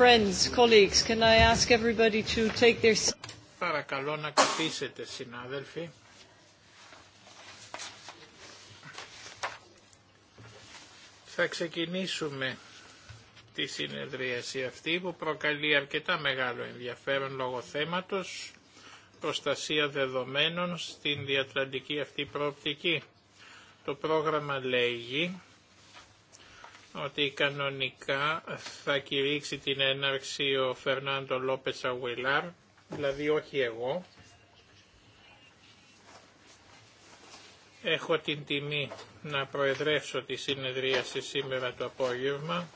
Friends, colleagues, can I Παρακαλώ να καθίσετε συνάδελφοι. Θα ξεκινήσουμε τη συνεδρίαση αυτή που προκαλεί αρκετά μεγάλο ενδιαφέρον λόγω θέματος προστασία δεδομένων στην διατλαντική αυτή προοπτική. Το πρόγραμμα λέγει ότι κανονικά θα κηρύξει την έναρξη ο Φερνάντο Λόπες Αγουιλάρ, δηλαδή όχι εγώ. Έχω την τιμή να προεδρεύσω τη συνεδρίαση σήμερα το απόγευμα.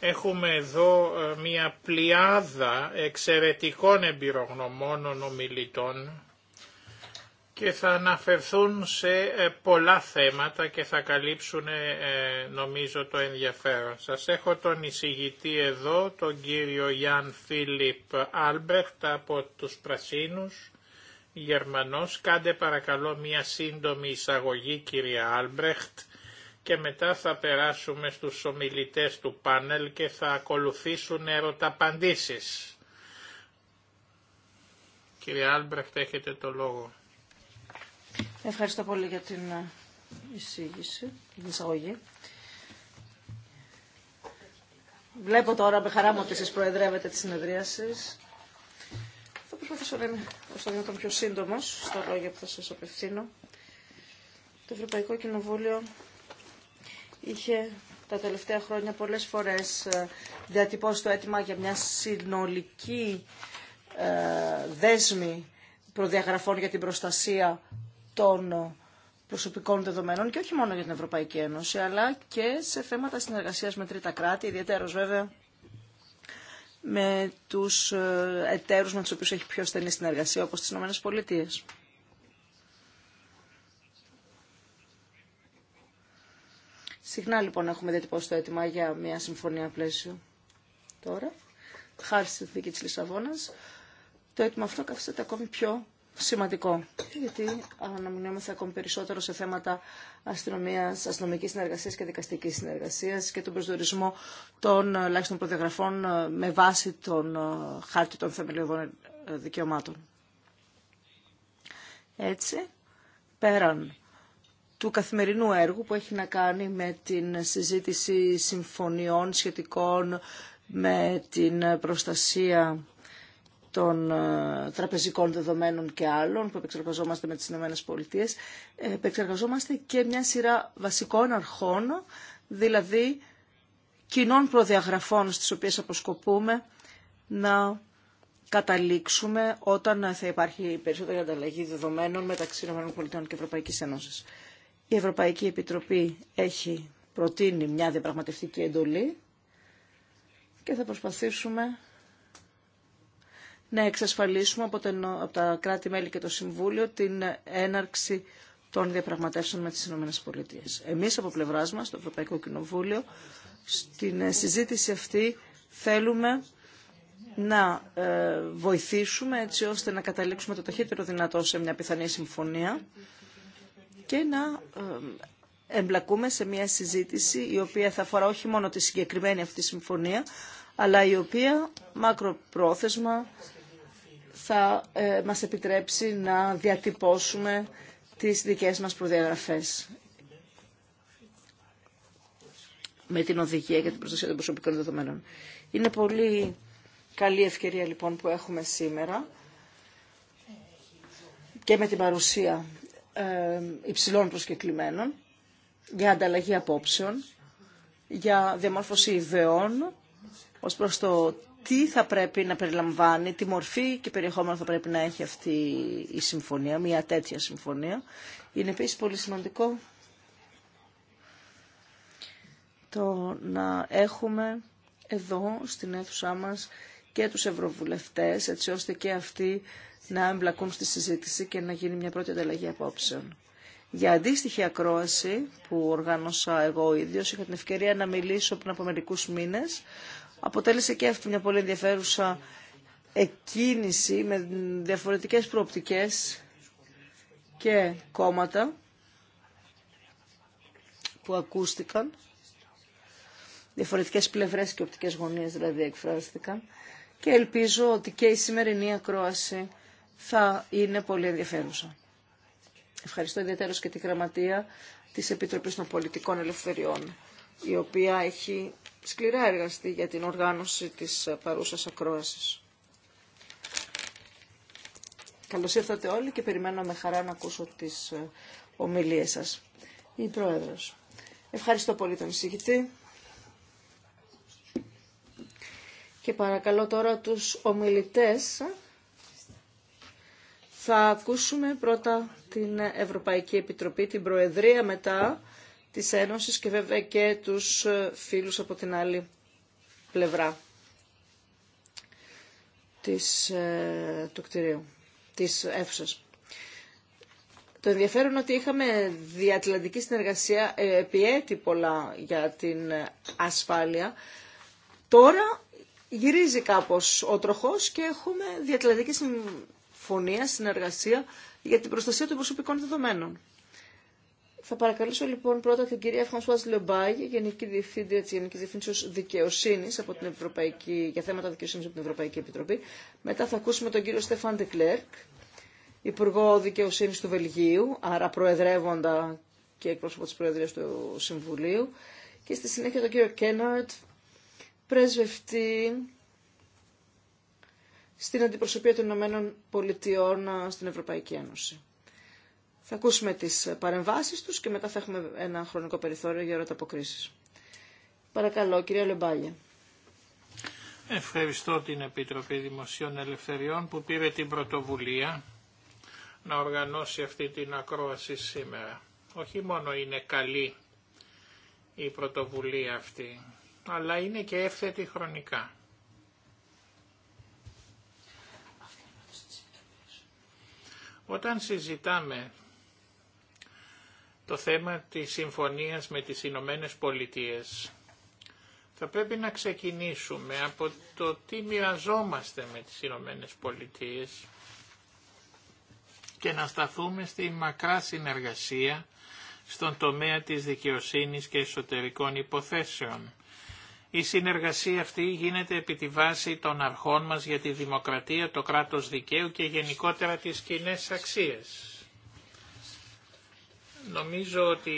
Έχουμε εδώ ε, μια πλειάδα εξαιρετικών εμπειρογνωμόνων ομιλητών και θα αναφερθούν σε ε, πολλά θέματα και θα καλύψουν ε, ε, νομίζω το ενδιαφέρον. Σας έχω τον εισηγητή εδώ, τον κύριο Ιάν Φίλιπ Αλμπρεχτ από τους Πρασίνους, Γερμανός. Κάντε παρακαλώ μια σύντομη εισαγωγή κυρία Άλμπρεχτ και μετά θα περάσουμε στους ομιλητές του πάνελ και θα ακολουθήσουν ερωταπαντήσεις. Κύριε Άλμπρεχτ έχετε το λόγο. Ευχαριστώ πολύ για την ε, εισήγηση, την εισαγωγή. Βλέπω τώρα με χαρά μου ότι εσείς προεδρεύετε τη συνεδρία σας. Θα προσπαθήσω να είμαι ως το δυνατόν πιο σύντομος στα λόγια που θα σας απευθύνω. Το Ευρωπαϊκό Κοινοβούλιο είχε τα τελευταία χρόνια πολλές φορές ε, διατυπώσει το αίτημα για μια συνολική ε, δέσμη προδιαγραφών για την προστασία των προσωπικών δεδομένων και όχι μόνο για την Ευρωπαϊκή Ένωση, αλλά και σε θέματα συνεργασίας με τρίτα κράτη, ιδιαίτερος βέβαια με τους ε, εταίρους με τους οποίους έχει πιο στενή συνεργασία, όπως τις Ηνωμένες Πολιτείες. Συχνά λοιπόν έχουμε διατυπώσει το αίτημα για μια συμφωνία πλαίσιο τώρα, χάρη στη συνθήκη της Λισαβόνας. Το αίτημα αυτό καθίσταται ακόμη πιο σημαντικό, γιατί αναμεινόμαστε ακόμη περισσότερο σε θέματα αστυνομίας, αστυνομικής συνεργασίας και δικαστική συνεργασία και τον προσδιορισμό των ελάχιστων προδιαγραφών ε, με βάση τον ε, χάρτη των θεμελιωδών ε, δικαιωμάτων. Έτσι, πέραν του καθημερινού έργου που έχει να κάνει με την συζήτηση συμφωνιών σχετικών με την προστασία των ε, τραπεζικών δεδομένων και άλλων που επεξεργαζόμαστε με τις ΗΠΑ, ε, επεξεργαζόμαστε και μια σειρά βασικών αρχών, δηλαδή κοινών προδιαγραφών στις οποίες αποσκοπούμε να καταλήξουμε όταν θα υπάρχει περισσότερη ανταλλαγή δεδομένων μεταξύ ΗΠΑ και Ευρωπαϊκής Ένωσης. Η Ευρωπαϊκή Επιτροπή έχει προτείνει μια διαπραγματευτική εντολή και θα προσπαθήσουμε να εξασφαλίσουμε από τα κράτη-μέλη και το Συμβούλιο την έναρξη των διαπραγματεύσεων με τις ΗΠΑ. Εμείς από πλευράς μας, το Ευρωπαϊκό Κοινοβούλιο, στην ε, συζήτηση αυτή θέλουμε να ε, βοηθήσουμε έτσι ώστε να καταλήξουμε το ταχύτερο δυνατό σε μια πιθανή συμφωνία και να ε, εμπλακούμε σε μια συζήτηση η οποία θα αφορά όχι μόνο τη συγκεκριμένη αυτή συμφωνία αλλά η οποία μακροπρόθεσμα θα ε, μας επιτρέψει να διατυπώσουμε τις δικές μας προδιαγραφές με την οδηγία για την προστασία των προσωπικών δεδομένων. Είναι πολύ καλή ευκαιρία λοιπόν που έχουμε σήμερα και με την παρουσία ε, υψηλών προσκεκλημένων για ανταλλαγή απόψεων, για διαμόρφωση ιδεών ως προς το τι θα πρέπει να περιλαμβάνει, τι μορφή και περιεχόμενο θα πρέπει να έχει αυτή η συμφωνία, μια τέτοια συμφωνία. Είναι επίσης πολύ σημαντικό το να έχουμε εδώ στην αίθουσά μας και τους ευρωβουλευτές, έτσι ώστε και αυτοί να εμπλακούν στη συζήτηση και να γίνει μια πρώτη ανταλλαγή απόψεων. Για αντίστοιχη ακρόαση που οργάνωσα εγώ ίδιος, είχα την ευκαιρία να μιλήσω πριν από μερικούς μήνες αποτέλεσε και αυτή μια πολύ ενδιαφέρουσα εκκίνηση με διαφορετικές προοπτικές και κόμματα που ακούστηκαν. Διαφορετικές πλευρές και οπτικές γωνίες δηλαδή εκφράστηκαν. Και ελπίζω ότι και η σημερινή ακρόαση θα είναι πολύ ενδιαφέρουσα. Ευχαριστώ ιδιαίτερα και τη γραμματεία της Επιτροπής των Πολιτικών Ελευθεριών, η οποία έχει σκληρά εργαστεί για την οργάνωση της παρούσας ακρόασης. Καλώς ήρθατε όλοι και περιμένω με χαρά να ακούσω τις ε, ομιλίες σας. Η Πρόεδρος. Ευχαριστώ πολύ τον εισηγητή. Και παρακαλώ τώρα τους ομιλητές. Θα ακούσουμε πρώτα την Ευρωπαϊκή Επιτροπή, την Προεδρία, μετά της Ένωσης και βέβαια και τους ε, φίλους από την άλλη πλευρά της, ε, του κτηρίου, της αίθουσας. Το ενδιαφέρον ότι είχαμε διατλαντική συνεργασία ε, επί έτη πολλά για την ασφάλεια. Τώρα γυρίζει κάπως ο τροχός και έχουμε διατλαντική συμφωνία, συνεργασία για την προστασία των προσωπικών δεδομένων. Θα παρακαλέσω λοιπόν πρώτα την κυρία Φρανσουάζ Λεμπάγη, Γενική Διευθύντρια τη Γενική Διευθύνσεω Δικαιοσύνη για θέματα δικαιοσύνη από την Ευρωπαϊκή Επιτροπή. Μετά θα ακούσουμε τον κύριο Στεφάν Ντεκλέρκ, Υπουργό Δικαιοσύνη του Βελγίου, άρα προεδρεύοντα και εκπρόσωπο τη Προεδρία του Συμβουλίου. Και στη συνέχεια τον κύριο Κέναρτ, πρεσβευτή στην αντιπροσωπεία των Ηνωμένων Πολιτειών στην Ευρωπαϊκή Ένωση. Θα ακούσουμε τις παρεμβάσεις τους και μετά θα έχουμε ένα χρονικό περιθώριο για ερώτα αποκρίσεις. Παρακαλώ, κυρία Λεμπάλια. Ευχαριστώ την Επιτροπή Δημοσίων Ελευθεριών που πήρε την πρωτοβουλία να οργανώσει αυτή την ακρόαση σήμερα. Όχι μόνο είναι καλή η πρωτοβουλία αυτή, αλλά είναι και εύθετη χρονικά. Όταν συζητάμε το θέμα της συμφωνίας με τις Ηνωμένε Πολιτείες. Θα πρέπει να ξεκινήσουμε από το τι μοιραζόμαστε με τις Ηνωμένε Πολιτείες και να σταθούμε στη μακρά συνεργασία στον τομέα της δικαιοσύνης και εσωτερικών υποθέσεων. Η συνεργασία αυτή γίνεται επί τη βάση των αρχών μας για τη δημοκρατία, το κράτος δικαίου και γενικότερα τις κοινέ αξίες. Νομίζω ότι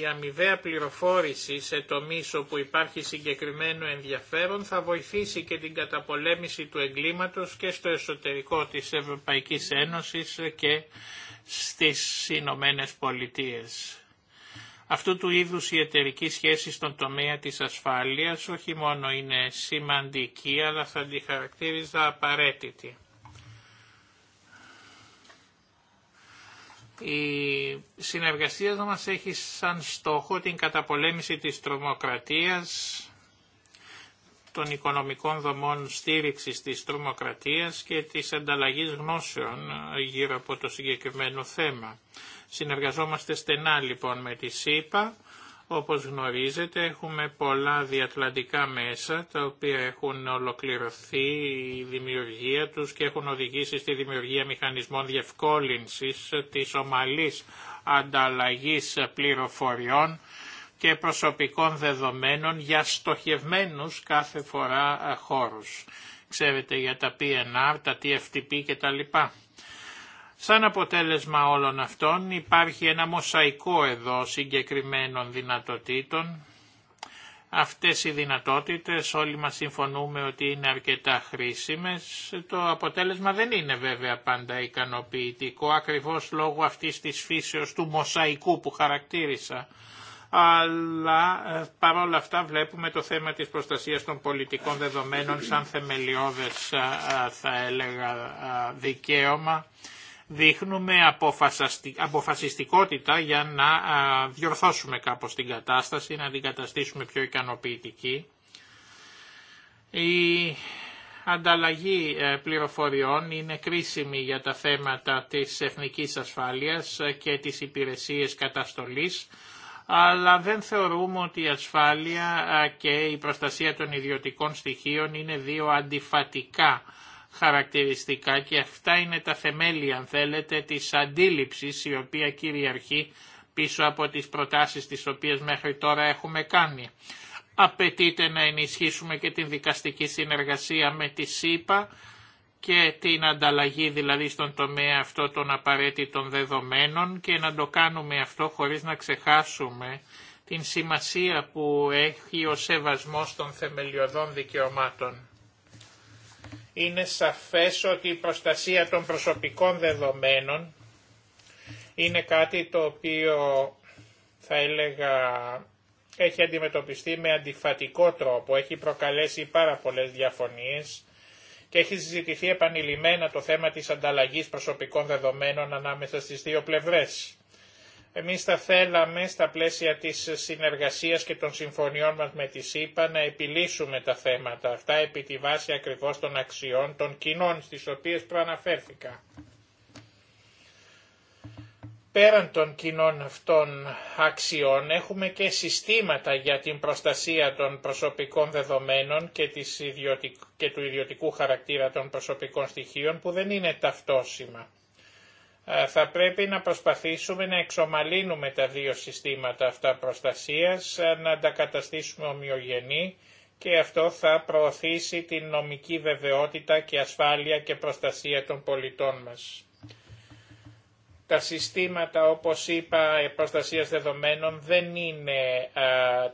η αμοιβαία πληροφόρηση σε τομείς όπου υπάρχει συγκεκριμένο ενδιαφέρον θα βοηθήσει και την καταπολέμηση του εγκλήματος και στο εσωτερικό της Ευρωπαϊκής Ένωσης και στις Ηνωμένε Πολιτείες. Αυτού του είδους η εταιρική σχέση στον τομέα της ασφάλειας όχι μόνο είναι σημαντική αλλά θα τη χαρακτήριζα απαραίτητη. Η συνεργασία μας έχει σαν στόχο την καταπολέμηση της τρομοκρατίας, των οικονομικών δομών στήριξης της τρομοκρατίας και της ανταλλαγής γνώσεων γύρω από το συγκεκριμένο θέμα. Συνεργαζόμαστε στενά λοιπόν με τη ΣΥΠΑ όπως γνωρίζετε έχουμε πολλά διατλαντικά μέσα τα οποία έχουν ολοκληρωθεί η δημιουργία τους και έχουν οδηγήσει στη δημιουργία μηχανισμών διευκόλυνσης της ομαλής ανταλλαγής πληροφοριών και προσωπικών δεδομένων για στοχευμένους κάθε φορά χώρους. Ξέρετε για τα PNR, τα TFTP κτλ. Σαν αποτέλεσμα όλων αυτών υπάρχει ένα μοσαϊκό εδώ συγκεκριμένων δυνατοτήτων. Αυτές οι δυνατότητες όλοι μας συμφωνούμε ότι είναι αρκετά χρήσιμες. Το αποτέλεσμα δεν είναι βέβαια πάντα ικανοποιητικό ακριβώς λόγω αυτής της φύσεως του μοσαϊκού που χαρακτήρισα. Αλλά ε, παρόλα αυτά βλέπουμε το θέμα της προστασίας των πολιτικών δεδομένων σαν θεμελιώδες ε, ε, θα έλεγα δικαίωμα δείχνουμε αποφασιστικότητα για να διορθώσουμε κάπως την κατάσταση, να την καταστήσουμε πιο ικανοποιητική. Η ανταλλαγή ε, πληροφοριών είναι κρίσιμη για τα θέματα της εθνικής ασφάλειας ε, και της υπηρεσίες καταστολής, αλλά δεν θεωρούμε ότι η ασφάλεια ε, και η προστασία των ιδιωτικών στοιχείων είναι δύο αντιφατικά χαρακτηριστικά και αυτά είναι τα θεμέλια αν θέλετε της αντίληψης η οποία κυριαρχεί πίσω από τις προτάσεις τις οποίες μέχρι τώρα έχουμε κάνει. Απαιτείται να ενισχύσουμε και την δικαστική συνεργασία με τη ΣΥΠΑ και την ανταλλαγή δηλαδή στον τομέα αυτό των απαραίτητων δεδομένων και να το κάνουμε αυτό χωρίς να ξεχάσουμε την σημασία που έχει ο σεβασμός των θεμελιωδών δικαιωμάτων είναι σαφές ότι η προστασία των προσωπικών δεδομένων είναι κάτι το οποίο θα έλεγα έχει αντιμετωπιστεί με αντιφατικό τρόπο, έχει προκαλέσει πάρα πολλές διαφωνίες και έχει συζητηθεί επανειλημμένα το θέμα της ανταλλαγής προσωπικών δεδομένων ανάμεσα στις δύο πλευρές. Εμείς θα θέλαμε στα πλαίσια της συνεργασίας και των συμφωνιών μας με τη ΣΥΠΑ να επιλύσουμε τα θέματα αυτά επί τη βάση ακριβώς των αξιών των κοινών στις οποίες προαναφέρθηκα. Πέραν των κοινών αυτών αξιών έχουμε και συστήματα για την προστασία των προσωπικών δεδομένων και, και του ιδιωτικού χαρακτήρα των προσωπικών στοιχείων που δεν είναι ταυτόσιμα. Ε, θα πρέπει να προσπαθήσουμε να εξομαλύνουμε τα δύο συστήματα αυτά προστασίας, ε, να τα καταστήσουμε ομοιογενή και αυτό θα προωθήσει την νομική βεβαιότητα και ασφάλεια και προστασία των πολιτών μας. Τα συστήματα, όπως είπα, ε, προστασίας δεδομένων δεν είναι α,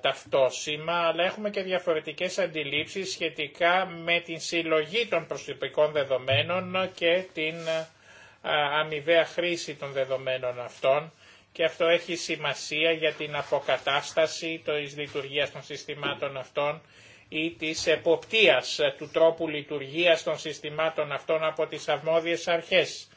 ταυτόσιμα, αλλά έχουμε και διαφορετικές αντιλήψεις σχετικά με την συλλογή των προσωπικών δεδομένων και την αμοιβαία χρήση των δεδομένων αυτών και αυτό έχει σημασία για την αποκατάσταση της λειτουργίας των συστημάτων αυτών ή της εποπτείας ε, του τρόπου λειτουργίας των συστημάτων αυτών από τις αρμόδιες αρχές.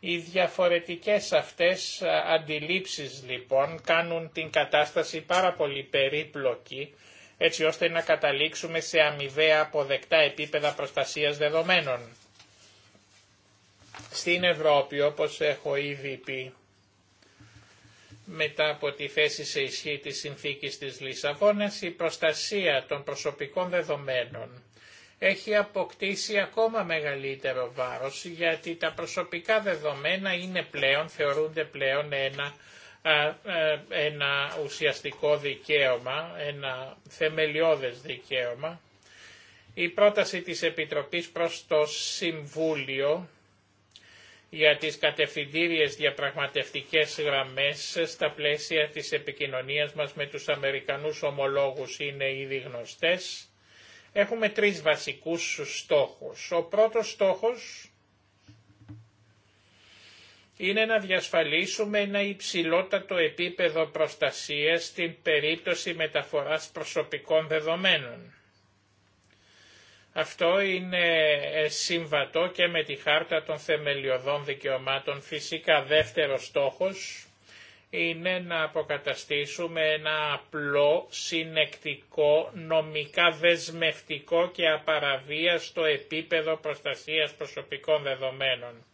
Οι διαφορετικές αυτές ε, αντιλήψεις λοιπόν κάνουν την κατάσταση πάρα πολύ περίπλοκη έτσι ώστε να καταλήξουμε σε αμοιβαία αποδεκτά επίπεδα προστασίας δεδομένων. Στην Ευρώπη, όπως έχω ήδη πει, μετά από τη θέση σε ισχύ της συνθήκης της Λισαβόνας, η προστασία των προσωπικών δεδομένων έχει αποκτήσει ακόμα μεγαλύτερο βάρος, γιατί τα προσωπικά δεδομένα είναι πλέον, θεωρούνται πλέον ένα, ένα ουσιαστικό δικαίωμα, ένα θεμελιώδες δικαίωμα. Η πρόταση της Επιτροπής προς το Συμβούλιο για τις κατευθυντήριες διαπραγματευτικές γραμμές στα πλαίσια της επικοινωνίας μας με τους Αμερικανούς ομολόγους είναι ήδη γνωστές. Έχουμε τρεις βασικούς στόχους. Ο πρώτος στόχος είναι να διασφαλίσουμε ένα υψηλότατο επίπεδο προστασίας στην περίπτωση μεταφοράς προσωπικών δεδομένων. Αυτό είναι ε, συμβατό και με τη Χάρτα των Θεμελιωδών Δικαιωμάτων. Φυσικά δεύτερος στόχος είναι να αποκαταστήσουμε ένα απλό, συνεκτικό, νομικά δεσμευτικό και απαραβίαστο επίπεδο προστασίας προσωπικών δεδομένων.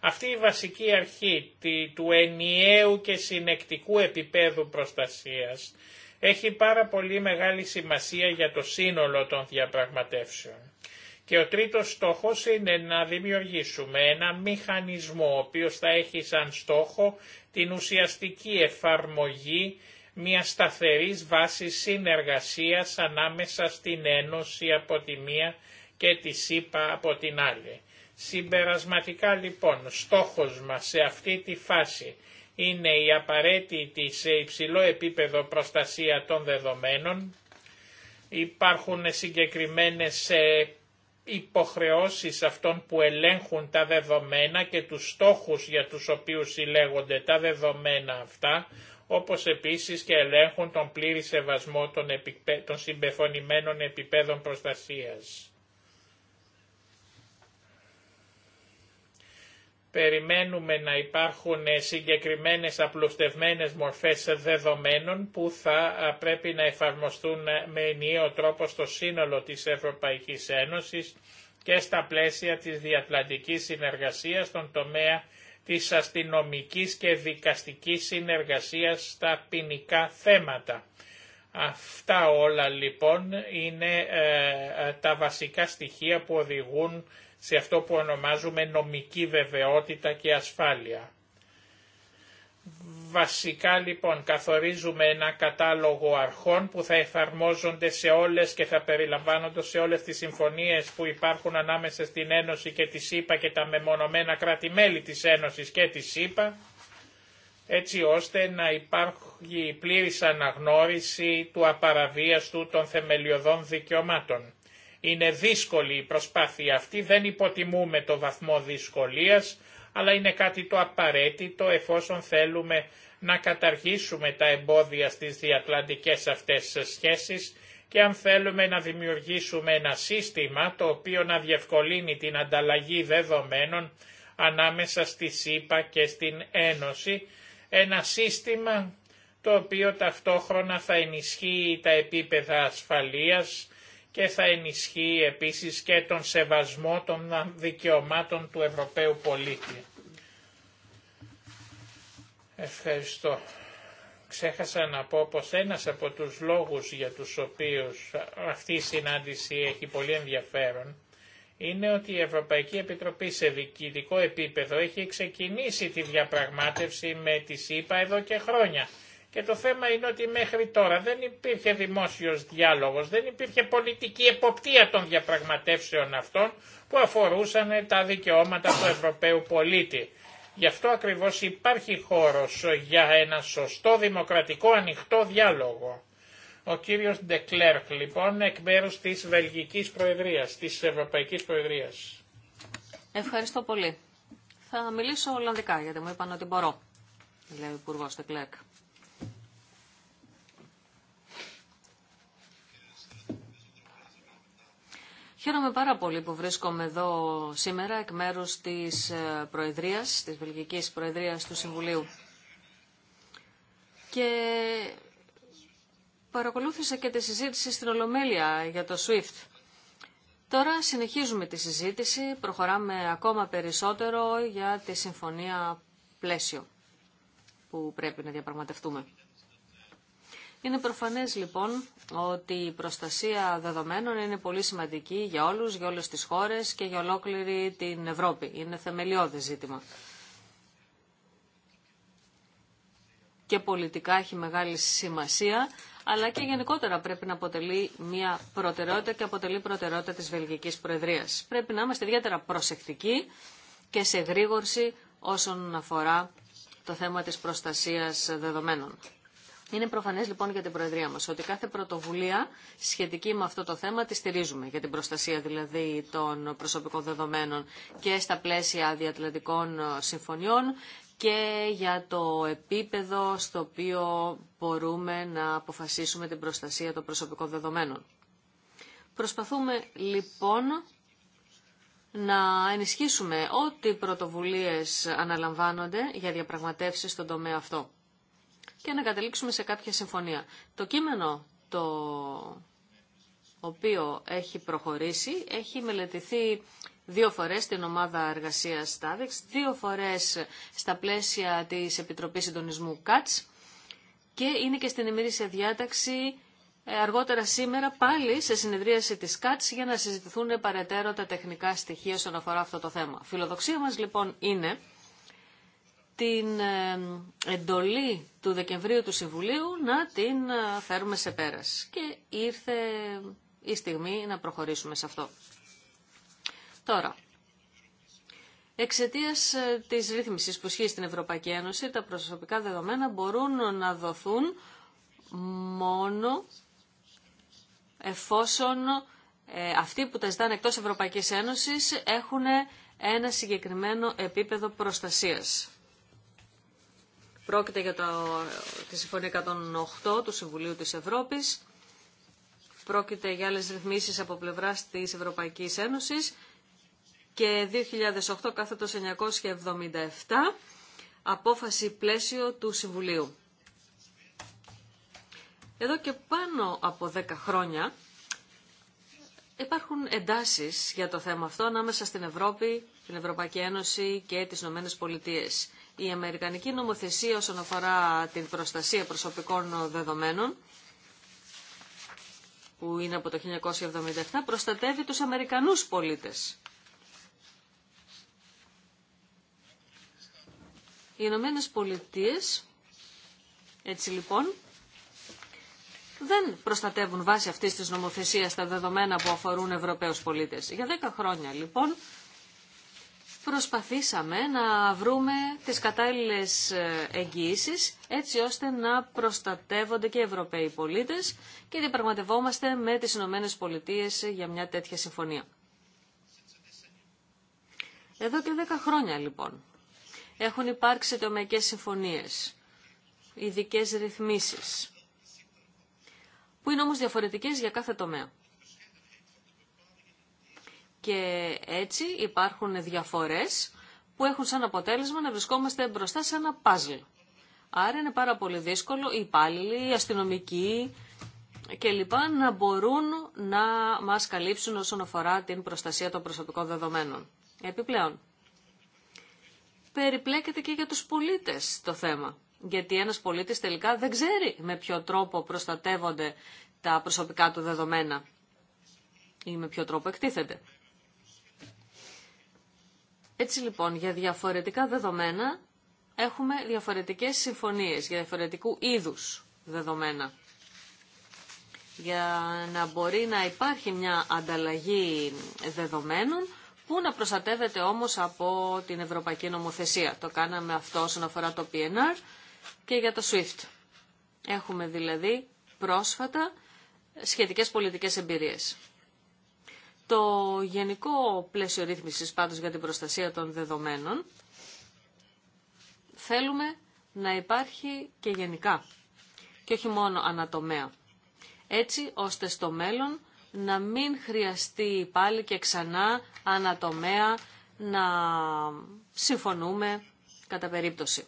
Αυτή η βασική αρχή του ενιαίου και συνεκτικού επίπεδου προστασίας έχει πάρα πολύ μεγάλη σημασία για το σύνολο των διαπραγματεύσεων. Και ο τρίτος στόχος είναι να δημιουργήσουμε ένα μηχανισμό ο οποίος θα έχει σαν στόχο την ουσιαστική εφαρμογή μια σταθερής βάσης συνεργασίας ανάμεσα στην Ένωση από τη μία και τη ΣΥΠΑ από την άλλη. Συμπερασματικά λοιπόν στόχος μας σε αυτή τη φάση είναι η απαραίτητη σε υψηλό επίπεδο προστασία των δεδομένων. Υπάρχουν συγκεκριμένες ε, υποχρεώσεις αυτών που ελέγχουν τα δεδομένα και τους στόχους για τους οποίους συλλέγονται τα δεδομένα αυτά, όπως επίσης και ελέγχουν τον πλήρη σεβασμό των, επιπέ... των συμπεφωνημένων επιπέδων προστασίας. περιμένουμε να υπάρχουν ε, συγκεκριμένες απλουστευμένες μορφές δεδομένων που θα ε, πρέπει να εφαρμοστούν ε, με ενιαίο τρόπο στο σύνολο της Ευρωπαϊκής Ένωσης και στα πλαίσια της διατλαντικής συνεργασίας στον τομέα της αστυνομικής και δικαστικής συνεργασίας στα ποινικά θέματα. Αυτά όλα λοιπόν είναι τα βασικά στοιχεία που οδηγούν σε αυτό που ονομάζουμε νομική βεβαιότητα και ασφάλεια. Βασικά λοιπόν καθορίζουμε ένα κατάλογο αρχών που θα εφαρμόζονται σε όλες και θα περιλαμβάνονται σε όλες τις συμφωνίες που υπάρχουν ανάμεσα στην Ένωση και τη ΣΥΠΑ και τα μεμονωμένα κράτη-μέλη της Ένωσης και τη ΣΥΠΑ έτσι ώστε να υπάρχει πλήρης αναγνώριση του απαραβίαστου των θεμελιωδών δικαιωμάτων. Είναι δύσκολη η προσπάθεια αυτή, δεν υποτιμούμε το βαθμό δυσκολίας, αλλά είναι κάτι το απαραίτητο εφόσον θέλουμε να καταργήσουμε τα εμπόδια στις διατλαντικές αυτές σχέσεις και αν θέλουμε να δημιουργήσουμε ένα σύστημα το οποίο να διευκολύνει την ανταλλαγή δεδομένων ανάμεσα στη ΣΥΠΑ και στην Ένωση, ένα σύστημα το οποίο ταυτόχρονα θα ενισχύει τα επίπεδα ασφαλείας και θα ενισχύει επίσης και τον σεβασμό των δικαιωμάτων του Ευρωπαίου πολίτη. Ευχαριστώ. Ξέχασα να πω πως ένας από τους λόγους για τους οποίους αυτή η συνάντηση έχει πολύ ενδιαφέρον είναι ότι η Ευρωπαϊκή Επιτροπή σε διοικητικό επίπεδο έχει ξεκινήσει τη διαπραγμάτευση με τη ΣΥΠΑ εδώ και χρόνια και το θέμα είναι ότι μέχρι τώρα δεν υπήρχε δημόσιος διάλογος, δεν υπήρχε πολιτική εποπτεία των διαπραγματεύσεων αυτών που αφορούσαν τα δικαιώματα του Ευρωπαίου πολίτη. Γι' αυτό ακριβώς υπάρχει χώρος για ένα σωστό δημοκρατικό ανοιχτό διάλογο. Ο κύριος Ντεκλέρκ λοιπόν εκ μέρου της Βελγικής Προεδρίας, της Ευρωπαϊκής Προεδρίας. Ευχαριστώ πολύ. Θα μιλήσω Ολλανδικά γιατί μου είπαν ότι μπορώ, λέει ο Υπουργός Ντεκλέρκ. Χαίρομαι πάρα πολύ που βρίσκομαι εδώ σήμερα εκ μέρους της ε, Προεδρίας, της Βελγικής Προεδρίας του Συμβουλίου. Και παρακολούθησα και τη συζήτηση στην Ολομέλεια για το SWIFT. Τώρα συνεχίζουμε τη συζήτηση, προχωράμε ακόμα περισσότερο για τη συμφωνία πλαίσιο που πρέπει να διαπραγματευτούμε. Είναι προφανές λοιπόν ότι η προστασία δεδομένων είναι πολύ σημαντική για όλους, για όλες τις χώρες και για ολόκληρη την Ευρώπη. Είναι θεμελιώδη ζήτημα. Και πολιτικά έχει μεγάλη σημασία, αλλά και γενικότερα πρέπει να αποτελεί μια προτεραιότητα και αποτελεί προτεραιότητα της Βελγικής Προεδρίας. Πρέπει να είμαστε ιδιαίτερα προσεκτικοί και σε γρήγορση όσον αφορά το θέμα της προστασίας δεδομένων. Είναι προφανέ λοιπόν για την Προεδρία μα ότι κάθε πρωτοβουλία σχετική με αυτό το θέμα τη στηρίζουμε για την προστασία δηλαδή των προσωπικών δεδομένων και στα πλαίσια διατλαντικών συμφωνιών και για το επίπεδο στο οποίο μπορούμε να αποφασίσουμε την προστασία των προσωπικών δεδομένων. Προσπαθούμε λοιπόν να ενισχύσουμε ό,τι πρωτοβουλίες αναλαμβάνονται για διαπραγματεύσεις στον τομέα αυτό και να καταλήξουμε σε κάποια συμφωνία. Το κείμενο το οποίο έχει προχωρήσει έχει μελετηθεί δύο φορές στην ομάδα εργασίας Stadex, δύο φορές στα πλαίσια της Επιτροπής Συντονισμού ΚΑΤΣ και είναι και στην ημερήσια διάταξη ε, αργότερα σήμερα πάλι σε συνεδρίαση της ΚΑΤΣ για να συζητηθούν παρετέρω τα τεχνικά στοιχεία όσον αφορά αυτό το θέμα. Φιλοδοξία μας λοιπόν είναι την ε, εντολή του Δεκεμβρίου του Συμβουλίου να την ε, φέρουμε σε πέρας. Και ήρθε η στιγμή να προχωρήσουμε σε αυτό. Τώρα, Εξαιτία ε, τη ρύθμιση που ισχύει στην Ευρωπαϊκή Ένωση, τα προσωπικά δεδομένα μπορούν να δοθούν μόνο εφόσον αυτοί που τα ζητάνε εκτό Ευρωπαϊκή Ένωσης έχουν ένα συγκεκριμένο επίπεδο προστασίας. Πρόκειται για το, τη Συμφωνία 108 του Συμβουλίου της Ευρώπης. Πρόκειται για άλλες ρυθμίσεις από πλευράς της Ευρωπαϊκής Ένωσης και 2008 κάθετος 977 απόφαση πλαίσιο του Συμβουλίου. Εδώ και πάνω από 10 χρόνια υπάρχουν εντάσεις για το θέμα αυτό ανάμεσα στην Ευρώπη, την Ευρωπαϊκή Ένωση και τις Ηνωμένε Πολιτείες. Η Αμερικανική νομοθεσία όσον αφορά την προστασία προσωπικών δεδομένων που είναι από το 1977, προστατεύει τους Αμερικανούς πολίτες. Οι Ηνωμένε Πολιτείε, έτσι λοιπόν, δεν προστατεύουν βάσει αυτής της νομοθεσίας τα δεδομένα που αφορούν Ευρωπαίους πολίτες. Για 10 χρόνια λοιπόν προσπαθήσαμε να βρούμε τις κατάλληλες ε, εγγύησεις έτσι ώστε να προστατεύονται και οι Ευρωπαίοι πολίτες και διαπραγματευόμαστε με τις Ηνωμένες Πολιτείες για μια τέτοια συμφωνία. Εδώ και 10 χρόνια λοιπόν έχουν υπάρξει τομεικές συμφωνίες, ειδικέ ρυθμίσεις, που είναι όμως διαφορετικές για κάθε τομέα και έτσι υπάρχουν διαφορές που έχουν σαν αποτέλεσμα να βρισκόμαστε μπροστά σε ένα παζλ. Άρα είναι πάρα πολύ δύσκολο οι υπάλληλοι, οι αστυνομικοί και λοιπά να μπορούν να μας καλύψουν όσον αφορά την προστασία των προσωπικών δεδομένων. Επιπλέον, περιπλέκεται και για τους πολίτες το θέμα. Γιατί ένας πολίτης τελικά δεν ξέρει με ποιο τρόπο προστατεύονται τα προσωπικά του δεδομένα ή με ποιο τρόπο εκτίθεται. Έτσι λοιπόν, για διαφορετικά δεδομένα έχουμε διαφορετικές συμφωνίες, για διαφορετικού είδους δεδομένα. Για να μπορεί να υπάρχει μια ανταλλαγή δεδομένων, που να προστατεύεται όμως από την Ευρωπαϊκή Νομοθεσία. Το κάναμε αυτό όσον αφορά το PNR και για το SWIFT. Έχουμε δηλαδή πρόσφατα σχετικές πολιτικές εμπειρίες. Το γενικό πλαίσιο ρύθμισης πάντως για την προστασία των δεδομένων θέλουμε να υπάρχει και γενικά και όχι μόνο ανατομέα. Έτσι ώστε στο μέλλον να μην χρειαστεί πάλι και ξανά ανατομέα να συμφωνούμε κατά περίπτωση.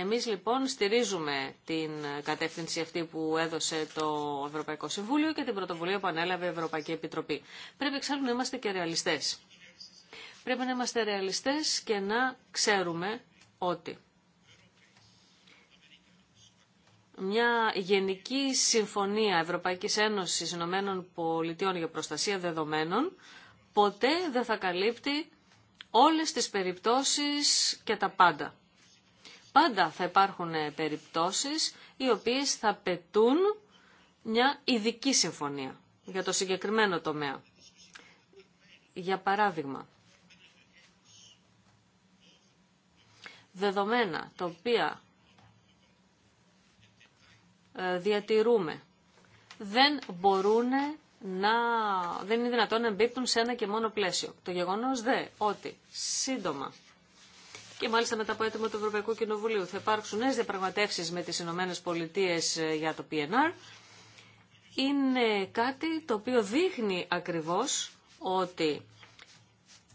Εμείς λοιπόν στηρίζουμε την κατεύθυνση αυτή που έδωσε το Ευρωπαϊκό Συμβούλιο και την πρωτοβουλία που ανέλαβε η Ευρωπαϊκή Επιτροπή. Πρέπει εξάλλου να είμαστε και ρεαλιστές. Πρέπει να είμαστε ρεαλιστές και να ξέρουμε ότι μια γενική συμφωνία Ευρωπαϊκής Ένωσης Ηνωμένων Πολιτειών για προστασία δεδομένων ποτέ δεν θα καλύπτει όλες τις περιπτώσεις και τα πάντα. Πάντα θα υπάρχουν περιπτώσεις οι οποίες θα πετούν μια ειδική συμφωνία για το συγκεκριμένο τομέα. Για παράδειγμα, δεδομένα τα οποία ε, διατηρούμε δεν μπορούν να, δεν είναι δυνατόν να εμπίπτουν σε ένα και μόνο πλαίσιο. Το γεγονός δε ότι σύντομα και μάλιστα μετά από έτοιμο του Ευρωπαϊκού Κοινοβουλίου. Θα υπάρξουν νέε διαπραγματεύσει με τι Ηνωμένε Πολιτείε ε, για το PNR. Είναι κάτι το οποίο δείχνει ακριβώς ότι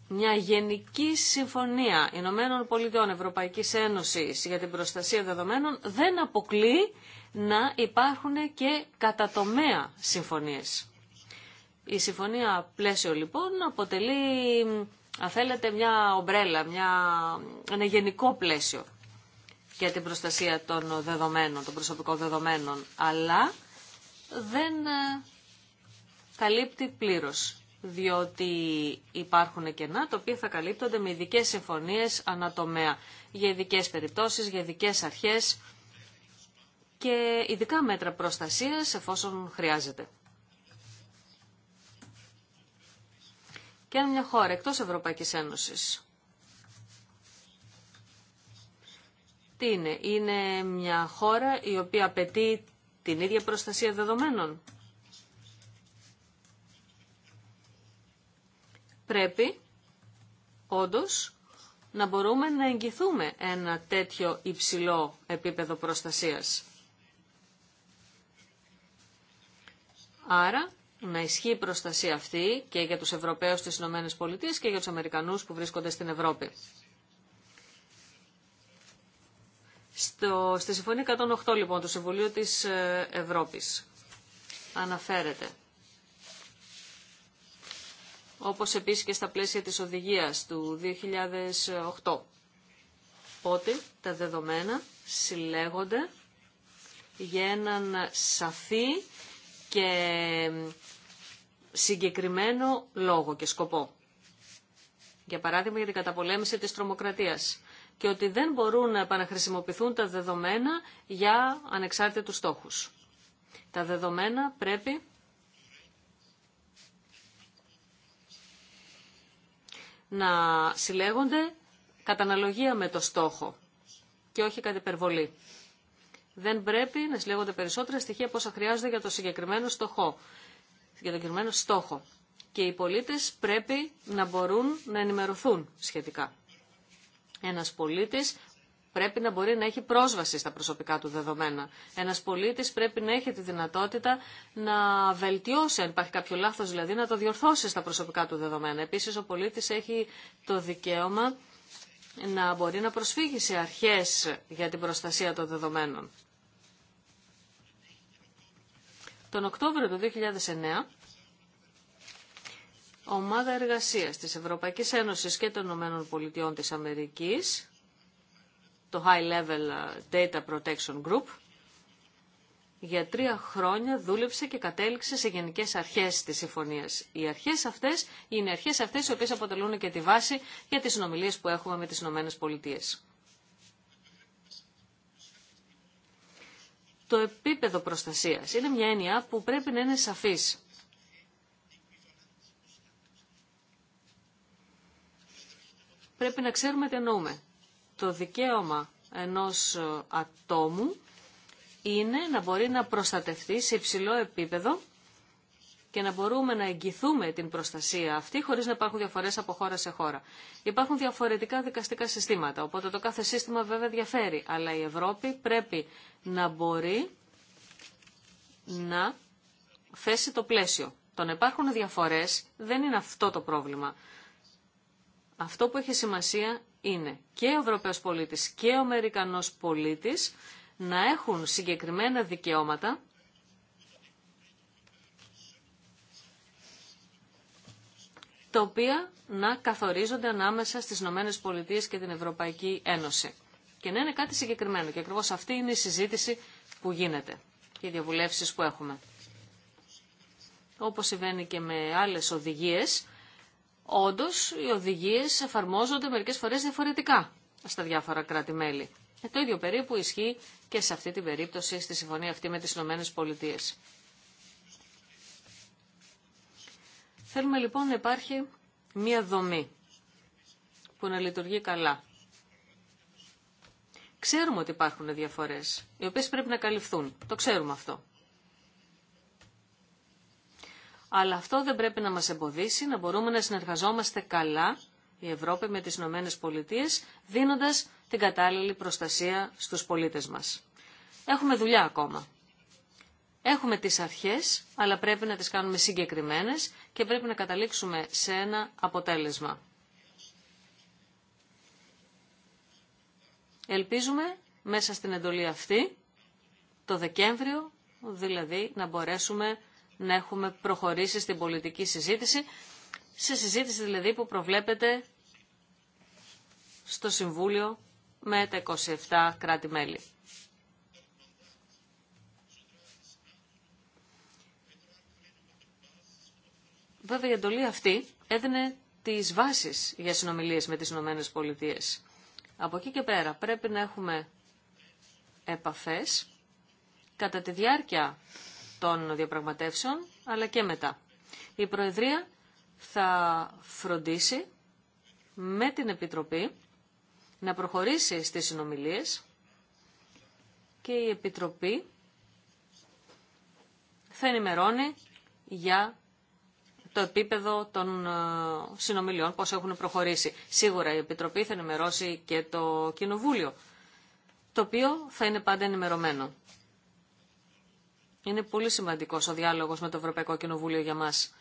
μια γενική συμφωνία Ηνωμένων Πολιτειών Ευρωπαϊκής Ένωσης για την προστασία δεδομένων δεν αποκλεί να υπάρχουν και κατατομέα συμφωνίες. Η συμφωνία πλαίσιο λοιπόν αποτελεί αν θέλετε, μια ομπρέλα, μια, ένα γενικό πλαίσιο για την προστασία των δεδομένων, των προσωπικών δεδομένων, αλλά δεν ε, καλύπτει πλήρως, διότι υπάρχουν κενά τα οποία θα καλύπτονται με ειδικέ συμφωνίες ανατομέα, για ειδικέ περιπτώσεις, για ειδικέ αρχές και ειδικά μέτρα προστασίας εφόσον χρειάζεται. και αν μια χώρα εκτός Ευρωπαϊκής Ένωσης. Τι είναι, είναι μια χώρα η οποία απαιτεί την ίδια προστασία δεδομένων. Πρέπει, όντως, να μπορούμε να εγγυθούμε ένα τέτοιο υψηλό επίπεδο προστασίας. Άρα να ισχύει η προστασία αυτή και για τους Ευρωπαίους στις Ηνωμένες Πολιτείες και για τους Αμερικανούς που βρίσκονται στην Ευρώπη. Στο, στη Συμφωνία 108 λοιπόν του Συμβουλίου της ε, Ευρώπης αναφέρεται όπως επίσης και στα πλαίσια της οδηγίας του 2008 ότι τα δεδομένα συλλέγονται για έναν σαφή και συγκεκριμένο λόγο και σκοπό. Για παράδειγμα για την καταπολέμηση της τρομοκρατίας και ότι δεν μπορούν να επαναχρησιμοποιηθούν τα δεδομένα για ανεξάρτητους στόχους. Τα δεδομένα πρέπει να συλλέγονται κατά με το στόχο και όχι κατά υπερβολή δεν πρέπει να συλλέγονται περισσότερα στοιχεία από όσα χρειάζονται για το συγκεκριμένο στόχο. Για το συγκεκριμένο στόχο. Και οι πολίτες πρέπει να μπορούν να ενημερωθούν σχετικά. Ένας πολίτης πρέπει να μπορεί να έχει πρόσβαση στα προσωπικά του δεδομένα. Ένας πολίτης πρέπει να έχει τη δυνατότητα να βελτιώσει, αν υπάρχει κάποιο λάθος δηλαδή, να το διορθώσει στα προσωπικά του δεδομένα. Επίσης ο πολίτης έχει το δικαίωμα να μπορεί να προσφύγει σε αρχές για την προστασία των δεδομένων. Τον Οκτώβριο του 2009, ομάδα εργασίας της Ευρωπαϊκής Ένωσης και των Ηνωμένων Πολιτειών της Αμερικής, το High Level Data Protection Group, για τρία χρόνια δούλεψε και κατέληξε σε γενικές αρχές της συμφωνίας. Οι αρχές αυτές είναι αρχές αυτές οι οποίες αποτελούν και τη βάση για τις συνομιλίες που έχουμε με τις Ηνωμένες Πολιτείες. το επίπεδο προστασίας. Είναι μια έννοια που πρέπει να είναι σαφής. Πρέπει να ξέρουμε τι εννοούμε. Το δικαίωμα ενός ε, ατόμου είναι να μπορεί να προστατευτεί σε υψηλό επίπεδο και να μπορούμε να εγγυθούμε την προστασία αυτή χωρίς να υπάρχουν διαφορές από χώρα σε χώρα. Υπάρχουν διαφορετικά δικαστικά συστήματα, οπότε το κάθε σύστημα βέβαια διαφέρει, αλλά η Ευρώπη πρέπει να μπορεί να θέσει το πλαίσιο. Το να υπάρχουν διαφορές δεν είναι αυτό το πρόβλημα. Αυτό που έχει σημασία είναι και ο Ευρωπαίος πολίτης και ο Αμερικανός πολίτης να έχουν συγκεκριμένα δικαιώματα τα οποία να καθορίζονται ανάμεσα στις Ηνωμένες Πολιτείες και την Ευρωπαϊκή Ένωση. Και να είναι κάτι συγκεκριμένο. Και ακριβώς αυτή είναι η συζήτηση που γίνεται και οι διαβουλεύσεις που έχουμε. Όπως συμβαίνει και με άλλες οδηγίες, όντως οι οδηγίες εφαρμόζονται μερικές φορές διαφορετικά στα διάφορα κράτη-μέλη. Ε, το ίδιο περίπου ισχύει και σε αυτή την περίπτωση στη συμφωνία αυτή με τις Ηνωμένες Πολιτείες. Θέλουμε λοιπόν να υπάρχει μία δομή που να λειτουργεί καλά. Ξέρουμε ότι υπάρχουν διαφορές, οι οποίες πρέπει να καλυφθούν. Το ξέρουμε αυτό. Αλλά αυτό δεν πρέπει να μας εμποδίσει να μπορούμε να συνεργαζόμαστε καλά η Ευρώπη με τις Ηνωμένε Πολιτείε, δίνοντας την κατάλληλη προστασία στους πολίτες μας. Έχουμε δουλειά ακόμα. Έχουμε τις αρχές, αλλά πρέπει να τις κάνουμε συγκεκριμένες και πρέπει να καταλήξουμε σε ένα αποτέλεσμα. Ελπίζουμε μέσα στην εντολή αυτή το Δεκέμβριο δηλαδή να μπορέσουμε να έχουμε προχωρήσει στην πολιτική συζήτηση, σε συζήτηση δηλαδή που προβλέπεται στο Συμβούλιο με τα 27 κράτη-μέλη. Βέβαια η εντολή αυτή έδινε τις βάσεις για συνομιλίε με τις Ηνωμένες Πολιτείες. Από εκεί και πέρα πρέπει να έχουμε επαφές κατά τη διάρκεια των διαπραγματεύσεων, αλλά και μετά. Η Προεδρία θα φροντίσει με την Επιτροπή να προχωρήσει στις συνομιλίες και η Επιτροπή θα ενημερώνει για το επίπεδο των ε, συνομιλιών, πώς έχουν προχωρήσει. Σίγουρα η Επιτροπή θα ενημερώσει και το Κοινοβούλιο, το οποίο θα είναι πάντα ενημερωμένο. Είναι πολύ σημαντικός ο διάλογος με το Ευρωπαϊκό Κοινοβούλιο για μας.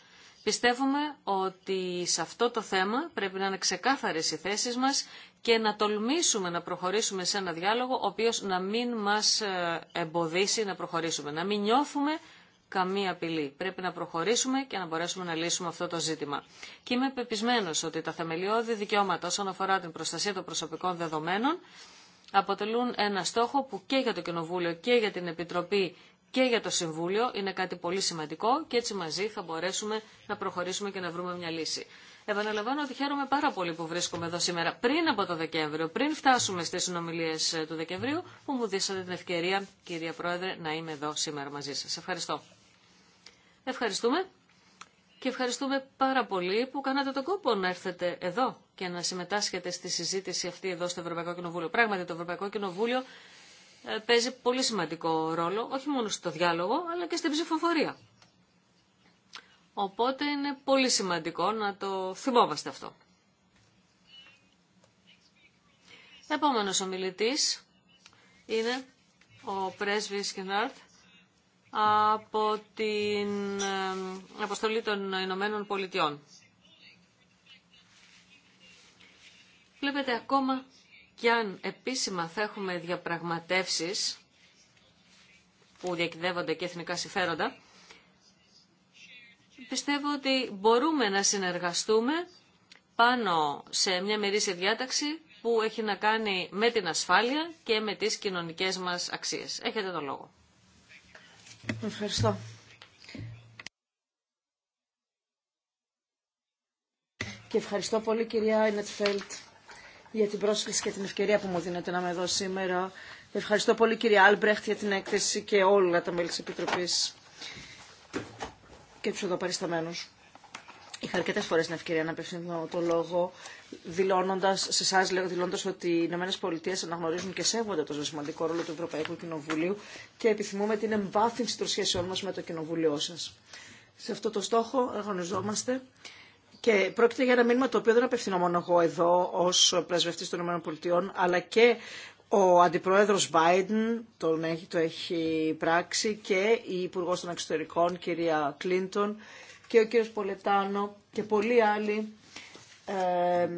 Πιστεύουμε ότι σε αυτό το θέμα πρέπει να είναι ξεκάθαρες οι θέσεις μας και να τολμήσουμε να προχωρήσουμε σε ένα διάλογο ο οποίος να μην μας ε, εμποδίσει να προχωρήσουμε, να μην νιώθουμε καμία απειλή. Πρέπει να προχωρήσουμε και να μπορέσουμε να λύσουμε αυτό το ζήτημα. Και είμαι πεπισμένος ότι τα θεμελιώδη δικαιώματα όσον αφορά την προστασία των προσωπικών δεδομένων αποτελούν ένα στόχο που και για το Κοινοβούλιο και για την Επιτροπή και για το Συμβούλιο είναι κάτι πολύ σημαντικό και έτσι μαζί θα μπορέσουμε να προχωρήσουμε και να βρούμε μια λύση. Επαναλαμβάνω ότι χαίρομαι πάρα πολύ που βρίσκομαι εδώ σήμερα, πριν από το Δεκέμβριο, πριν φτάσουμε στις συνομιλίες ε, του Δεκεμβρίου, που μου δίσατε την ευκαιρία, κυρία Πρόεδρε, να είμαι εδώ σήμερα μαζί σας. Ευχαριστώ. Ευχαριστούμε και ευχαριστούμε πάρα πολύ που κάνατε τον κόπο να έρθετε εδώ και να συμμετάσχετε στη συζήτηση αυτή εδώ στο Ευρωπαϊκό Κοινοβούλιο. Πράγματι το Ευρωπαϊκό Κοινοβούλιο ε, παίζει πολύ σημαντικό ρόλο, όχι μόνο στο διάλογο, αλλά και στην ψηφοφορία. Οπότε είναι πολύ σημαντικό να το θυμόμαστε αυτό. Επόμενος ομιλητής είναι ο πρέσβης Κινάρτ από την ε, αποστολή των Ηνωμένων Πολιτειών. Βλέπετε ακόμα κι αν επίσημα θα έχουμε διαπραγματεύσεις που διακυδεύονται και εθνικά συμφέροντα, πιστεύω ότι μπορούμε να συνεργαστούμε πάνω σε μια μερίσια διάταξη που έχει να κάνει με την ασφάλεια και με τις κοινωνικές μας αξίες. Έχετε το λόγο. Ευχαριστώ. Και ευχαριστώ πολύ κυρία Ινετφέλτ για την πρόσκληση και την ευκαιρία που μου δίνετε να είμαι εδώ σήμερα. Ευχαριστώ πολύ κυρία Άλμπρεχτ για την έκθεση και όλα τα μέλη της Επιτροπής και τους εδώ παρισταμένους. Είχα αρκετέ φορέ την ευκαιρία να απευθύνω το λόγο, δηλώνοντα σε εσά, δηλώνοντα ότι οι Ηνωμένε Πολιτείε αναγνωρίζουν και σέβονται το σημαντικό ρόλο του Ευρωπαϊκού Κοινοβουλίου και επιθυμούμε την εμβάθυνση των σχέσεών μα με το Κοινοβούλιο σα. Σε αυτό το στόχο αγωνιζόμαστε. Και πρόκειται για ένα μήνυμα το οποίο δεν απευθύνω μόνο εγώ εδώ ω πρεσβευτή των ΗΠΑ, αλλά και ο αντιπρόεδρο Βάιντεν, τον έχει, το έχει πράξει και η υπουργό των Εξωτερικών, κυρία Κλίντον, και ο κύριος Πολετάνο και πολλοί άλλοι ε,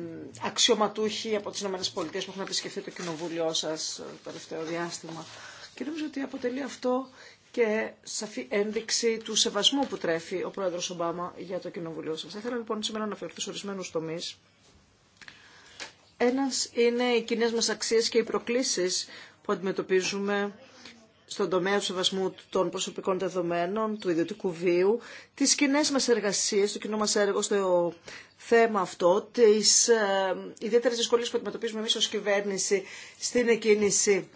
αξιωματούχοι από τις ΗΠΑ που έχουν επισκεφθεί το κοινοβούλιο σας ε, το τελευταίο διάστημα. Και νομίζω ότι αποτελεί αυτό και σαφή ένδειξη του σεβασμού που τρέφει ο πρόεδρος Ομπάμα για το κοινοβουλίο σας. Θα ήθελα λοιπόν σήμερα να αναφερθώ σε ορισμένους τομείς. Ένας είναι οι κοινέ μας αξίες και οι προκλήσεις που αντιμετωπίζουμε στον τομέα του σεβασμού των προσωπικών δεδομένων, του ιδιωτικού βίου, τις κοινέ μας εργασίες, το κοινό μας έργο στο θέμα αυτό, τις ε, ιδιαίτερες δυσκολίες που αντιμετωπίζουμε εμείς ως κυβέρνηση στην εκκίνηση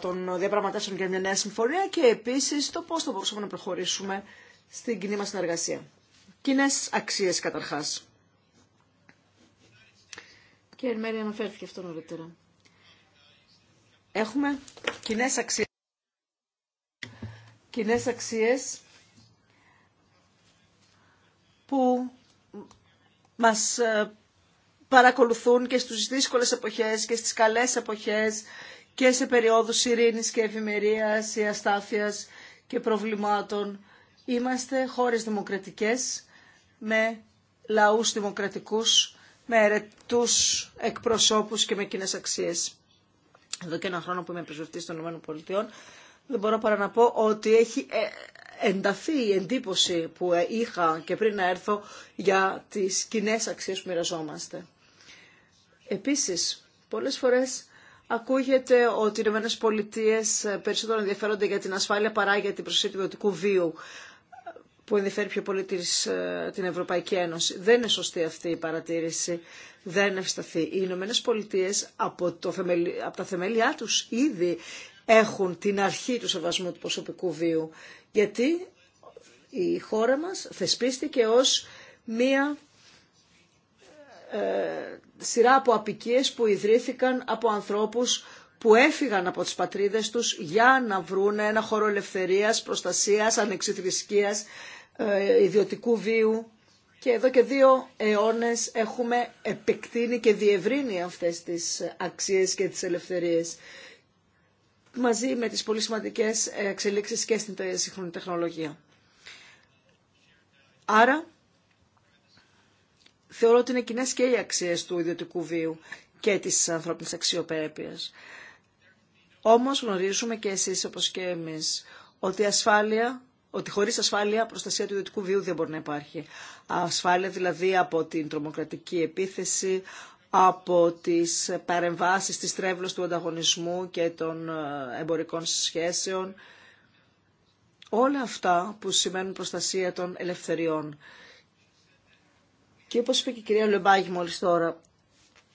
των διαπραγματεύσεων για μια νέα συμφωνία και επίσης το πώς θα μπορούσαμε να προχωρήσουμε στην κοινή μας συνεργασία. Κοινέ αξίες καταρχάς. Και εν μέρει αναφέρθηκε αυτό νωρίτερα. Έχουμε κοινέ αξίε κοινέ αξίε που μας ε, παρακολουθούν και στους δύσκολες εποχές και στις καλές εποχές και σε περιόδους ειρήνης και ευημερία ή αστάθειας και προβλημάτων. Είμαστε χώρες δημοκρατικές με λαούς δημοκρατικούς, με αιρετούς εκπροσώπους και με κοινέ αξίες. Εδώ και ένα χρόνο που είμαι πρεσβευτής των ΗΠΑ δεν μπορώ παρά να πω ότι έχει ε, ενταθεί η εντύπωση που ε, είχα και πριν να έρθω για τις κοινέ αξίες που μοιραζόμαστε. Επίσης, πολλές φορές ακούγεται ότι οι Ηνωμένε Πολιτείε ε, περισσότερο ενδιαφέρονται για την ασφάλεια παρά για την προσοχή του ιδιωτικού βίου που ενδιαφέρει πιο πολύ την Ευρωπαϊκή Ένωση. Δεν είναι σωστή αυτή η παρατήρηση. Δεν ευσταθεί. Οι Ηνωμένε Πολιτείε από, από τα θεμέλια τους ήδη έχουν την αρχή του σεβασμού του προσωπικού βίου. Γιατί η χώρα μας θεσπίστηκε ως μία ε, σειρά από απικίες που ιδρύθηκαν από ανθρώπους που έφυγαν από τις πατρίδες τους για να βρουν ένα χώρο ελευθερίας, προστασίας, ανεξιθρησκείας, ε, ιδιωτικού βίου. Και εδώ και δύο αιώνες έχουμε επεκτείνει και διευρύνει αυτές τις αξίες και τις ελευθερίες μαζί με τις πολύ σημαντικέ εξελίξεις και στην σύγχρονη τεχνολογία. Άρα, θεωρώ ότι είναι κοινέ και οι αξίες του ιδιωτικού βίου και της ανθρώπινης αξιοπρέπειας. Όμως γνωρίζουμε και εσείς όπως και εμείς ότι ασφάλεια ότι χωρίς ασφάλεια προστασία του ιδιωτικού βίου δεν μπορεί να υπάρχει. Ασφάλεια δηλαδή από την τρομοκρατική επίθεση, από τις παρεμβάσεις της τρέβλος του ανταγωνισμού και των ε, εμπορικών σχέσεων. Όλα αυτά που σημαίνουν προστασία των ελευθεριών. Και όπως είπε και η κυρία Λεμπάγη μόλις τώρα,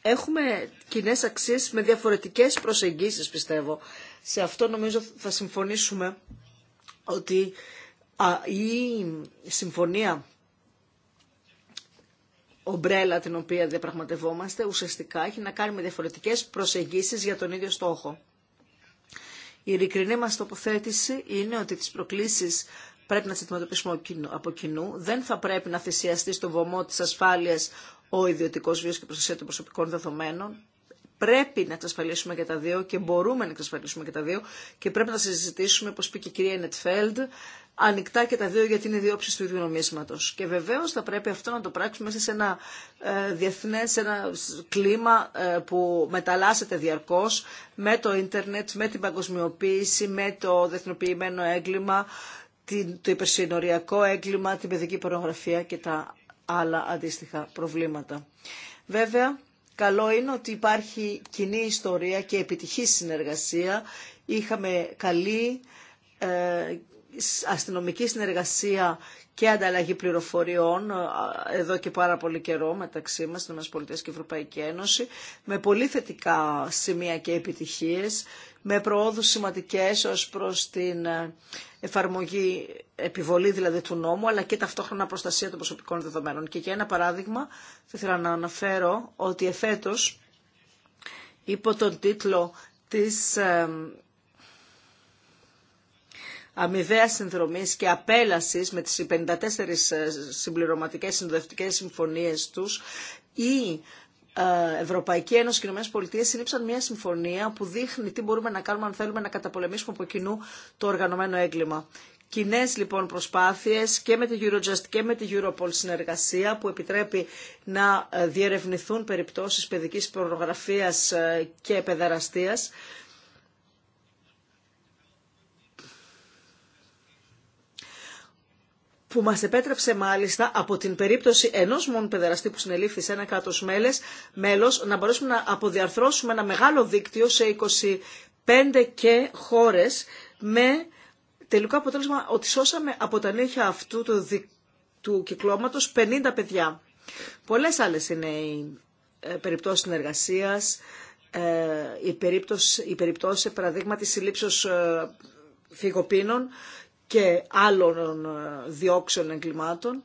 έχουμε κοινέ αξίες με διαφορετικές προσεγγίσεις πιστεύω. Σε αυτό νομίζω θα συμφωνήσουμε ότι η συμφωνία ομπρέλα την οποία διαπραγματευόμαστε ουσιαστικά έχει να κάνει με διαφορετικές προσεγγίσεις για τον ίδιο στόχο. Η ειλικρινή μας τοποθέτηση είναι ότι τις προκλήσεις πρέπει να τις αντιμετωπίσουμε από κοινού. Δεν θα πρέπει να θυσιαστεί στο βωμό της ασφάλειας ο ιδιωτικός βίος και προστασία των προσωπικών δεδομένων πρέπει να εξασφαλίσουμε και τα δύο και μπορούμε να εξασφαλίσουμε και τα δύο και πρέπει να συζητήσουμε, όπως πει και η κυρία Νετφέλντ, ανοιχτά και τα δύο γιατί είναι δύο του ίδιου Και βεβαίως θα πρέπει αυτό να το πράξουμε σε ένα ε, διεθνές ένα κλίμα ε, που μεταλλάσσεται διαρκώς με το ίντερνετ, με την παγκοσμιοποίηση, με το διεθνοποιημένο έγκλημα, την, το υπερσυνοριακό έγκλημα, την παιδική πορνογραφία και τα άλλα αντίστοιχα προβλήματα. Βέβαια, Καλό είναι ότι υπάρχει κοινή ιστορία και επιτυχή συνεργασία. Είχαμε καλή ε, αστυνομική συνεργασία και ανταλλαγή πληροφοριών ε, εδώ και πάρα πολύ καιρό μεταξύ μας, ΗΠΑ και Ένωση, με πολύ θετικά σημεία και επιτυχίες με προόδους σημαντικές ως προς την ε, εφαρμογή, επιβολή δηλαδή του νόμου, αλλά και ταυτόχρονα προστασία των προσωπικών δεδομένων. Και για ένα παράδειγμα θα ήθελα να αναφέρω ότι εφέτος υπό τον τίτλο της ε, αμοιβαίας συνδρομή και απέλαση με τις 54 ε, συμπληρωματικές συνοδευτικέ συμφωνίες τους η ε, Ευρωπαϊκή Ένωση και οι ΗΠΑ συνήψαν μια συμφωνία που δείχνει τι μπορούμε να κάνουμε αν θέλουμε να καταπολεμήσουμε από κοινού το οργανωμένο έγκλημα. Κοινέ λοιπόν προσπάθειε και με τη Eurojust και με τη Europol συνεργασία που επιτρέπει να ε, διερευνηθούν περιπτώσει παιδική προγραφίας ε, και παιδεραστία που μας επέτρεψε μάλιστα από την περίπτωση ενός μόνο παιδεραστή που συνελήφθη σε ένα κράτος μέλες, μέλος να μπορέσουμε να αποδιαρθρώσουμε ένα μεγάλο δίκτυο σε 25 και χώρες με τελικό αποτέλεσμα ότι σώσαμε από τα νύχια αυτού του, δι... του κυκλώματος 50 παιδιά. Πολλές άλλες είναι οι ε, περιπτώσεις συνεργασίας, η, ε, περίπτωση, η περιπτώση παραδείγματι συλλήψεως ε, φυγοπίνων και άλλων ε, διώξεων εγκλημάτων.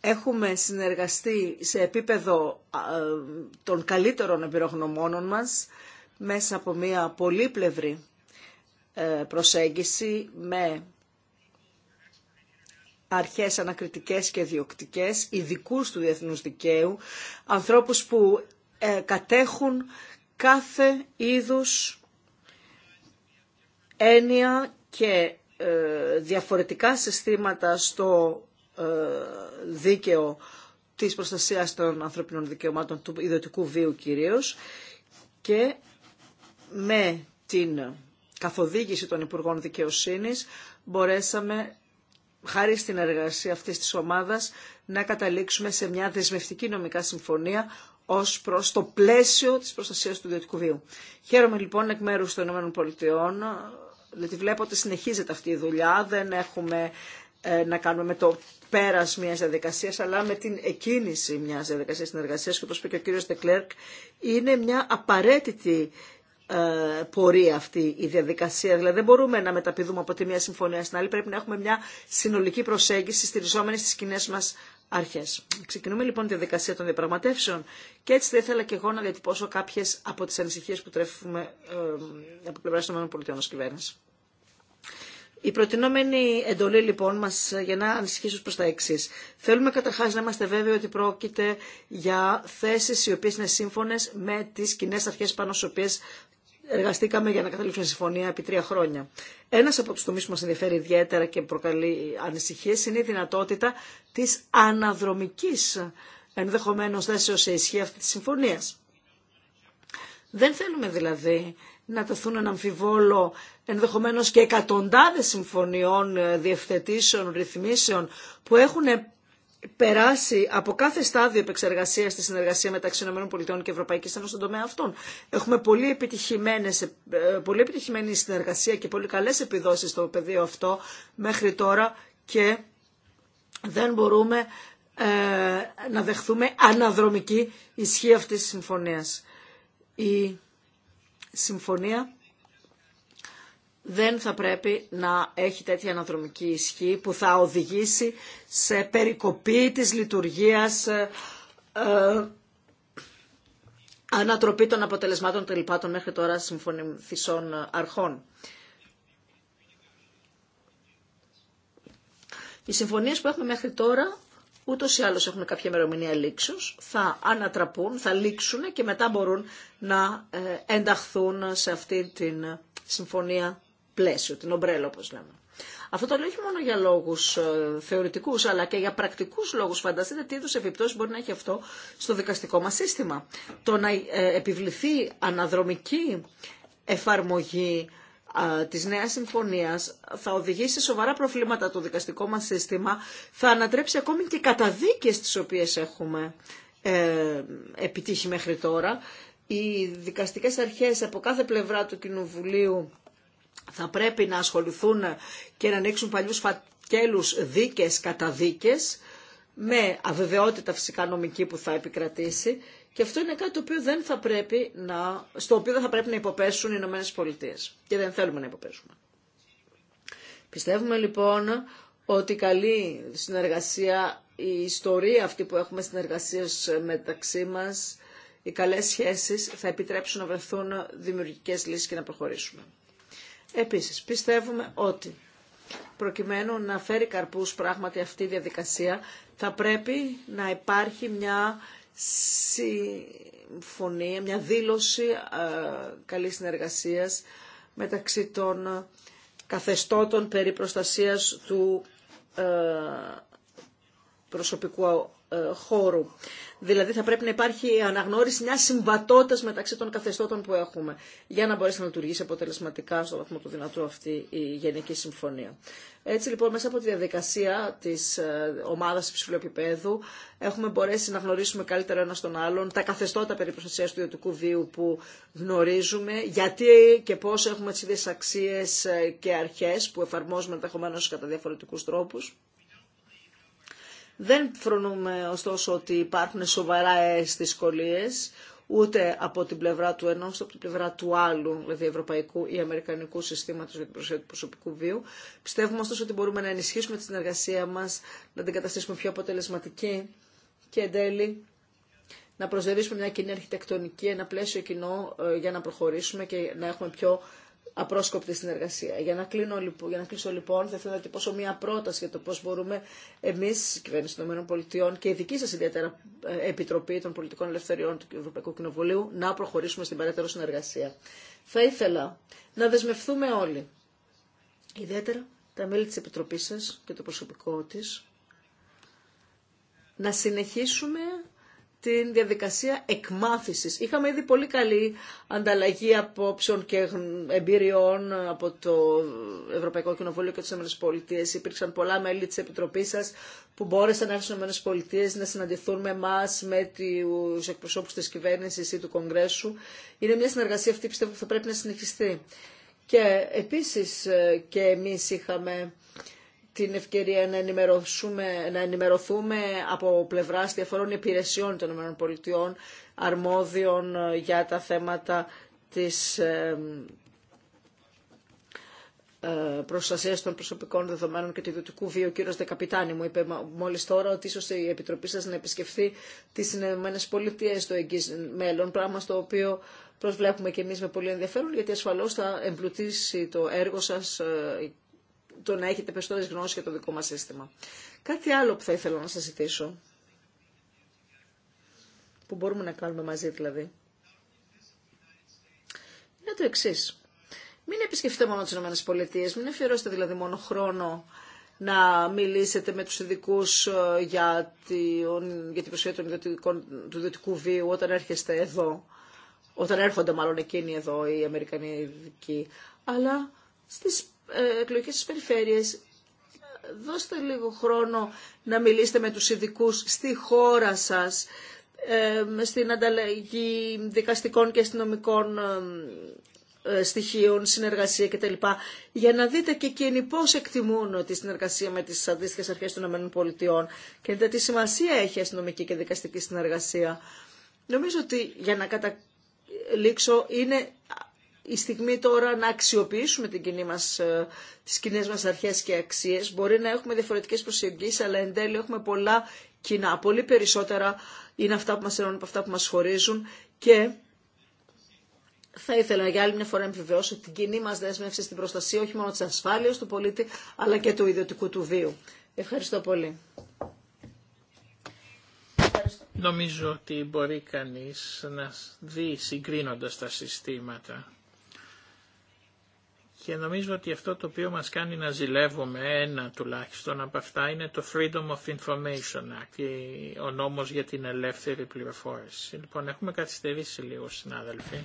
Έχουμε συνεργαστεί σε επίπεδο ε, των καλύτερων εμπειρογνωμόνων μας μέσα από μια πολύπλευρη ε, προσέγγιση με αρχές ανακριτικές και διοκτικές, ειδικού του διεθνούς δικαίου, ανθρώπους που ε, κατέχουν κάθε είδους έννοια και ε, διαφορετικά συστήματα στο ε, δίκαιο της προστασίας των ανθρωπινών δικαιωμάτων του ιδιωτικού βίου κυρίως και με την καθοδήγηση των Υπουργών Δικαιοσύνης μπορέσαμε χάρη στην εργασία αυτής της ομάδας να καταλήξουμε σε μια δεσμευτική νομικά συμφωνία ως προς το πλαίσιο της προστασίας του ιδιωτικού βίου. Χαίρομαι λοιπόν εκ μέρους των ΗΠΑ, διότι βλέπω ότι συνεχίζεται αυτή η δουλειά, δεν έχουμε ε, να κάνουμε με το πέρας μιας διαδικασίας, αλλά με την εκκίνηση μιας διαδικασίας συνεργασίας, και όπως είπε και ο κύριος Τεκλέρκ, είναι μια απαραίτητη ε, πορεία αυτή η διαδικασία. Δηλαδή δεν μπορούμε να μεταπηδούμε από τη μία συμφωνία στην άλλη. Πρέπει να έχουμε μια συνολική προσέγγιση στηριζόμενη στις κοινέ μας αρχές. Ξεκινούμε λοιπόν τη δικασία των διαπραγματεύσεων και έτσι θα ήθελα και εγώ να διατυπώσω κάποιε από τι ανησυχίε που τρέφουμε από πλευρά των ΗΠΑ Η προτινόμενη εντολή λοιπόν μας γεννά ανησυχίε προ τα εξή. Θέλουμε καταρχά να είμαστε βέβαιοι ότι πρόκειται για θέσει οι οποίε είναι σύμφωνε με τι κοινέ αρχέ πάνω στι οποίε εργαστήκαμε για να καταλήξουμε συμφωνία επί τρία χρόνια. Ένας από τους τομείς που μας ενδιαφέρει ιδιαίτερα και προκαλεί ανησυχίε είναι η δυνατότητα της αναδρομικής ενδεχομένω δέσεως σε ισχύ αυτή τη συμφωνία. Δεν θέλουμε δηλαδή να τεθούν ένα αμφιβόλο ενδεχομένως και εκατοντάδες συμφωνιών ε, διευθετήσεων, ρυθμίσεων που έχουν περάσει από κάθε στάδιο επεξεργασίας στη συνεργασία μεταξύ ΗΠΑ και Ευρωπαϊκής Ένωσης στον τομέα αυτών. Έχουμε πολύ, επιτυχημένες, ε, πολύ επιτυχημένη συνεργασία και πολύ καλές επιδόσεις στο πεδίο αυτό μέχρι τώρα και δεν μπορούμε ε, να δεχθούμε αναδρομική ισχύ αυτής της συμφωνίας. Η συμφωνία δεν θα πρέπει να έχει τέτοια αναδρομική ισχύ που θα οδηγήσει σε περικοπή της λειτουργίας, ε, ε, ανατροπή των αποτελεσμάτων τελειπά των μέχρι τώρα συμφωνηθισών αρχών. Οι συμφωνίες που έχουμε μέχρι τώρα ούτω ή άλλως έχουν κάποια ημερομηνία λήξεω, θα ανατραπούν, θα λήξουν και μετά μπορούν να ε, ενταχθούν σε αυτή τη συμφωνία πλαίσιο, την ομπρέλα όπως λέμε. Αυτό το λέω όχι μόνο για λόγους ε, θεωρητικούς αλλά και για πρακτικούς λόγους. Φανταστείτε τι είδους επιπτώσεις μπορεί να έχει αυτό στο δικαστικό μας σύστημα. Το να ε, επιβληθεί αναδρομική εφαρμογή ε, της νέας συμφωνίας θα οδηγήσει σοβαρά προβλήματα το δικαστικό μας σύστημα, θα ανατρέψει ακόμη και καταδίκες τις οποίες έχουμε επιτύχει μέχρι τώρα. Οι δικαστικές αρχές από κάθε πλευρά του Κοινοβουλίου θα πρέπει να ασχοληθούν και να ανοίξουν παλιούς φακέλους δίκες κατά με αβεβαιότητα φυσικά νομική που θα επικρατήσει και αυτό είναι κάτι το οποίο δεν θα πρέπει να, στο οποίο δεν θα πρέπει να υποπέσουν οι Ηνωμένες Πολιτείες και δεν θέλουμε να υποπέσουμε. Πιστεύουμε λοιπόν ότι καλή συνεργασία, η ιστορία αυτή που έχουμε συνεργασίες μεταξύ μας, οι καλές σχέσεις θα επιτρέψουν να βρεθούν δημιουργικές λύσεις και να προχωρήσουμε. Επίσης, πιστεύουμε ότι προκειμένου να φέρει καρπούς πράγματι αυτή η διαδικασία, θα πρέπει να υπάρχει μια συμφωνία, μια δήλωση καλής συνεργασίας μεταξύ των καθεστώτων περί προστασίας του ε, προσωπικού ε, χώρου. Δηλαδή θα πρέπει να υπάρχει αναγνώριση μια συμβατότητα μεταξύ των καθεστώτων που έχουμε για να μπορέσει να λειτουργήσει αποτελεσματικά στο βαθμό του δυνατού αυτή η Γενική Συμφωνία. Έτσι λοιπόν μέσα από τη διαδικασία της ε, ομάδας υψηλού επίπεδου έχουμε μπορέσει να γνωρίσουμε καλύτερα ένα τον άλλον τα καθεστώτα περί προστασίας του ιδιωτικού βίου που γνωρίζουμε, γιατί και πώς έχουμε τις ίδιες αξίες ε, και αρχές που εφαρμόζουμε ενδεχομένω κατά διαφορετικούς τρόπους δεν φρονούμε ωστόσο ότι υπάρχουν σοβαρά δυσκολίε, ούτε από την πλευρά του ενός, ούτε από την πλευρά του άλλου, δηλαδή ευρωπαϊκού ή αμερικανικού συστήματος για την προσέγγιση του προσωπικού βίου. Πιστεύουμε ωστόσο ότι μπορούμε να ενισχύσουμε τη συνεργασία μας, να την καταστήσουμε πιο αποτελεσματική και εν τέλει να προσδιορίσουμε μια κοινή αρχιτεκτονική, ένα πλαίσιο κοινό ε, για να προχωρήσουμε και να έχουμε πιο απρόσκοπτη συνεργασία. Για να, κλείνω, λοιπόν, για να κλείσω λοιπόν, θα ήθελα να τυπώσω μια πρόταση για το πώς μπορούμε εμείς, η κυβέρνηση των ΗΠΑ και η δική σα ιδιαίτερα ε, Επιτροπή των Πολιτικών Ελευθεριών του Ευρωπαϊκού Κοινοβουλίου να προχωρήσουμε στην παρέτερο συνεργασία. Θα ήθελα να δεσμευτούμε όλοι, ιδιαίτερα τα μέλη τη Επιτροπή σα και το προσωπικό τη να συνεχίσουμε την διαδικασία εκμάθησης. Είχαμε ήδη πολύ καλή ανταλλαγή απόψεων και εμπειριών από το Ευρωπαϊκό Κοινοβούλιο και τις ΗΠΑ. Υπήρξαν πολλά μέλη της Επιτροπής σας που μπόρεσαν να έρθουν στις ΗΠΑ να συναντηθούν με εμά, με τους εκπροσώπους της κυβέρνησης ή του Κογκρέσου. Είναι μια συνεργασία αυτή πιστεύω που θα πρέπει να συνεχιστεί. Και επίσης ε, και εμείς είχαμε την ευκαιρία να, ενημερωθούμε, να ενημερωθούμε από πλευρά διαφορών υπηρεσιών των ΗΠΑ αρμόδιων ε, για τα θέματα της ε, ε, προστασία των προσωπικών δεδομένων και του ιδιωτικού βίου. Ο κύριο Δεκαπιτάνη μου είπε μόλι τώρα ότι ίσω η Επιτροπή σα να επισκεφθεί τι ΗΠΑ στο εγγύ μέλλον. Πράγμα στο οποίο προσβλέπουμε και εμεί με πολύ ενδιαφέρον, γιατί ασφαλώ θα εμπλουτίσει το έργο σα το να έχετε περισσότερε γνώσει για το δικό μα σύστημα. Κάτι άλλο που θα ήθελα να σα ζητήσω, που μπορούμε να κάνουμε μαζί δηλαδή, είναι το εξή. Μην επισκεφτείτε μόνο τι ΗΠΑ, μην αφιερώσετε δηλαδή μόνο χρόνο να μιλήσετε με τους ειδικού ε, για, την προσφυγή του ιδιωτικού βίου όταν έρχεστε εδώ, όταν έρχονται μάλλον εκείνοι εδώ οι Αμερικανοί ειδικοί, αλλά στις ε, εκλογικές σας περιφέρειες, δώστε λίγο χρόνο να μιλήσετε με τους ειδικού στη χώρα σας, ε, στην ανταλλαγή δικαστικών και αστυνομικών ε, στοιχείων, συνεργασία κτλ. Για να δείτε και εκείνοι πώ εκτιμούν τη συνεργασία με τι αντίστοιχε αρχέ των ΗΠΑ και δείτε τι σημασία έχει αστυνομική και δικαστική συνεργασία. Νομίζω ότι για να καταλήξω είναι η στιγμή τώρα να αξιοποιήσουμε την κοινή μας, ε, τις κοινέ μας αρχές και αξίες. Μπορεί να έχουμε διαφορετικές προσεγγίσεις, αλλά εν τέλει έχουμε πολλά κοινά. Πολύ περισσότερα είναι αυτά που μας ενώνουν από αυτά που μας χωρίζουν και θα ήθελα για άλλη μια φορά να επιβεβαιώσω την κοινή μας δέσμευση στην προστασία όχι μόνο της ασφάλειας του πολίτη, αλλά και του ιδιωτικού του βίου. Ευχαριστώ πολύ. Νομίζω ότι μπορεί κανείς να δει συγκρίνοντας τα συστήματα και νομίζω ότι αυτό το οποίο μας κάνει να ζηλεύουμε ένα τουλάχιστον από αυτά είναι το Freedom of Information Act, ο νόμος για την ελεύθερη πληροφόρηση. Λοιπόν, έχουμε καθυστερήσει λίγο συνάδελφοι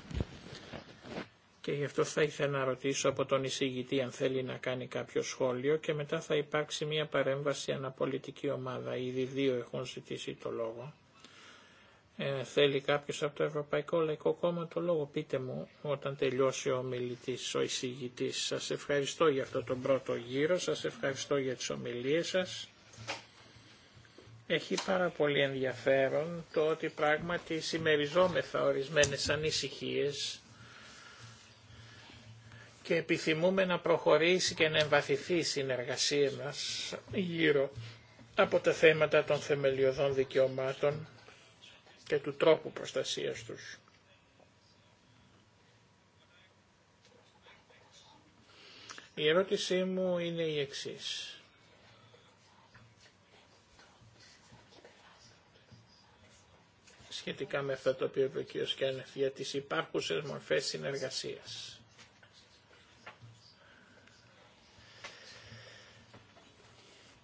και γι' αυτό θα ήθελα να ρωτήσω από τον εισηγητή αν θέλει να κάνει κάποιο σχόλιο και μετά θα υπάρξει μια παρέμβαση αναπολιτική ομάδα. Ήδη δύο έχουν ζητήσει το λόγο. Ε, θέλει κάποιος από το Ευρωπαϊκό Λαϊκό Κόμμα το λόγο. Πείτε μου όταν τελειώσει ο ομιλητής, ο εισηγητής. Σας ευχαριστώ για αυτό τον πρώτο γύρο, σας ευχαριστώ για τις ομιλίες σας. Έχει πάρα πολύ ενδιαφέρον το ότι πράγματι συμμεριζόμεθα ορισμένες ανησυχίες και επιθυμούμε να προχωρήσει και να εμβαθυνθεί η συνεργασία μας γύρω από τα θέματα των θεμελιωδών δικαιωμάτων και του τρόπου προστασίας τους. Η ερώτησή μου είναι η εξής. σχετικά με αυτά τα οποία είπε ο κ. Κένεφ για τις υπάρχουσες μορφές συνεργασίας.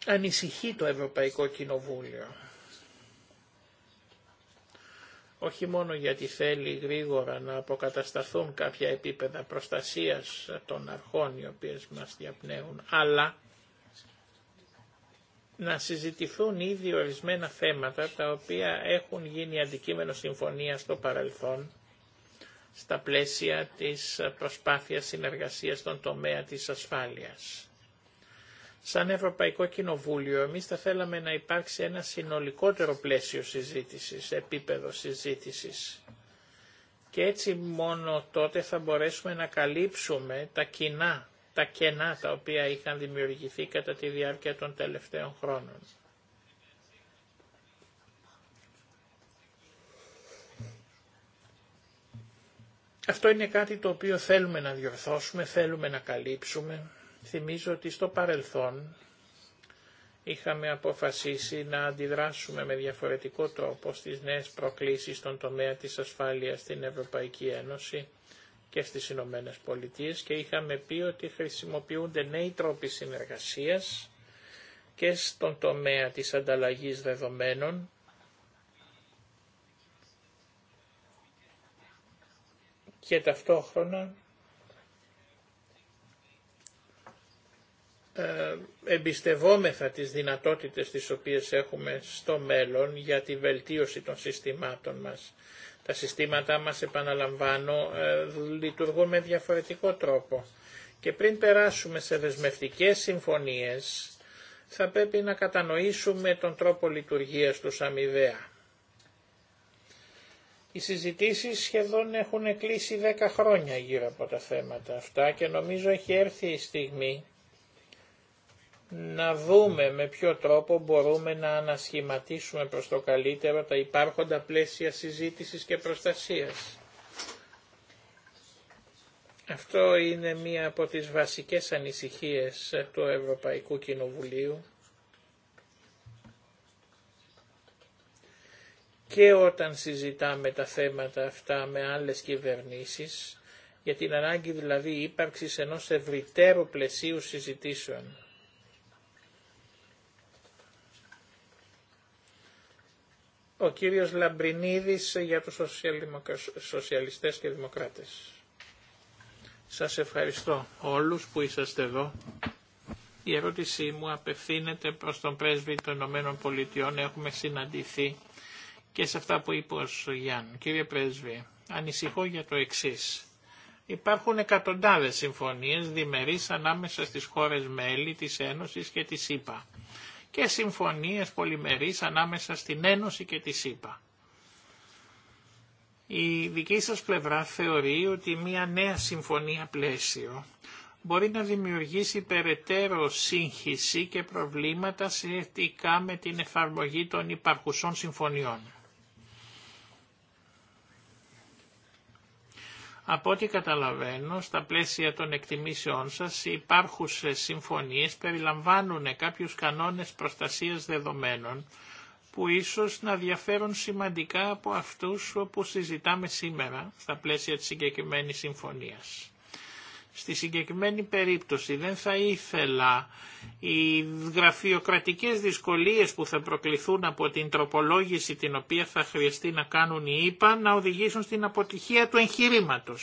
Ανησυχεί το Ευρωπαϊκό Κοινοβούλιο όχι μόνο γιατί θέλει γρήγορα να αποκατασταθούν κάποια επίπεδα προστασίας των αρχών οι οποίες μας διαπνέουν, αλλά να συζητηθούν ήδη ορισμένα θέματα τα οποία έχουν γίνει αντικείμενο συμφωνία στο παρελθόν στα πλαίσια της προσπάθειας συνεργασίας στον τομέα της ασφάλειας. Σαν Ευρωπαϊκό Κοινοβούλιο εμείς θα θέλαμε να υπάρξει ένα συνολικότερο πλαίσιο συζήτησης, επίπεδο συζήτησης. Και έτσι μόνο τότε θα μπορέσουμε να καλύψουμε τα κοινά, τα κενά τα οποία είχαν δημιουργηθεί κατά τη διάρκεια των τελευταίων χρόνων. Αυτό είναι κάτι το οποίο θέλουμε να διορθώσουμε, θέλουμε να καλύψουμε. Θυμίζω ότι στο παρελθόν είχαμε αποφασίσει να αντιδράσουμε με διαφορετικό τρόπο στις νέες προκλήσεις στον τομέα της ασφάλειας στην Ευρωπαϊκή Ένωση και στις Ηνωμένε Πολιτείε και είχαμε πει ότι χρησιμοποιούνται νέοι τρόποι συνεργασίας και στον τομέα της ανταλλαγής δεδομένων και ταυτόχρονα Ε, εμπιστευόμεθα τις δυνατότητες τις οποίες έχουμε στο μέλλον για τη βελτίωση των συστημάτων μας. Τα συστήματά μας, επαναλαμβάνω, ε, λειτουργούν με διαφορετικό τρόπο. Και πριν περάσουμε σε δεσμευτικές συμφωνίες, θα πρέπει να κατανοήσουμε τον τρόπο λειτουργίας του αμοιβαία. Οι συζητήσεις σχεδόν έχουν κλείσει 10 χρόνια γύρω από τα θέματα αυτά και νομίζω έχει έρθει η στιγμή να δούμε με ποιο τρόπο μπορούμε να ανασχηματίσουμε προς το καλύτερο τα υπάρχοντα πλαίσια συζήτησης και προστασίας. Αυτό είναι μία από τις βασικές ανησυχίες του Ευρωπαϊκού Κοινοβουλίου και όταν συζητάμε τα θέματα αυτά με άλλες κυβερνήσεις, για την ανάγκη δηλαδή ύπαρξης ενός ευρυτέρου πλαισίου συζητήσεων. Ο κύριος Λαμπρινίδης για τους σοσιαλιστές και δημοκράτες. Σας ευχαριστώ όλους που είσαστε εδώ. Η ερώτησή μου απευθύνεται προς τον πρέσβη των Ηνωμένων Πολιτειών. Έχουμε συναντηθεί και σε αυτά που είπε ο Γιάννη. Κύριε πρέσβη, ανησυχώ για το εξής. Υπάρχουν εκατοντάδες συμφωνίες διμερείς ανάμεσα στις χώρες μέλη της Ένωσης και της ΕΠΑ και συμφωνίες πολυμερείς ανάμεσα στην Ένωση και τη ΣΥΠΑ. Η δική σας πλευρά θεωρεί ότι μια νέα συμφωνία πλαίσιο μπορεί να δημιουργήσει περαιτέρω σύγχυση και προβλήματα σχετικά με την εφαρμογή των υπαρχουσών συμφωνιών. Από ό,τι καταλαβαίνω, στα πλαίσια των εκτιμήσεών σας, οι υπάρχουσες συμφωνίες περιλαμβάνουν κάποιους κανόνες προστασίας δεδομένων, που ίσως να διαφέρουν σημαντικά από αυτούς που συζητάμε σήμερα, στα πλαίσια της συγκεκριμένης συμφωνίας. Στη συγκεκριμένη περίπτωση δεν θα ήθελα οι γραφειοκρατικές δυσκολίες που θα προκληθούν από την τροπολόγηση την οποία θα χρειαστεί να κάνουν οι ΙΠΑ να οδηγήσουν στην αποτυχία του εγχειρήματο.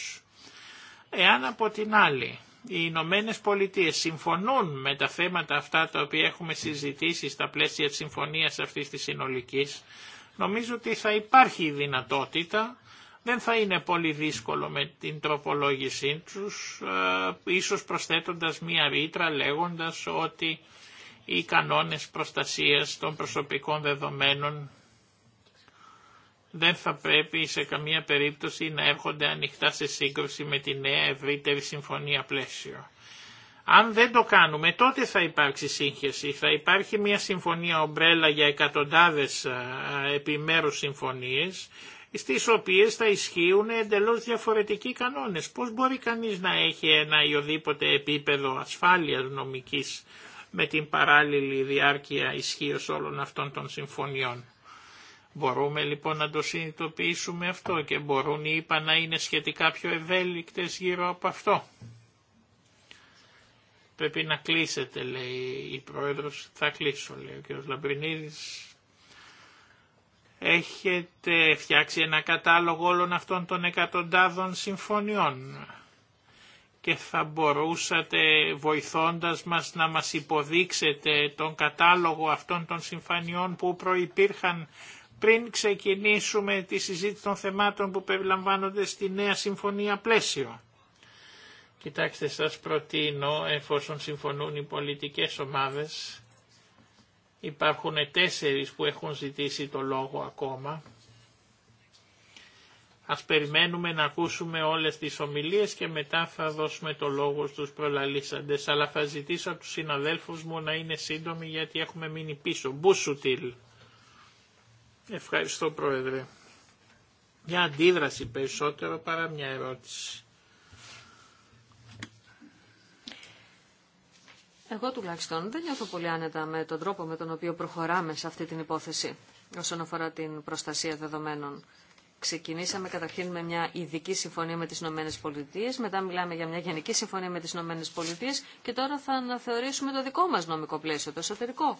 Εάν από την άλλη οι Ηνωμένε Πολιτείε συμφωνούν με τα θέματα αυτά τα οποία έχουμε συζητήσει στα πλαίσια της συμφωνίας αυτής της συνολικής, νομίζω ότι θα υπάρχει η δυνατότητα δεν θα είναι πολύ δύσκολο με την τροπολόγησή τους, ε, ίσως προσθέτοντας μία ρήτρα λέγοντας ότι οι κανόνες προστασίας των προσωπικών δεδομένων δεν θα πρέπει σε καμία περίπτωση να έρχονται ανοιχτά σε σύγκρουση με τη νέα ευρύτερη συμφωνία πλαίσιο. Αν δεν το κάνουμε τότε θα υπάρξει σύγχυση, θα υπάρχει μια συμφωνία ομπρέλα για εκατοντάδες ε, επιμέρους συμφωνίες στις οποίες θα ισχύουν εντελώς διαφορετικοί κανόνες. Πώς μπορεί κανείς να έχει ένα ή οδήποτε επίπεδο ασφάλειας νομικής με την παράλληλη διάρκεια ισχύω όλων αυτών των συμφωνιών. Μπορούμε λοιπόν να το συνειδητοποιήσουμε αυτό και μπορούν οι ΙΠΑ να είναι σχετικά πιο ευέλικτες γύρω από αυτό. Πρέπει να κλείσετε λέει η Πρόεδρος, θα κλείσω λέει ο κ. Λαμπρινίδης, έχετε φτιάξει ένα κατάλογο όλων αυτών των εκατοντάδων συμφωνιών και θα μπορούσατε βοηθώντας μας να μας υποδείξετε τον κατάλογο αυτών των συμφωνιών που προϋπήρχαν πριν ξεκινήσουμε τη συζήτηση των θεμάτων που περιλαμβάνονται στη νέα συμφωνία πλαίσιο. Κοιτάξτε σας προτείνω εφόσον συμφωνούν οι πολιτικές ομάδες Υπάρχουν τέσσερις που έχουν ζητήσει το λόγο ακόμα. Ας περιμένουμε να ακούσουμε όλες τις ομιλίες και μετά θα δώσουμε το λόγο στους προλαλήσαντες. Αλλά θα ζητήσω από τους συναδέλφους μου να είναι σύντομοι γιατί έχουμε μείνει πίσω. Μπούσουτιλ. Ευχαριστώ Πρόεδρε. Μια αντίδραση περισσότερο παρά μια ερώτηση. Εγώ τουλάχιστον δεν νιώθω πολύ άνετα με τον τρόπο με τον οποίο προχωράμε σε αυτή την υπόθεση όσον αφορά την προστασία δεδομένων. Ξεκινήσαμε καταρχήν με μια ειδική συμφωνία με τις Ηνωμένες Πολιτείες, μετά μιλάμε για μια γενική συμφωνία με τις Ηνωμένες Πολιτείες και τώρα θα αναθεωρήσουμε το δικό μας νομικό πλαίσιο, το εσωτερικό.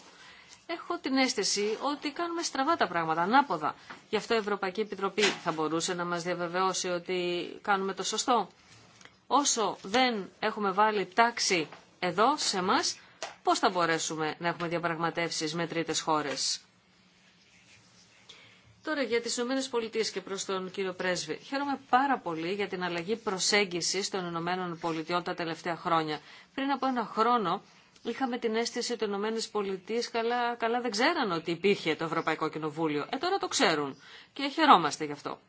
Έχω την αίσθηση ότι κάνουμε στραβά τα πράγματα, ανάποδα. Γι' αυτό η Ευρωπαϊκή Επιτροπή θα μπορούσε να μας διαβεβαιώσει ότι κάνουμε το σωστό. Όσο δεν έχουμε βάλει τάξη εδώ σε εμά πώς θα μπορέσουμε να έχουμε διαπραγματεύσει με τρίτε χώρες. Τώρα για τις ΗΠΑ και προς τον κύριο Πρέσβη. Χαίρομαι πάρα πολύ για την αλλαγή προσέγγισης των Ηνωμένων Πολιτειών τα τελευταία χρόνια. Πριν από ένα χρόνο είχαμε την αίσθηση ότι οι Ηνωμένε Πολιτείε καλά, καλά δεν ξέραν ότι υπήρχε το Ευρωπαϊκό Κοινοβούλιο. Ε, τώρα το ξέρουν και χαιρόμαστε γι' αυτό.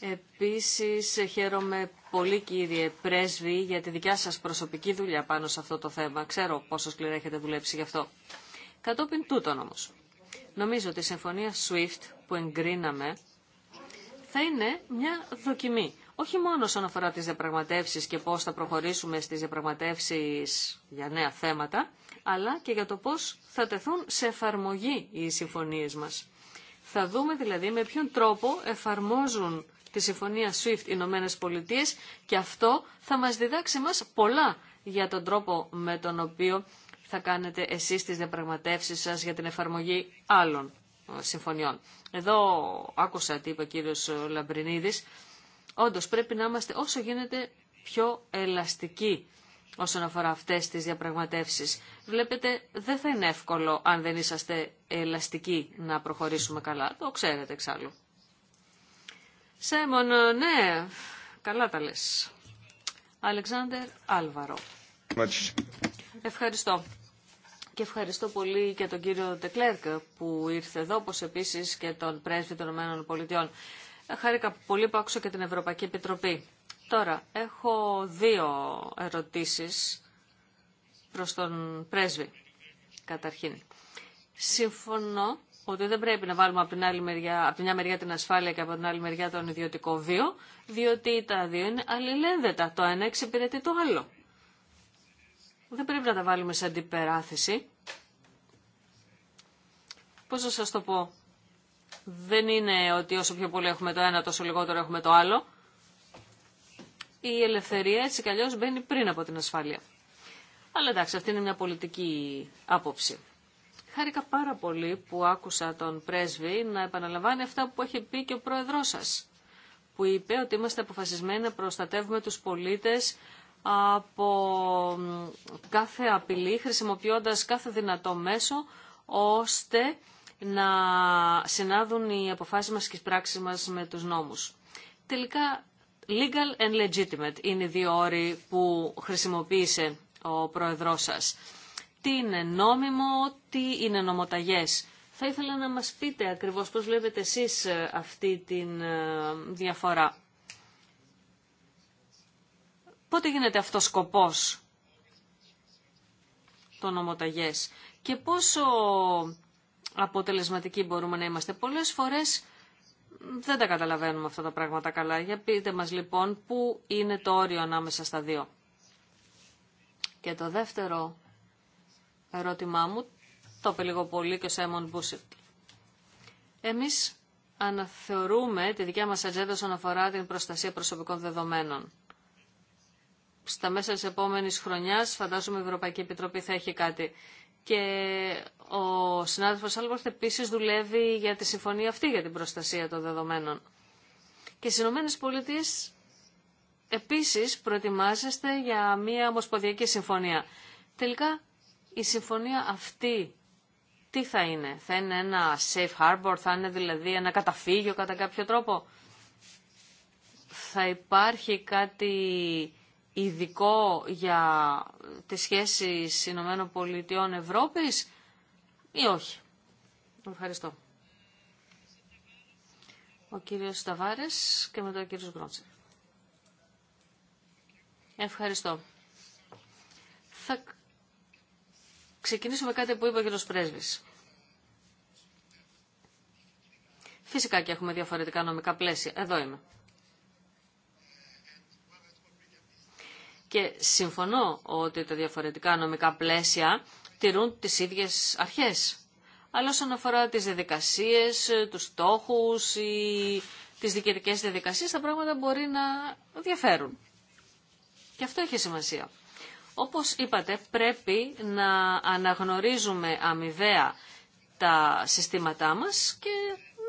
Επίσης χαίρομαι πολύ κύριε Πρέσβη για τη δικιά σας προσωπική δουλειά πάνω σε αυτό το θέμα. Ξέρω πόσο σκληρά έχετε δουλέψει γι' αυτό. Κατόπιν τούτον όμως. Νομίζω ότι η συμφωνία SWIFT που εγκρίναμε θα είναι μια δοκιμή. Όχι μόνο όσον αφορά τις διαπραγματεύσεις και πώς θα προχωρήσουμε στις διαπραγματεύσεις για νέα θέματα, αλλά και για το πώς θα τεθούν σε εφαρμογή οι συμφωνίες μας. Θα δούμε δηλαδή με ποιον τρόπο εφαρμόζουν τη συμφωνία SWIFT Ηνωμένε Πολιτείε και αυτό θα μας διδάξει μας πολλά για τον τρόπο με τον οποίο θα κάνετε εσείς τις διαπραγματεύσεις σας για την εφαρμογή άλλων ε, συμφωνιών. Εδώ άκουσα τι είπε ο κύριος ε, Λαμπρινίδης. Όντως πρέπει να είμαστε όσο γίνεται πιο ελαστικοί όσον αφορά αυτές τις διαπραγματεύσεις. Βλέπετε, δεν θα είναι εύκολο αν δεν είσαστε ελαστικοί να προχωρήσουμε καλά. Το ξέρετε εξάλλου. Σέμον, ναι, καλά τα λες. Αλεξάνδερ Άλβαρο. Ευχαριστώ. Και ευχαριστώ πολύ και τον κύριο Τεκλέρκ που ήρθε εδώ, όπως επίσης και τον πρέσβη των ΗΠΑ. Χάρηκα πολύ που άκουσα και την Ευρωπαϊκή Επιτροπή. Τώρα, έχω δύο ερωτήσεις προς τον πρέσβη, καταρχήν. Συμφωνώ ότι δεν πρέπει να βάλουμε από την, άλλη μεριά, από την μια μεριά την ασφάλεια και από την άλλη μεριά τον ιδιωτικό βίο, διότι τα δύο είναι αλληλένδετα. Το ένα εξυπηρετεί το άλλο. Δεν πρέπει να τα βάλουμε σε αντιπεράθεση. Πώς να σας το πω. Δεν είναι ότι όσο πιο πολύ έχουμε το ένα, τόσο λιγότερο έχουμε το άλλο. Η ελευθερία έτσι κι αλλιώς μπαίνει πριν από την ασφάλεια. Αλλά εντάξει, αυτή είναι μια πολιτική άποψη. Χάρηκα πάρα πολύ που άκουσα τον πρέσβη να επαναλαμβάνει αυτά που έχει πει και ο πρόεδρός σας, που είπε ότι είμαστε αποφασισμένοι να προστατεύουμε τους πολίτες από κάθε απειλή, χρησιμοποιώντας κάθε δυνατό μέσο, ώστε να συνάδουν οι αποφάσεις μας και οι πράξεις μας με τους νόμους. Τελικά, legal and legitimate είναι οι δύο όροι που χρησιμοποίησε ο πρόεδρός σας τι είναι νόμιμο, τι είναι νομοταγές. Θα ήθελα να μας πείτε ακριβώς πώς βλέπετε εσείς ε, αυτή τη ε, διαφορά. Πότε γίνεται αυτό σκοπός των νομοταγές και πόσο αποτελεσματικοί μπορούμε να είμαστε. Πολλές φορές δεν τα καταλαβαίνουμε αυτά τα πράγματα καλά. Για πείτε μας λοιπόν πού είναι το όριο ανάμεσα στα δύο. Και το δεύτερο ερώτημά μου, το είπε λίγο πολύ και ο Σέμον Μπούσιτ. Εμείς αναθεωρούμε τη δικιά μας ατζέντα όσον αφορά την προστασία προσωπικών δεδομένων. Στα μέσα της επόμενης χρονιάς φαντάζομαι η Ευρωπαϊκή Επιτροπή θα έχει κάτι. Και ο συνάδελφος Άλβορθ επίσης δουλεύει για τη συμφωνία αυτή για την προστασία των δεδομένων. Και στι Ηνωμένες Πολιτείες επίσης προετοιμάζεστε για μια ομοσποδιακή συμφωνία. Τελικά η συμφωνία αυτή τι θα είναι, θα είναι ένα safe harbor, θα είναι δηλαδή ένα καταφύγιο κατά κάποιο τρόπο. Θα υπάρχει κάτι ειδικό για τις σχέσεις Ηνωμένων Πολιτειών Ευρώπης ή όχι. Ευχαριστώ. Ο κύριος Σταβάρες και μετά ο κύριος Γκρότσερ. Ευχαριστώ. Θα ξεκινήσω με κάτι που είπε ο κύριο Πρέσβης. Φυσικά και έχουμε διαφορετικά νομικά πλαίσια. Εδώ είμαι. Και συμφωνώ ότι τα διαφορετικά νομικά πλαίσια τηρούν τις ίδιες αρχές. Αλλά όσον αφορά τις διαδικασίες, τους στόχους ή τις δικαιωτικές διαδικασίες, τα πράγματα μπορεί να διαφέρουν. Και αυτό έχει σημασία. Όπως είπατε, πρέπει να αναγνωρίζουμε αμοιβαία τα συστήματά μας και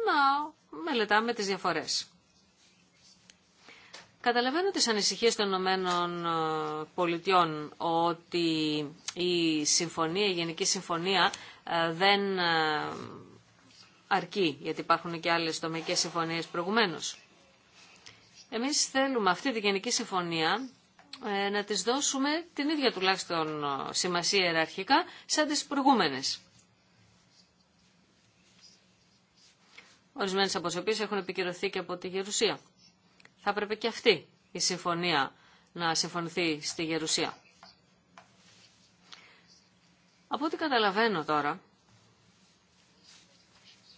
να μελετάμε τις διαφορές. Καταλαβαίνω τις ανησυχίες των Ηνωμένων ε, Πολιτειών ότι η συμφωνία, η Γενική Συμφωνία ε, δεν ε, αρκεί, γιατί υπάρχουν και άλλες τομικές συμφωνίες προηγουμένως. Εμείς θέλουμε αυτή τη Γενική Συμφωνία ε, να τις δώσουμε την ίδια τουλάχιστον ε, σημασία ιεραρχικά σαν τις προηγούμενες. Ορισμένες από έχουν επικυρωθεί και από τη Γερουσία. Θα έπρεπε και αυτή η συμφωνία να συμφωνηθεί στη Γερουσία. Από ό,τι καταλαβαίνω τώρα,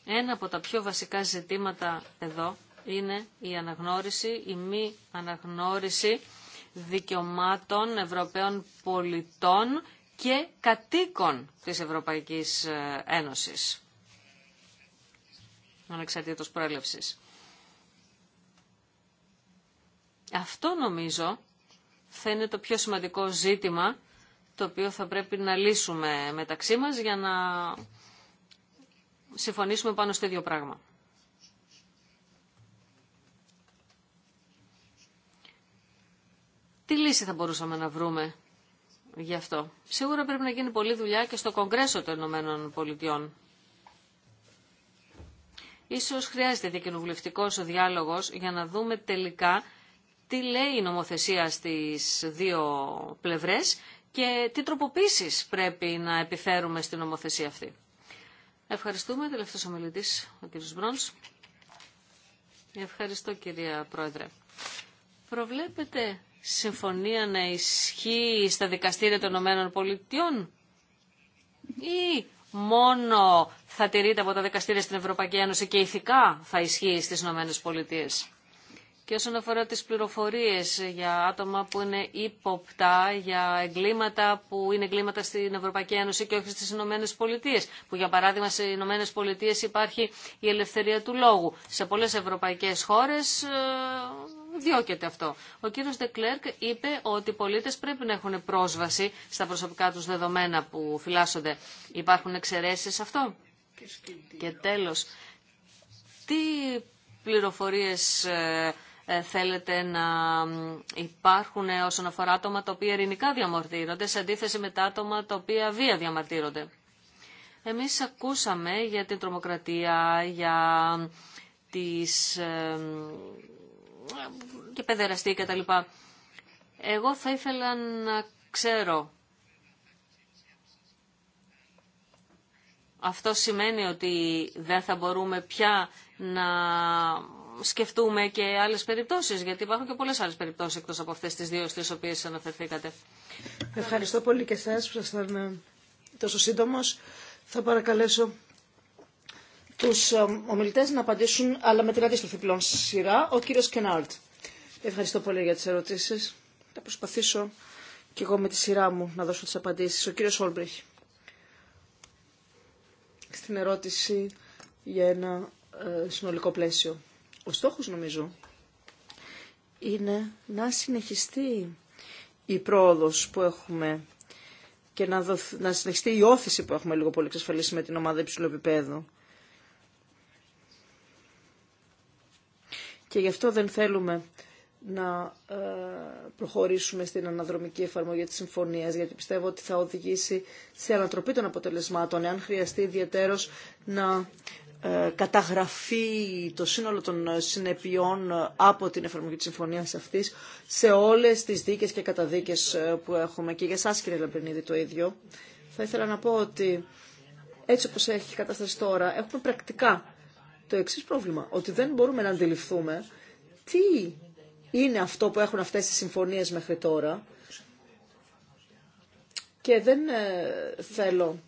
ένα από τα πιο βασικά ζητήματα εδώ είναι η αναγνώριση, η μη αναγνώριση δικαιωμάτων Ευρωπαίων πολιτών και κατοίκων της Ευρωπαϊκής ε, Ένωσης. Ανεξαρτήτως προέλευσης. Αυτό νομίζω θα είναι το πιο σημαντικό ζήτημα το οποίο θα πρέπει να λύσουμε μεταξύ μας για να συμφωνήσουμε πάνω στο ίδιο πράγμα. Τι λύση θα μπορούσαμε να βρούμε γι' αυτό. Σίγουρα πρέπει να γίνει πολλή δουλειά και στο Κογκρέσο των Ηνωμένων Πολιτειών. Ίσως χρειάζεται διακοινοβουλευτικός διάλογος για να δούμε τελικά τι λέει η νομοθεσία στις δύο πλευρές και τι τροποποίησεις πρέπει να επιφέρουμε στην νομοθεσία αυτή. Ευχαριστούμε. Τελευταίος ομιλητής, ο κ. Μπρόνς. Ευχαριστώ κυρία Πρόεδρε. Προβλέπετε συμφωνία να ισχύει στα δικαστήρια των Ηνωμένων Πολιτειών ή μόνο θα τηρείται από τα δικαστήρια στην Ευρωπαϊκή Ένωση και ηθικά θα ισχύει στις Ηνωμένες Πολιτείες. Και όσον αφορά τις πληροφορίες για άτομα που είναι ύποπτα για εγκλήματα που είναι εγκλήματα στην Ευρωπαϊκή Ένωση και όχι στις Ηνωμένες Πολιτείες, που για παράδειγμα στις Ηνωμένες Πολιτείες υπάρχει η ελευθερία του λόγου. Σε πολλές ευρωπαϊκές χώρες ε, διώκεται αυτό. Ο κύριο Ντεκλέρκ είπε ότι οι πολίτες πρέπει να έχουν πρόσβαση στα προσωπικά τους δεδομένα που φυλάσσονται. Υπάρχουν εξαιρέσει σε αυτό. Και τέλος, τι πληροφορίες ε, ε, θέλετε να υπάρχουν ε, όσον αφορά άτομα τα οποία ειρηνικά διαμαρτύρονται, σε αντίθεση με τα άτομα τα οποία βία διαμαρτύρονται. Εμείς ακούσαμε για την τρομοκρατία, για τις και παιδεραστή και τα λοιπά. Εγώ θα ήθελα να ξέρω. Αυτό σημαίνει ότι δεν θα μπορούμε πια να σκεφτούμε και άλλες περιπτώσεις, γιατί υπάρχουν και πολλές άλλες περιπτώσεις εκτός από αυτές τις δύο στις οποίες αναφερθήκατε. Ευχαριστώ πολύ και εσάς που ήσασταν τόσο σύντομος. Θα παρακαλέσω τους ε, ομιλητές να απαντήσουν, αλλά με την αντίστοιχη πλέον σειρά, ο κύριος Κενάρτ. Ευχαριστώ πολύ για τις ερωτήσεις. Θα προσπαθήσω και εγώ με τη σειρά μου να δώσω τις απαντήσεις. Ο κύριος Όλμπριχ. Στην ερώτηση για ένα ε, συνολικό πλαίσιο. Ο στόχος νομίζω είναι να συνεχιστεί η πρόοδος που έχουμε και να, να συνεχιστεί η όθηση που έχουμε λίγο πολύ εξασφαλίσει με την ομάδα υψηλού επίπεδου. και γι' αυτό δεν θέλουμε να ε, προχωρήσουμε στην αναδρομική εφαρμογή της συμφωνίας, γιατί πιστεύω ότι θα οδηγήσει σε ανατροπή των αποτελεσμάτων, εάν χρειαστεί ιδιαίτερος να ε, καταγραφεί το σύνολο των συνεπειών ε, από την εφαρμογή της συμφωνίας αυτής σε όλες τις δίκες και καταδίκες που έχουμε. Και για εσάς κύριε Λαμπρινίδη το ίδιο. Θα ήθελα να πω ότι έτσι όπως έχει κατασταθεί τώρα έχουμε πρακτικά το εξή πρόβλημα, ότι δεν μπορούμε να αντιληφθούμε τι είναι αυτό που έχουν αυτές οι συμφωνίες μέχρι τώρα και δεν ε, θέλω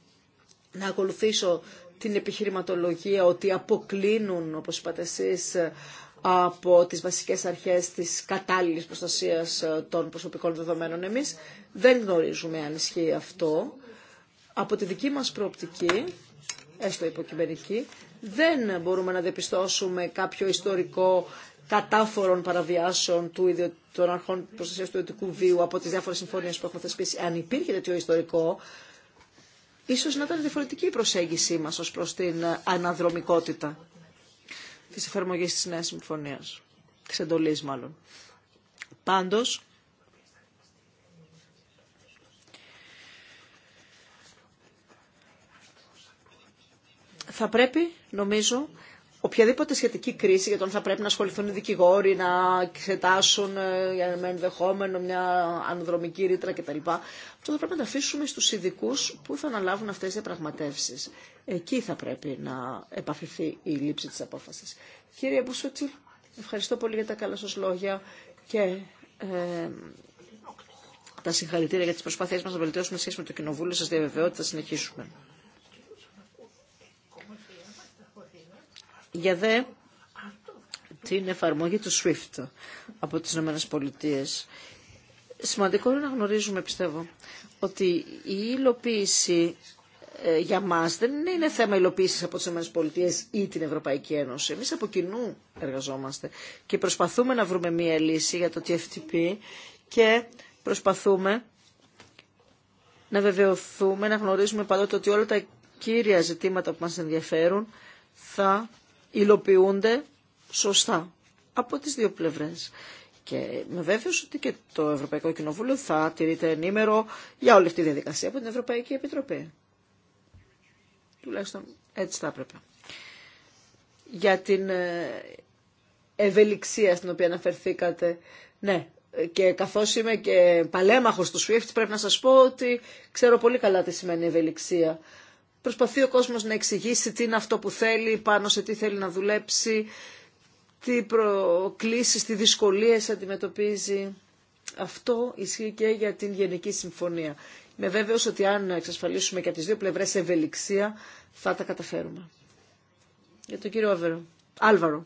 να ακολουθήσω την επιχειρηματολογία ότι αποκλίνουν, όπως είπατε εσείς, ε, από τις βασικές αρχές της κατάλληλης προστασίας ε, των προσωπικών δεδομένων. Εμείς δεν γνωρίζουμε αν ισχύει αυτό. Από τη δική μας προοπτική, έστω υποκειμενική, δεν μπορούμε να διαπιστώσουμε κάποιο ιστορικό κατάφορων παραβιάσεων του των αρχών προστασία του ιδιωτικού βίου από τι διάφορε συμφωνίε που έχουμε θεσπίσει. Αν υπήρχε τέτοιο ιστορικό, ίσω να ήταν διαφορετική η προσέγγιση μα ως προ την αναδρομικότητα τη εφαρμογή τη νέα συμφωνία, τη εντολή μάλλον. Πάντως, θα πρέπει, νομίζω, οποιαδήποτε σχετική κρίση για τον θα πρέπει να ασχοληθούν οι δικηγόροι, να εξετάσουν με ενδεχόμενο μια ανδρομική ρήτρα κτλ. Αυτό θα πρέπει να τα αφήσουμε στου ειδικού που θα αναλάβουν αυτέ τι διαπραγματεύσει. Εκεί θα πρέπει να επαφηθεί η λήψη τη απόφαση. Κύριε Μπουσούτσιλ, ευχαριστώ πολύ για τα καλά σα λόγια και ε, τα συγχαρητήρια για τι προσπάθειές μα να βελτιώσουμε σχέση με το Κοινοβούλιο. σα διαβεβαιώ ότι θα συνεχίσουμε. Για δε την εφαρμογή του SWIFT από τις Ηνωμένες Πολιτείες. Σημαντικό είναι να γνωρίζουμε, πιστεύω, ότι η υλοποίηση ε, για μας δεν είναι θέμα υλοποίησης από τις ΗΠΑ ή την Ευρωπαϊκή Ένωση. Εμείς από κοινού εργαζόμαστε και προσπαθούμε να βρούμε μία λύση για το TFTP και προσπαθούμε να βεβαιωθούμε, να γνωρίζουμε πάντοτε ότι όλα τα κύρια ζητήματα που μας ενδιαφέρουν θα υλοποιούνται σωστά από τις δύο πλευρές. Και με βέβαιο ότι και το Ευρωπαϊκό Κοινοβούλιο θα τηρείται ενήμερο για όλη αυτή τη διαδικασία από την Ευρωπαϊκή Επιτροπή. Τουλάχιστον έτσι θα έπρεπε. Για την ε, ευελιξία στην οποία αναφερθήκατε, ναι, και καθώς είμαι και παλέμαχος του SWIFT πρέπει να σας πω ότι ξέρω πολύ καλά τι σημαίνει ευελιξία. Προσπαθεί ο κόσμος να εξηγήσει τι είναι αυτό που θέλει, πάνω σε τι θέλει να δουλέψει, τι προκλήσεις, τι δυσκολίες αντιμετωπίζει. Αυτό ισχύει και για την Γενική Συμφωνία. Είμαι βέβαιος ότι αν εξασφαλίσουμε και από τις δύο πλευρές ευελιξία θα τα καταφέρουμε. Για τον κύριο Άβερο. Άλβαρο.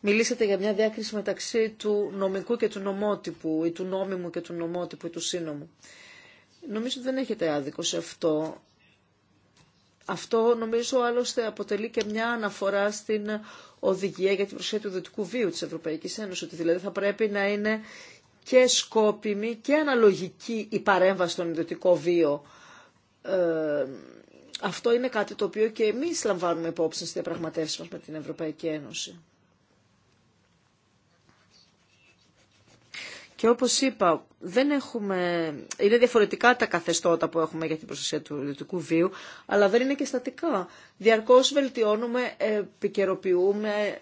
Μιλήσατε για μια διάκριση μεταξύ του νομικού και του νομότυπου ή του νόμιμου και του νομότυπου ή του σύνομου. Νομίζω ότι δεν έχετε άδικο σε αυτό. Αυτό νομίζω άλλωστε αποτελεί και μια αναφορά στην οδηγία για την προσχέση του ιδιωτικού βίου της Ευρωπαϊκής Ένωσης, ότι δηλαδή θα πρέπει να είναι και σκόπιμη και αναλογική η παρέμβαση στον ιδιωτικό βίο. Ε, αυτό είναι κάτι το οποίο και εμείς λαμβάνουμε υπόψη στις διαπραγματεύσεις μας με την Ευρωπαϊκή Ένωση. Και όπως είπα, δεν έχουμε, είναι διαφορετικά τα καθεστώτα που έχουμε για την προστασία του ιδιωτικού βίου, αλλά δεν είναι και στατικά. Διαρκώς βελτιώνουμε, επικαιροποιούμε,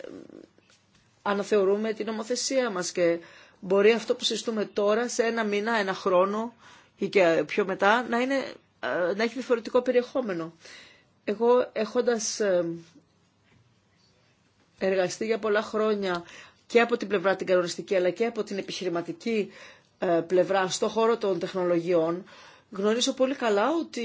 αναθεωρούμε την νομοθεσία μας και μπορεί αυτό που συζητούμε τώρα σε ένα μήνα, ένα χρόνο ή και πιο μετά να, είναι, ε, να έχει διαφορετικό περιεχόμενο. Εγώ έχοντας ε, εργαστεί για πολλά χρόνια και από την πλευρά την κανονιστική αλλά και από την επιχειρηματική ε, πλευρά στο χώρο των τεχνολογιών, γνωρίζω πολύ καλά ότι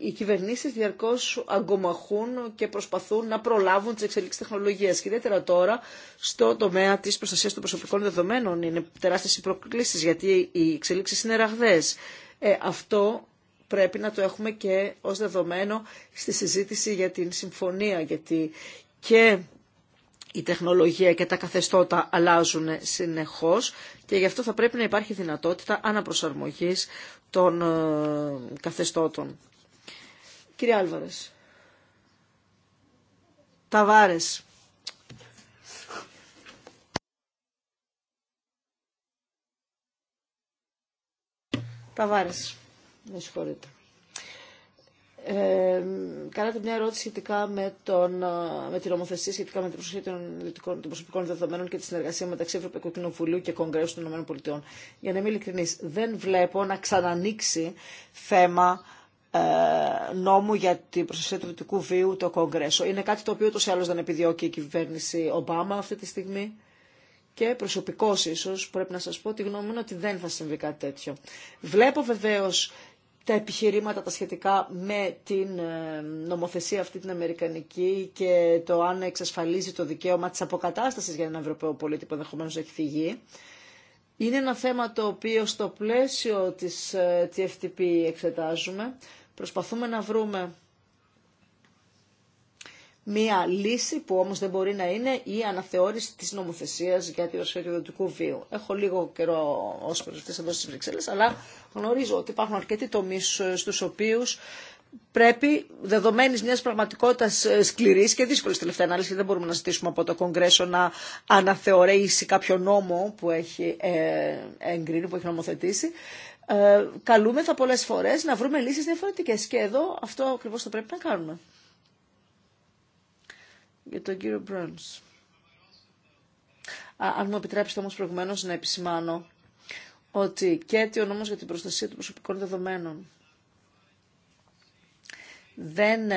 οι κυβερνήσεις διαρκώς αγκομαχούν και προσπαθούν να προλάβουν τις εξελίξεις τεχνολογίας και ιδιαίτερα τώρα στο τομέα της προστασίας των προσωπικών δεδομένων. Είναι τεράστιες οι προκλήσεις γιατί οι εξελίξεις είναι ραγδαίες. Ε, αυτό πρέπει να το έχουμε και ως δεδομένο στη συζήτηση για την συμφωνία γιατί και η τεχνολογία και τα καθεστώτα αλλάζουν συνεχώς και γι' αυτό θα πρέπει να υπάρχει δυνατότητα αναπροσαρμογής των ε, καθεστώτων. Κύριε Άλβαρες. Ταβάρες. Ταβάρες. Με συγχωρείτε. Ε, κάνατε μια ερώτηση σχετικά με, τον, ε, με την νομοθεσία σχετικά με την προσοχή των, των προσωπικών δεδομένων και τη συνεργασία μεταξύ Ευρωπαϊκού Κοινοβουλίου και Κογκρέσου των ΗΠΑ. Για να είμαι ειλικρινή, δεν βλέπω να ξανανοίξει θέμα ε, νόμου για την προστασία του δυτικού βίου το Κογκρέσο. Είναι κάτι το οποίο ούτως ή άλλω δεν επιδιώκει η αλλω δεν επιδιωκει Ομπάμα αυτή τη στιγμή και προσωπικώ ίσω πρέπει να σα πω τη γνώμη μου ότι δεν θα συμβεί κάτι τέτοιο. Βλέπω βεβαίω τα επιχειρήματα τα σχετικά με την ε, νομοθεσία αυτή την Αμερικανική και το αν εξασφαλίζει το δικαίωμα της αποκατάστασης για έναν Ευρωπαίο πολίτη που ενδεχομένω έχει φυγεί. Είναι ένα θέμα το οποίο στο πλαίσιο της ε, TFTP εξετάζουμε. Προσπαθούμε να βρούμε μία λύση που όμως δεν μπορεί να είναι η αναθεώρηση της νομοθεσίας για τη και βίου. Έχω λίγο καιρό ως προσφυγής εδώ στις Βρυξέλλες, αλλά γνωρίζω ότι υπάρχουν αρκετοί τομείς ε, στους οποίους πρέπει, δεδομένη μια πραγματικότητα ε, σκληρή και δύσκολη τελευταία ανάλυση, δεν μπορούμε να ζητήσουμε από το Κογκρέσο να αναθεωρήσει κάποιο νόμο που έχει ε, εγκρίνει, που έχει νομοθετήσει. Ε, καλούμεθα πολλές φορές να βρούμε λύσεις διαφορετικέ και εδώ αυτό ακριβώς θα πρέπει να κάνουμε για τον κύριο Μπρόνς. Αν μου επιτρέψετε όμως προηγουμένως να επισημάνω ότι και ο νόμος για την προστασία των προσωπικών δεδομένων δεν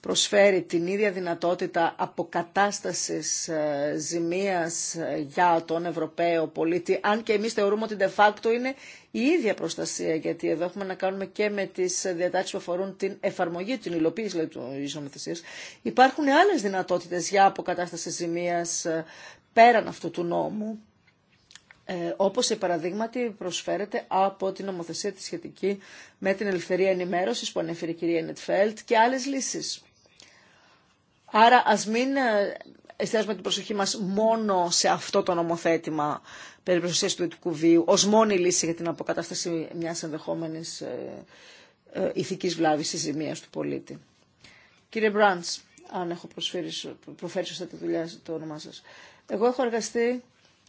προσφέρει την ίδια δυνατότητα αποκατάστασης ε, ζημίας ε, για τον Ευρωπαίο πολίτη, αν και εμείς θεωρούμε ότι de facto είναι η ίδια προστασία, γιατί εδώ έχουμε να κάνουμε και με τις διατάξεις που αφορούν την εφαρμογή, την υλοποίηση λέει, δηλαδή, της νομοθεσίας. Υπάρχουν άλλες δυνατότητες για αποκατάσταση ζημίας ε, πέραν αυτού του νόμου, όπως η παραδείγματι προσφέρεται από την νομοθεσία τη σχετική με την ελευθερία ενημέρωσης που ανέφερε η κυρία Νετφέλτ και άλλες λύσεις. Άρα ας μην ε, εστιάζουμε την προσοχή μας μόνο σε αυτό το νομοθέτημα περί προστασίας του ειδικού βίου ως μόνη λύση για την αποκατάσταση μιας ενδεχόμενης ε, ε, ηθικής βλάβης ή ζημίας του πολίτη. Κύριε Μπραντς, αν έχω προφέρει σωστά τη δουλειά το όνομά σας. Εγώ έχω εργαστεί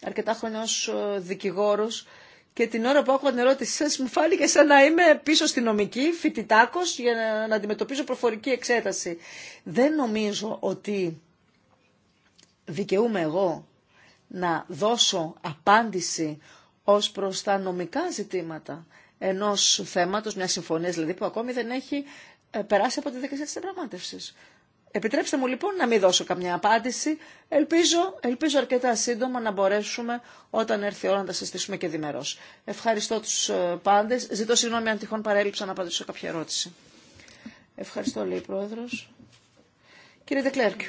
αρκετά χρόνια ως δικηγόρος και την ώρα που άκουγα την ερώτησή σα, μου φάνηκε σαν να είμαι πίσω στη νομική, φοιτητάκο, για να, αντιμετωπίζω προφορική εξέταση. Δεν νομίζω ότι δικαιούμαι εγώ να δώσω απάντηση ω προ τα νομικά ζητήματα ενό θέματο, μια συμφωνία δηλαδή που ακόμη δεν έχει ε, περάσει από τη δικασία τη διαπραγματεύση. Επιτρέψτε μου λοιπόν να μην δώσω καμιά απάντηση. Ελπίζω, ελπίζω αρκετά σύντομα να μπορέσουμε όταν έρθει η ώρα να τα συστήσουμε και δημερό. Ευχαριστώ τους ε, πάντες. Ζητώ συγγνώμη αν τυχόν παρέλειψα να απαντήσω κάποια ερώτηση. Ευχαριστώ λέει η Πρόεδρος. Κύριε Δεκλέρκ.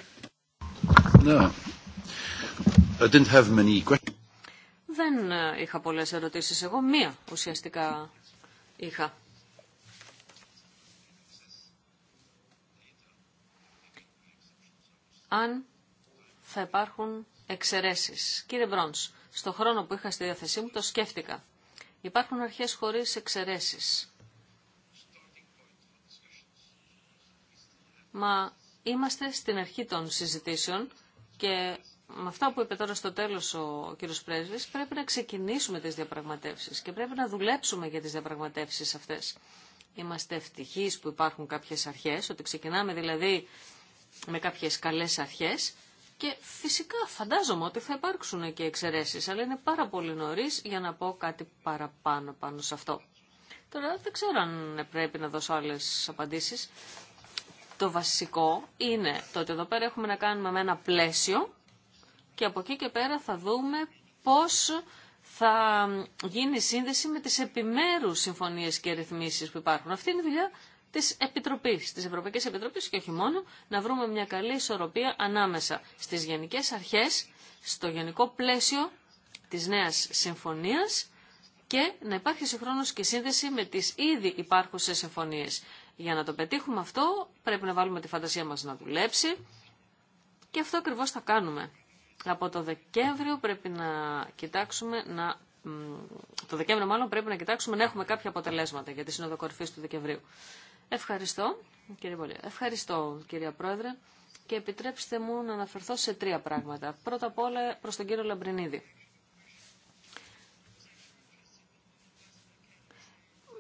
I didn't have many questions. Δεν ε, είχα πολλές ερωτήσεις εγώ. Μία ουσιαστικά είχα. αν θα υπάρχουν εξαιρέσει. Κύριε Μπρόνς, στο χρόνο που είχα στη διάθεσή μου το σκέφτηκα. Υπάρχουν αρχές χωρίς εξαιρέσει. Μα είμαστε στην αρχή των συζητήσεων και με αυτά που είπε τώρα στο τέλος ο κύριος Πρέσβης πρέπει να ξεκινήσουμε τις διαπραγματεύσεις και πρέπει να δουλέψουμε για τις διαπραγματεύσεις αυτές. Είμαστε ευτυχείς που υπάρχουν κάποιες αρχές, ότι ξεκινάμε δηλαδή με κάποιες καλές αρχές και φυσικά φαντάζομαι ότι θα υπάρξουν και εξαιρέσεις, αλλά είναι πάρα πολύ νωρίς για να πω κάτι παραπάνω πάνω σε αυτό. Τώρα δεν ξέρω αν πρέπει να δώσω άλλες απαντήσεις. Το βασικό είναι το ότι εδώ πέρα έχουμε να κάνουμε με ένα πλαίσιο και από εκεί και πέρα θα δούμε πώς θα γίνει σύνδεση με τις επιμέρους συμφωνίες και ρυθμίσεις που υπάρχουν. Αυτή είναι η δουλειά Τη επιτροπή, τη Ευρωπαϊκής Επιτροπής και όχι μόνο, να βρούμε μια καλή ισορροπία ανάμεσα στι γενικέ αρχέ, στο γενικό πλαίσιο τη νέα συμφωνία και να υπάρχει συγχρόνω και σύνδεση με τι ήδη υπάρχουσε συμφωνίε. Για να το πετύχουμε αυτό πρέπει να βάλουμε τη φαντασία μα να δουλέψει και αυτό ακριβώ θα κάνουμε. Από το Δεκέμβριο πρέπει να κοιτάξουμε να το Δεκέμβριο μάλλον πρέπει να κοιτάξουμε να έχουμε κάποια αποτελέσματα για τη Σύνοδο του Δεκεμβρίου. Ευχαριστώ, κύριε Πολύ. Ευχαριστώ, κυρία Πρόεδρε. Και επιτρέψτε μου να αναφερθώ σε τρία πράγματα. Πρώτα απ' όλα προς τον κύριο Λαμπρινίδη.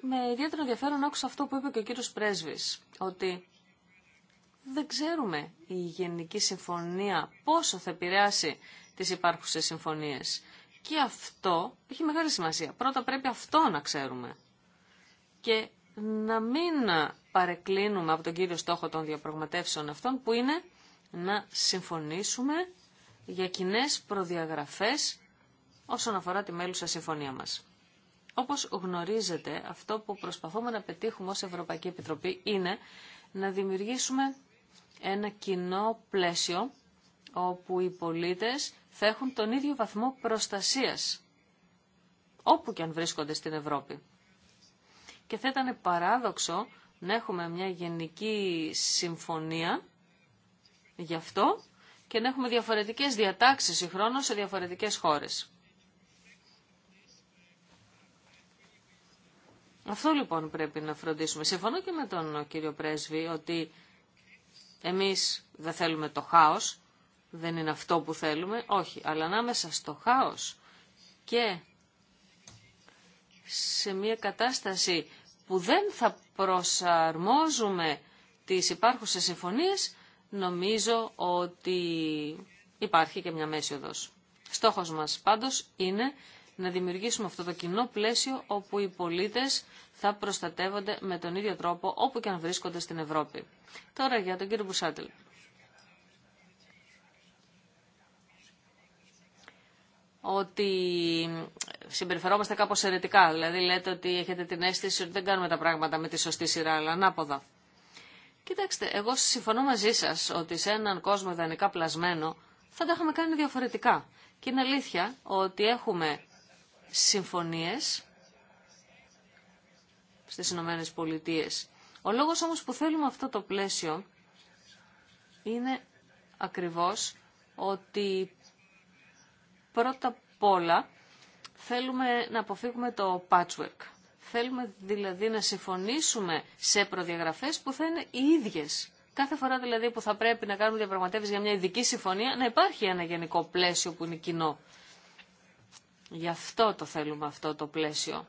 Με ιδιαίτερο ενδιαφέρον άκουσα αυτό που είπε και ο κύριος Πρέσβης, ότι δεν ξέρουμε η Γενική Συμφωνία πόσο θα επηρεάσει τις υπάρχουσες συμφωνίες. Και αυτό έχει μεγάλη σημασία. Πρώτα πρέπει αυτό να ξέρουμε. Και να μην παρεκκλίνουμε από τον κύριο στόχο των διαπραγματεύσεων αυτών που είναι να συμφωνήσουμε για κοινέ προδιαγραφές όσον αφορά τη μέλουσα συμφωνία μας. Όπως γνωρίζετε, αυτό που προσπαθούμε να πετύχουμε ως Ευρωπαϊκή Επιτροπή είναι να δημιουργήσουμε ένα κοινό πλαίσιο όπου οι πολίτες θα έχουν τον ίδιο βαθμό προστασίας όπου και αν βρίσκονται στην Ευρώπη. Και θα ήταν παράδοξο να έχουμε μια γενική συμφωνία γι' αυτό και να έχουμε διαφορετικές διατάξεις συγχρόνως σε διαφορετικές χώρες. Αυτό λοιπόν πρέπει να φροντίσουμε. Συμφωνώ και με τον κύριο Πρέσβη ότι εμείς δεν θέλουμε το χάος, δεν είναι αυτό που θέλουμε, όχι, αλλά ανάμεσα στο χάος και σε μια κατάσταση που δεν θα προσαρμόζουμε τις υπάρχουσες συμφωνίες, νομίζω ότι υπάρχει και μια μέση οδός. Στόχος μας πάντως είναι να δημιουργήσουμε αυτό το κοινό πλαίσιο όπου οι πολίτες θα προστατεύονται με τον ίδιο τρόπο όπου και αν βρίσκονται στην Ευρώπη. Τώρα για τον κύριο Μπουσάτελ. Ότι συμπεριφερόμαστε κάπως αιρετικά, Δηλαδή λέτε ότι έχετε την αίσθηση ότι δεν κάνουμε τα πράγματα με τη σωστή σειρά, αλλά ανάποδα. Κοιτάξτε, εγώ συμφωνώ μαζί σας ότι σε έναν κόσμο ιδανικά πλασμένο θα τα είχαμε κάνει διαφορετικά. Και είναι αλήθεια ότι έχουμε συμφωνίες στις Ηνωμένε Πολιτείε. Ο λόγος όμως που θέλουμε αυτό το πλαίσιο είναι ακριβώς ότι πρώτα απ' όλα Θέλουμε να αποφύγουμε το patchwork. Θέλουμε δηλαδή να συμφωνήσουμε σε προδιαγραφές που θα είναι οι ίδιες. Κάθε φορά δηλαδή που θα πρέπει να κάνουμε διαπραγματεύσεις για μια ειδική συμφωνία, να υπάρχει ένα γενικό πλαίσιο που είναι κοινό. Γι' αυτό το θέλουμε αυτό το πλαίσιο.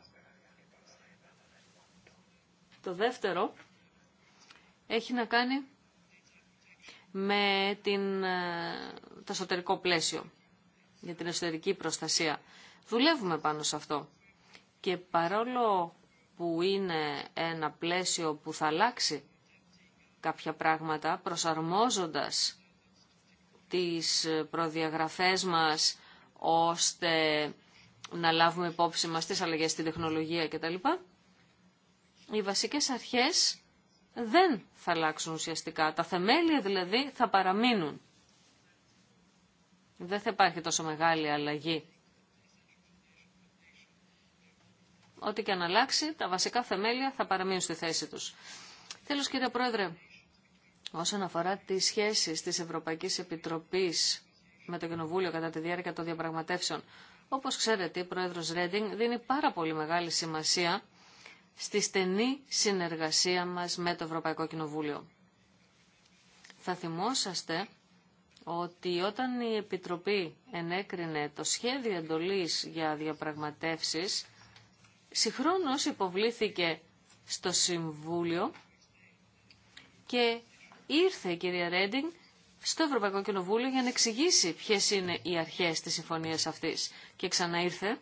Το δεύτερο έχει να κάνει με την, ε, το εσωτερικό πλαίσιο για την εσωτερική προστασία. Δουλεύουμε πάνω σε αυτό. Και παρόλο που είναι ένα πλαίσιο που θα αλλάξει κάποια πράγματα, προσαρμόζοντας τις προδιαγραφές μας ώστε να λάβουμε υπόψη μας τις αλλαγές στην τεχνολογία κτλ. Οι βασικές αρχές δεν θα αλλάξουν ουσιαστικά. Τα θεμέλια δηλαδή θα παραμείνουν. Δεν θα υπάρχει τόσο μεγάλη αλλαγή ό,τι και αν αλλάξει, τα βασικά θεμέλια θα παραμείνουν στη θέση τους. Τέλος, κύριε Πρόεδρε, όσον αφορά τις σχέσεις της Ευρωπαϊκής Επιτροπής με το Κοινοβούλιο κατά τη διάρκεια των διαπραγματεύσεων, όπως ξέρετε, η Πρόεδρος Ρέντινγκ δίνει πάρα πολύ μεγάλη σημασία στη στενή συνεργασία μας με το Ευρωπαϊκό Κοινοβούλιο. Θα θυμόσαστε ότι όταν η Επιτροπή ενέκρινε το σχέδιο εντολής για διαπραγματεύσεις, συγχρόνως υποβλήθηκε στο Συμβούλιο και ήρθε η κυρία Ρέντινγκ στο Ευρωπαϊκό Κοινοβούλιο για να εξηγήσει ποιες είναι οι αρχές της συμφωνίας αυτής. Και ξαναήρθε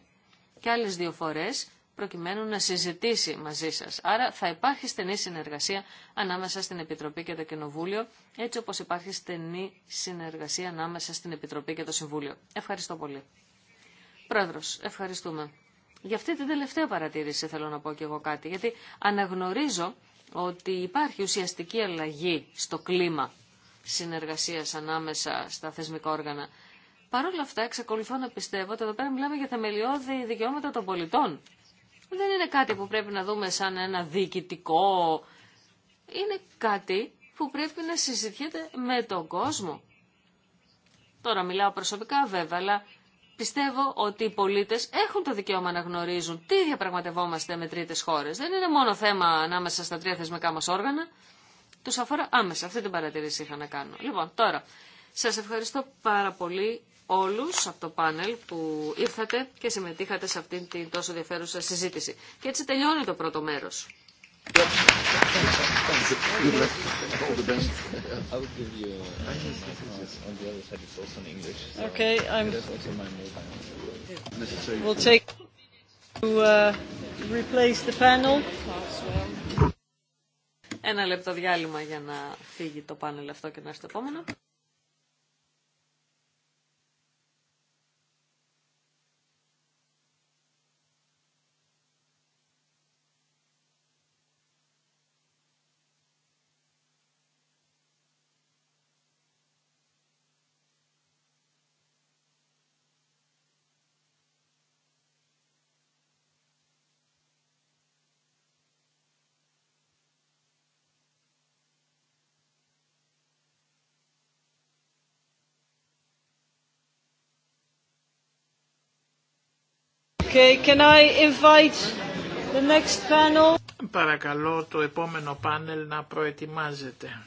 και άλλες δύο φορές προκειμένου να συζητήσει μαζί σας. Άρα θα υπάρχει στενή συνεργασία ανάμεσα στην Επιτροπή και το Κοινοβούλιο, έτσι όπως υπάρχει στενή συνεργασία ανάμεσα στην Επιτροπή και το Συμβούλιο. Ευχαριστώ πολύ. Πρόεδρος, ευχαριστούμε. Για αυτή την τελευταία παρατήρηση θέλω να πω και εγώ κάτι, γιατί αναγνωρίζω ότι υπάρχει ουσιαστική αλλαγή στο κλίμα συνεργασίας ανάμεσα στα θεσμικά όργανα. Παρ' όλα αυτά, εξακολουθώ να πιστεύω ότι εδώ πέρα μιλάμε για θεμελιώδη δικαιώματα των πολιτών. Δεν είναι κάτι που πρέπει να δούμε σαν ένα διοικητικό. Είναι κάτι που πρέπει να συζητιέται με τον κόσμο. Τώρα μιλάω προσωπικά βέβαια, αλλά πιστεύω ότι οι πολίτες έχουν το δικαίωμα να γνωρίζουν τι διαπραγματευόμαστε με τρίτες χώρες. Δεν είναι μόνο θέμα ανάμεσα στα τρία θεσμικά μα όργανα. Τους αφορά άμεσα. Αυτή την παρατηρήση είχα να κάνω. Λοιπόν, τώρα, σας ευχαριστώ πάρα πολύ όλους από το πάνελ που ήρθατε και συμμετείχατε σε αυτήν την τόσο ενδιαφέρουσα συζήτηση. Και έτσι τελειώνει το πρώτο μέρο. Okay, I'm. Uh, Ένα λεπτό διάλειμμα για να φύγει το πάνελ αυτό και να έρθει το επόμενο. Okay, can I invite Παρακαλώ το επόμενο πάνελ να προετοιμάζεται.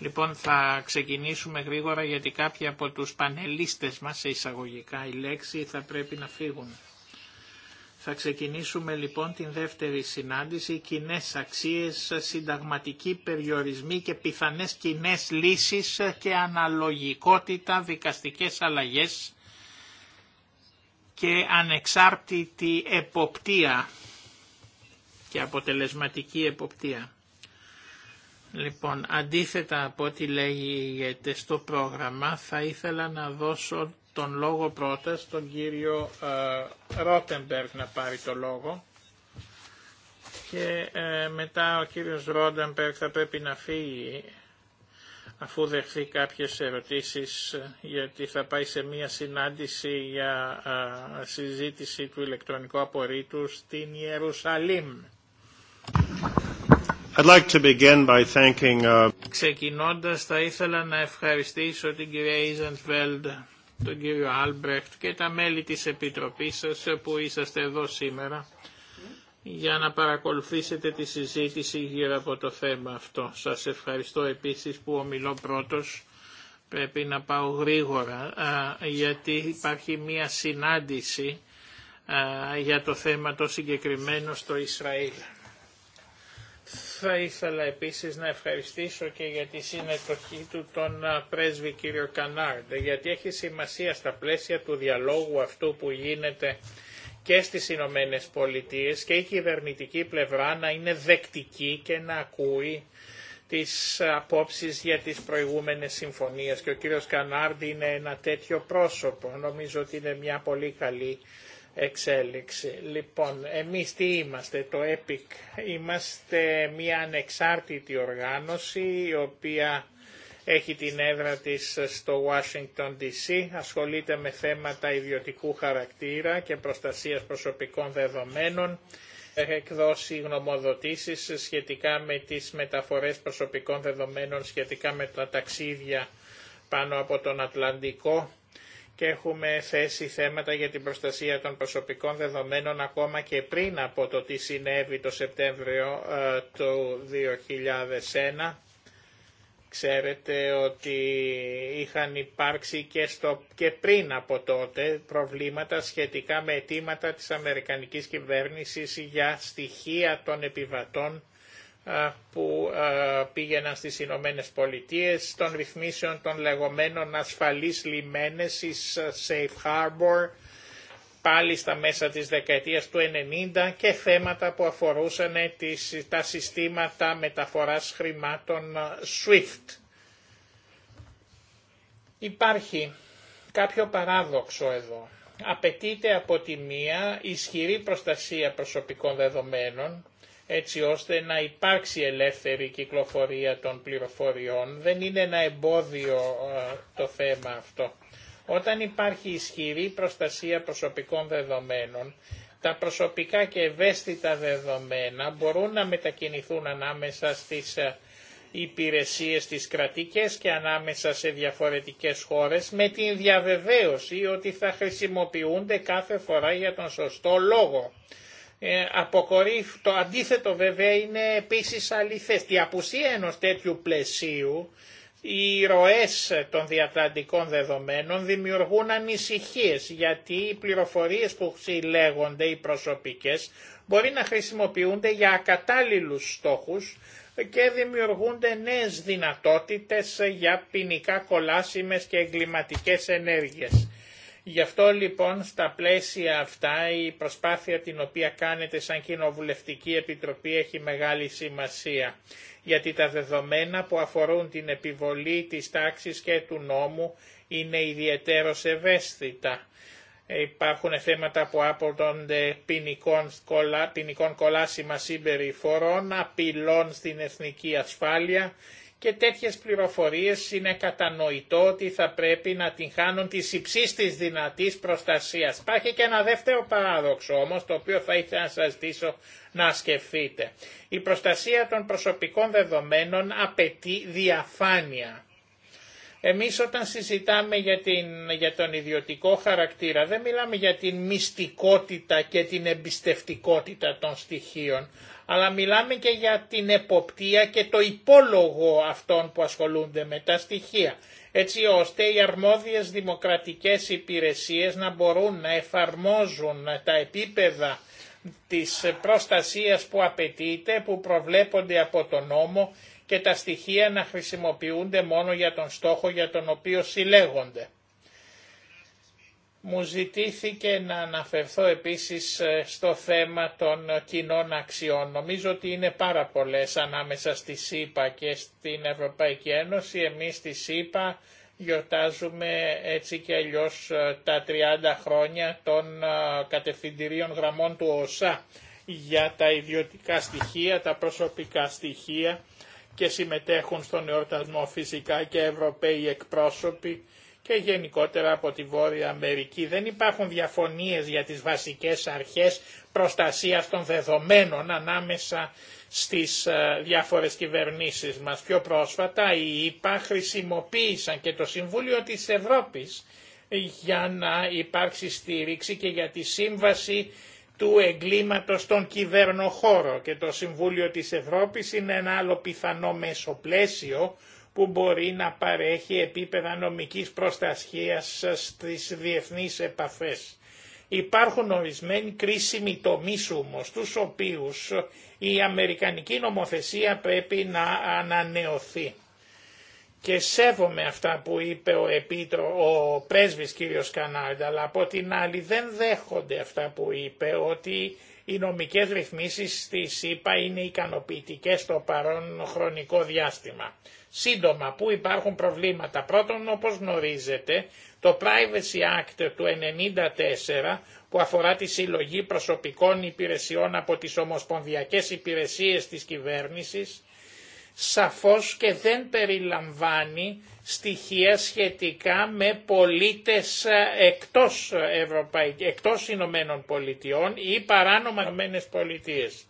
Λοιπόν, θα ξεκινήσουμε γρήγορα γιατί κάποιοι από τους πανελίστες μας, σε εισαγωγικά η λέξη, θα πρέπει να φύγουν. Θα ξεκινήσουμε λοιπόν την δεύτερη συνάντηση, κοινέ αξίες, συνταγματικοί περιορισμοί και πιθανές κοινέ λύσεις και αναλογικότητα, δικαστικές αλλαγές και ανεξάρτητη εποπτεία και αποτελεσματική εποπτεία. Λοιπόν, αντίθετα από ό,τι λέγεται στο πρόγραμμα, θα ήθελα να δώσω τον λόγο πρώτα στον κύριο ε, να πάρει το λόγο και ε, μετά ο κύριος Ρότεμπεργκ θα πρέπει να φύγει αφού δεχθεί κάποιες ερωτήσεις γιατί θα πάει σε μία συνάντηση για ε, συζήτηση του ηλεκτρονικού απορρίτου στην Ιερουσαλήμ. Uh, θα ήθελα να ευχαριστήσω την κυρία Ιζενφέλντ, τον κύριο Άλμπρεχτ και τα μέλη της Επιτροπής σας που είσαστε εδώ σήμερα για να παρακολουθήσετε τη συζήτηση γύρω από το θέμα αυτό. Σας ευχαριστώ επίσης που ομιλώ πρώτος. Πρέπει να πάω γρήγορα γιατί υπάρχει μία συνάντηση για το θέμα το συγκεκριμένο στο Ισραήλ. Θα ήθελα επίσης να ευχαριστήσω και για τη συνετοχή του τον πρέσβη κύριο Κανάρντ, γιατί έχει σημασία στα πλαίσια του διαλόγου αυτού που γίνεται και στις Ηνωμένε Πολιτείε και η κυβερνητική πλευρά να είναι δεκτική και να ακούει τις απόψεις για τις προηγούμενες συμφωνίες και ο κύριος Κανάρντ είναι ένα τέτοιο πρόσωπο. Νομίζω ότι είναι μια πολύ καλή εξέλιξη. Λοιπόν, εμείς τι είμαστε, το ΕΠΙΚ. Είμαστε μια ανεξάρτητη οργάνωση η οποία έχει την έδρα της στο Washington DC, ασχολείται με θέματα ιδιωτικού χαρακτήρα και προστασίας προσωπικών δεδομένων, εκδώσει γνωμοδοτήσεις σχετικά με τις μεταφορές προσωπικών δεδομένων, σχετικά με τα ταξίδια πάνω από τον Ατλαντικό, και έχουμε θέσει θέματα για την προστασία των προσωπικών δεδομένων ακόμα και πριν από το τι συνέβη το Σεπτέμβριο ε, του 2001. Ξέρετε ότι είχαν υπάρξει και, στο, και πριν από τότε προβλήματα σχετικά με αιτήματα της Αμερικανικής κυβέρνησης για στοιχεία των επιβατών που πήγαιναν στις Ηνωμένε Πολιτείε των ρυθμίσεων των λεγόμενων ασφαλής λιμένες, εις safe harbor, πάλι στα μέσα της δεκαετίας του 90 και θέματα που αφορούσαν ε, τα συστήματα μεταφοράς χρημάτων SWIFT. Υπάρχει κάποιο παράδοξο εδώ. Απαιτείται από τη μία ισχυρή προστασία προσωπικών δεδομένων, έτσι ώστε να υπάρξει ελεύθερη κυκλοφορία των πληροφοριών. Δεν είναι ένα εμπόδιο ε, το θέμα αυτό. Όταν υπάρχει ισχυρή προστασία προσωπικών δεδομένων, τα προσωπικά και ευαίσθητα δεδομένα μπορούν να μετακινηθούν ανάμεσα στις ε, υπηρεσίες της κρατικές και ανάμεσα σε διαφορετικές χώρες με την διαβεβαίωση ότι θα χρησιμοποιούνται κάθε φορά για τον σωστό λόγο ε, το αντίθετο βέβαια είναι επίσης αληθές. Η απουσία ενός τέτοιου πλαισίου, οι ροές των διατραντικών δεδομένων δημιουργούν ανησυχίες γιατί οι πληροφορίες που συλλέγονται, οι προσωπικές, μπορεί να χρησιμοποιούνται για ακατάλληλους στόχους και δημιουργούνται νέες δυνατότητες για ποινικά κολάσιμες και εγκληματικές ενέργειες. Γι' αυτό λοιπόν στα πλαίσια αυτά η προσπάθεια την οποία κάνετε σαν Κοινοβουλευτική Επιτροπή έχει μεγάλη σημασία γιατί τα δεδομένα που αφορούν την επιβολή της τάξης και του νόμου είναι ιδιαίτερο ευαίσθητα. Υπάρχουν θέματα που αποδόνται ποινικών, ποινικών κολάσιμα σύμπεριφορών, απειλών στην εθνική ασφάλεια και τέτοιες πληροφορίες είναι κατανοητό ότι θα πρέπει να την χάνουν της υψίστης δυνατής προστασίας. Υπάρχει και ένα δεύτερο παράδοξο όμως το οποίο θα ήθελα να σας δείσω να σκεφτείτε. Η προστασία των προσωπικών δεδομένων απαιτεί διαφάνεια. Εμείς όταν συζητάμε για, την, για τον ιδιωτικό χαρακτήρα δεν μιλάμε για την μυστικότητα και την εμπιστευτικότητα των στοιχείων αλλά μιλάμε και για την εποπτεία και το υπόλογο αυτών που ασχολούνται με τα στοιχεία, έτσι ώστε οι αρμόδιες δημοκρατικές υπηρεσίες να μπορούν να εφαρμόζουν τα επίπεδα της προστασίας που απαιτείται, που προβλέπονται από τον νόμο και τα στοιχεία να χρησιμοποιούνται μόνο για τον στόχο για τον οποίο συλλέγονται. Μου ζητήθηκε να αναφερθώ επίσης ε, στο θέμα των κοινών αξιών. Νομίζω ότι είναι πάρα πολλές ανάμεσα στη ΣΥΠΑ και στην Ευρωπαϊκή Ένωση. Εμείς στη ΣΥΠΑ γιορτάζουμε έτσι και αλλιώ ε, τα 30 χρόνια των ε, κατευθυντηρίων γραμμών του ΟΣΑ για τα ιδιωτικά στοιχεία, τα προσωπικά στοιχεία και συμμετέχουν στον εορτασμό φυσικά και Ευρωπαίοι εκπρόσωποι και γενικότερα από τη Βόρεια Αμερική. Δεν υπάρχουν διαφωνίες για τις βασικές αρχές προστασίας των δεδομένων ανάμεσα στις ε, διάφορες κυβερνήσεις μας. Πιο πρόσφατα οι ΙΠΑ χρησιμοποίησαν και το Συμβούλιο της Ευρώπης για να υπάρξει στήριξη και για τη σύμβαση του εγκλήματος των κυβερνοχώρων και το Συμβούλιο της Ευρώπης είναι ένα άλλο πιθανό μέσο πλαίσιο που μπορεί να παρέχει επίπεδα νομικής προστασίας στις διεθνείς επαφές. Υπάρχουν ορισμένοι κρίσιμοι τομείς όμως, τους οποίους η Αμερικανική νομοθεσία πρέπει να ανανεωθεί. Και σέβομαι αυτά που είπε ο, επίτρο, ο πρέσβης κ. Κανάρντα, αλλά από την άλλη δεν δέχονται αυτά που είπε ότι οι νομικές ρυθμίσεις στη ΣΥΠΑ είναι ικανοποιητικές στο παρόν χρονικό διάστημα. Σύντομα, πού υπάρχουν προβλήματα. Πρώτον, όπως γνωρίζετε, το Privacy Act του 1994 που αφορά τη συλλογή προσωπικών υπηρεσιών από τις ομοσπονδιακές υπηρεσίες της κυβέρνησης, σαφώς και δεν περιλαμβάνει στοιχεία σχετικά με πολίτες ε, εκτός, Ευρωπαϊκ... εκτός Ηνωμένων Πολιτειών ή παράνομα Ηνωμένες Πολιτείες.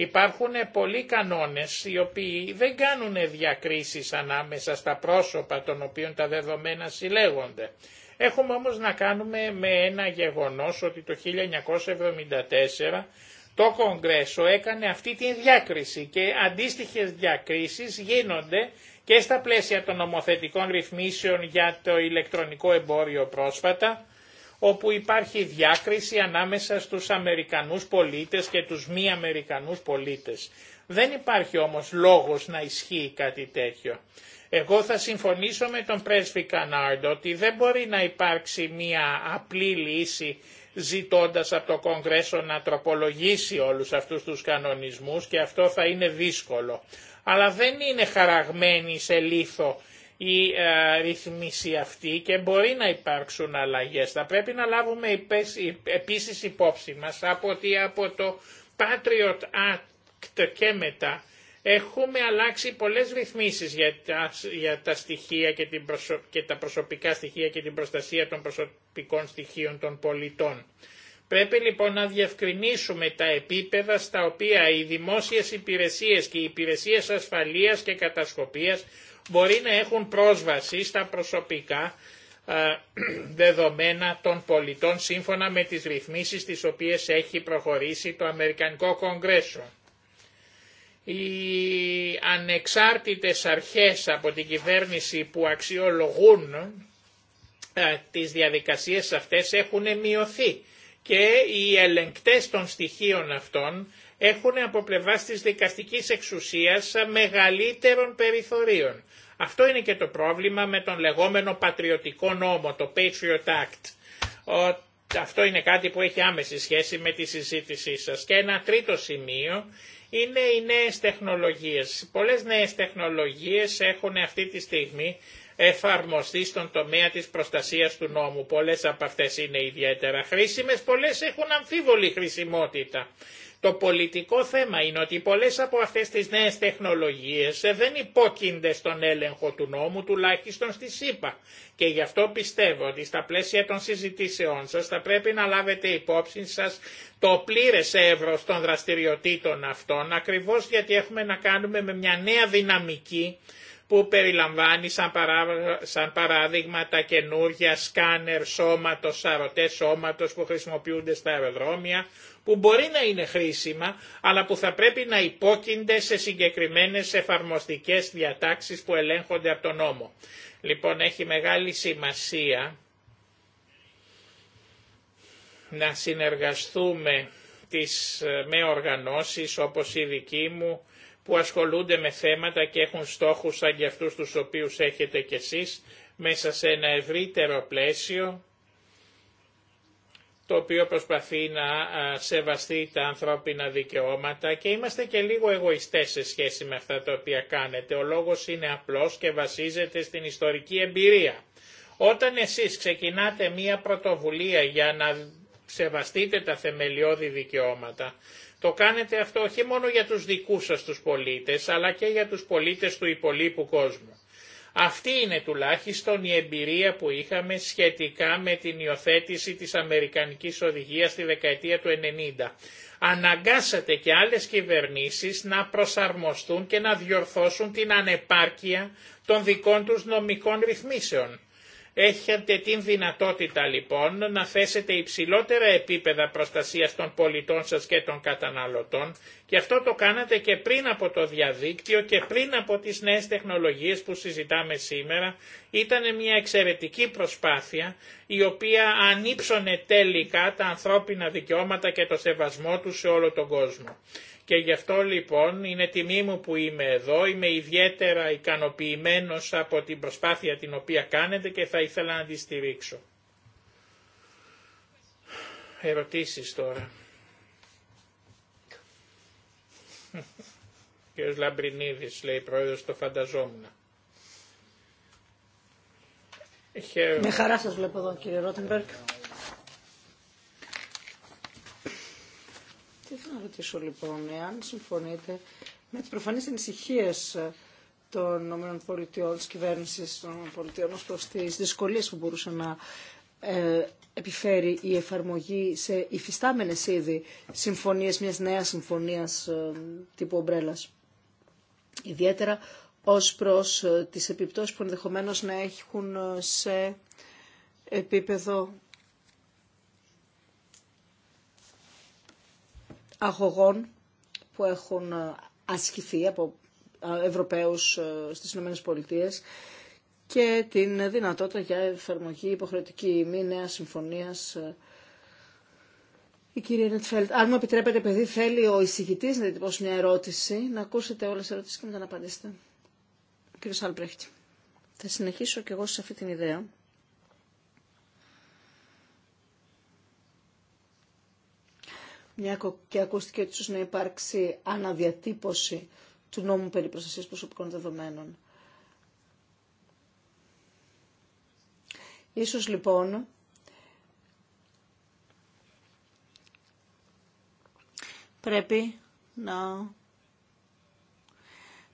Υπάρχουν πολλοί κανόνες οι οποίοι δεν κάνουν διακρίσεις ανάμεσα στα πρόσωπα των οποίων τα δεδομένα συλλέγονται. Έχουμε όμως να κάνουμε με ένα γεγονός ότι το 1974 το Κογκρέσο έκανε αυτή τη διάκριση και αντίστοιχες διακρίσεις γίνονται και στα πλαίσια των νομοθετικών ρυθμίσεων για το ηλεκτρονικό εμπόριο πρόσφατα όπου υπάρχει διάκριση ανάμεσα στους Αμερικανούς πολίτες και τους μη Αμερικανούς πολίτες. Δεν υπάρχει όμως λόγος να ισχύει κάτι τέτοιο. Εγώ θα συμφωνήσω με τον πρέσβη Κανάρντ ότι δεν μπορεί να υπάρξει μία απλή λύση ζητώντας από το Κογκρέσο να τροπολογήσει όλους αυτούς τους κανονισμούς και αυτό θα είναι δύσκολο. Αλλά δεν είναι χαραγμένη σε λίθο η ε, ρυθμίση αυτή και μπορεί να υπάρξουν αλλαγές. Θα πρέπει να λάβουμε επίσης υπόψη μας από από το Patriot Act και μετά έχουμε αλλάξει πολλές ρυθμίσεις για τα, για στοιχεία και, την τα προσωπικά στοιχεία και την προστασία των προσωπικών στοιχείων των πολιτών. Πρέπει λοιπόν να διευκρινίσουμε τα επίπεδα στα οποία οι δημόσιες υπηρεσίες και οι υπηρεσίες ασφαλείας και κατασκοπίας μπορεί να έχουν πρόσβαση στα προσωπικά ε, δεδομένα των πολιτών σύμφωνα με τις ρυθμίσεις τις οποίες έχει προχωρήσει το Αμερικανικό Κογκρέσο. Οι ανεξάρτητες αρχές από την κυβέρνηση που αξιολογούν ε, τις διαδικασίες αυτές έχουν μειωθεί και οι ελεγκτές των στοιχείων αυτών έχουν από πλευρά της δικαστικής εξουσίας μεγαλύτερων περιθωρίων. Αυτό είναι και το πρόβλημα με τον λεγόμενο πατριωτικό νόμο, το Patriot Act. Αυτό είναι κάτι που έχει άμεση σχέση με τη συζήτησή σας. Και ένα τρίτο σημείο είναι οι νέες τεχνολογίες. Πολλές νέες τεχνολογίες έχουν αυτή τη στιγμή εφαρμοστεί στον τομέα της προστασίας του νόμου. Πολλές από αυτές είναι ιδιαίτερα χρήσιμες, πολλές έχουν αμφίβολη χρησιμότητα. Το πολιτικό θέμα είναι ότι πολλές από αυτές τις νέες τεχνολογίες ε, δεν υπόκεινται στον έλεγχο του νόμου, τουλάχιστον στη ΣΥΠΑ. Και γι' αυτό πιστεύω ότι στα πλαίσια των συζητήσεών σας θα πρέπει να λάβετε υπόψη σας το πλήρες εύρος των δραστηριοτήτων αυτών, ακριβώς γιατί έχουμε να κάνουμε με μια νέα δυναμική που περιλαμβάνει σαν, παράδειγμα τα καινούργια σκάνερ σώματος, σαρωτές σώματος που χρησιμοποιούνται στα αεροδρόμια, που μπορεί να είναι χρήσιμα αλλά που θα πρέπει να υπόκεινται σε συγκεκριμένες εφαρμοστικές διατάξεις που ελέγχονται από τον νόμο. Λοιπόν έχει μεγάλη σημασία να συνεργαστούμε τις, ε, με οργανώσεις όπως η δική μου που ασχολούνται με θέματα και έχουν στόχους σαν και αυτούς τους οποίους έχετε κι εσείς μέσα σε ένα ευρύτερο πλαίσιο το οποίο προσπαθεί να σεβαστεί τα ανθρώπινα δικαιώματα και είμαστε και λίγο εγωιστές σε σχέση με αυτά τα οποία κάνετε. Ο λόγος είναι απλός και βασίζεται στην ιστορική εμπειρία. Όταν εσείς ξεκινάτε μία πρωτοβουλία για να σεβαστείτε τα θεμελιώδη δικαιώματα, το κάνετε αυτό όχι μόνο για τους δικούς σας τους πολίτες, αλλά και για τους πολίτες του υπολείπου κόσμου. Αυτή είναι τουλάχιστον η εμπειρία που είχαμε σχετικά με την υιοθέτηση της Αμερικανικής Οδηγίας στη δεκαετία του 90. Αναγκάσατε και άλλες κυβερνήσεις να προσαρμοστούν και να διορθώσουν την ανεπάρκεια των δικών τους νομικών ρυθμίσεων. Έχετε την δυνατότητα λοιπόν να θέσετε υψηλότερα επίπεδα προστασίας των πολιτών σας και των καταναλωτών και αυτό το κάνατε και πριν από το διαδίκτυο και πριν από τις νέες τεχνολογίες που συζητάμε σήμερα. Ήταν μια εξαιρετική προσπάθεια η οποία ανύψωνε τελικά τα ανθρώπινα δικαιώματα και το σεβασμό τους σε όλο τον κόσμο. Και γι' αυτό λοιπόν είναι τιμή μου που είμαι εδώ, είμαι ιδιαίτερα ικανοποιημένος από την προσπάθεια την οποία κάνετε και θα ήθελα να τη στηρίξω. Ερωτήσεις τώρα. Κύριος Λαμπρινίδης λέει πρόεδρος το φανταζόμουν. Με χαρά σας βλέπω εδώ κύριε Ρότεμπερκ. Τι θέλω να ρωτήσω λοιπόν, εάν συμφωνείτε με τις προφανείς ανησυχίες των ΗΠΑ, της κυβέρνησης των ΗΠΑ ως προς τις δυσκολίες που μπορούσε να ε, επιφέρει η εφαρμογή σε υφιστάμενες ήδη συμφωνίες, μιας νέας συμφωνίας ε, τύπου ομπρέλας. Ιδιαίτερα ως προς ε, τις επιπτώσεις που ενδεχομένως να έχουν σε επίπεδο αγωγών που έχουν ε, ασκηθεί από ε, Ευρωπαίους ε, στις ΗΠΑ και την δυνατότητα για εφαρμογή υποχρεωτική ή μη νέα συμφωνίας η κυρία Νετφέλτ, αν μου επιτρέπετε, επειδή θέλει ο εισηγητή να διατυπώσει μια ερώτηση, να ακούσετε όλε τι ερωτήσει και μετά να απαντήσετε. Κύριο Άλμπρεχτ, θα συνεχίσω κι εγώ σε αυτή την ιδέα. μια και ακούστηκε ίσως να υπάρξει αναδιατύπωση του νόμου περί προστασίας προσωπικών δεδομένων. Ίσως λοιπόν πρέπει να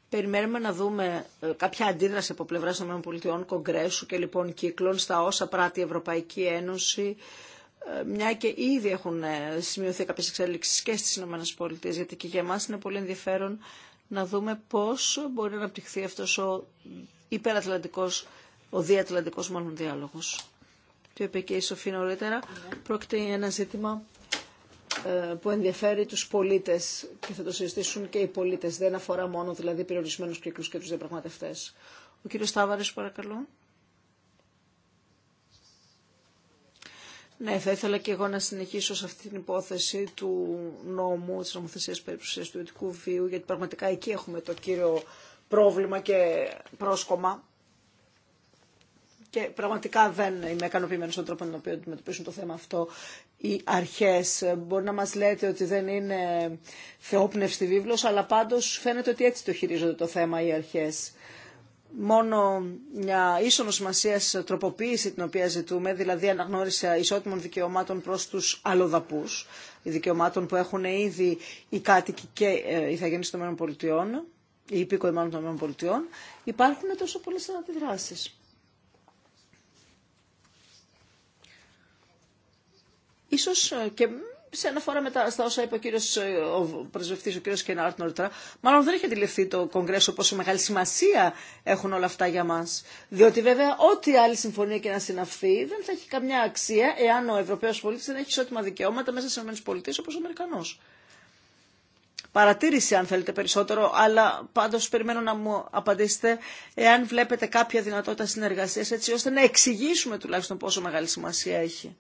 περιμένουμε να δούμε ε, κάποια αντίδραση από πλευράς των ΗΠΑ, κογκρέσου και λοιπόν κύκλων στα όσα πράττει η Ευρωπαϊκή Ένωση μια και ήδη έχουν ε, σημειωθεί κάποιες εξέλιξεις και στις ΗΠΑ, γιατί και για εμάς είναι πολύ ενδιαφέρον να δούμε πώς μπορεί να αναπτυχθεί αυτός ο υπερατλαντικός, ο διατλαντικός μάλλον διάλογος. Το είπε και η Σοφή νωρίτερα, πρόκειται ένα ζήτημα ε, που ενδιαφέρει τους πολίτες και θα το συζητήσουν και οι πολίτες. Δεν αφορά μόνο δηλαδή περιορισμένους κύκλους και τους διαπραγματεύτέ. Ο κύριος Στάβαρης παρακαλώ. Ναι, θα ήθελα και εγώ να συνεχίσω σε αυτή την υπόθεση του νόμου, της νομοθεσίας περίπτωσης του ιδιωτικού βίου, γιατί πραγματικά εκεί έχουμε το κύριο πρόβλημα και πρόσκομα. Και πραγματικά δεν είμαι ικανοποιημένη στον τρόπο με τον οποίο αντιμετωπίζουν το θέμα αυτό οι αρχέ. Μπορεί να μα λέτε ότι δεν είναι θεόπνευστη βίβλο, αλλά πάντω φαίνεται ότι έτσι το χειρίζονται το θέμα οι αρχέ μόνο μια ίσονο σημασία τροποποίηση την οποία ζητούμε, δηλαδή αναγνώριση ισότιμων δικαιωμάτων προς τους αλλοδαπούς, δικαιωμάτων που έχουν ήδη οι κάτοικοι και ε, οι θαγενείς των ΗΠΑ, οι υπήκοοι των ΗΠΑ, υπάρχουν τόσο πολλές αντιδράσει. Ίσως ε, και σε αναφορά μετά στα όσα είπε ο κύριο πρεσβευτή, ο κύριο Κενάρτ νωρίτερα, μάλλον δεν έχει αντιληφθεί το Κογκρέσο πόσο μεγάλη σημασία έχουν όλα αυτά για μα. Διότι βέβαια, ό,τι άλλη συμφωνία και να συναυθεί δεν θα έχει καμιά αξία εάν ο Ευρωπαίο πολίτη δεν έχει ισότιμα δικαιώματα μέσα στι ΗΠΑ όπω ο Αμερικανό. Παρατήρηση αν θέλετε περισσότερο, αλλά πάντω περιμένω να μου απαντήσετε εάν βλέπετε κάποια δυνατότητα συνεργασία έτσι ώστε να εξηγήσουμε τουλάχιστον πόσο μεγάλη σημασία έχει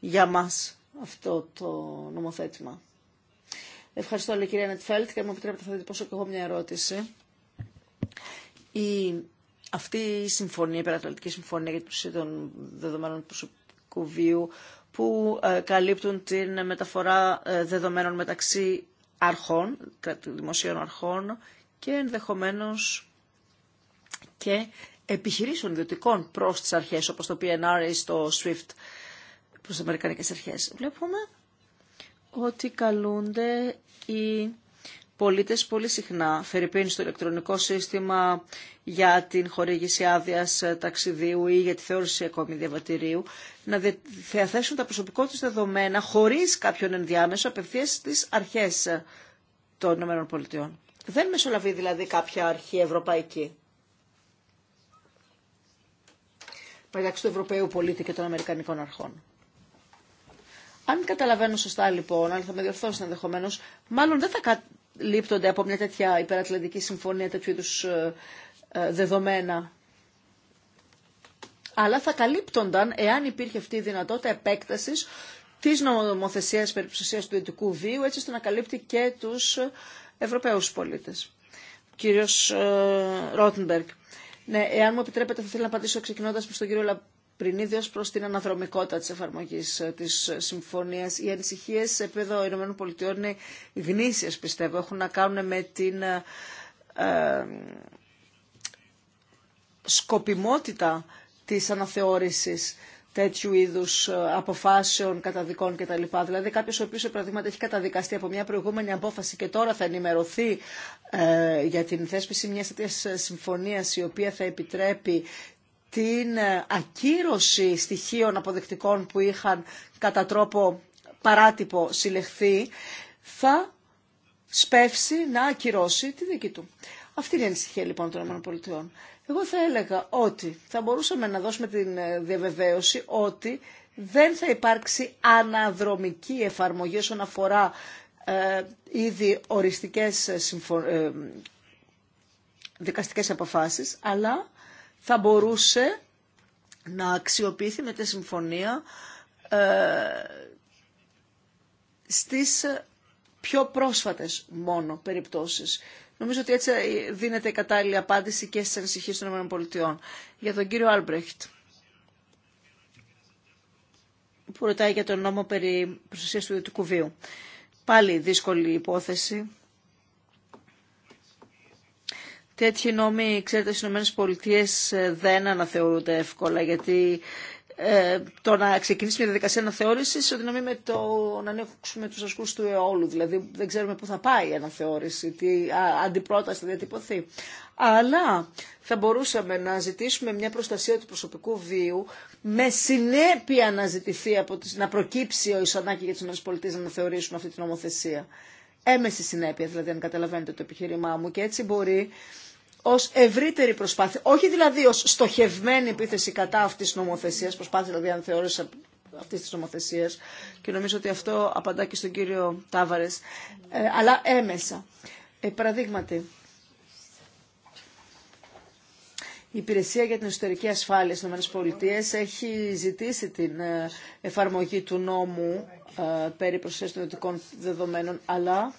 για μας αυτό το νομοθέτημα. Ευχαριστώ, λέει κυρία Νετφέλτ, και μου επιτρέπετε θα διατυπώσω και εγώ μια ερώτηση. Η... Αυτή η συμφωνία, η Περατολική Συμφωνία για την πλησία των Δεδομένων Προσωπικού Βίου, που ε, καλύπτουν την μεταφορά ε, δεδομένων μεταξύ αρχών, δημοσίων αρχών και ενδεχομένως και επιχειρήσεων ιδιωτικών προς τις αρχές, όπως το PNR ή στο SWIFT προς τις Αμερικανικές Αρχές. Βλέπουμε ότι καλούνται οι πολίτες πολύ συχνά, φερειπίνει στο ηλεκτρονικό σύστημα για την χορήγηση άδεια ταξιδίου ή για τη θεώρηση ακόμη διαβατηρίου, να διαθέσουν τα προσωπικό τους δεδομένα χωρίς κάποιον ενδιάμεσο απευθείας στις αρχές των ΗΠΑ. Δεν μεσολαβεί δηλαδή κάποια αρχή ευρωπαϊκή. μεταξύ του Ευρωπαίου πολίτη και των Αμερικανικών αρχών. Αν καταλαβαίνω σωστά λοιπόν, αλλά θα με διορθώσει ενδεχομένω, μάλλον δεν θα καλύπτονται από μια τέτοια υπερατλαντική συμφωνία τέτοιου είδου ε, ε, δεδομένα. Αλλά θα καλύπτονταν εάν υπήρχε αυτή η δυνατότητα επέκταση τη νομοθεσία περιπτωσία του ειδικού βίου, έτσι ώστε να καλύπτει και του Ευρωπαίου πολίτε. Κύριο ε, Ρότενμπεργκ. Ναι, εάν μου επιτρέπετε, θα ήθελα να απαντήσω ξεκινώντα προ τον κύριο πριν ίδιο προ την αναδρομικότητα τη εφαρμογή ε, τη ε, συμφωνία. Οι ανησυχίε σε επίπεδο ΗΠΑ είναι γνήσιε, πιστεύω. Έχουν να κάνουν με την ε, σκοπιμότητα της αναθεώρησης τέτοιου είδου αποφάσεων, καταδικών κτλ. Δηλαδή, κάποιο ο οποίο, παραδείγματι, έχει καταδικαστεί από μια προηγούμενη απόφαση και τώρα θα ενημερωθεί για την θέσπιση μια τέτοια συμφωνία η οποία θα επιτρέπει την ε, ακύρωση στοιχείων αποδεκτικών που είχαν κατά τρόπο παράτυπο συλλεχθεί, θα σπεύσει να ακυρώσει τη δίκη του. Αυτή είναι η ανησυχία λοιπόν των ΗΠΑ. Εγώ θα έλεγα ότι θα μπορούσαμε να δώσουμε την ε, διαβεβαίωση ότι δεν θα υπάρξει αναδρομική εφαρμογή όσον αφορά ε, ήδη οριστικές συμφο... ε, δικαστικές αποφάσεις, αλλά θα μπορούσε να αξιοποιηθεί με τη συμφωνία ε, στις πιο πρόσφατες μόνο περιπτώσεις. Νομίζω ότι έτσι δίνεται η κατάλληλη απάντηση και στις ανησυχίες των ΗΠΑ. Για τον κύριο Άλμπρεχτ, που ρωτάει για τον νόμο περί προστασίας του ιδιωτικού βίου. Πάλι δύσκολη υπόθεση. Τέτοιοι νόμοι, ξέρετε, στι ΗΠΑ ε, δεν αναθεωρούνται εύκολα, γιατί ε, το να ξεκινήσει μια διαδικασία αναθεώρηση οδυναμεί με το να ανέχουμε του ασκού του αιώλου. Δηλαδή δεν ξέρουμε πού θα πάει η αναθεώρηση, τι αντιπρόταση θα διατυπωθεί. Αλλά θα μπορούσαμε να ζητήσουμε μια προστασία του προσωπικού βίου με συνέπεια να, ζητηθεί από τις, να προκύψει ο Ισανάκη για τι ΗΠΑ να αναθεωρήσουν αυτή την νομοθεσία. Έμεση συνέπεια, δηλαδή, αν καταλαβαίνετε το επιχείρημά μου. Και έτσι μπορεί ως ευρύτερη προσπάθεια, όχι δηλαδή ως στοχευμένη επίθεση κατά αυτής της νομοθεσίας, προσπάθεια δηλαδή αν θεώρησε αυτής της νομοθεσίας και νομίζω ότι αυτό απαντά και στον κύριο Τάβαρες, ε, αλλά έμεσα. Ε, παραδείγματι, Η Υπηρεσία για την Εσωτερική Ασφάλεια στις ΗΠΑ έχει ζητήσει την ε, εφαρμογή του νόμου ε, περί προσθέσεων των ιδιωτικών δεδομένων, αλλά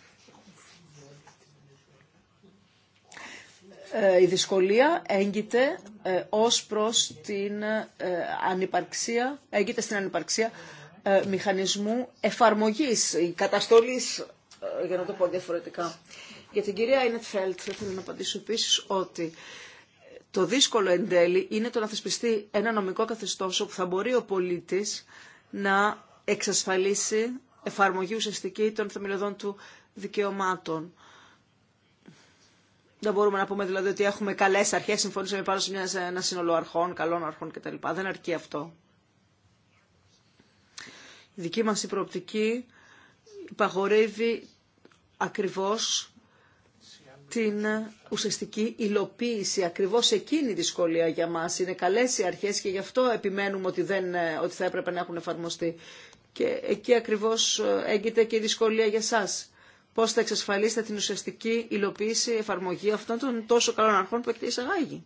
Ε, η δυσκολία έγκυται ε, ως προς την ε, ανυπαρξία, έγκυται στην ανυπαρξία μηχανισμού εφαρμογής, καταστολής, για να το πω διαφορετικά. Για την κυρία Ινετφέλτ θα ήθελα να απαντήσω επίση ότι το δύσκολο εν τέλει είναι το να θεσπιστεί ένα νομικό καθεστώς όπου θα μπορεί ο πολίτης να εξασφαλίσει εφαρμογή ουσιαστική των θεμελιωδών του δικαιωμάτων. Δεν μπορούμε να πούμε δηλαδή ότι έχουμε καλέ αρχέ, συμφωνήσαμε πάνω σε, ένα σύνολο αρχών, καλών αρχών κτλ. Δεν αρκεί αυτό. Η δική μα η προοπτική υπαγορεύει ακριβώ την ουσιαστική υλοποίηση. Ακριβώ εκείνη η δυσκολία για μα. Είναι καλέ οι αρχέ και γι' αυτό επιμένουμε ότι, δεν, ότι θα έπρεπε να έχουν εφαρμοστεί. Και εκεί ακριβώ έγκυται και η δυσκολία για σας πώ θα εξασφαλίσετε την ουσιαστική υλοποίηση, εφαρμογή αυτών των τόσο καλών αρχών που έχετε εισαγάγει.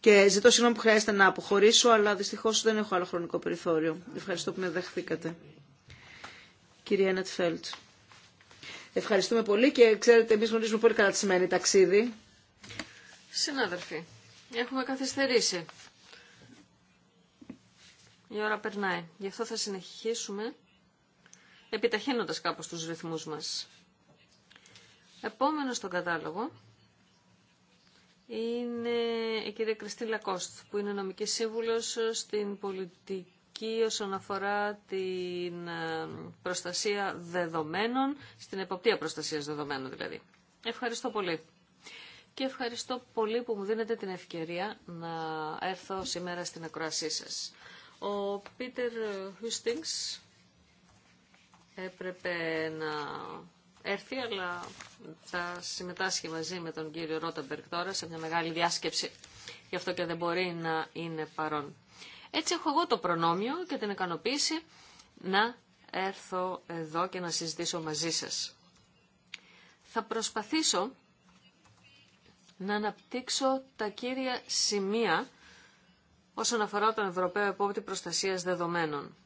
Και ζητώ συγγνώμη που χρειάζεται να αποχωρήσω, αλλά δυστυχώ δεν έχω άλλο χρονικό περιθώριο. Ευχαριστώ που με δεχθήκατε. Κυρία Νετφέλτ. Ευχαριστούμε πολύ και ξέρετε, εμεί γνωρίζουμε πολύ καλά τι σημαίνει ταξίδι. Συνάδελφοι, έχουμε καθυστερήσει. Η ώρα περνάει. Γι' αυτό θα συνεχίσουμε επιταχύνοντας κάπως τους ρυθμούς μας. Επόμενο στον κατάλογο είναι η κυρία Κριστίλα Κόστ, που είναι νομική σύμβουλος στην πολιτική όσον αφορά την ε, προστασία δεδομένων, στην εποπτεία προστασίας δεδομένων δηλαδή. Ευχαριστώ πολύ. Και ευχαριστώ πολύ που μου δίνετε την ευκαιρία να έρθω σήμερα στην ακροασή σας. Ο Πίτερ Χούστινγκς έπρεπε να έρθει, αλλά θα συμμετάσχει μαζί με τον κύριο Ρότεμπερκ τώρα σε μια μεγάλη διάσκεψη. Γι' αυτό και δεν μπορεί να είναι παρόν. Έτσι έχω εγώ το προνόμιο και την ικανοποίηση να έρθω εδώ και να συζητήσω μαζί σας. Θα προσπαθήσω να αναπτύξω τα κύρια σημεία όσον αφορά τον Ευρωπαίο Επόπτη Προστασίας Δεδομένων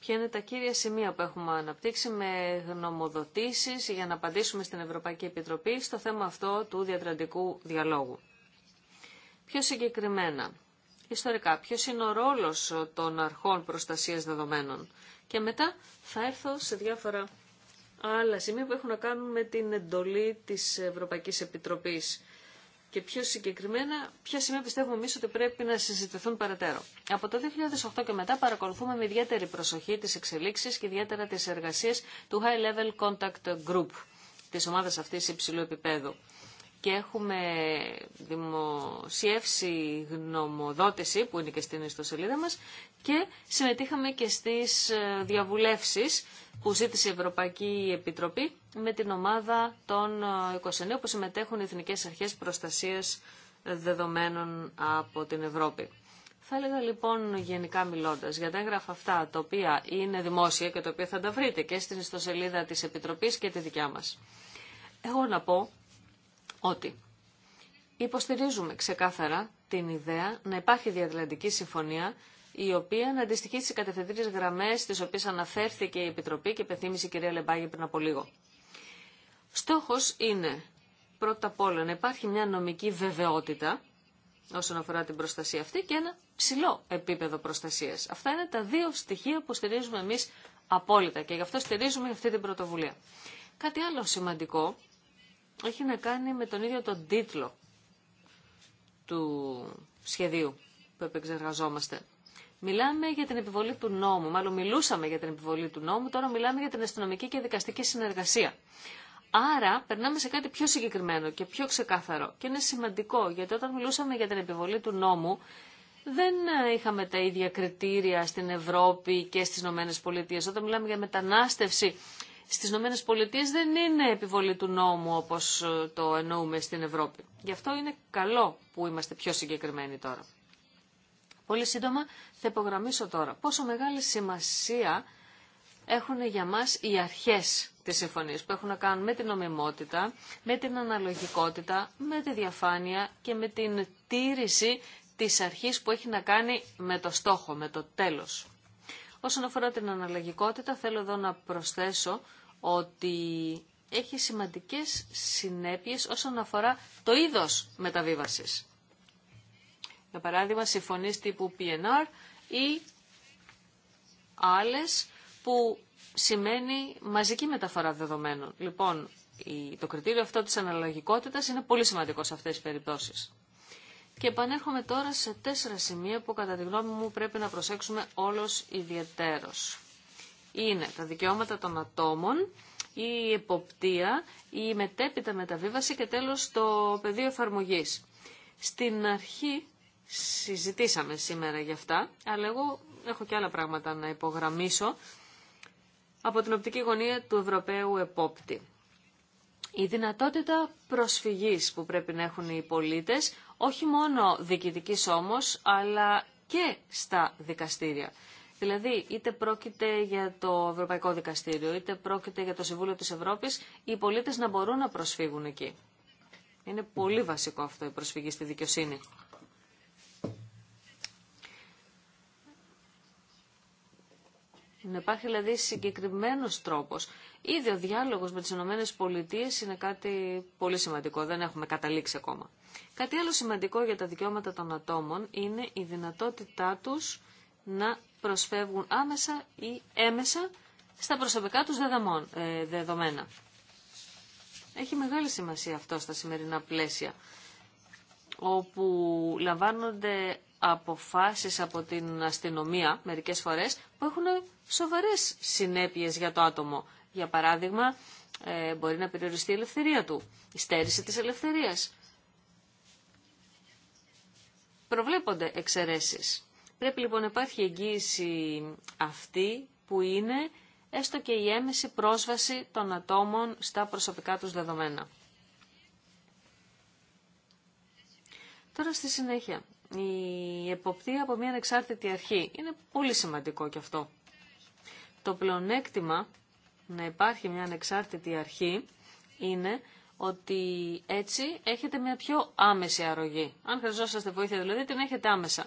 ποια είναι τα κύρια σημεία που έχουμε αναπτύξει με γνωμοδοτήσεις για να απαντήσουμε στην Ευρωπαϊκή Επιτροπή στο θέμα αυτό του διατραντικού διαλόγου. Πιο συγκεκριμένα, ιστορικά, ποιος είναι ο ρόλος των αρχών προστασίας δεδομένων. Και μετά θα έρθω σε διάφορα άλλα σημεία που έχουν να κάνουν με την εντολή της Ευρωπαϊκής Επιτροπής και πιο συγκεκριμένα, ποια σημεία πιστεύουμε εμεί ότι πρέπει να συζητηθούν περαιτέρω. Από το 2008 και μετά παρακολουθούμε με ιδιαίτερη προσοχή τις εξελίξεις και ιδιαίτερα τις εργασίες του High Level Contact Group, της ομάδας αυτής υψηλού επίπεδου και έχουμε δημοσιεύσει γνωμοδότηση που είναι και στην ιστοσελίδα μας και συμμετείχαμε και στις ε, διαβουλεύσεις που ζήτησε η Ευρωπαϊκή Επιτροπή με την ομάδα των 29 ε, που συμμετέχουν οι Εθνικές Αρχές Προστασίας Δεδομένων από την Ευρώπη. Θα έλεγα λοιπόν γενικά μιλώντας για τα έγγραφα αυτά τα οποία είναι δημόσια και τα οποία θα τα βρείτε και στην ιστοσελίδα της Επιτροπής και τη δικιά μας. Εγώ να πω ότι υποστηρίζουμε ξεκάθαρα την ιδέα να υπάρχει διατλαντική συμφωνία η οποία να αντιστοιχεί στι κατευθυντήριε γραμμέ στις οποίε αναφέρθηκε η Επιτροπή και υπενθύμησε η κυρία Λεμπάγη πριν από λίγο. Στόχο είναι πρώτα απ' όλα να υπάρχει μια νομική βεβαιότητα όσον αφορά την προστασία αυτή και ένα ψηλό επίπεδο προστασία. Αυτά είναι τα δύο στοιχεία που στηρίζουμε εμεί απόλυτα και γι' αυτό στηρίζουμε αυτή την πρωτοβουλία. Κάτι άλλο σημαντικό έχει να κάνει με τον ίδιο τον τίτλο του σχεδίου που επεξεργαζόμαστε. Μιλάμε για την επιβολή του νόμου, μάλλον μιλούσαμε για την επιβολή του νόμου, τώρα μιλάμε για την αστυνομική και δικαστική συνεργασία. Άρα περνάμε σε κάτι πιο συγκεκριμένο και πιο ξεκάθαρο και είναι σημαντικό γιατί όταν μιλούσαμε για την επιβολή του νόμου δεν είχαμε τα ίδια κριτήρια στην Ευρώπη και στις Ηνωμένε Πολιτείες. Όταν μιλάμε για μετανάστευση στις Νομένες δεν είναι επιβολή του νόμου όπως ε, το εννοούμε στην Ευρώπη. Γι' αυτό είναι καλό που είμαστε πιο συγκεκριμένοι τώρα. Πολύ σύντομα θα υπογραμμίσω τώρα πόσο μεγάλη σημασία έχουν για μας οι αρχές της συμφωνίας που έχουν να κάνουν με την νομιμότητα, με την αναλογικότητα, με τη διαφάνεια και με την τήρηση της αρχής που έχει να κάνει με το στόχο, με το τέλος. Όσον αφορά την αναλογικότητα, θέλω εδώ να προσθέσω ότι έχει σημαντικές συνέπειες όσον αφορά το είδος μεταβίβασης. Για παράδειγμα, συμφωνίες τύπου PNR ή άλλες που σημαίνει μαζική μεταφορά δεδομένων. Λοιπόν, το κριτήριο αυτό της αναλογικότητας είναι πολύ σημαντικό σε αυτές τις περιπτώσεις. Και επανέρχομαι τώρα σε τέσσερα σημεία που κατά τη γνώμη μου πρέπει να προσέξουμε όλος ιδιαιτέρως. Είναι τα δικαιώματα των ατόμων, η εποπτεία, η μετέπειτα μεταβίβαση και τέλος το πεδίο εφαρμογής. Στην αρχή συζητήσαμε σήμερα για αυτά, αλλά εγώ έχω και άλλα πράγματα να υπογραμμίσω από την οπτική γωνία του Ευρωπαίου επόπτη. Η δυνατότητα προσφυγής που πρέπει να έχουν οι πολίτες όχι μόνο διοικητική όμως, αλλά και στα δικαστήρια. Δηλαδή, είτε πρόκειται για το Ευρωπαϊκό Δικαστήριο, είτε πρόκειται για το Συμβούλιο της Ευρώπης, οι πολίτες να μπορούν να προσφύγουν εκεί. Είναι πολύ βασικό αυτό η προσφυγή στη δικαιοσύνη. Να υπάρχει δηλαδή συγκεκριμένος τρόπος. Ήδη ο διάλογος με τις ΗΠΑ είναι κάτι πολύ σημαντικό, δεν έχουμε καταλήξει ακόμα. Κάτι άλλο σημαντικό για τα δικαιώματα των ατόμων είναι η δυνατότητά τους να προσφεύγουν άμεσα ή έμεσα στα προσωπικά τους ε, δεδομένα. Έχει μεγάλη σημασία αυτό στα σημερινά πλαίσια, όπου λαμβάνονται αποφάσεις από την αστυνομία μερικές φορές που έχουν σοβαρές συνέπειες για το άτομο. Για παράδειγμα, ε, μπορεί να περιοριστεί η ελευθερία του, η στέρηση της ελευθερίας. Προβλέπονται εξαιρέσεις. Πρέπει λοιπόν να υπάρχει εγγύηση αυτή που είναι έστω και η έμεση πρόσβαση των ατόμων στα προσωπικά τους δεδομένα. Τώρα στη συνέχεια, η εποπτεία από μια ανεξάρτητη αρχή. Είναι πολύ σημαντικό και αυτό. Το πλεονέκτημα να υπάρχει μια ανεξάρτητη αρχή είναι ότι έτσι έχετε μια πιο άμεση αρρωγή. Αν χρειαζόσαστε βοήθεια δηλαδή την έχετε άμεσα.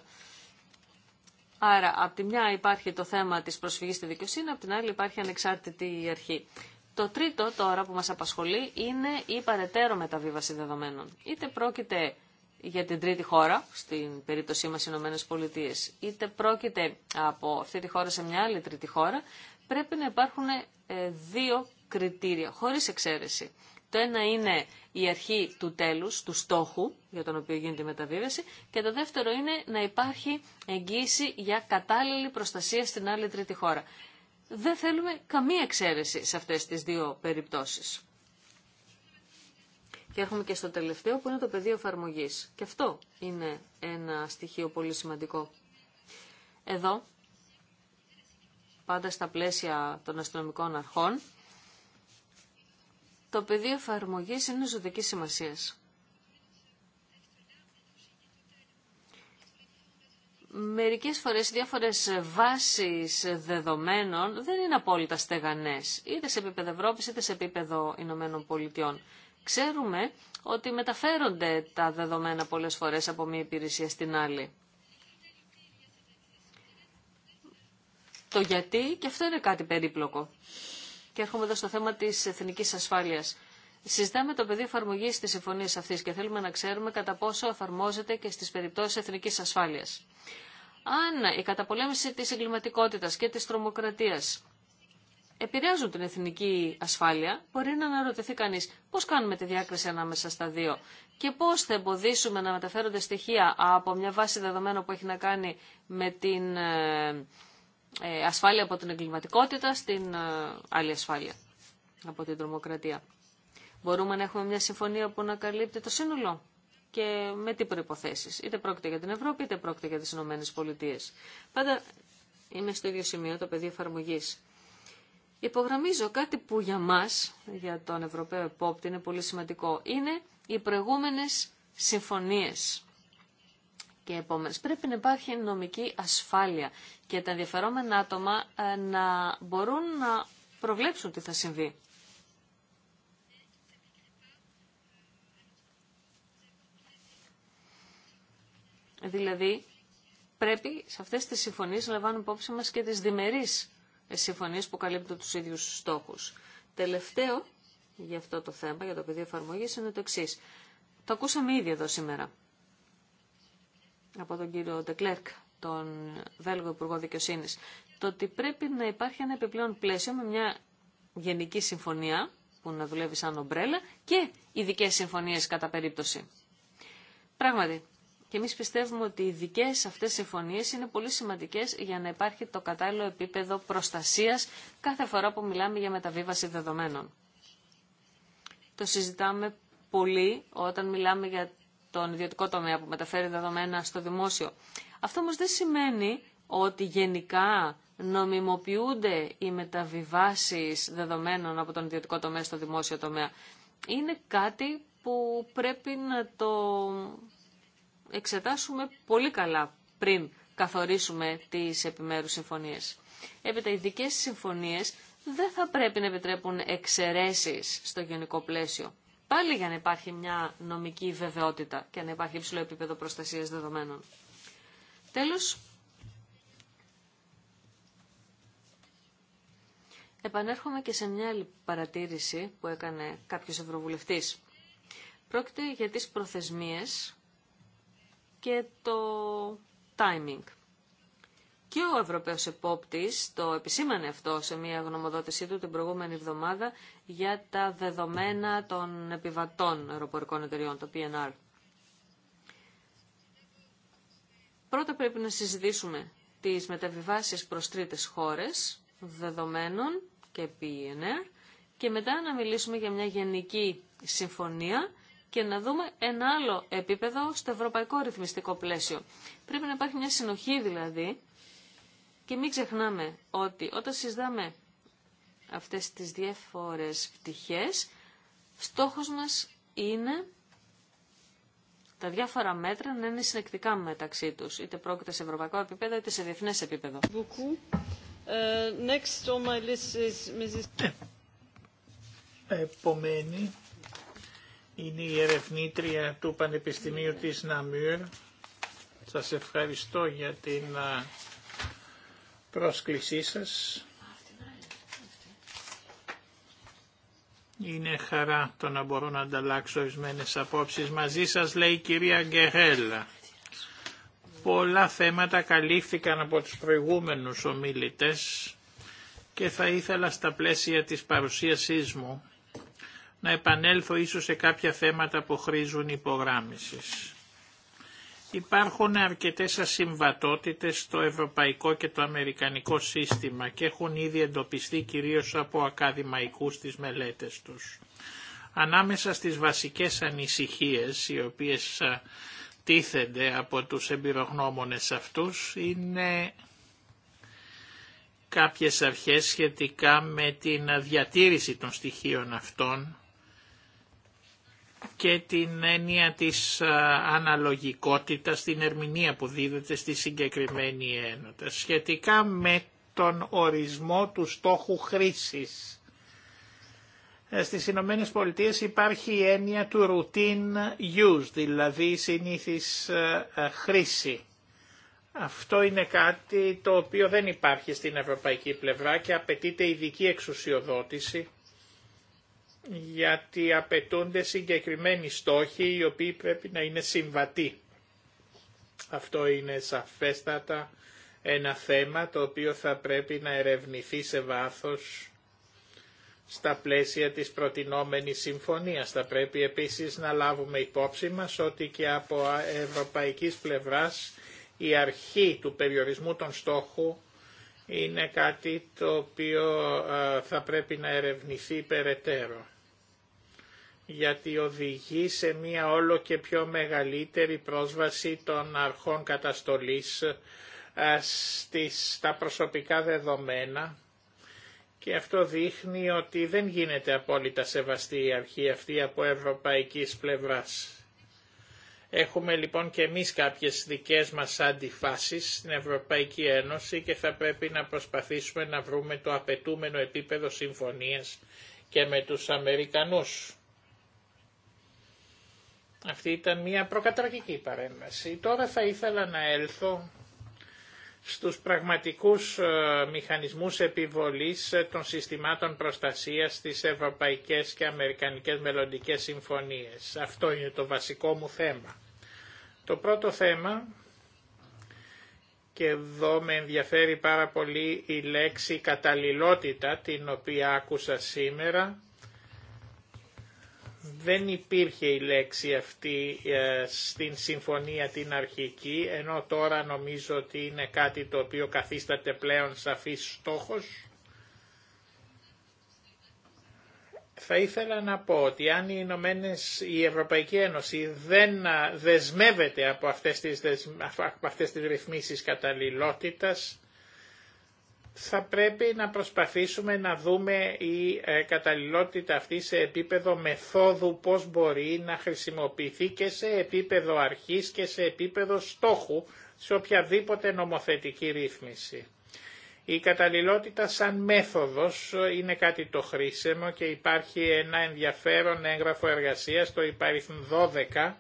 Άρα, από τη μια υπάρχει το θέμα της προσφυγής στη δικαιοσύνη, από την άλλη υπάρχει ανεξάρτητη αρχή. Το τρίτο τώρα που μας απασχολεί είναι η παρετέρω μεταβίβαση δεδομένων. Είτε πρόκειται για την τρίτη χώρα, στην περίπτωσή μας οι Ηνωμένες Πολιτείες, είτε πρόκειται από αυτή τη χώρα σε μια άλλη τρίτη χώρα, πρέπει να υπάρχουν ε, δύο κριτήρια, χωρίς εξαίρεση. Το ένα είναι η αρχή του τέλους, του στόχου για τον οποίο γίνεται η μεταβίβαση και το δεύτερο είναι να υπάρχει εγγύηση για κατάλληλη προστασία στην άλλη τρίτη χώρα. Δεν θέλουμε καμία εξαίρεση σε αυτές τις δύο περιπτώσεις. Και έρχομαι και στο τελευταίο που είναι το πεδίο εφαρμογή. Και αυτό είναι ένα στοιχείο πολύ σημαντικό. Εδώ, πάντα στα πλαίσια των αστυνομικών αρχών, το πεδίο εφαρμογή είναι ζωτική σημασία. Μερικές φορές διάφορες βάσεις δεδομένων δεν είναι απόλυτα στεγανές, είτε σε επίπεδο Ευρώπης είτε σε επίπεδο Ηνωμένων Πολιτειών. Ξέρουμε ότι μεταφέρονται τα δεδομένα πολλές φορές από μία υπηρεσία στην άλλη. Το γιατί και αυτό είναι κάτι περίπλοκο. Και έρχομαι εδώ στο θέμα της εθνικής ασφάλειας. Συζητάμε το πεδίο εφαρμογή τη συμφωνία αυτή και θέλουμε να ξέρουμε κατά πόσο εφαρμόζεται και στι περιπτώσει εθνική ασφάλεια. Αν η καταπολέμηση τη εγκληματικότητα και τη τρομοκρατία επηρεάζουν την εθνική ασφάλεια, μπορεί να αναρωτηθεί κανείς πώς κάνουμε τη διάκριση ανάμεσα στα δύο και πώς θα εμποδίσουμε να μεταφέρονται στοιχεία από μια βάση δεδομένων που έχει να κάνει με την ε, ε, ασφάλεια από την εγκληματικότητα στην ε, άλλη ασφάλεια από την τρομοκρατία. Μπορούμε να έχουμε μια συμφωνία που να καλύπτει το σύνολο και με τι προϋποθέσεις. Είτε πρόκειται για την Ευρώπη, είτε πρόκειται για τις Ηνωμένε Πολιτείε. Πάντα είμαι στο ίδιο σημείο το πεδίο εφαρμογή. Υπογραμμίζω κάτι που για μας, για τον Ευρωπαίο Επόπτη, είναι πολύ σημαντικό. Είναι οι προηγούμενες συμφωνίες και επόμενες. Πρέπει να υπάρχει νομική ασφάλεια και τα ενδιαφερόμενα άτομα ε, να μπορούν να προβλέψουν τι θα συμβεί. Δηλαδή, πρέπει σε αυτές τις συμφωνίες να λαμβάνουν υπόψη μας και τις διμερείς συμφωνίες που καλύπτουν τους ίδιους στόχους. Τελευταίο για αυτό το θέμα, για το πεδίο εφαρμογή είναι το εξή. Το ακούσαμε ήδη εδώ σήμερα από τον κύριο Ντεκλέρκ, τον Βέλγο Υπουργό Δικαιοσύνη, το ότι πρέπει να υπάρχει ένα επιπλέον πλαίσιο με μια γενική συμφωνία που να δουλεύει σαν ομπρέλα και ειδικέ συμφωνίε κατά περίπτωση. Πράγματι, και εμείς πιστεύουμε ότι οι δικέ αυτές συμφωνίες είναι πολύ σημαντικές για να υπάρχει το κατάλληλο επίπεδο προστασίας κάθε φορά που μιλάμε για μεταβίβαση δεδομένων. Το συζητάμε πολύ όταν μιλάμε για τον ιδιωτικό τομέα που μεταφέρει δεδομένα στο δημόσιο. Αυτό όμως δεν σημαίνει ότι γενικά νομιμοποιούνται οι μεταβιβάσεις δεδομένων από τον ιδιωτικό τομέα στο δημόσιο τομέα. Είναι κάτι που πρέπει να το εξετάσουμε πολύ καλά πριν καθορίσουμε τις επιμέρους συμφωνίες. Έπειτα, οι δικές συμφωνίες δεν θα πρέπει να επιτρέπουν εξαιρέσεις στο γενικό πλαίσιο. Πάλι για να υπάρχει μια νομική βεβαιότητα και να υπάρχει υψηλό επίπεδο προστασίας δεδομένων. Τέλος, επανέρχομαι και σε μια άλλη παρατήρηση που έκανε κάποιος ευρωβουλευτής. Πρόκειται για τις προθεσμίες και το timing. Και ο Ευρωπαίος Επόπτης το επισήμανε αυτό σε μια γνωμοδότησή του την προηγούμενη εβδομάδα για τα δεδομένα των επιβατών αεροπορικών εταιριών, το PNR. Πρώτα πρέπει να συζητήσουμε τις μεταβιβάσεις προς τρίτες χώρες δεδομένων και PNR και μετά να μιλήσουμε για μια γενική συμφωνία και να δούμε ένα άλλο επίπεδο στο ευρωπαϊκό ρυθμιστικό πλαίσιο. Πρέπει να υπάρχει μια συνοχή δηλαδή και μην ξεχνάμε ότι όταν συζητάμε αυτές τις διάφορες πτυχές, στόχος μας είναι τα διάφορα μέτρα να είναι συνεκτικά μεταξύ τους, είτε πρόκειται σε ευρωπαϊκό επίπεδο είτε σε διεθνές επίπεδο. Uh, ε, επομένη, είναι η ερευνήτρια του Πανεπιστημίου της Ναμύρ. Σας ευχαριστώ για την πρόσκλησή σας. Είναι χαρά το να μπορώ να ανταλλάξω ορισμένε απόψεις μαζί σας, λέει η κυρία Γκερέλα. Πολλά θέματα καλύφθηκαν από τους προηγούμενους ομίλητες και θα ήθελα στα πλαίσια της παρουσίασής μου να επανέλθω ίσως σε κάποια θέματα που χρήζουν υπογράμμισης. Υπάρχουν αρκετές ασυμβατότητες στο ευρωπαϊκό και το αμερικανικό σύστημα και έχουν ήδη εντοπιστεί κυρίως από ακαδημαϊκούς τις μελέτες τους. Ανάμεσα στις βασικές ανησυχίες οι οποίες τίθενται από τους εμπειρογνώμονες αυτούς είναι κάποιες αρχές σχετικά με την διατήρηση των στοιχείων αυτών και την έννοια της ε, αναλογικότητας την ερμηνεία που δίδεται στη συγκεκριμένη ένωτα. Σχετικά με τον ορισμό του στόχου χρήσης. Ε, στις Ηνωμένε Πολιτείες υπάρχει η έννοια του routine use, δηλαδή συνήθις ε, χρήση. Αυτό είναι κάτι το οποίο δεν υπάρχει στην ευρωπαϊκή πλευρά και απαιτείται ειδική εξουσιοδότηση γιατί απαιτούνται συγκεκριμένοι στόχοι οι οποίοι πρέπει να είναι συμβατοί. Αυτό είναι σαφέστατα ένα θέμα το οποίο θα πρέπει να ερευνηθεί σε βάθος στα πλαίσια της προτινόμενης συμφωνίας. Θα πρέπει επίσης να λάβουμε υπόψη μας ότι και από ευρωπαϊκής πλευράς η αρχή του περιορισμού των στόχου είναι κάτι το οποίο ε, θα πρέπει να ερευνηθεί περαιτέρω γιατί οδηγεί σε μία όλο και πιο μεγαλύτερη πρόσβαση των αρχών καταστολής ε, στις, στα προσωπικά δεδομένα και αυτό δείχνει ότι δεν γίνεται απόλυτα σεβαστή η αρχή αυτή από ευρωπαϊκής πλευράς. Έχουμε λοιπόν και εμείς κάποιες δικές μας αντιφάσεις στην Ευρωπαϊκή Ένωση και θα πρέπει να προσπαθήσουμε να βρούμε το απαιτούμενο επίπεδο συμφωνίας και με τους Αμερικανούς. Αυτή ήταν μια προκαταρκική παρέμβαση. Τώρα θα ήθελα να έλθω στους πραγματικούς ε, μηχανισμούς επιβολής ε, των συστημάτων προστασίας στις ευρωπαϊκές και αμερικανικές μελλοντικέ συμφωνίες. Αυτό είναι το βασικό μου θέμα. Το πρώτο θέμα, και εδώ με ενδιαφέρει πάρα πολύ η λέξη καταλληλότητα την οποία άκουσα σήμερα, δεν υπήρχε η λέξη αυτή ε, στην συμφωνία την αρχική, ενώ τώρα νομίζω ότι είναι κάτι το οποίο καθίσταται πλέον σαφής στόχος. Θα ήθελα να πω ότι αν οι η Ευρωπαϊκή Ένωση δεν ε, δεσμεύεται από αυτές τις, από αυτές τις ρυθμίσεις καταλληλότητας, θα πρέπει να προσπαθήσουμε να δούμε η ε, καταλληλότητα αυτή σε επίπεδο μεθόδου πώς μπορεί να χρησιμοποιηθεί και σε επίπεδο αρχής και σε επίπεδο στόχου σε οποιαδήποτε νομοθετική ρύθμιση. Η καταλληλότητα σαν μέθοδος είναι κάτι το χρήσιμο και υπάρχει ένα ενδιαφέρον έγγραφο εργασίας, το υπαριθμ 12,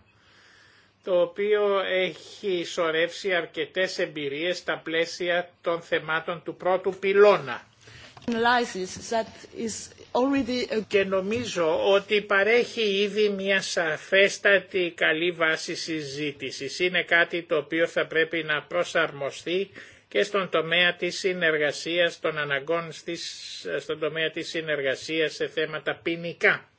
το οποίο έχει σωρεύσει αρκετές εμπειρίες στα πλαίσια των θεμάτων του πρώτου πυλώνα. Και νομίζω ότι παρέχει ήδη μια σαφέστατη καλή βάση συζήτησης. Είναι κάτι το οποίο θα πρέπει να προσαρμοστεί και στον τομέα της συνεργασίας, των αναγκών στις, στον τομέα της συνεργασίας σε θέματα ποινικά.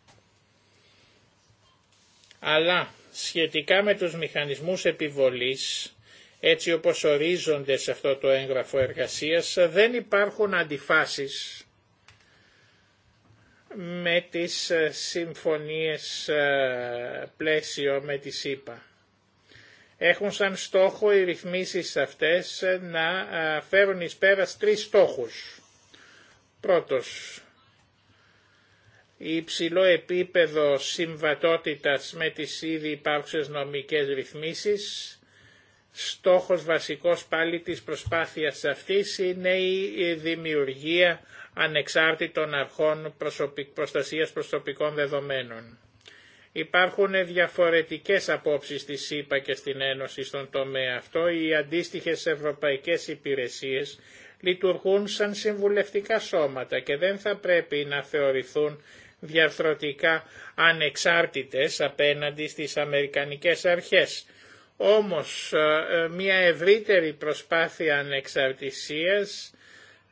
Αλλά σχετικά με τους μηχανισμούς επιβολής έτσι όπως ορίζονται σε αυτό το έγγραφο εργασίας δεν υπάρχουν αντιφάσεις με τις ε, συμφωνίες ε, πλαίσιο με τη ΣΥΠΑ. Έχουν σαν στόχο οι ρυθμίσεις αυτές να ε, φέρουν εις πέρας τρεις στόχους. Πρώτος, υψηλό επίπεδο συμβατότητας με τις ήδη υπάρχουσες νομικές ρυθμίσεις. Στόχος βασικός πάλι της προσπάθειας αυτής είναι η δημιουργία ανεξάρτητων αρχών προστασίας προσωπικών δεδομένων. Υπάρχουν διαφορετικές απόψεις στη ΣΥΠΑ και στην Ένωση στον τομέα αυτό. Οι αντίστοιχες ευρωπαϊκές υπηρεσίες λειτουργούν σαν συμβουλευτικά σώματα και δεν θα πρέπει να θεωρηθούν διαρθρωτικά ανεξάρτητες απέναντι στις Αμερικανικές αρχές. Όμως ε, ε, μια ευρύτερη προσπάθεια ανεξαρτησίας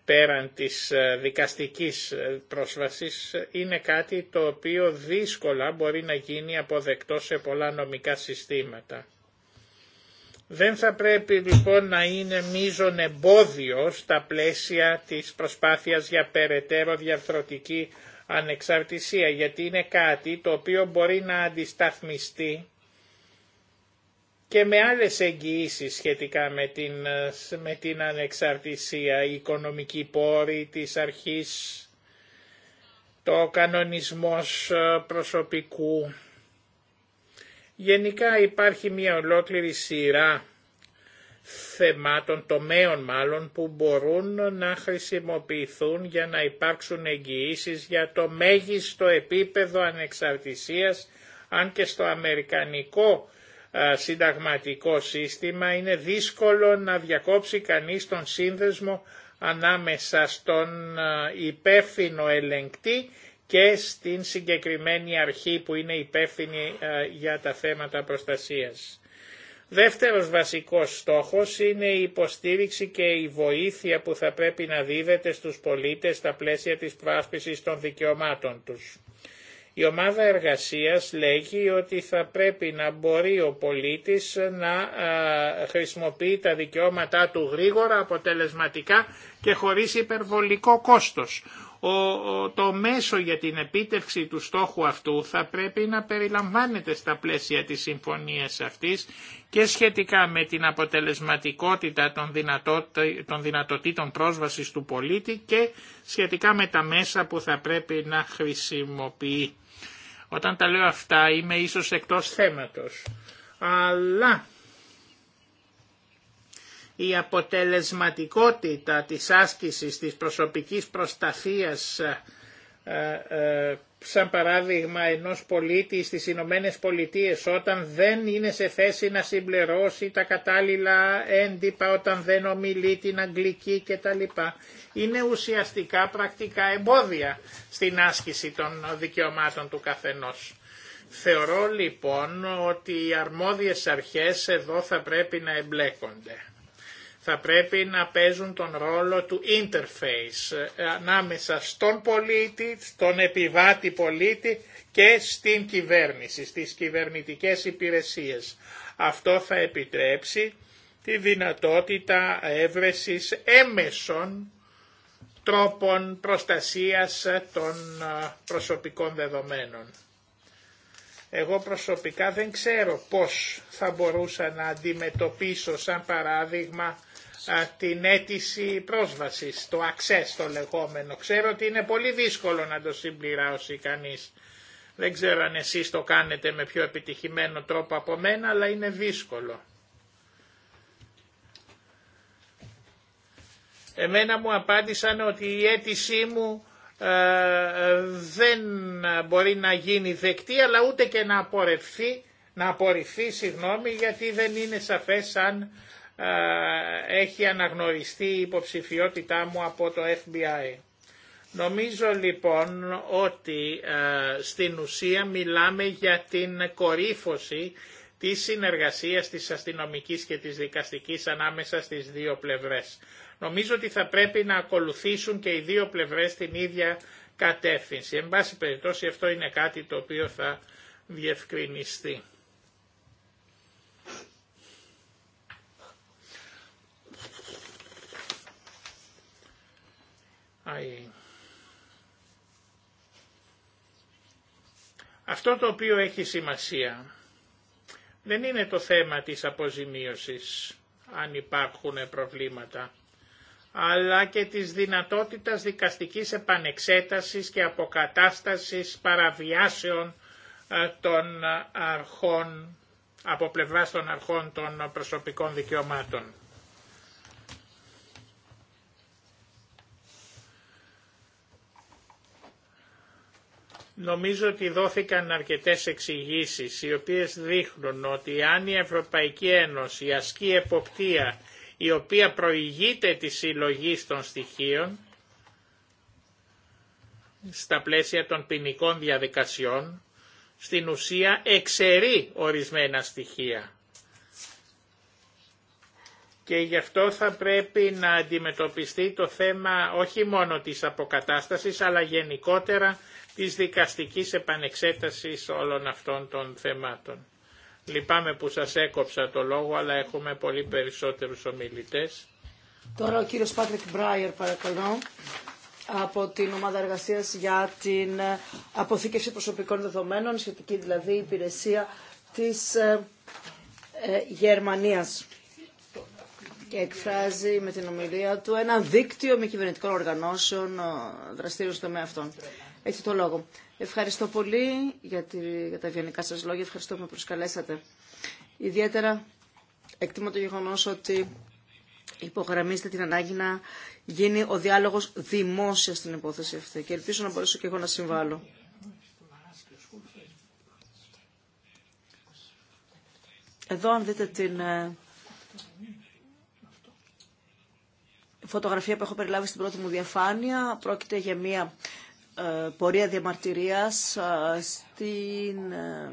πέραν της ε, δικαστικής πρόσβασης είναι κάτι το οποίο δύσκολα μπορεί να γίνει αποδεκτό σε πολλά νομικά συστήματα. Δεν θα πρέπει λοιπόν να είναι μείζον εμπόδιο στα πλαίσια της προσπάθειας για περαιτέρω διαρθρωτική ανεξαρτησία γιατί είναι κάτι το οποίο μπορεί να αντισταθμιστεί και με άλλες εγγυήσει σχετικά με την, με την ανεξαρτησία, η οικονομική πόρη της αρχής, το κανονισμός ε, προσωπικού. Γενικά υπάρχει μια ολόκληρη σειρά θεμάτων, τομέων μάλλον, που μπορούν να χρησιμοποιηθούν για να υπάρξουν εγγυήσει για το μέγιστο επίπεδο ανεξαρτησίας, αν και στο αμερικανικό συνταγματικό σύστημα είναι δύσκολο να διακόψει κανείς τον σύνδεσμο ανάμεσα στον υπεύθυνο ελεγκτή και στην συγκεκριμένη αρχή που είναι υπεύθυνη για τα θέματα προστασίας. Δεύτερος βασικός στόχος είναι η υποστήριξη και η βοήθεια που θα πρέπει να δίδεται στους πολίτες στα πλαίσια της πράσπισης των δικαιωμάτων τους. Η ομάδα εργασίας λέγει ότι θα πρέπει να μπορεί ο πολίτης να χρησιμοποιεί τα δικαιώματά του γρήγορα, αποτελεσματικά και χωρίς υπερβολικό κόστος. Το μέσο για την επίτευξη του στόχου αυτού θα πρέπει να περιλαμβάνεται στα πλαίσια της συμφωνίας αυτής και σχετικά με την αποτελεσματικότητα των δυνατοτήτων πρόσβασης του πολίτη και σχετικά με τα μέσα που θα πρέπει να χρησιμοποιεί. Όταν τα λέω αυτά είμαι ίσως εκτός θέματος, αλλά η αποτελεσματικότητα της άσκησης της προσωπικής προστασίας ε, ε, σαν παράδειγμα ενός πολίτη στις Ηνωμένε Πολιτείες όταν δεν είναι σε θέση να συμπληρώσει τα κατάλληλα έντυπα, όταν δεν ομιλεί την αγγλική κτλ. Είναι ουσιαστικά πρακτικά εμπόδια στην άσκηση των δικαιωμάτων του καθενός. Θεωρώ λοιπόν ότι οι αρμόδιες αρχές εδώ θα πρέπει να εμπλέκονται θα πρέπει να παίζουν τον ρόλο του interface ε, ανάμεσα στον πολίτη, στον επιβάτη πολίτη και στην κυβέρνηση, στις κυβερνητικές υπηρεσίες. Αυτό θα επιτρέψει τη δυνατότητα έβρεσης έμεσων τρόπων προστασίας των ε, προσωπικών δεδομένων. Εγώ προσωπικά δεν ξέρω πώς θα μπορούσα να αντιμετωπίσω σαν παράδειγμα την αίτηση πρόσβασης, το access το λεγόμενο. Ξέρω ότι είναι πολύ δύσκολο να το συμπληρώσει κανείς. Δεν ξέρω αν εσείς το κάνετε με πιο επιτυχημένο τρόπο από μένα, αλλά είναι δύσκολο. Εμένα μου απάντησαν ότι η αίτησή μου ε, δεν μπορεί να γίνει δεκτή, αλλά ούτε και να απορρευθεί, να απορριφθεί, συγγνώμη, γιατί δεν είναι σαφές αν ε, έχει αναγνωριστεί η υποψηφιότητά μου από το FBI. Νομίζω λοιπόν ότι ε, στην ουσία μιλάμε για την κορύφωση της συνεργασίας της αστυνομικής και της δικαστικής ανάμεσα στις δύο πλευρές. Νομίζω ότι θα πρέπει να ακολουθήσουν και οι δύο πλευρές την ίδια κατεύθυνση. Εν πάση περιπτώσει αυτό είναι κάτι το οποίο θα διευκρινιστεί. Αυτό το οποίο έχει σημασία δεν είναι το θέμα της αποζημίωσης, αν υπάρχουν προβλήματα, αλλά και της δυνατότητας δικαστικής επανεξέτασης και αποκατάστασης παραβιάσεων ε, των ε, αρχών, από πλευράς των αρχών των προσωπικών δικαιωμάτων. Νομίζω ότι δόθηκαν αρκετές εξηγήσει οι οποίες δείχνουν ότι αν η Ευρωπαϊκή Ένωση ασκεί εποπτεία η οποία προηγείται τη συλλογή των στοιχείων στα πλαίσια των ποινικών διαδικασιών, στην ουσία εξαιρεί ορισμένα στοιχεία. Και γι' αυτό θα πρέπει να αντιμετωπιστεί το θέμα όχι μόνο της αποκατάστασης, αλλά γενικότερα της δικαστικής επανεξέτασης όλων αυτών των θεμάτων. Λυπάμαι που σας έκοψα το λόγο, αλλά έχουμε πολύ περισσότερους ομιλητές. Τώρα ο κύριος Πάτρικ Μπράιερ, παρακαλώ, από την Ομάδα Εργασίας για την ε, Αποθήκευση Προσωπικών Δεδομένων, σχετική δηλαδή υπηρεσία της ε, ε, Γερμανίας και εκφράζει με την ομιλία του ένα δίκτυο μη κυβερνητικών οργανώσεων δραστήριων στο τομέα αυτών. Έχετε το λόγο. Ευχαριστώ πολύ για, τη, για τα ευγενικά σας λόγια. Ευχαριστώ που με προσκαλέσατε. Ιδιαίτερα εκτιμώ το γεγονός ότι υπογραμμίζετε την ανάγκη να γίνει ο διάλογος δημόσια στην υπόθεση αυτή και ελπίζω να μπορέσω και εγώ να συμβάλλω. Εδώ αν δείτε την ε, φωτογραφία που έχω περιλάβει στην πρώτη μου διαφάνεια, πρόκειται για μία ε, πορεία διαμαρτυρίας ε, στην, ε,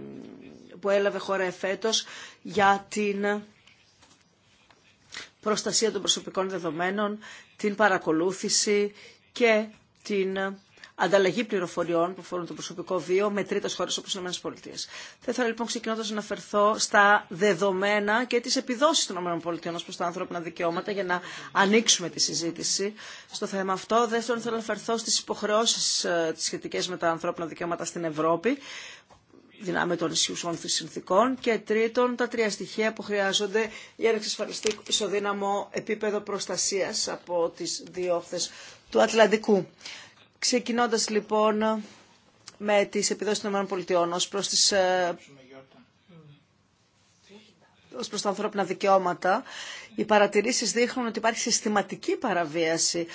που έλαβε χώρα εφέτος για την προστασία των προσωπικών δεδομένων, την παρακολούθηση και την ανταλλαγή πληροφοριών που αφορούν το προσωπικό βίο με τρίτε χώρε όπω οι ΗΠΑ. Θα ήθελα λοιπόν ξεκινώντα να αναφερθώ στα δεδομένα και τι επιδόσει των ΗΠΑ ω προ τα ανθρώπινα δικαιώματα για να ανοίξουμε τη συζήτηση στο θέμα αυτό. Δεύτερον, θέλω να αναφερθώ στι υποχρεώσει ε, τι σχετικέ με τα ανθρώπινα δικαιώματα στην Ευρώπη δυνάμει των ισχυουσών συνθήκων και τρίτον τα τρία στοιχεία που χρειάζονται για να εξασφαλιστεί ισοδύναμο επίπεδο προστασίας από τις δύο του Ατλαντικού. Ξεκινώντας λοιπόν με τις επιδόσεις των ΗΠΑ ως προς, τις, ε, ως προς τα ανθρώπινα δικαιώματα, οι παρατηρήσεις δείχνουν ότι υπάρχει συστηματική παραβίαση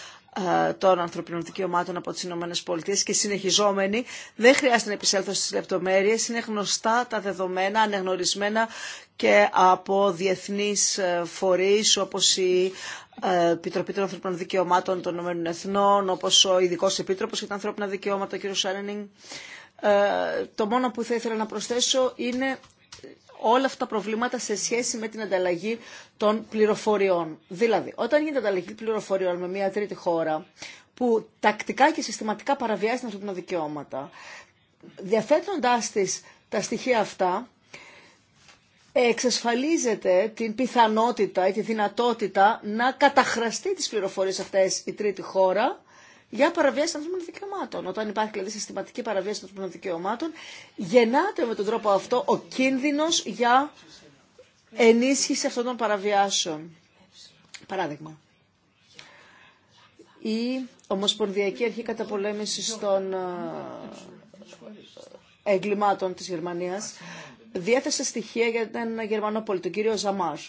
ε, των ανθρωπίνων δικαιωμάτων από τις Ηνωμένες Πολιτείες και συνεχιζόμενη. Δεν χρειάζεται να επισέλθω στις λεπτομέρειες. Είναι γνωστά τα δεδομένα, αναγνωρισμένα και από διεθνείς ε, φορείς όπως η ε, Επιτροπή των Ανθρωπίνων Δικαιωμάτων των Ηνωμένων Εθνών, όπως ο ειδικό Επίτροπος για τα Ανθρώπινα Δικαιώματα, ο κ. Σάρενινγκ. Ε, το μόνο που θα ήθελα να προσθέσω είναι όλα αυτά τα προβλήματα σε σχέση με την ανταλλαγή των πληροφοριών. Δηλαδή, όταν γίνεται ανταλλαγή πληροφοριών με μια τρίτη χώρα που τακτικά και συστηματικά παραβιάζει τα ανθρώπινα δικαιώματα, διαθέτοντάς της τα στοιχεία αυτά, εξασφαλίζεται την πιθανότητα ή τη δυνατότητα να καταχραστεί τις πληροφορίες αυτές η τρίτη χώρα για παραβίαση των δικαιωμάτων. Όταν υπάρχει δηλαδή συστηματική παραβίαση των ανθρωπίνων δικαιωμάτων, γεννάται με τον τρόπο αυτό ο κίνδυνος για ενίσχυση αυτών των παραβιάσεων. Παράδειγμα, η Ομοσπονδιακή Αρχή Καταπολέμησης των ε, Εγκλημάτων της Γερμανίας διέθεσε στοιχεία για τον Γερμανό πολίτη, τον κύριο Ζαμάζ,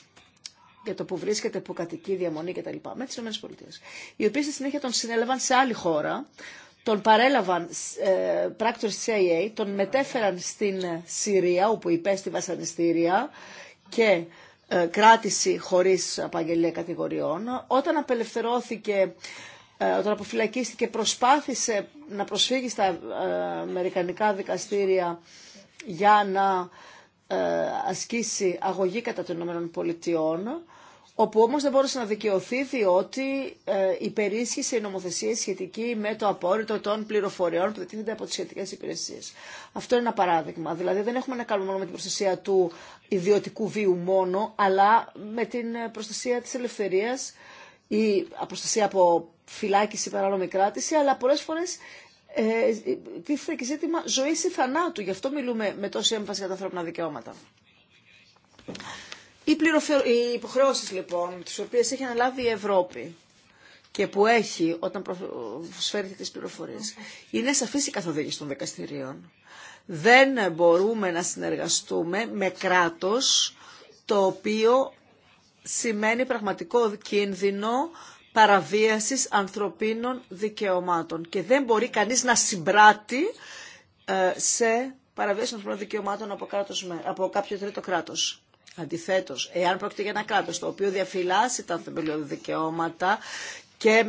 για το που βρίσκεται, που κατοικεί, διαμονή κτλ. με τι ΗΠΑ. Οι οποίοι στη συνέχεια τον συνέλαβαν σε άλλη χώρα, τον παρέλαβαν ε, πράκτορες της CIA, τον μετέφεραν στην Συρία, όπου υπέστη βασανιστήρια και ε, κράτηση χωρί απαγγελία κατηγοριών. Όταν απελευθερώθηκε, ε, όταν αποφυλακίστηκε, προσπάθησε να προσφύγει στα ε, αμερικανικά δικαστήρια για να ε, ασκήσει αγωγή κατά των ΗΠΑ, όπου όμως δεν μπόρεσε να δικαιωθεί διότι ε, υπερίσχυσε η νομοθεσία σχετική με το απόρριτο των πληροφοριών που διτείνεται από τις σχετικές υπηρεσίες. Αυτό είναι ένα παράδειγμα. Δηλαδή δεν έχουμε να κάνουμε μόνο με την προστασία του ιδιωτικού βίου μόνο, αλλά με την προστασία της ελευθερίας ή προστασία από φυλάκιση παράνομη κράτηση, αλλά πολλές φορές ε, τίθεται και ζήτημα ζωής ή θανάτου. Γι' αυτό μιλούμε με τόση έμφαση για τα ανθρώπινα δικαιώματα. Οι, πληροφε... οι υποχρεώσεις λοιπόν, τις οποίες έχει αναλάβει η Ευρώπη και που έχει όταν προσφέρει τις πληροφορίες, είναι σαφής η καθοδήγηση των δικαστηρίων. Δεν μπορούμε να συνεργαστούμε με κράτος το οποίο σημαίνει πραγματικό κίνδυνο παραβίασης ανθρωπίνων δικαιωμάτων. Και δεν μπορεί κανείς να συμπράττει ε, σε παραβίαση ανθρωπίνων δικαιωμάτων από, κάποιο τρίτο κράτος. Αντιθέτω, εάν πρόκειται για ένα κράτο το οποίο διαφυλάσσει τα θεμελιώδη δικαιώματα και,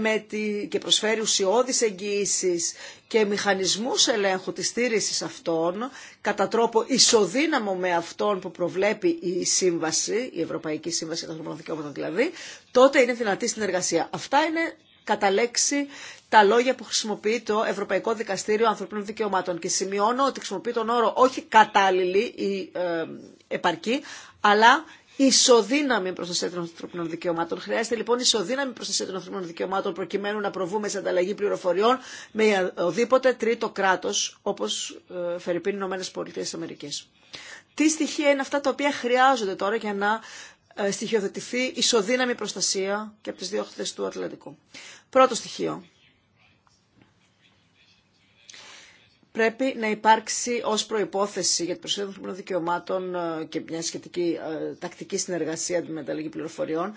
και προσφέρει ουσιώδεις εγγύησει και μηχανισμούς ελέγχου της στήρησης αυτών κατά τρόπο ισοδύναμο με αυτόν που προβλέπει η σύμβαση, η Ευρωπαϊκή Σύμβαση για τα Ανθρώπινα δηλαδή, τότε είναι δυνατή συνεργασία. Αυτά είναι κατά λέξη τα λόγια που χρησιμοποιεί το Ευρωπαϊκό Δικαστήριο Ανθρωπίνων Δικαιωμάτων και σημειώνω ότι χρησιμοποιεί τον όρο όχι κατάλληλη ή ε, επαρκή, αλλά ισοδύναμη προστασία των ανθρωπίνων δικαιωμάτων. Χρειάζεται λοιπόν ισοδύναμη προστασία των ανθρωπίνων δικαιωμάτων προκειμένου να προβούμε σε ανταλλαγή πληροφοριών με οδήποτε τρίτο κράτο, όπω ε, φερειπίνει Ηνωμένε ΗΠΑ. Τι στοιχεία είναι αυτά τα οποία χρειάζονται τώρα για να ε, στοιχειοθετηθεί ισοδύναμη προστασία και από τι δύο χθε του Ατλαντικού. Πρώτο στοιχείο. πρέπει να υπάρξει ως προϋπόθεση για την προσέγγιση των ανθρωπίνων δικαιωμάτων ε, και μια σχετική ε, τακτική συνεργασία με τα μεταλλαγή πληροφοριών.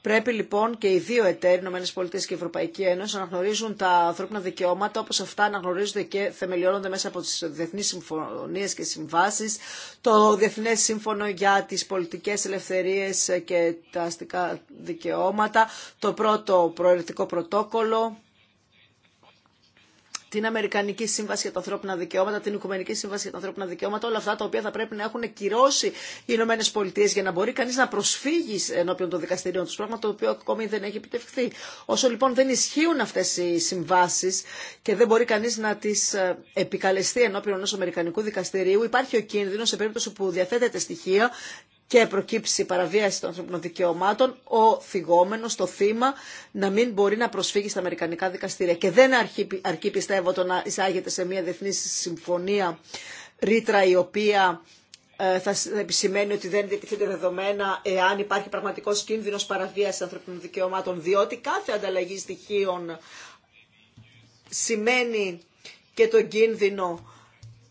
Πρέπει λοιπόν και οι δύο εταίροι, ΗΠΑ και η Ευρωπαϊκή Ένωση, να γνωρίζουν τα ανθρώπινα δικαιώματα όπω αυτά αναγνωρίζονται και θεμελιώνονται μέσα από τι διεθνεί συμφωνίε και συμβάσει, το Διεθνέ Σύμφωνο για τι Πολιτικέ Ελευθερίε και τα Αστικά Δικαιώματα, το πρώτο προαιρετικό πρωτόκολλο την Αμερικανική Σύμβαση για τα Ανθρώπινα Δικαιώματα, την Οικουμενική Σύμβαση για τα Ανθρώπινα Δικαιώματα, όλα αυτά τα οποία θα πρέπει να έχουν κυρώσει οι Ηνωμένε Πολιτείε για να μπορεί κανεί να προσφύγει ενώπιον των δικαστηρίων του, πράγμα το οποίο ακόμη δεν έχει επιτευχθεί. Όσο λοιπόν δεν ισχύουν αυτέ οι συμβάσει και δεν μπορεί κανεί να τι ε, επικαλεστεί ενώπιον ενό Αμερικανικού δικαστηρίου, υπάρχει ο κίνδυνο σε περίπτωση που διαθέτεται στοιχεία και προκύψει παραβίαση των ανθρωπίνων δικαιωμάτων, ο θυγόμενος, το θύμα, να μην μπορεί να προσφύγει στα Αμερικανικά δικαστήρια. Και δεν αρκεί, πιστεύω, το να εισάγεται σε μια διεθνή συμφωνία ρήτρα η οποία ε, θα επισημαίνει ότι δεν διατηθείται δεδομένα εάν υπάρχει πραγματικός κίνδυνος παραβίαση ανθρωπίνων δικαιωμάτων, διότι κάθε ανταλλαγή στοιχείων σημαίνει και τον κίνδυνο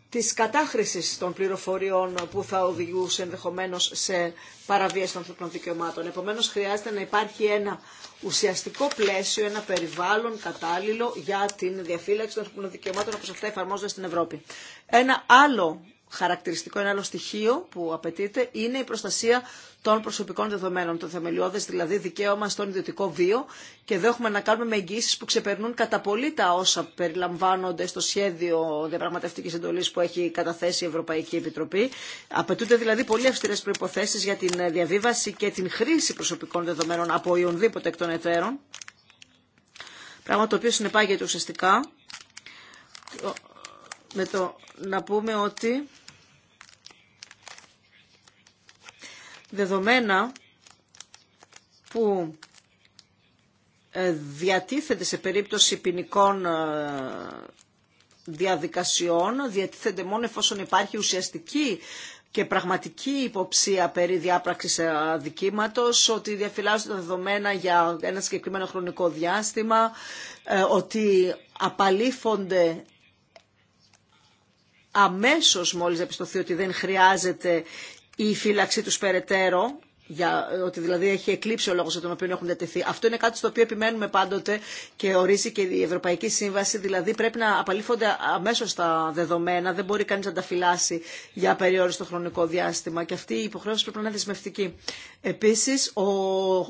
της κατάχρησης των πληροφοριών που θα οδηγούσε ενδεχομένως σε παραβίαση των ανθρωπινών δικαιωμάτων. Επομένως χρειάζεται να υπάρχει ένα ουσιαστικό πλαίσιο, ένα περιβάλλον κατάλληλο για την διαφύλαξη των ανθρωπινών δικαιωμάτων όπως αυτά εφαρμόζονται στην Ευρώπη. Ένα άλλο χαρακτηριστικό, ένα άλλο στοιχείο που απαιτείται είναι η προστασία των προσωπικών δεδομένων, των θεμελιώδες δηλαδή δικαίωμα στον ιδιωτικό βίο και εδώ έχουμε να κάνουμε με εγγύσεις που ξεπερνούν κατά πολύ τα όσα περιλαμβάνονται στο σχέδιο διαπραγματευτικής εντολής που έχει καταθέσει η Ευρωπαϊκή Επιτροπή. Απαιτούνται δηλαδή πολύ αυστηρές προϋποθέσεις για την διαβίβαση και την χρήση προσωπικών δεδομένων από οποιονδήποτε εκ των εταίρων, πράγμα το οποίο συνεπάγεται ουσιαστικά με το να πούμε ότι δεδομένα που ε, διατίθεται σε περίπτωση ποινικών ε, διαδικασιών, διατίθεται μόνο εφόσον υπάρχει ουσιαστική και πραγματική υποψία περί διάπραξης αδικήματος, ότι τα δεδομένα για ένα συγκεκριμένο χρονικό διάστημα, ε, ότι απαλήφονται αμέσως μόλις διαπιστωθεί ότι δεν χρειάζεται η φύλαξη τους περαιτέρω για, ε, ότι δηλαδή έχει εκλείψει ο λόγος για τον οποίο έχουν διατεθεί. Αυτό είναι κάτι στο οποίο επιμένουμε πάντοτε και ορίζει και η Ευρωπαϊκή Σύμβαση, δηλαδή πρέπει να απαλήφονται αμέσω τα δεδομένα, δεν μπορεί κανεί να τα φυλάσει για περιόριστο χρονικό διάστημα και αυτή η υποχρέωση πρέπει να είναι δεσμευτική. Επίση, ο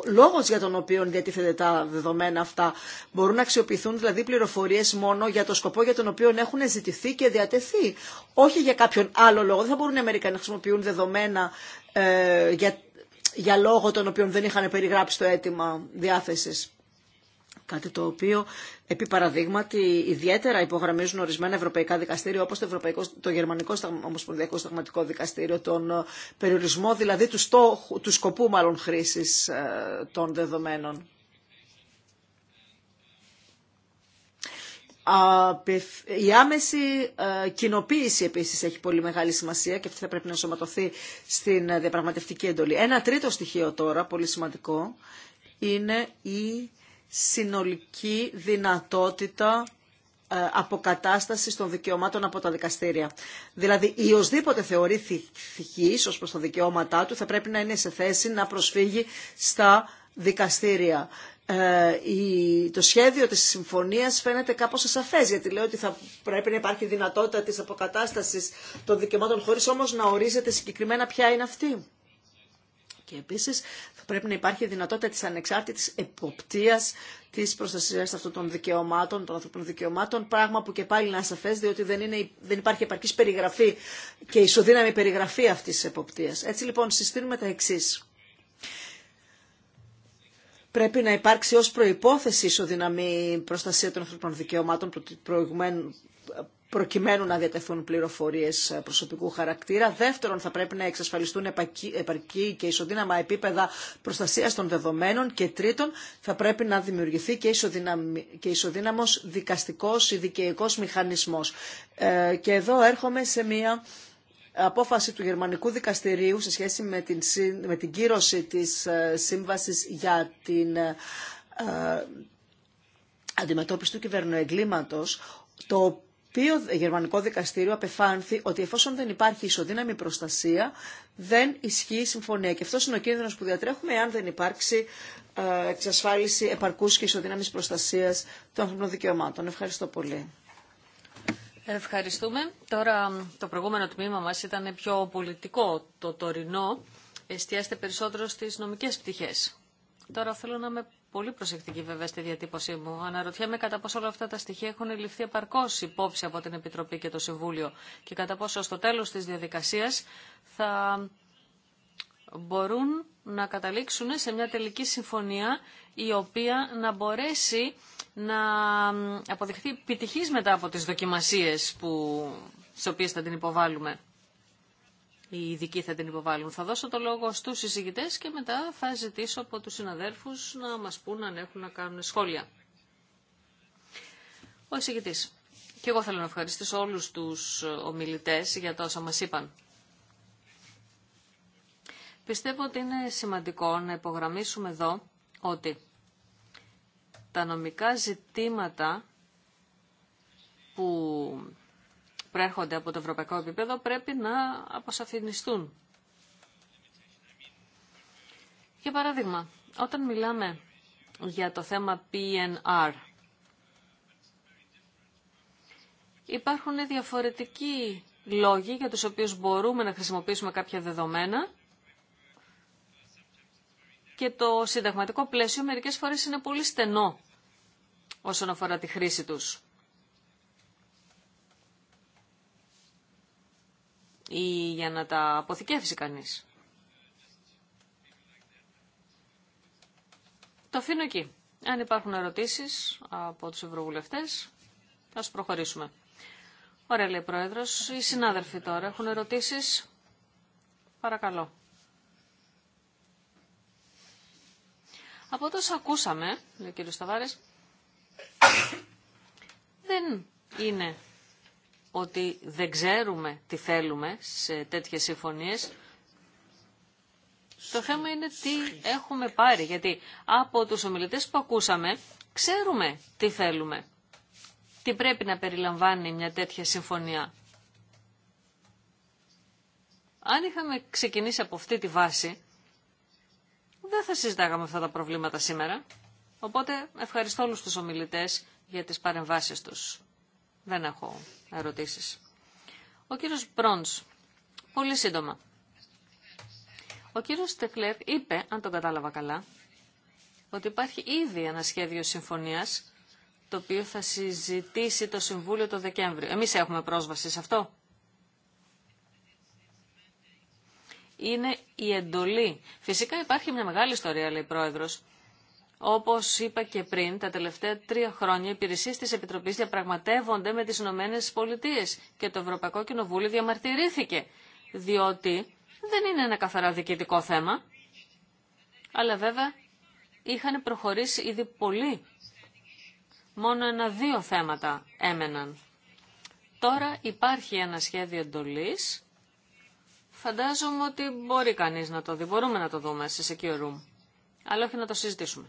λόγο για τον οποίο διατίθεται τα δεδομένα αυτά μπορούν να αξιοποιηθούν δηλαδή πληροφορίε μόνο για το σκοπό για τον οποίο έχουν ζητηθεί και διατεθεί. Όχι για κάποιον άλλο λόγο. Δεν θα μπορούν οι Αμερικανοί να χρησιμοποιούν δεδομένα ε, για για λόγο των οποίων δεν είχαν περιγράψει το αίτημα διάθεσης. Κάτι το οποίο, επί παραδείγματι, ιδιαίτερα υπογραμμίζουν ορισμένα ευρωπαϊκά δικαστήρια, όπως το, Ευρωπαϊκό, το Γερμανικό Ομοσπονδιακό Σταγματικό Δικαστήριο, τον ε, περιορισμό δηλαδή του, στόχου, σκοπού μάλλον χρήσης ε, των δεδομένων. Η άμεση ε, κοινοποίηση επίσης έχει πολύ μεγάλη σημασία και αυτή θα πρέπει να σωματωθεί στην διαπραγματευτική εντολή. Ένα τρίτο στοιχείο τώρα, πολύ σημαντικό, είναι η συνολική δυνατότητα ε, αποκατάστασης των δικαιωμάτων από τα δικαστήρια. Δηλαδή, η οσδήποτε θεωρεί θυχής ως προς τα δικαιώματά του θα πρέπει να είναι σε θέση να προσφύγει στα δικαστήρια. Ε, το σχέδιο της συμφωνίας φαίνεται κάπως ασαφές γιατί λέω ότι θα πρέπει να υπάρχει δυνατότητα της αποκατάστασης των δικαιωμάτων χωρίς όμως να ορίζεται συγκεκριμένα ποια είναι αυτή. Και επίσης θα πρέπει να υπάρχει δυνατότητα της ανεξάρτητης εποπτείας της προστασίας αυτών των δικαιωμάτων, των ανθρώπινων δικαιωμάτων, πράγμα που και πάλι είναι ασαφές διότι δεν, είναι, δεν υπάρχει επαρκής περιγραφή και ισοδύναμη περιγραφή αυτής της εποπτείας. Έτσι λοιπόν συστήνουμε τα εξής πρέπει να υπάρξει ως προϋπόθεση ισοδυναμή προστασία των ανθρωπινών δικαιωμάτων προκειμένου να διατεθούν πληροφορίες προσωπικού χαρακτήρα. Δεύτερον, θα πρέπει να εξασφαλιστούν επαρκή και ισοδύναμα επίπεδα προστασίας των δεδομένων. Και τρίτον, θα πρέπει να δημιουργηθεί και, και ισοδύναμος δικαστικός ή δικαιικός μηχανισμός. Ε, και εδώ έρχομαι σε μία απόφαση του Γερμανικού Δικαστηρίου σε σχέση με την, κύρωση της ε, σύμβασης για την ε, ε, αντιμετώπιση του κυβερνοεγκλήματος, το οποίο γερμανικό δικαστήριο απεφάνθη ότι εφόσον δεν υπάρχει ισοδύναμη προστασία, δεν ισχύει η συμφωνία. Και αυτό είναι ο κίνδυνος που διατρέχουμε εάν δεν υπάρξει εξασφάλιση επαρκούς και ισοδύναμης προστασίας των δικαιωμάτων. Ευχαριστώ πολύ. Ευχαριστούμε. Τώρα το προηγούμενο τμήμα μας ήταν πιο πολιτικό. Το τωρινό εστιάζεται περισσότερο στις νομικές πτυχές. Τώρα θέλω να είμαι πολύ προσεκτική βέβαια στη διατύπωσή μου. Αναρωτιέμαι κατά πόσο όλα αυτά τα στοιχεία έχουν ληφθεί επαρκώ υπόψη από την Επιτροπή και το Συμβούλιο και κατά πόσο στο τέλος της διαδικασίας θα μπορούν να καταλήξουν σε μια τελική συμφωνία η οποία να μπορέσει να αποδειχθεί επιτυχής μετά από τις δοκιμασίες που, στις οποίες θα την υποβάλουμε. Οι ειδικοί θα την υποβάλουν. Θα δώσω το λόγο στους συζητητές και μετά θα ζητήσω από τους συναδέρφους να μας πούν αν έχουν να κάνουν σχόλια. Ο εισηγητής. Και εγώ θέλω να ευχαριστήσω όλους τους ομιλητές για τα όσα μας είπαν. Πιστεύω ότι είναι σημαντικό να υπογραμμίσουμε εδώ ότι τα νομικά ζητήματα που προέρχονται από το ευρωπαϊκό επίπεδο πρέπει να αποσαφινιστούν. Για παράδειγμα, όταν μιλάμε για το θέμα PNR, υπάρχουν διαφορετικοί λόγοι για τους οποίους μπορούμε να χρησιμοποιήσουμε κάποια δεδομένα και το συνταγματικό πλαίσιο μερικές φορές είναι πολύ στενό όσον αφορά τη χρήση τους. Ή για να τα αποθηκεύσει κανείς. Το αφήνω εκεί. Αν υπάρχουν ερωτήσεις από τους ευρωβουλευτές, ας προχωρήσουμε. Ωραία λέει Πρόεδρος. Οι συνάδελφοι τώρα έχουν ερωτήσεις. Παρακαλώ. Από τόσο ακούσαμε, λέει ο κύριος Σταβάρης, δεν είναι ότι δεν ξέρουμε τι θέλουμε σε τέτοιες συμφωνίες. Το θέμα είναι τι έχουμε πάρει, γιατί από τους ομιλητές που ακούσαμε ξέρουμε τι θέλουμε. Τι πρέπει να περιλαμβάνει μια τέτοια συμφωνία. Αν είχαμε ξεκινήσει από αυτή τη βάση, δεν θα συζητάγαμε αυτά τα προβλήματα σήμερα. Οπότε ευχαριστώ όλους τους ομιλητές για τις παρεμβάσεις τους. Δεν έχω ερωτήσεις. Ο κύριος Μπρόντς, πολύ σύντομα. Ο κύριος Στεκλέρ είπε, αν το κατάλαβα καλά, ότι υπάρχει ήδη ένα σχέδιο συμφωνίας το οποίο θα συζητήσει το Συμβούλιο το Δεκέμβριο. Εμείς έχουμε πρόσβαση σε αυτό. είναι η εντολή. Φυσικά υπάρχει μια μεγάλη ιστορία, λέει η Πρόεδρος. Όπως είπα και πριν, τα τελευταία τρία χρόνια οι υπηρεσίε τη Επιτροπής διαπραγματεύονται με τις Ηνωμένε Πολιτείε και το Ευρωπαϊκό Κοινοβούλιο διαμαρτυρήθηκε, διότι δεν είναι ένα καθαρά διοικητικό θέμα. Αλλά βέβαια είχαν προχωρήσει ήδη πολύ. Μόνο ένα-δύο θέματα έμεναν. Τώρα υπάρχει ένα σχέδιο εντολής Φαντάζομαι ότι μπορεί κανείς να το δει. Μπορούμε να το δούμε σε secure room. Αλλά όχι να το συζητήσουμε.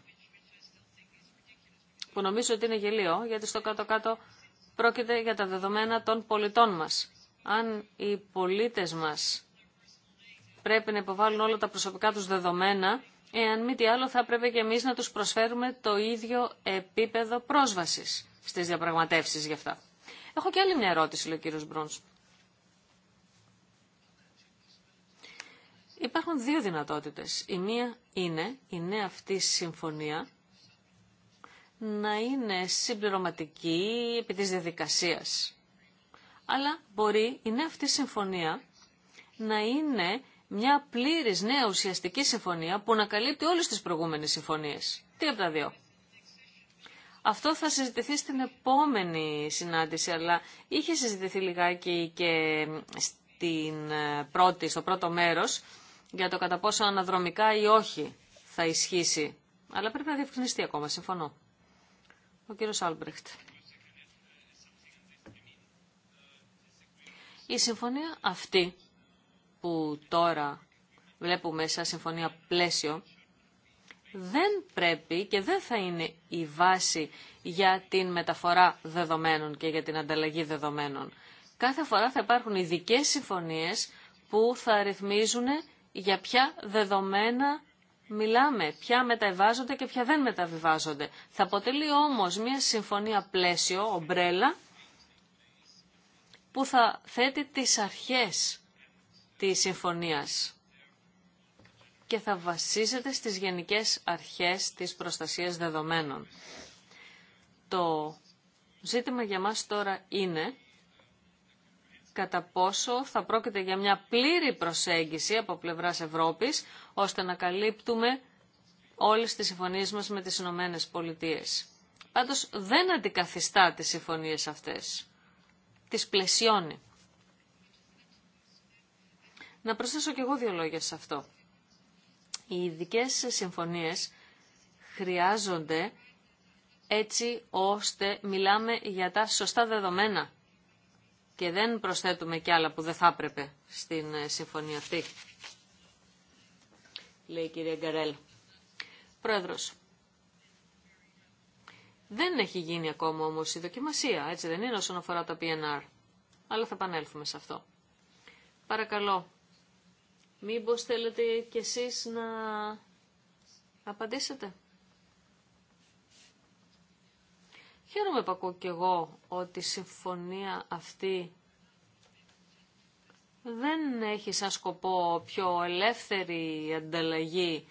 Που νομίζω ότι είναι γελίο, γιατί στο κάτω-κάτω πρόκειται για τα δεδομένα των πολιτών μας. Αν οι πολίτες μας πρέπει να υποβάλουν όλα τα προσωπικά τους δεδομένα, εάν μη τι άλλο θα πρέπει και εμείς να τους προσφέρουμε το ίδιο επίπεδο πρόσβασης στις διαπραγματεύσεις γι' αυτά. Έχω και άλλη μια ερώτηση, λέει ο κύριος Μπρόνς. Υπάρχουν δύο δυνατότητες. Η μία είναι η νέα αυτή συμφωνία να είναι συμπληρωματική επί της διαδικασίας. Αλλά μπορεί η νέα αυτή συμφωνία να είναι μια πλήρης νέα ουσιαστική συμφωνία που να καλύπτει όλες τις προηγούμενες συμφωνίες. Τι από τα δύο. Αυτό θα συζητηθεί στην επόμενη συνάντηση, αλλά είχε συζητηθεί λιγάκι και στην ε, στο πρώτο μέρος για το κατά πόσο αναδρομικά ή όχι θα ισχύσει. Αλλά πρέπει να διευκρινιστεί ακόμα, συμφωνώ. Ο κύριος Άλμπρεχτ. Η συμφωνία αυτή που τώρα βλέπουμε σαν συμφωνία πλαίσιο δεν πρέπει και δεν θα είναι η βάση για την μεταφορά δεδομένων και για την ανταλλαγή δεδομένων. Κάθε φορά θα υπάρχουν ειδικέ συμφωνίες που θα ρυθμίζουν για ποια δεδομένα μιλάμε, ποια μεταβιβάζονται και ποια δεν μεταβιβάζονται. Θα αποτελεί όμως μια συμφωνία πλαίσιο, ομπρέλα, που θα θέτει τις αρχές της συμφωνίας και θα βασίζεται στις γενικές αρχές της προστασίας δεδομένων. Το ζήτημα για μας τώρα είναι κατά πόσο θα πρόκειται για μια πλήρη προσέγγιση από πλευράς Ευρώπης, ώστε να καλύπτουμε όλες τις συμφωνίες μας με τις Ηνωμένε Πολιτείες. Πάντως δεν αντικαθιστά τις συμφωνίες αυτές. Τις πλαισιώνει. Να προσθέσω κι εγώ δύο λόγια σε αυτό. Οι ειδικέ συμφωνίες χρειάζονται έτσι ώστε μιλάμε για τα σωστά δεδομένα και δεν προσθέτουμε κι άλλα που δεν θα έπρεπε στην ε, συμφωνία αυτή. Λέει η κυρία Γκαρέλ. Πρόεδρος, δεν έχει γίνει ακόμα όμως η δοκιμασία, έτσι δεν είναι όσον αφορά τα PNR. Αλλά θα επανέλθουμε σε αυτό. Παρακαλώ, μήπως θέλετε κι εσείς να απαντήσετε. Χαίρομαι που ακούω και εγώ ότι η συμφωνία αυτή δεν έχει σαν σκοπό πιο ελεύθερη ανταλλαγή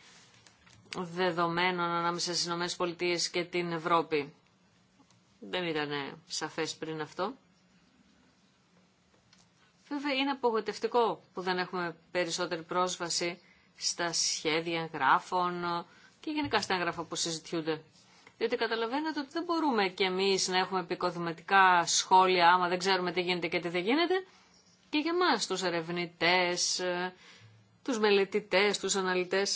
δεδομένων ανάμεσα στις ΗΠΑ και την Ευρώπη. Δεν ήταν σαφές πριν αυτό. Βέβαια είναι απογοητευτικό που δεν έχουμε περισσότερη πρόσβαση στα σχέδια γράφων και γενικά στα έγγραφα που συζητιούνται. Διότι καταλαβαίνετε ότι δεν μπορούμε κι εμεί να έχουμε επικοδηματικά σχόλια άμα δεν ξέρουμε τι γίνεται και τι δεν γίνεται. Και για εμά του ερευνητέ, ε, του μελετητέ, του αναλυτέ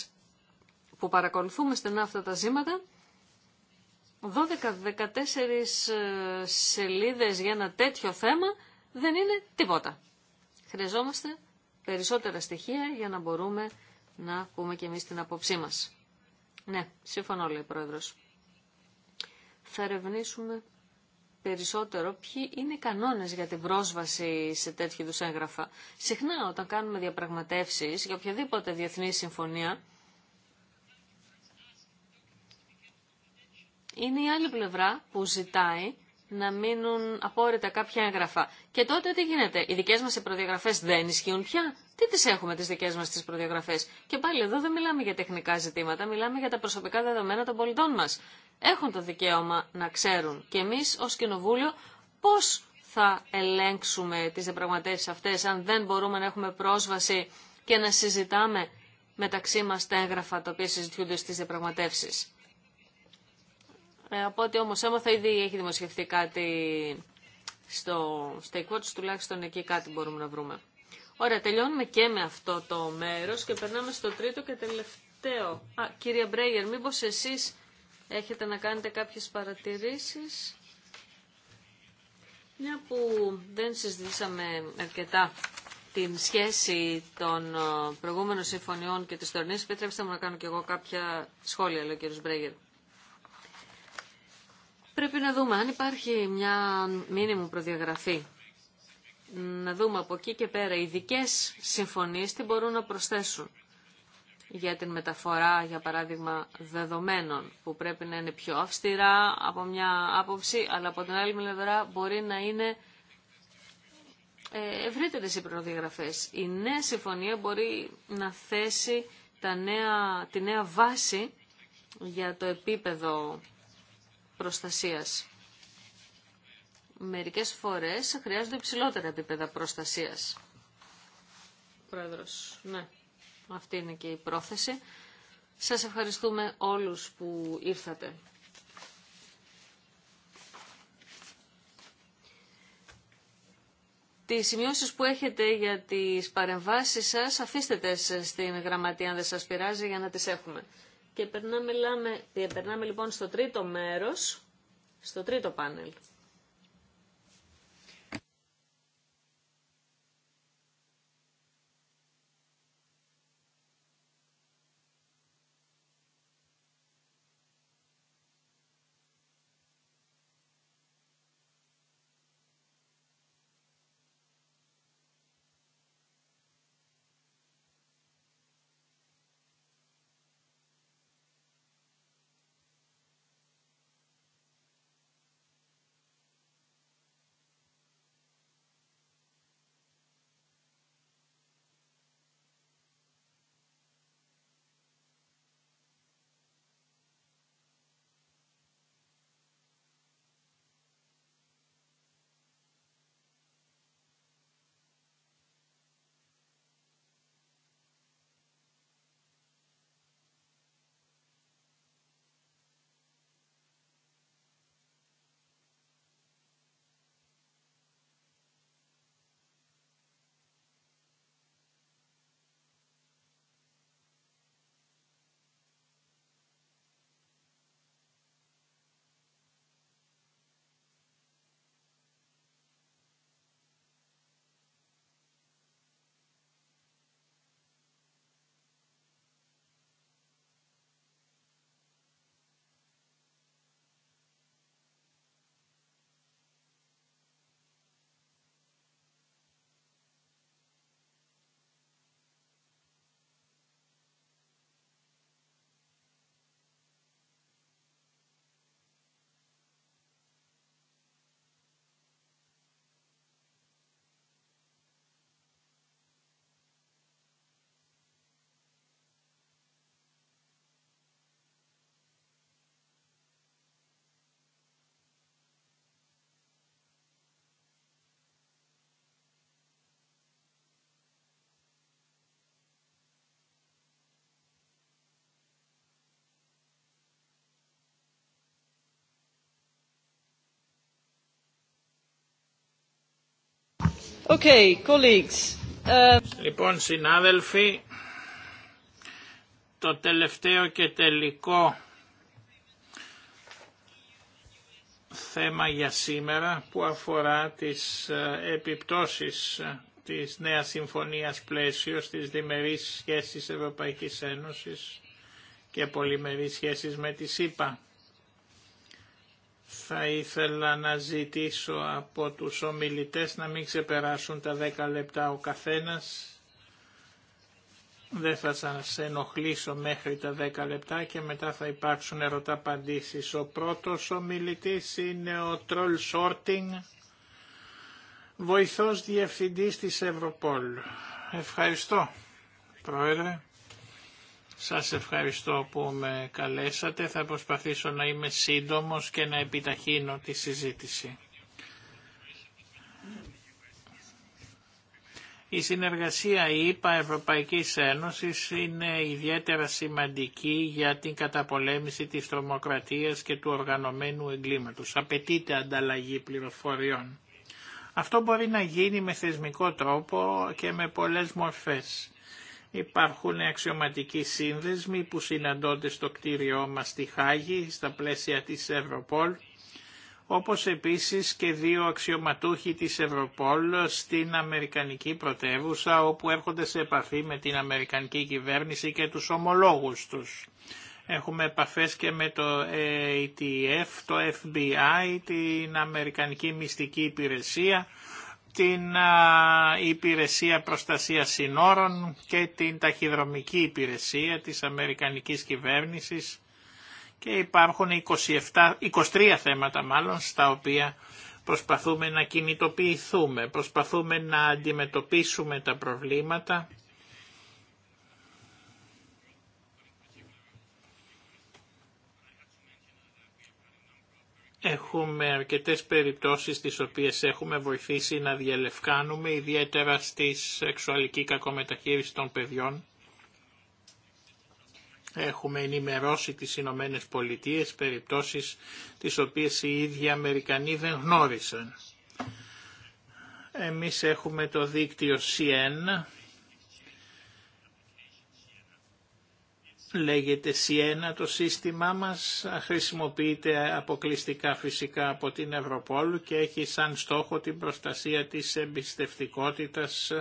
που παρακολουθούμε στενά αυτά τα ζήματα, 12-14 ε, σελίδε για ένα τέτοιο θέμα δεν είναι τίποτα. Χρειαζόμαστε περισσότερα στοιχεία για να μπορούμε να πούμε και εμείς την απόψή μας. Ναι, συμφωνώ λέει ο Πρόεδρος θα ερευνήσουμε περισσότερο ποιοι είναι οι κανόνες για την πρόσβαση σε τέτοιου είδους έγγραφα. Συχνά όταν κάνουμε διαπραγματεύσεις για οποιαδήποτε διεθνή συμφωνία, είναι η άλλη πλευρά που ζητάει να μείνουν απόρριτα κάποια έγγραφα. Και τότε τι γίνεται, οι δικές μας οι προδιαγραφές δεν ισχύουν πια. Τι τις έχουμε τις δικές μας τις προδιαγραφές. Και πάλι εδώ δεν μιλάμε για τεχνικά ζητήματα, μιλάμε για τα προσωπικά δεδομένα των πολιτών μας. Έχουν το δικαίωμα να ξέρουν και εμείς ως Κοινοβούλιο πώς θα ελέγξουμε τις διαπραγματεύσεις αυτές αν δεν μπορούμε να έχουμε πρόσβαση και να συζητάμε μεταξύ μας τα έγγραφα τα οποία συζητιούνται στις διαπραγματεύσεις. Ε, από ό,τι όμως έμαθα ήδη έχει δημοσιευθεί κάτι στο Stakewatch, τουλάχιστον εκεί κάτι μπορούμε να βρούμε. Ωραία, τελειώνουμε και με αυτό το μέρος και περνάμε στο τρίτο και τελευταίο. Α, κύριε Μπρέγερ, μήπως εσείς έχετε να κάνετε κάποιες παρατηρήσεις. Μια που δεν συζητήσαμε αρκετά την σχέση των ε, προηγούμενων συμφωνιών και της τωρινής, επιτρέψτε μου να κάνω και εγώ κάποια σχόλια, λέει ο κύριος Μπρέγερ. Πρέπει να δούμε αν υπάρχει μια μήνυμου προδιαγραφή. Να δούμε από εκεί και πέρα ειδικέ συμφωνίες τι μπορούν να προσθέσουν για την μεταφορά, για παράδειγμα, δεδομένων που πρέπει να είναι πιο αυστηρά από μια άποψη, αλλά από την άλλη μελευρά μπορεί να είναι ε, ευρύτερε οι προδιαγραφέ. Η νέα συμφωνία μπορεί να θέσει τα νέα, τη νέα βάση για το επίπεδο προστασίας. Μερικές φορές χρειάζονται υψηλότερα επίπεδα προστασίας. Πρόεδρος, ναι, αυτή είναι και η πρόθεση. Σας ευχαριστούμε όλους που ήρθατε. Τι σημειώσεις που έχετε για τις παρεμβάσεις σας αφήστε τες στην γραμματεία αν δεν σας πειράζει για να τις έχουμε. Και περνάμε, λάμε, ε, περνάμε λοιπόν στο τρίτο μέρος, στο τρίτο πάνελ. Uh, λοιπόν, συνάδελφοι, το τελευταίο και τελικό θέμα για σήμερα που αφορά τις ε, επιπτώσεις της νέας συμφωνίας πλαίσιο στις διμερείς σχέσεις Ευρωπαϊκής Ένωσης και πολυμερείς σχέσεις με τη ΣΥΠΑ. Θα ήθελα να ζητήσω από τους ομιλητές να μην ξεπεράσουν τα 10 λεπτά ο καθένας. Δεν θα σας ενοχλήσω μέχρι τα 10 λεπτά και μετά θα υπάρξουν ερωτά απαντήσεις. Ο πρώτος ομιλητής είναι ο Τρολ Σόρτινγκ, βοηθός διευθυντής της Ευρωπόλ. Ευχαριστώ, Πρόεδρε. Σας ευχαριστώ που με καλέσατε. Θα προσπαθήσω να είμαι σύντομος και να επιταχύνω τη συζήτηση. Η συνεργασία ΕΕ Ευρωπαϊκής Ένωσης είναι ιδιαίτερα σημαντική για την καταπολέμηση της τρομοκρατίας και του οργανωμένου εγκλήματος. Απαιτείται ανταλλαγή πληροφοριών. Αυτό μπορεί να γίνει με θεσμικό τρόπο και με πολλές μορφές. Υπάρχουν αξιωματικοί σύνδεσμοι που συναντώνται στο κτίριό μας στη Χάγη, στα πλαίσια της Ευρωπόλ, όπως επίσης και δύο αξιωματούχοι της Ευρωπόλ στην Αμερικανική πρωτεύουσα, όπου έρχονται σε επαφή με την Αμερικανική κυβέρνηση και τους ομολόγους τους. Έχουμε επαφές και με το ATF, ε το FBI, την Αμερικανική Μυστική Υπηρεσία, την Υπηρεσία Προστασίας Συνόρων και την Ταχυδρομική Υπηρεσία της Αμερικανικής Κυβέρνησης και υπάρχουν 27, 23 θέματα μάλλον στα οποία προσπαθούμε να κινητοποιηθούμε, προσπαθούμε να αντιμετωπίσουμε τα προβλήματα Έχουμε αρκετές περιπτώσεις τις οποίες έχουμε βοηθήσει να διαλευκάνουμε, ιδιαίτερα στη σεξουαλική κακομεταχείριση των παιδιών. Έχουμε ενημερώσει τις Ηνωμένε Πολιτείες, περιπτώσεις τις οποίες οι ίδιοι Αμερικανοί δεν γνώρισαν. Εμείς έχουμε το δίκτυο CN, Λέγεται Σιένα το σύστημά μας, χρησιμοποιείται αποκλειστικά φυσικά από την Ευρωπόλου και έχει σαν στόχο την προστασία της εμπιστευτικότητας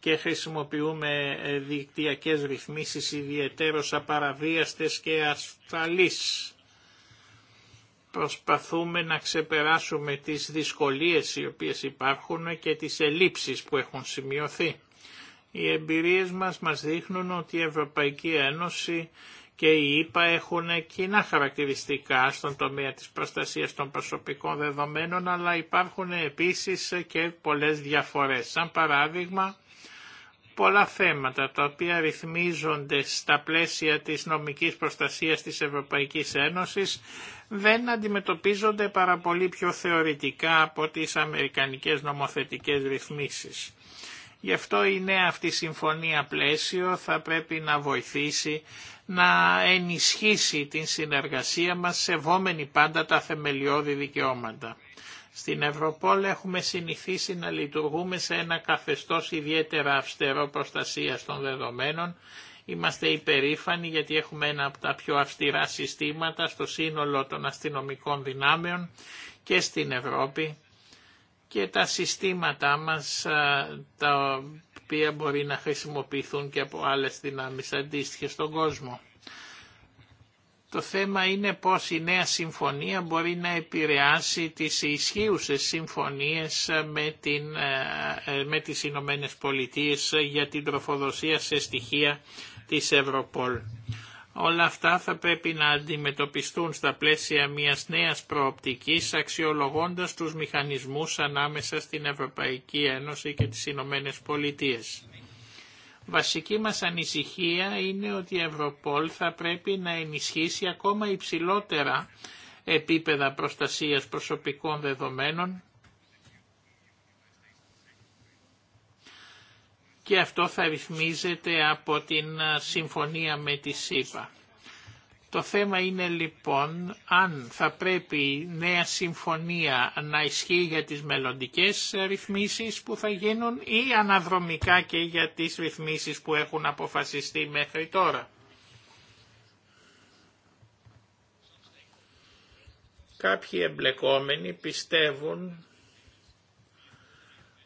και χρησιμοποιούμε δικτυακές ρυθμίσεις ιδιαίτερως απαραβίαστες και ασφαλείς. Προσπαθούμε να ξεπεράσουμε τις δυσκολίες οι οποίες υπάρχουν και τις ελλείψεις που έχουν σημειωθεί. Οι εμπειρίες μας μας δείχνουν ότι η Ευρωπαϊκή Ένωση και η ΙΠΑ έχουν κοινά χαρακτηριστικά στον τομέα της προστασίας των προσωπικών δεδομένων, αλλά υπάρχουν επίσης και πολλές διαφορές. Σαν παράδειγμα, πολλά θέματα τα οποία ρυθμίζονται στα πλαίσια της νομικής προστασίας της Ευρωπαϊκής Ένωσης δεν αντιμετωπίζονται πάρα πολύ πιο θεωρητικά από τις αμερικανικές νομοθετικές ρυθμίσεις. Γι' αυτό η νέα αυτή συμφωνία πλαίσιο θα πρέπει να βοηθήσει να ενισχύσει την συνεργασία μας σεβόμενη πάντα τα θεμελιώδη δικαιώματα. Στην Ευρωπόλ έχουμε συνηθίσει να λειτουργούμε σε ένα καθεστώς ιδιαίτερα αυστερό προστασία των δεδομένων. Είμαστε υπερήφανοι γιατί έχουμε ένα από τα πιο αυστηρά συστήματα στο σύνολο των αστυνομικών δυνάμεων και στην Ευρώπη και τα συστήματά μας τα οποία μπορεί να χρησιμοποιηθούν και από άλλες δυνάμεις αντίστοιχες στον κόσμο. Το θέμα είναι πώς η νέα συμφωνία μπορεί να επηρεάσει τις ισχύουσες συμφωνίες με, την, ε, με τις Ηνωμένε Πολιτείες για την τροφοδοσία σε στοιχεία της Ευρωπόλ. Όλα αυτά θα πρέπει να αντιμετωπιστούν στα πλαίσια μιας νέας προοπτικής αξιολογώντας τους μηχανισμούς ανάμεσα στην Ευρωπαϊκή Ένωση και τις Ηνωμένε Πολιτείες. Βασική μας ανησυχία είναι ότι η Ευρωπόλ θα πρέπει να ενισχύσει ακόμα υψηλότερα επίπεδα προστασίας προσωπικών δεδομένων και αυτό θα ρυθμίζεται από την ε, συμφωνία με τη ΣΥΠΑ. Το θέμα είναι λοιπόν αν θα πρέπει η νέα συμφωνία να ισχύει για τις μελλοντικές ρυθμίσεις που θα γίνουν ή αναδρομικά και για τις ρυθμίσεις που έχουν αποφασιστεί μέχρι τώρα. Κάποιοι εμπλεκόμενοι πιστεύουν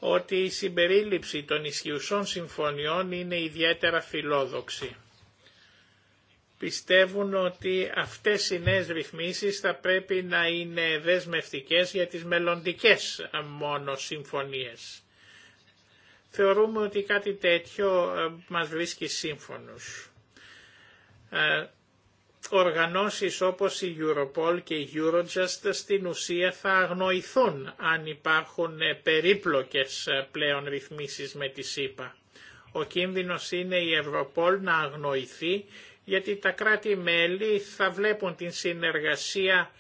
ότι η συμπερίληψη των ισχυουσών συμφωνιών είναι ιδιαίτερα φιλόδοξη. Πιστεύουν ότι αυτές οι νέες ρυθμίσεις θα πρέπει να είναι δεσμευτικές για τις μελλοντικές μόνο συμφωνίες. Θεωρούμε ότι κάτι τέτοιο ε, μας βρίσκει σύμφωνος. Ε, οργανώσεις όπως η Europol και η Eurojust στην ουσία θα αγνοηθούν αν υπάρχουν ε, περίπλοκες ε, πλέον ρυθμίσεις με τη ΣΥΠΑ. Ο κίνδυνος είναι η Ευρωπόλ να αγνοηθεί γιατί τα κράτη-μέλη θα βλέπουν την συνεργασία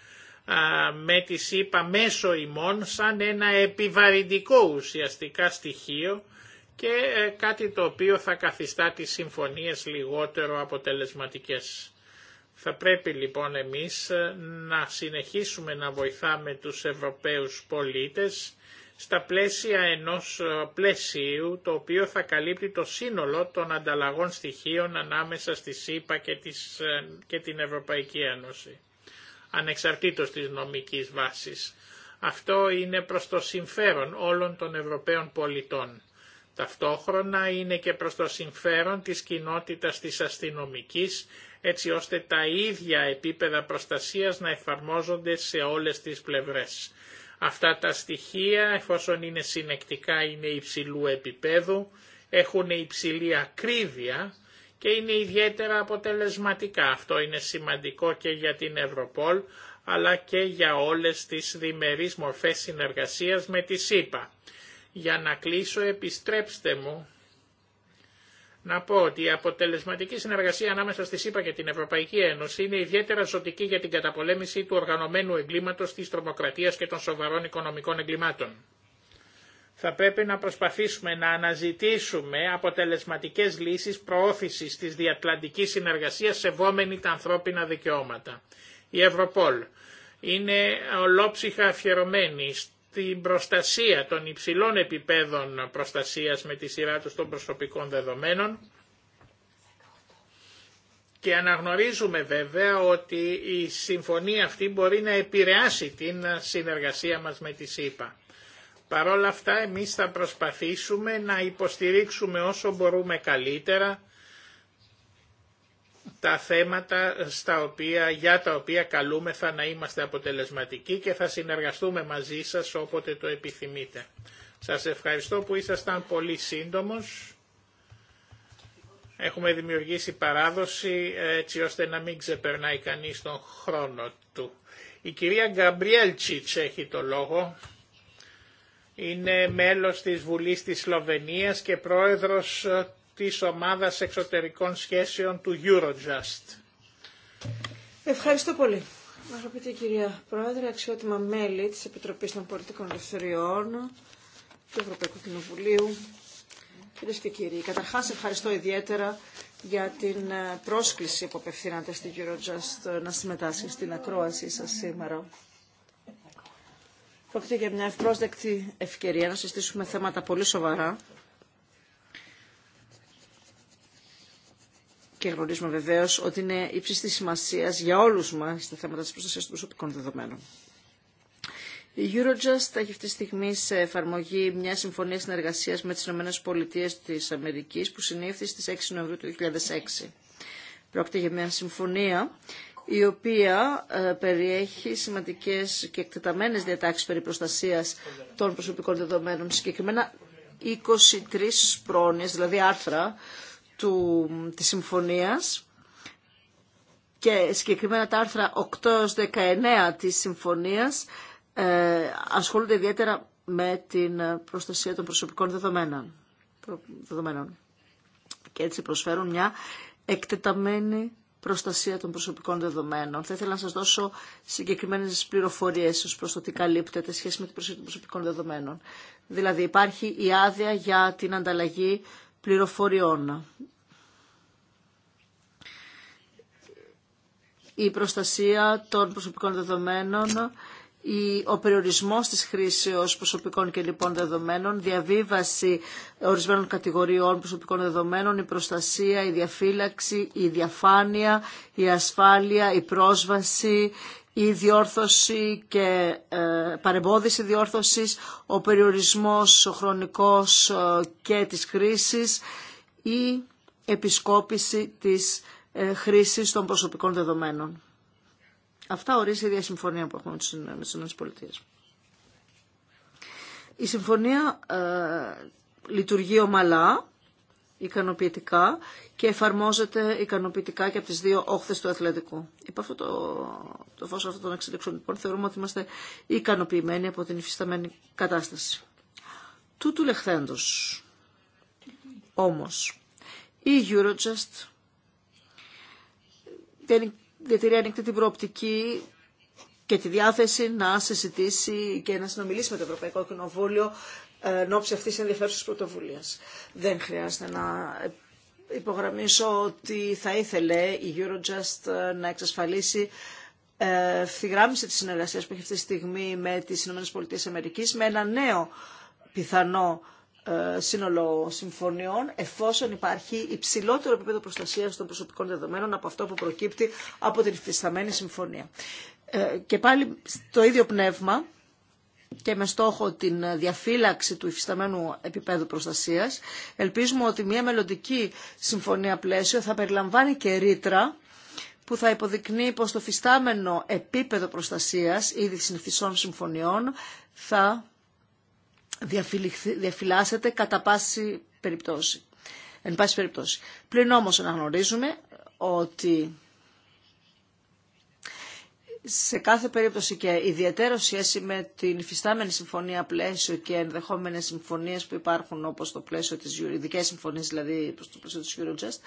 με τη ΣΥΠΑ μέσω ημών σαν ένα επιβαρυντικό ουσιαστικά στοιχείο και ε, κάτι το οποίο θα καθιστά τις συμφωνίες λιγότερο αποτελεσματικές. Θα πρέπει λοιπόν εμείς ε, να συνεχίσουμε να βοηθάμε τους Ευρωπαίους πολίτες στα πλαίσια ενός ε, πλαισίου το οποίο θα καλύπτει το σύνολο των ανταλλαγών στοιχείων ανάμεσα στη ΣΥΠΑ και, της, ε, και την Ευρωπαϊκή Ένωση, ανεξαρτήτως της νομικής βάσης. Αυτό είναι προς το συμφέρον όλων των Ευρωπαίων πολιτών. Ταυτόχρονα είναι και προς το συμφέρον της κοινότητας της αστυνομικής έτσι ώστε τα ίδια επίπεδα προστασίας να εφαρμόζονται σε όλες τις πλευρές. Αυτά τα στοιχεία, εφόσον είναι συνεκτικά, είναι υψηλού επίπεδου, έχουν υψηλή ακρίβεια και είναι ιδιαίτερα αποτελεσματικά. Αυτό είναι σημαντικό και για την Ευρωπόλ, αλλά και για όλες τις διμερείς μορφές συνεργασίας με τη ΣΥΠΑ. Για να κλείσω, επιστρέψτε μου να πω ότι η αποτελεσματική συνεργασία ανάμεσα στη ΣΥΠΑ και την Ευρωπαϊκή Ένωση είναι ιδιαίτερα ζωτική για την καταπολέμηση του οργανωμένου εγκλήματος, της τρομοκρατίας και των σοβαρών οικονομικών εγκλημάτων. Θα πρέπει να προσπαθήσουμε να αναζητήσουμε αποτελεσματικές λύσεις προώθησης της διατλαντικής συνεργασίας σεβόμενη τα ανθρώπινα δικαιώματα. Η Ευρωπόλ είναι ολόψυχα αφιερωμένη την προστασία των υψηλών επιπέδων προστασίας με τη σειρά τους των προσωπικών δεδομένων και αναγνωρίζουμε βέβαια ότι η συμφωνία αυτή μπορεί να επηρεάσει την συνεργασία μας με τη ΣΥΠΑ. Παρ' όλα αυτά εμείς θα προσπαθήσουμε να υποστηρίξουμε όσο μπορούμε καλύτερα τα θέματα στα οποία, για τα οποία καλούμεθα να είμαστε αποτελεσματικοί και θα συνεργαστούμε μαζί σας όποτε το επιθυμείτε. Σας ευχαριστώ που ήσασταν πολύ σύντομος. Έχουμε δημιουργήσει παράδοση έτσι ώστε να μην ξεπερνάει κανείς τον χρόνο του. Η κυρία Γκαμπριέλ Τσίτς έχει το λόγο. Είναι μέλος της Βουλής της Σλοβενίας και πρόεδρος της ομάδας εξωτερικών σχέσεων του Eurojust. Ευχαριστώ πολύ. Αγαπητή κυρία Πρόεδρε, αξιότιμα μέλη της Επιτροπής των Πολιτικών Ελευθεριών του Ευρωπαϊκού Κοινοβουλίου, κυρίες και κύριοι. Καταρχάς, ευχαριστώ ιδιαίτερα για την ε, πρόσκληση που απευθύνατε στην Eurojust ε, να συμμετάσχει στην ακρόαση σας σήμερα. Πρόκειται για μια ευπρόσδεκτη ευκαιρία να συστήσουμε θέματα πολύ σοβαρά και γνωρίζουμε βεβαίω ότι είναι ύψη τη σημασία για όλου μα τα θέματα τη προστασία των προσωπικών δεδομένων. Η Eurojust έχει αυτή τη στιγμή σε εφαρμογή μια συμφωνία συνεργασία με τι ΗΠΑ τη Αμερική που συνήθισε στι 6 Νοεμβρίου του 2006. Πρόκειται για μια συμφωνία η οποία ε, περιέχει σημαντικές και εκτεταμένες διατάξεις περί προστασίας των προσωπικών δεδομένων, συγκεκριμένα 23 πρόνοιες, δηλαδή άρθρα, του, της συμφωνίας και συγκεκριμένα τα άρθρα 8-19 της συμφωνίας ε, ασχολούνται ιδιαίτερα με την προστασία των προσωπικών δεδομένων. δεδομένων. Και έτσι προσφέρουν μια εκτεταμένη προστασία των προσωπικών δεδομένων. Θα ήθελα να σας δώσω συγκεκριμένες πληροφορίες ως προς το τι καλύπτεται σχέση με την προστασία των προσωπικών δεδομένων. Δηλαδή υπάρχει η άδεια για την ανταλλαγή πληροφοριών. Η προστασία των προσωπικών δεδομένων, ο περιορισμός της χρήσεως προσωπικών και λοιπόν δεδομένων, διαβίβαση ορισμένων κατηγοριών προσωπικών δεδομένων, η προστασία, η διαφύλαξη, η διαφάνεια, η ασφάλεια, η πρόσβαση, η διόρθωση και ε, παρεμπόδιση διόρθωσης, ο περιορισμός ο χρονικός ε, και της χρήσης, η επισκόπηση της ε, χρήσης των προσωπικών δεδομένων. Αυτά ορίζει η ίδια συμφωνία που έχουμε με τις Η συμφωνία λειτουργεί ομαλά ικανοποιητικά και εφαρμόζεται ικανοποιητικά και από τις δύο όχθες του αθλητικού. Υπό αυτό το, το φως αυτό των εξελίξεων λοιπόν θεωρούμε ότι είμαστε ικανοποιημένοι από την υφισταμένη κατάσταση. Τούτου λεχθέντος όμως η Eurojust διατηρεί ανοιχτή την προοπτική και τη διάθεση να συζητήσει και να συνομιλήσει με το Ευρωπαϊκό Κοινοβούλιο εν ώψη αυτής της ενδιαφέρουσας πρωτοβουλίας. Δεν χρειάζεται να υπογραμμίσω ότι θα ήθελε η Eurojust ε, να εξασφαλίσει ε, ευθυγράμμιση της συνεργασίας που έχει αυτή τη στιγμή με τις ΗΠΑ με ένα νέο πιθανό ε, σύνολο συμφωνιών εφόσον υπάρχει υψηλότερο επίπεδο προστασίας των προσωπικών δεδομένων από αυτό που προκύπτει από την υφισταμένη συμφωνία. Και πάλι στο ίδιο πνεύμα και με στόχο την διαφύλαξη του υφισταμένου επίπεδου προστασίας. Ελπίζουμε ότι μια μελλοντική συμφωνία πλαίσιο θα περιλαμβάνει και ρήτρα που θα υποδεικνύει πως το φυστάμενο επίπεδο προστασίας ήδη συνηθισών συμφωνιών θα διαφυλάσσεται κατά πάση περιπτώση. Εν πάση περιπτώσει. Πλην όμως αναγνωρίζουμε ότι σε κάθε περίπτωση και ιδιαίτερο σχέση με την υφιστάμενη συμφωνία πλαίσιο και ενδεχόμενε συμφωνίες που υπάρχουν όπως το πλαίσιο της ειδικέ συμφωνίες δηλαδή προς το πλαίσιο της Eurojust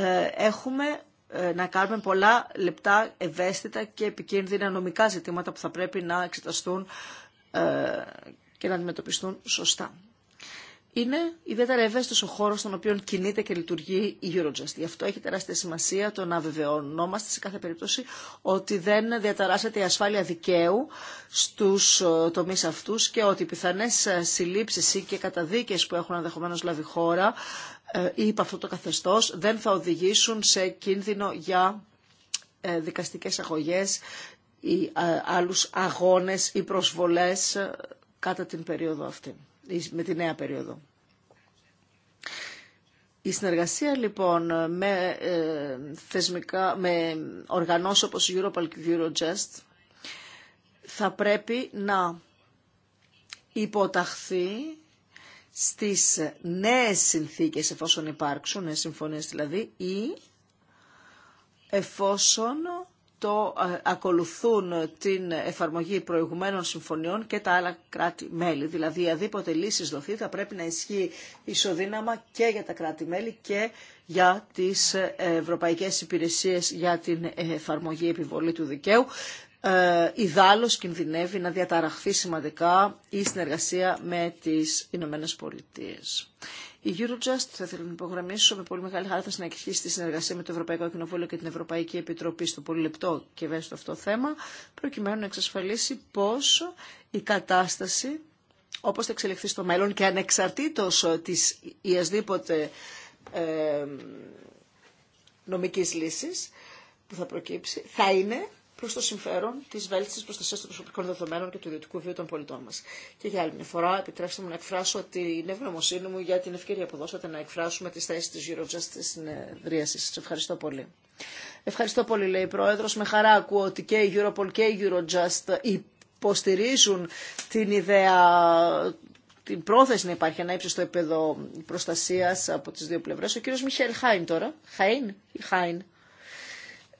ε, έχουμε ε, να κάνουμε πολλά λεπτά ευαίσθητα και επικίνδυνα νομικά ζητήματα που θα πρέπει να εξεταστούν ε, και να αντιμετωπιστούν σωστά είναι ιδιαίτερα ευαίσθητο ο χώρο στον οποίο κινείται και λειτουργεί η Eurojust. Γι' αυτό έχει τεράστια σημασία το να βεβαιωνόμαστε σε κάθε περίπτωση ότι δεν διαταράσσεται η ασφάλεια δικαίου στου ε, τομεί αυτού και ότι οι πιθανέ ε, συλλήψει ή και καταδίκε που έχουν ενδεχομένω λάβει χώρα ε, ή υπ' αυτό το καθεστώ δεν θα οδηγήσουν σε κίνδυνο για δικαστικές αγωγές ή άλλους αγώνες ή προσβολές κατά την περίοδο αυτή με τη νέα περίοδο. Η συνεργασία λοιπόν με, ε, θεσμικά, με οργανώσεις όπως η Eurojust θα πρέπει να υποταχθεί στις νέες συνθήκες εφόσον υπάρξουν, νέες συμφωνίες δηλαδή, ή εφόσον το ε, ακολουθούν την εφαρμογή προηγουμένων συμφωνιών και τα άλλα κράτη-μέλη. Δηλαδή, αδίποτε λύσεις δοθεί θα πρέπει να ισχύει ισοδύναμα και για τα κράτη-μέλη και για τις ε, ευρωπαϊκές υπηρεσίες για την ε, εφαρμογή επιβολή του δικαίου ε, ιδάλλως κινδυνεύει να διαταραχθεί σημαντικά η συνεργασία με τις Ηνωμένε Πολιτείε. Η Eurojust, θα θέλω να υπογραμμίσω, με πολύ μεγάλη χαρά θα συνεχίσει τη συνεργασία με το Ευρωπαϊκό Κοινοβούλιο και την Ευρωπαϊκή Επιτροπή στο πολύ λεπτό και ευαίσθητο αυτό θέμα, προκειμένου να εξασφαλίσει πώς η κατάσταση, όπως θα εξελιχθεί στο μέλλον και ανεξαρτήτως ε, της ιασδήποτε ε, νομικής λύσης που θα προκύψει, θα είναι προ το συμφέρον τη βέλτιστη προστασία των προσωπικών δεδομένων και του ιδιωτικού βίου των πολιτών μα. Και για άλλη μια φορά, επιτρέψτε μου να εκφράσω την ευγνωμοσύνη μου για την ευκαιρία που δώσατε να εκφράσουμε τι θέσει τη Eurojust στη συνεδρίαση. Σα ευχαριστώ πολύ. Ευχαριστώ πολύ, λέει η Πρόεδρο. Με χαρά ακούω ότι και η Europol και η Eurojust υποστηρίζουν την ιδέα την πρόθεση να υπάρχει ένα στο επίπεδο προστασία από τι δύο πλευρέ. Ο κύριο Μιχαήλ Χάιν τώρα. Χάιν ή Χάιν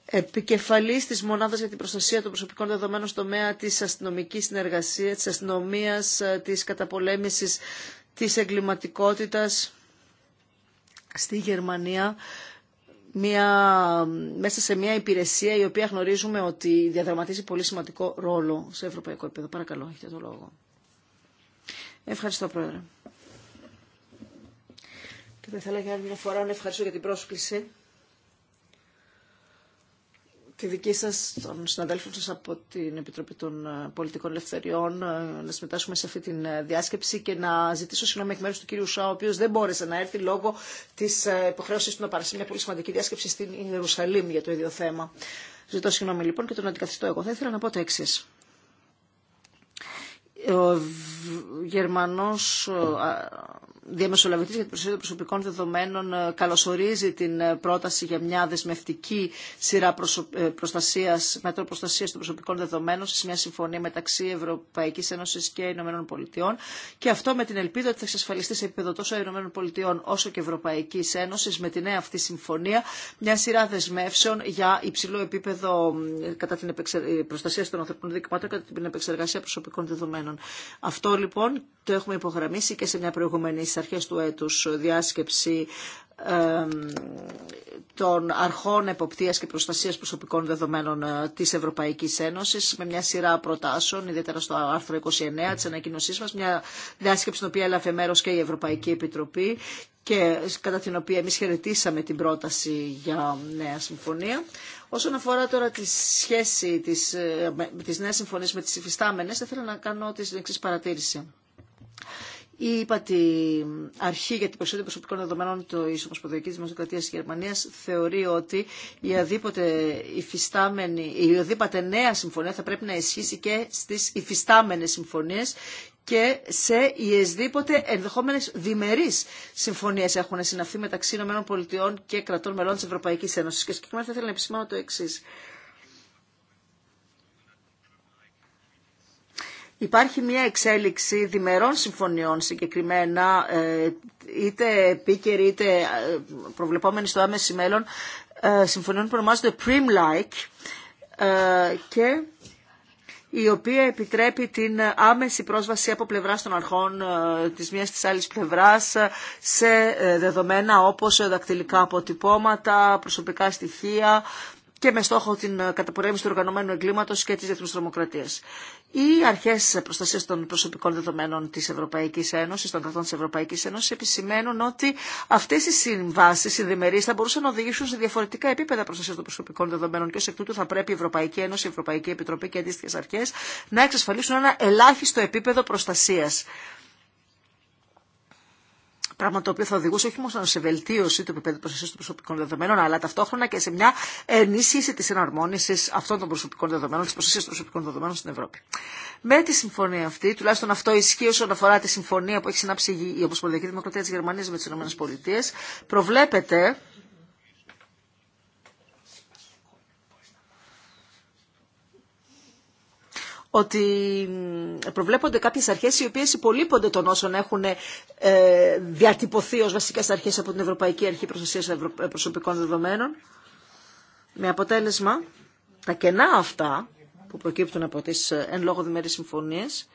επικεφαλής της Μονάδας για την Προστασία των Προσωπικών Δεδομένων στο μέα της αστυνομικής συνεργασίας, της αστυνομίας, ε, της καταπολέμησης της εγκληματικότητας στη Γερμανία. Μια, μέσα σε μια υπηρεσία η οποία γνωρίζουμε ότι διαδραματίζει πολύ σημαντικό ρόλο σε ευρωπαϊκό επίπεδο. Παρακαλώ, έχετε το λόγο. Ευχαριστώ, Πρόεδρε. Και θα ήθελα για άλλη μια φορά να ευχαριστώ για την πρόσκληση τη δική σας, των συναδέλφων σας από την Επιτροπή των ε, Πολιτικών Ελευθεριών ε, να συμμετάσχουμε σε αυτή τη ε, διάσκεψη και να ζητήσω συγγνώμη εκ μέρους του κύριου Σάου, ο οποίος δεν μπόρεσε να έρθει λόγω της υποχρέωσης του να παρασύρει μια πολύ σημαντική διάσκεψη στην Ιερουσαλήμ για το ίδιο θέμα. Ζητώ συγγνώμη λοιπόν και τον αντικαθιστώ εγώ. Θα ήθελα να πω το εξή. Ο Γερμανός διαμεσολαβητής για την προστασία των προσωπικών δεδομένων ε, καλωσορίζει την ε, πρόταση για μια δεσμευτική σειρά ε, προστασίας, μέτρων προστασία των προσωπικών δεδομένων σε μια συμφωνία μεταξύ Ευρωπαϊκής Ένωσης και Ηνωμένων Πολιτειών και αυτό με την ελπίδα ότι θα εξασφαλιστεί σε επίπεδο τόσο Ηνωμένων Πολιτειών όσο και Ευρωπαϊκής Ένωσης με τη νέα αυτή συμφωνία μια σειρά δεσμεύσεων για υψηλό επίπεδο κατά την προστασία των ανθρωπίνων δικαιωμάτων κατά την επεξεργασία προσωπικών δεδομένων. Αυτό λοιπόν το έχουμε υπογραμμίσει και σε μια προηγούμενη αρχές του έτους διάσκεψη των αρχών εποπτείας και προστασίας προσωπικών δεδομένων ε, της Ευρωπαϊκής Ένωσης με μια σειρά προτάσεων, ιδιαίτερα στο άρθρο 29 της ανακοινωσής μας, μια διάσκεψη στην οποία έλαβε μέρος και η Ευρωπαϊκή Επιτροπή και κατά την οποία εμείς χαιρετήσαμε την πρόταση για νέα συμφωνία. Όσον αφορά τώρα τη σχέση της, ε, της νέας συμφωνίας με τις υφιστάμενες, θα ήθελα να κάνω την εξή παρατήρηση. Η ΥΠΑΤΗ Αρχή για την Προστασία Προσωπικών Δεδομένων τη Ομοσπονδιακή Δημοκρατία τη Γερμανία θεωρεί ότι η οδήποτε νέα συμφωνία θα πρέπει να ισχύσει και στι υφιστάμενε συμφωνίε και σε ιεσδήποτε ενδεχόμενε διμερεί συμφωνίες έχουν συναυθεί μεταξύ ΗΠΑ και κρατών μελών τη Ευρωπαϊκής Ένωσης. Και συγκεκριμένα θα ήθελα να επισημάνω το εξή. Υπάρχει μια εξέλιξη διμερών συμφωνιών συγκεκριμένα, ε, είτε επίκαιρη είτε ε, προβλεπόμενη στο άμεση μέλλον, ε, συμφωνιών που ονομάζονται Prim-like και η οποία επιτρέπει την άμεση πρόσβαση από πλευρά των αρχών της μίας της άλλης πλευράς σε δεδομένα όπως δακτυλικά αποτυπώματα, προσωπικά στοιχεία, και με στόχο την ε, καταπολέμηση του οργανωμένου εγκλήματο και τη διεθνούς τρομοκρατία. Οι αρχέ προστασία των προσωπικών δεδομένων τη Ευρωπαϊκή Ένωση, των κρατών τη Ευρωπαϊκή Ένωση, επισημαίνουν ότι αυτέ οι συμβάσει, οι διμερεί, θα μπορούσαν να οδηγήσουν σε διαφορετικά επίπεδα προστασία των προσωπικών δεδομένων και ω εκ τούτου θα πρέπει η Ευρωπαϊκή Ένωση, η Ευρωπαϊκή Επιτροπή και αντίστοιχε αρχέ, να εξασφαλίσουν ένα ελάχιστο επίπεδο προστασία. Πράγμα το οποίο θα οδηγούσε όχι μόνο σε βελτίωση του επίπεδου προστασία των προσωπικών δεδομένων, αλλά ταυτόχρονα και σε μια ενίσχυση τη εναρμόνιση αυτών των προσωπικών δεδομένων, τη προστασία των προσωπικών δεδομένων στην Ευρώπη. Με τη συμφωνία αυτή, τουλάχιστον αυτό ισχύει όσον αφορά τη συμφωνία που έχει συνάψει η Ομοσπονδιακή Δημοκρατία τη Γερμανία με τι ΗΠΑ, προβλέπεται ότι προβλέπονται κάποιες αρχές οι οποίες υπολείπονται των όσων έχουν ε, διατυπωθεί ως βασικές αρχές από την Ευρωπαϊκή Αρχή Προστασίας ε, Προσωπικών Δεδομένων. Με αποτέλεσμα τα κενά αυτά που προκύπτουν από τις ε, εν λόγω διμερείς συμφωνίες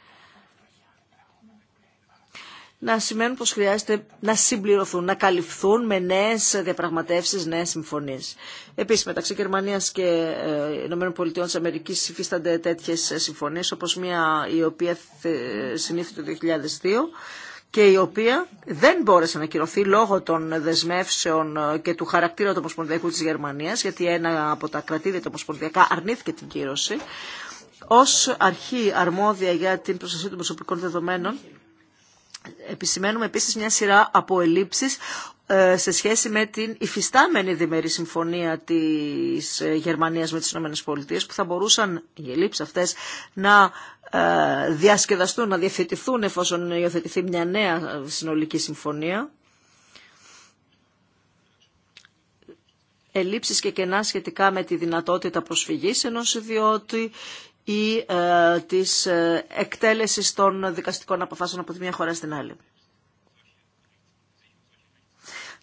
να σημαίνουν πως χρειάζεται να συμπληρωθούν, να καλυφθούν με νέες διαπραγματεύσεις, νέες συμφωνίες. Επίσης, μεταξύ Γερμανίας και ε, ΗΠΑ Αμερικής υφίστανται τέτοιες συμφωνίες, όπως μια η οποία συνήθι το 2002, και η οποία δεν μπόρεσε να κυρωθεί λόγω των δεσμεύσεων ε, και του χαρακτήρα του Ομοσπονδιακού της Γερμανίας, γιατί ένα από τα κρατήδια του Ομοσπονδιακά αρνήθηκε την κύρωση, ως αρχή αρμόδια για την προστασία των προσωπικών δεδομένων, Επισημαίνουμε επίσης μια σειρά από ελλείψεις ε, σε σχέση με την υφιστάμενη διμερή συμφωνία της ε, Γερμανίας με τις ΗΠΑ που θα μπορούσαν οι ελλείψεις αυτές να ε, διασκεδαστούν, να διευθετηθούν εφόσον υιοθετηθεί μια νέα συνολική συμφωνία. Ελλείψεις και κενά σχετικά με τη δυνατότητα προσφυγής ενός ιδιώτη ή ε, της ε, εκτέλεσης των δικαστικών αποφάσεων από τη μία χώρα στην άλλη.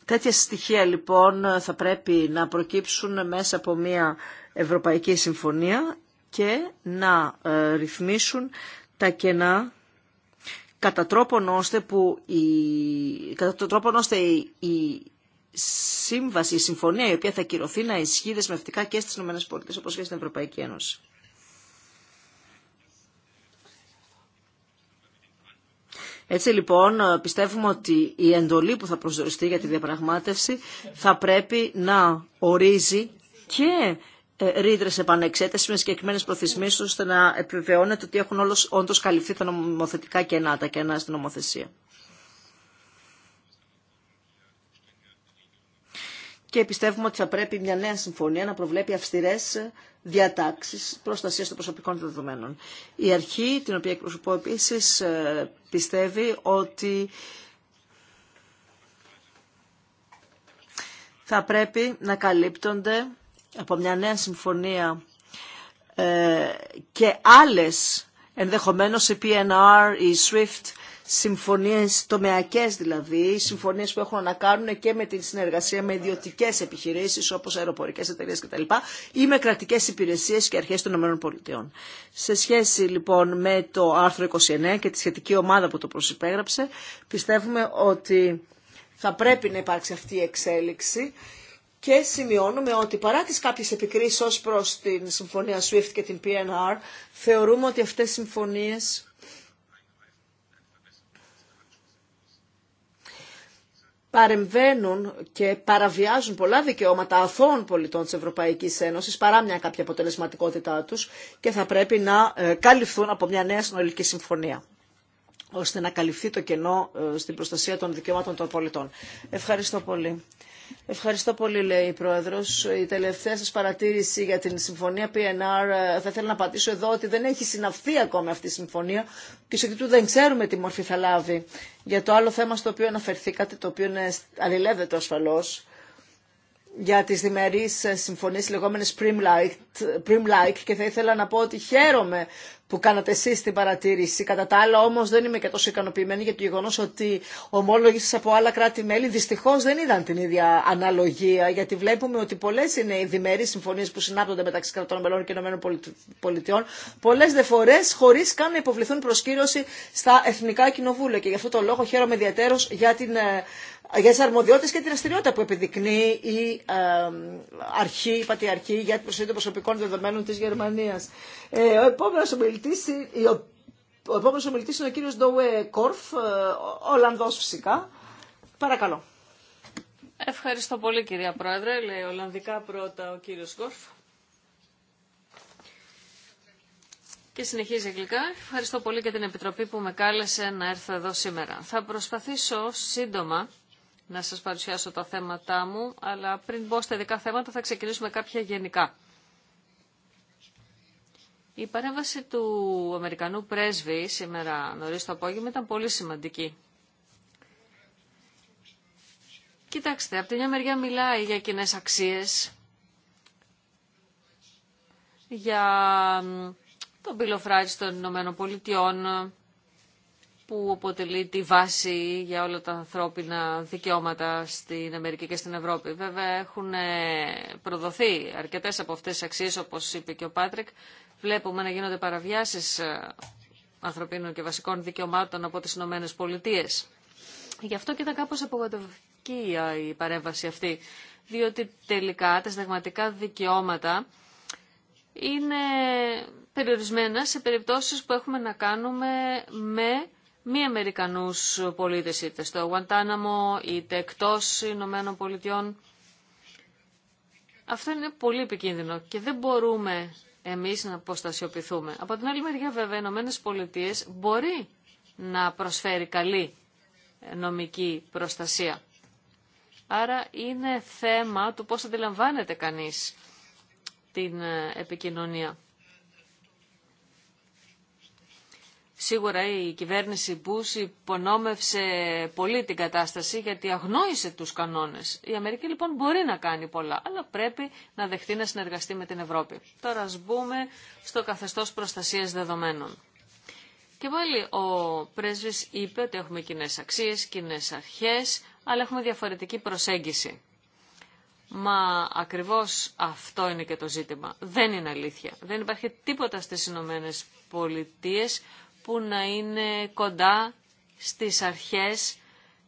Τέτοια στοιχεία λοιπόν θα πρέπει να προκύψουν μέσα από μια Ευρωπαϊκή Συμφωνία και να ε, ρυθμίσουν τα κενά κατά τρόπον ώστε, που η, κατά τρόπον ώστε η, η σύμβαση, η συμφωνία η οποία θα κυρωθεί να ισχύει δεσμευτικά και στις ΗΠΑ όπως και στην Ευρωπαϊκή Ένωση. Έτσι λοιπόν ε, πιστεύουμε ότι η εντολή που θα προσδοριστεί για τη διαπραγμάτευση θα πρέπει να ορίζει και ε, ρήτρε επανεξέταση με συγκεκριμένε προθυσμίε ώστε να επιβεβαιώνεται ότι έχουν όντω καλυφθεί τα νομοθετικά κενά, τα κενά στην νομοθεσία. και πιστεύουμε ότι θα πρέπει μια νέα συμφωνία να προβλέπει αυστηρέ διατάξει προστασία των προσωπικών δεδομένων. Η αρχή, την οποία εκπροσωπώ επίση, ε, πιστεύει ότι θα πρέπει να καλύπτονται από μια νέα συμφωνία ε, και άλλες ενδεχομένως η PNR, η SWIFT συμφωνίες τομεακές δηλαδή, συμφωνίες που έχουν να κάνουν και με την συνεργασία με ιδιωτικές επιχειρήσεις όπως αεροπορικές εταιρείες κτλ. ή με κρατικές υπηρεσίες και αρχές των ΗΠΑ. Σε σχέση λοιπόν με το άρθρο 29 και τη σχετική ομάδα που το προσυπέγραψε, πιστεύουμε ότι θα πρέπει να υπάρξει αυτή η εξέλιξη και σημειώνουμε ότι παρά τις κάποιες επικρίσεις ως προς την συμφωνία SWIFT και την PNR, θεωρούμε ότι αυτές οι συμφωνίες παρεμβαίνουν και παραβιάζουν πολλά δικαιώματα αθώων πολιτών της Ευρωπαϊκής Ένωσης παρά μια κάποια αποτελεσματικότητά τους και θα πρέπει να ε, καλυφθούν από μια νέα συνολική συμφωνία ώστε να καλυφθεί το κενό ε, στην προστασία των δικαιωμάτων των πολιτών. Ευχαριστώ πολύ. Ευχαριστώ πολύ, λέει η Πρόεδρο. Η τελευταία σα παρατήρηση για την συμφωνία PNR ε, θα ήθελα να πατήσω εδώ ότι δεν έχει συναυθεί ακόμα αυτή η συμφωνία και σε δεν ξέρουμε τι μορφή θα λάβει. Για το άλλο θέμα στο οποίο αναφερθήκατε, το οποίο είναι αλληλεύεται ασφαλώ, για τις διμερεί ε, συμφωνίε λεγόμενε ε, prim -like, και θα ήθελα να πω ότι χαίρομαι που κάνατε εσεί την παρατήρηση. Κατά τα άλλα, όμω, δεν είμαι και τόσο ικανοποιημένη για το γεγονό ότι ομόλογοι από άλλα κράτη-μέλη δυστυχώ δεν είδαν την ίδια αναλογία, γιατί βλέπουμε ότι πολλέ είναι οι διμερεί συμφωνίε που συνάπτονται μεταξύ κρατών μελών και ΗΠΑ, πολλέ δε φορέ χωρί καν να υποβληθούν προσκύρωση στα εθνικά κοινοβούλια. Και γι' αυτό το λόγο χαίρομαι ιδιαίτερω για την ε, για τι αρμοδιότητε και την δραστηριότητα που επιδεικνύει η αρχή, η πατριαρχή για την προσοχή των προσωπικών δεδομένων τη Γερμανία. Ε, ο επόμενο ομιλητή. Ο επόμενος ομιλητής είναι ο κύριος Ντόουε Κόρφ, ε, Ολλανδός φυσικά. Παρακαλώ. Ευχαριστώ πολύ κυρία Πρόεδρε. Λέει Ολλανδικά πρώτα ο κύριος Κόρφ. Και συνεχίζει αγγλικά. Ευχαριστώ πολύ και την Επιτροπή που με κάλεσε να έρθω εδώ σήμερα. Θα προσπαθήσω σύντομα να σας παρουσιάσω τα θέματα μου, αλλά πριν μπω στα ειδικά θέματα θα ξεκινήσουμε κάποια γενικά. Η παρέμβαση του Αμερικανού πρέσβη σήμερα νωρίς το απόγευμα ήταν πολύ σημαντική. Κοιτάξτε, από τη μια μεριά μιλάει για κοινέ αξίες, για τον πυλοφράτη των Ηνωμένων Πολιτειών, που αποτελεί τη βάση για όλα τα ανθρώπινα δικαιώματα στην Αμερική και στην Ευρώπη. Βέβαια έχουν ε, προδοθεί αρκετές από αυτές τις αξίες, όπως είπε και ο Πάτρικ. Βλέπουμε να γίνονται παραβιάσεις ε, ανθρωπίνων και βασικών δικαιωμάτων από τις Ηνωμένε Πολιτείε. Γι' αυτό και ήταν κάπως απογοητευτική ε, η παρέμβαση αυτή, διότι τελικά τα συνταγματικά δικαιώματα είναι περιορισμένα σε περιπτώσεις που έχουμε να κάνουμε με μη Αμερικανούς πολίτες είτε στο Γουαντάναμο είτε εκτός Ηνωμένων Πολιτειών. Αυτό είναι πολύ επικίνδυνο και δεν μπορούμε εμείς να αποστασιοποιηθούμε. Από την άλλη μεριά βέβαια οι Ηνωμένες Πολιτείες μπορεί να προσφέρει καλή νομική προστασία. Άρα είναι θέμα του πώς αντιλαμβάνεται κανείς την ε, επικοινωνία. Σίγουρα η κυβέρνηση Μπούς υπονόμευσε πολύ την κατάσταση γιατί αγνόησε τους κανόνες. Η Αμερική λοιπόν μπορεί να κάνει πολλά, αλλά πρέπει να δεχτεί να συνεργαστεί με την Ευρώπη. Τώρα ας μπούμε στο καθεστώς προστασίας δεδομένων. Και πάλι ο πρέσβης είπε ότι έχουμε κοινέ αξίες, κοινέ αρχές, αλλά έχουμε διαφορετική προσέγγιση. Μα ακριβώς αυτό είναι και το ζήτημα. Δεν είναι αλήθεια. Δεν υπάρχει τίποτα στις Ηνωμένε Πολιτείες που να είναι κοντά στις αρχές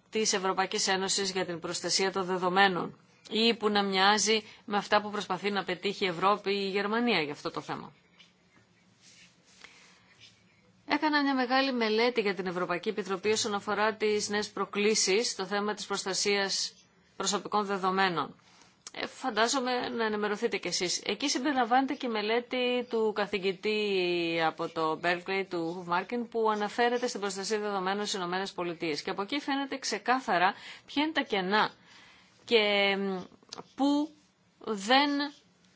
της Ευρωπαϊκής Ένωσης για την προστασία των δεδομένων ή που να μοιάζει με αυτά που προσπαθεί να πετύχει η Ευρώπη ή η Γερμανία για αυτό το θέμα. Έκανα μια μεγάλη μελέτη για την Ευρωπαϊκή Επιτροπή όσον αφορά τις νέες προκλήσεις στο θέμα της προστασίας προσωπικών δεδομένων. Ε, φαντάζομαι να ενημερωθείτε κι εσείς. Εκεί συμπεριλαμβάνεται και η μελέτη του καθηγητή από το Berkeley, του Μάρκιν, που αναφέρεται στην προστασία δεδομένων στι Ηνωμένες Πολιτείες. Και από εκεί φαίνεται ξεκάθαρα ποια είναι τα κενά και πού δεν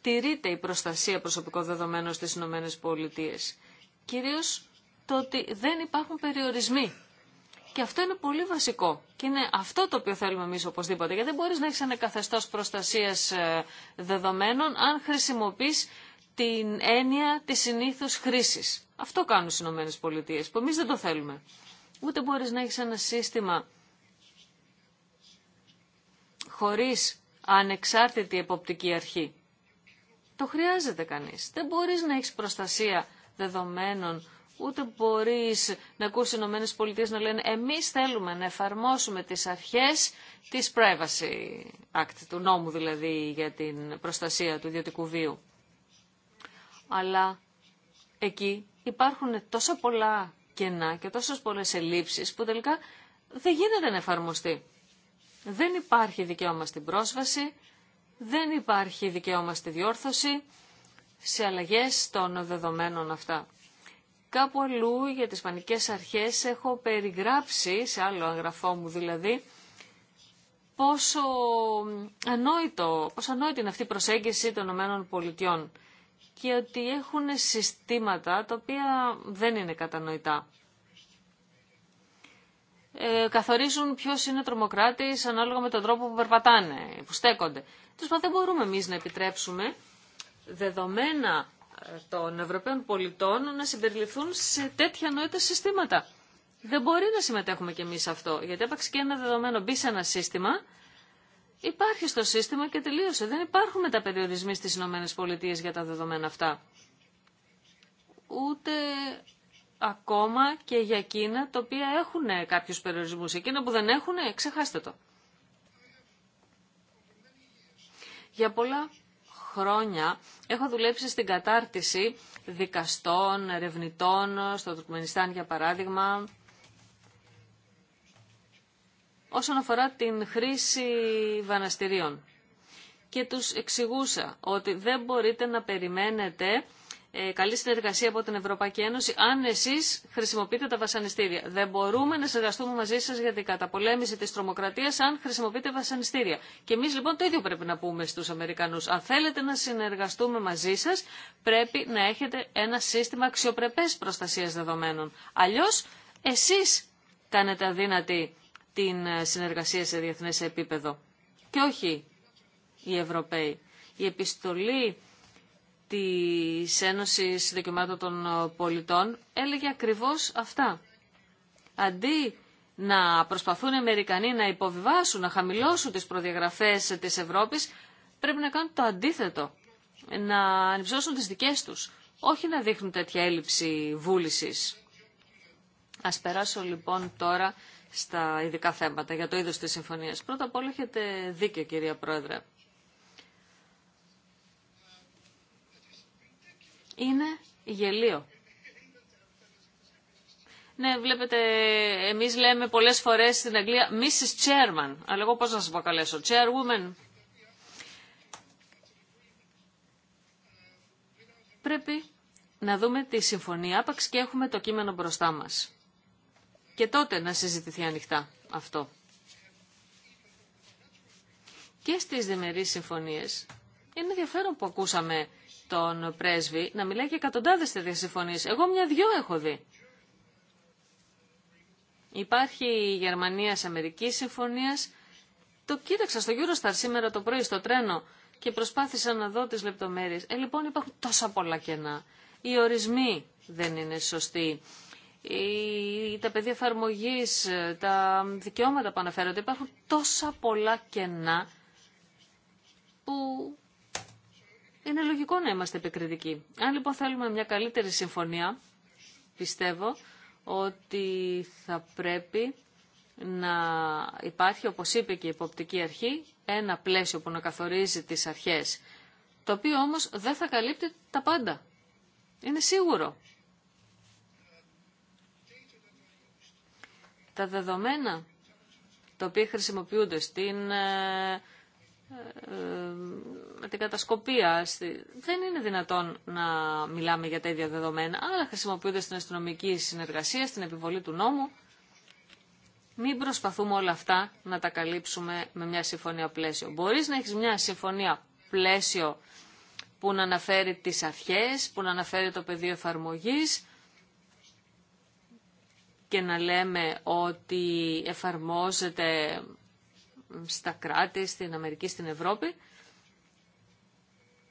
τηρείται η προστασία προσωπικών δεδομένων στις Ηνωμένες Πολιτείες. Κυρίως το ότι δεν υπάρχουν περιορισμοί και αυτό είναι πολύ βασικό. Και είναι αυτό το οποίο θέλουμε εμεί οπωσδήποτε. Γιατί δεν μπορεί να έχει ένα καθεστώ προστασία ε, δεδομένων αν χρησιμοποιεί την έννοια τη συνήθω χρήση. Αυτό κάνουν οι Ηνωμένε Πολιτείε, που εμεί δεν το θέλουμε. Ούτε μπορεί να έχει ένα σύστημα χωρί ανεξάρτητη εποπτική αρχή. Το χρειάζεται κανείς. Δεν μπορείς να έχεις προστασία δεδομένων ούτε μπορείς να ακούς οι Ηνωμένες Πολιτείες να λένε εμείς θέλουμε να εφαρμόσουμε τις αρχές της Privacy Act, του νόμου δηλαδή για την προστασία του ιδιωτικού βίου. Αλλά εκεί υπάρχουν τόσα πολλά κενά και τόσες πολλές ελλείψεις που τελικά δεν γίνεται να εφαρμοστεί. Δεν υπάρχει δικαίωμα στην πρόσβαση, δεν υπάρχει δικαίωμα στη διόρθωση, σε αλλαγές των δεδομένων αυτά. Κάπου αλλού για τις πανικές αρχές έχω περιγράψει, σε άλλο αγγραφό μου δηλαδή, πόσο, ανόητο, πόσο ανόητη είναι αυτή η προσέγγιση των ΗΠΑ και ότι έχουν συστήματα τα οποία δεν είναι κατανοητά. Ε, καθορίζουν ποιο είναι τρομοκράτη ανάλογα με τον τρόπο που περπατάνε, που στέκονται. Τους δεν μπορούμε εμεί να επιτρέψουμε δεδομένα των Ευρωπαίων πολιτών να συμπεριληφθούν σε τέτοια νόητα συστήματα. Δεν μπορεί να συμμετέχουμε κι εμείς σε αυτό, γιατί έπαξε και ένα δεδομένο μπει σε ένα σύστημα, υπάρχει στο σύστημα και τελείωσε. Δεν υπάρχουν μεταπεριορισμοί στις ΗΠΑ για τα δεδομένα αυτά. Ούτε ακόμα και για εκείνα τα οποία έχουν κάποιους περιορισμούς. Εκείνα που δεν έχουν, ξεχάστε το. Για πολλά χρόνια έχω δουλέψει στην κατάρτιση δικαστών, ερευνητών, στο Τουρκμενιστάν για παράδειγμα, όσον αφορά την χρήση βαναστηρίων. Και τους εξηγούσα ότι δεν μπορείτε να περιμένετε ε, καλή συνεργασία από την Ευρωπαϊκή Ένωση αν εσεί χρησιμοποιείτε τα βασανιστήρια. Δεν μπορούμε να συνεργαστούμε μαζί σα για την καταπολέμηση τη τρομοκρατία, αν χρησιμοποιείτε βασανιστήρια. Και εμεί λοιπόν το ίδιο πρέπει να πούμε στου Αμερικανού. Αν θέλετε να συνεργαστούμε μαζί σα, πρέπει να έχετε ένα σύστημα αξιοπρεπέ προστασία δεδομένων. Αλλιώ εσεί κάνετε αδύνατη την ε, συνεργασία σε διεθνέ επίπεδο και όχι οι Ευρωπαίοι. Η επιστολή της Ένωσης Δικαιωμάτων των ε, Πολιτών έλεγε ακριβώς αυτά. Αντί να προσπαθούν οι Αμερικανοί να υποβιβάσουν, να χαμηλώσουν τις προδιαγραφές της Ευρώπης, πρέπει να κάνουν το αντίθετο, να ανυψώσουν τις δικές τους, όχι να δείχνουν τέτοια έλλειψη βούλησης. Ας περάσω λοιπόν τώρα στα ειδικά θέματα για το είδος της συμφωνίας. Πρώτα απ' όλα έχετε δίκιο κυρία Πρόεδρε. είναι γελίο. Ναι, βλέπετε, εμείς λέμε πολλές φορές στην Αγγλία Mrs. Chairman, αλλά εγώ πώς να σας αποκαλέσω, Chairwoman. Πρέπει να δούμε τη συμφωνία άπαξ και έχουμε το κείμενο μπροστά μας. Και τότε να συζητηθεί ανοιχτά αυτό. Και στις διμερείς συμφωνίες είναι ενδιαφέρον που ακούσαμε τον πρέσβη να μιλάει και εκατοντάδες τέτοιες συμφωνίες. Εγώ μια-δυο έχω δει. Υπάρχει η Γερμανία-Αμερική συμφωνία. Το κοίταξα στο Eurostar σήμερα το πρωί στο τρένο και προσπάθησα να δω τις λεπτομέρειες. Ε, λοιπόν, υπάρχουν τόσα πολλά κενά. Οι ορισμοί δεν είναι σωστοί. Οι, τα πεδία εφαρμογή, τα δικαιώματα που αναφέρονται, υπάρχουν τόσα πολλά κενά που είναι λογικό να είμαστε επικριτικοί. Αν λοιπόν θέλουμε μια καλύτερη συμφωνία, πιστεύω ότι θα πρέπει να υπάρχει, όπως είπε και η υποπτική αρχή, ένα πλαίσιο που να καθορίζει τις αρχές, το οποίο όμως δεν θα καλύπτει τα πάντα. Είναι σίγουρο. Τα δεδομένα τα οποία χρησιμοποιούνται στην ε, με ε, την κατασκοπία. Δεν είναι δυνατόν να μιλάμε για τα ίδια δεδομένα, αλλά χρησιμοποιούνται στην αστυνομική συνεργασία, στην επιβολή του νόμου. Μην προσπαθούμε όλα αυτά να τα καλύψουμε με μια συμφωνία πλαίσιο. Μπορείς να έχεις μια συμφωνία πλαίσιο που να αναφέρει τις αρχές, που να αναφέρει το πεδίο εφαρμογής και να λέμε ότι εφαρμόζεται στα κράτη, στην Αμερική, στην Ευρώπη,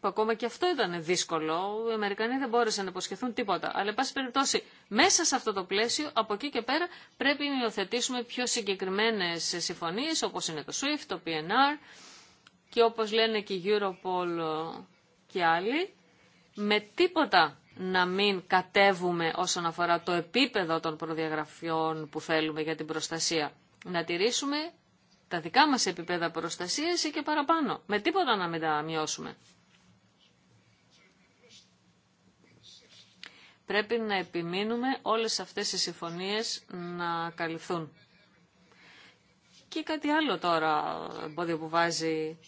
που ακόμα και αυτό ήταν δύσκολο. Οι Αμερικανοί δεν μπόρεσαν να υποσχεθούν τίποτα. Αλλά, εν πάση περιπτώσει, μέσα σε αυτό το πλαίσιο, από εκεί και πέρα, πρέπει να υιοθετήσουμε πιο συγκεκριμένε συμφωνίε, όπω είναι το SWIFT, το PNR και όπω λένε και η Europol ε, και άλλοι, με τίποτα να μην κατέβουμε όσον αφορά το επίπεδο των προδιαγραφιών που θέλουμε για την προστασία. Να τηρήσουμε τα δικά μας επίπεδα προστασίας ή και παραπάνω. Με τίποτα να μην τα μειώσουμε. Πρέπει να επιμείνουμε όλες αυτές οι συμφωνίες να καλυφθούν. Και κάτι άλλο τώρα εμπόδιο που βάζει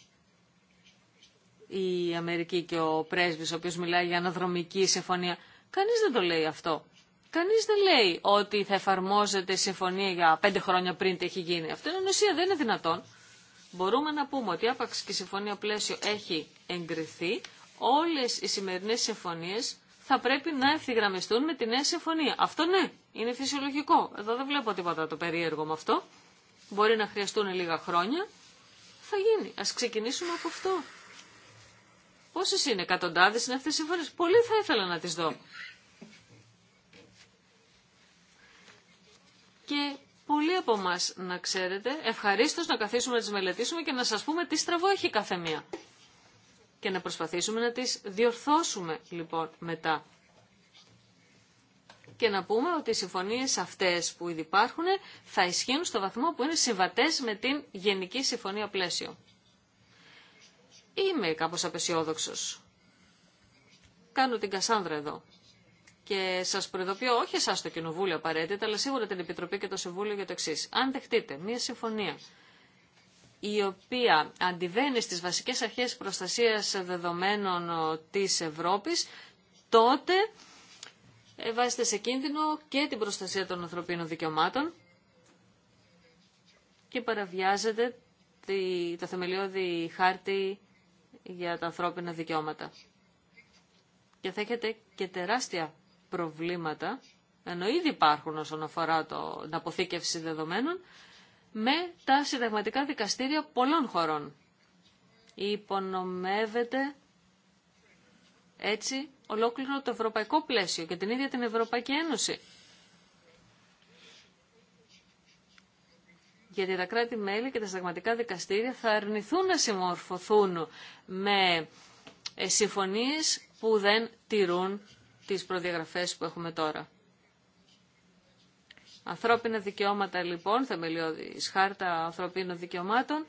η Αμερική και ο πρέσβης, ο οποίος μιλάει για αναδρομική συμφωνία. Κανείς δεν το λέει αυτό. Κανείς δεν λέει ότι θα εφαρμόζεται η συμφωνία για πέντε χρόνια πριν τι έχει γίνει. Αυτό είναι ουσία, δεν είναι δυνατόν. Μπορούμε να πούμε ότι άπαξ και η συμφωνία πλαίσιο έχει εγκριθεί, όλες οι σημερινές συμφωνίες θα πρέπει να ευθυγραμμιστούν με τη νέα συμφωνία. Αυτό ναι, είναι φυσιολογικό. Εδώ δεν βλέπω τίποτα το περίεργο με αυτό. Μπορεί να χρειαστούν λίγα χρόνια. Θα γίνει. Ας ξεκινήσουμε από αυτό. Πόσες είναι, εκατοντάδε είναι αυτές οι συμφωνίες. Πολύ θα ήθελα να τι δω. και πολλοί από εμά να ξέρετε, ευχαρίστω να καθίσουμε να τι μελετήσουμε και να σας πούμε τι στραβό έχει κάθε μία. Και να προσπαθήσουμε να τις διορθώσουμε λοιπόν μετά. Και να πούμε ότι οι συμφωνίε αυτές που ήδη υπάρχουν θα ισχύουν στο βαθμό που είναι συμβατές με την Γενική Συμφωνία Πλαίσιο. Είμαι κάπως απεσιόδοξος. Κάνω την Κασάνδρα εδώ. Και σα προειδοποιώ, όχι εσά το Κοινοβούλιο απαραίτητα, αλλά σίγουρα την Επιτροπή και το Συμβούλιο για το εξή. Αν δεχτείτε μία συμφωνία η οποία αντιβαίνει στις βασικές αρχές προστασίας δεδομένων της Ευρώπης, τότε ε, βάζετε σε κίνδυνο και την προστασία των ανθρωπίνων δικαιωμάτων και παραβιάζετε το θεμελιώδη χάρτη για τα ανθρώπινα δικαιώματα. Και θα έχετε και τεράστια προβλήματα, ενώ ήδη υπάρχουν όσον αφορά το, την αποθήκευση δεδομένων, με τα συνταγματικά δικαστήρια πολλών χωρών. Υπονομεύεται έτσι ολόκληρο το ευρωπαϊκό πλαίσιο και την ίδια την Ευρωπαϊκή Ένωση. γιατί τα κράτη-μέλη και τα συνταγματικά δικαστήρια θα αρνηθούν να συμμορφωθούν με ε, συμφωνίες που δεν τηρούν τις προδιαγραφές που έχουμε τώρα. Ανθρώπινα δικαιώματα λοιπόν, θεμελιώδης χάρτα ανθρωπίνων δικαιωμάτων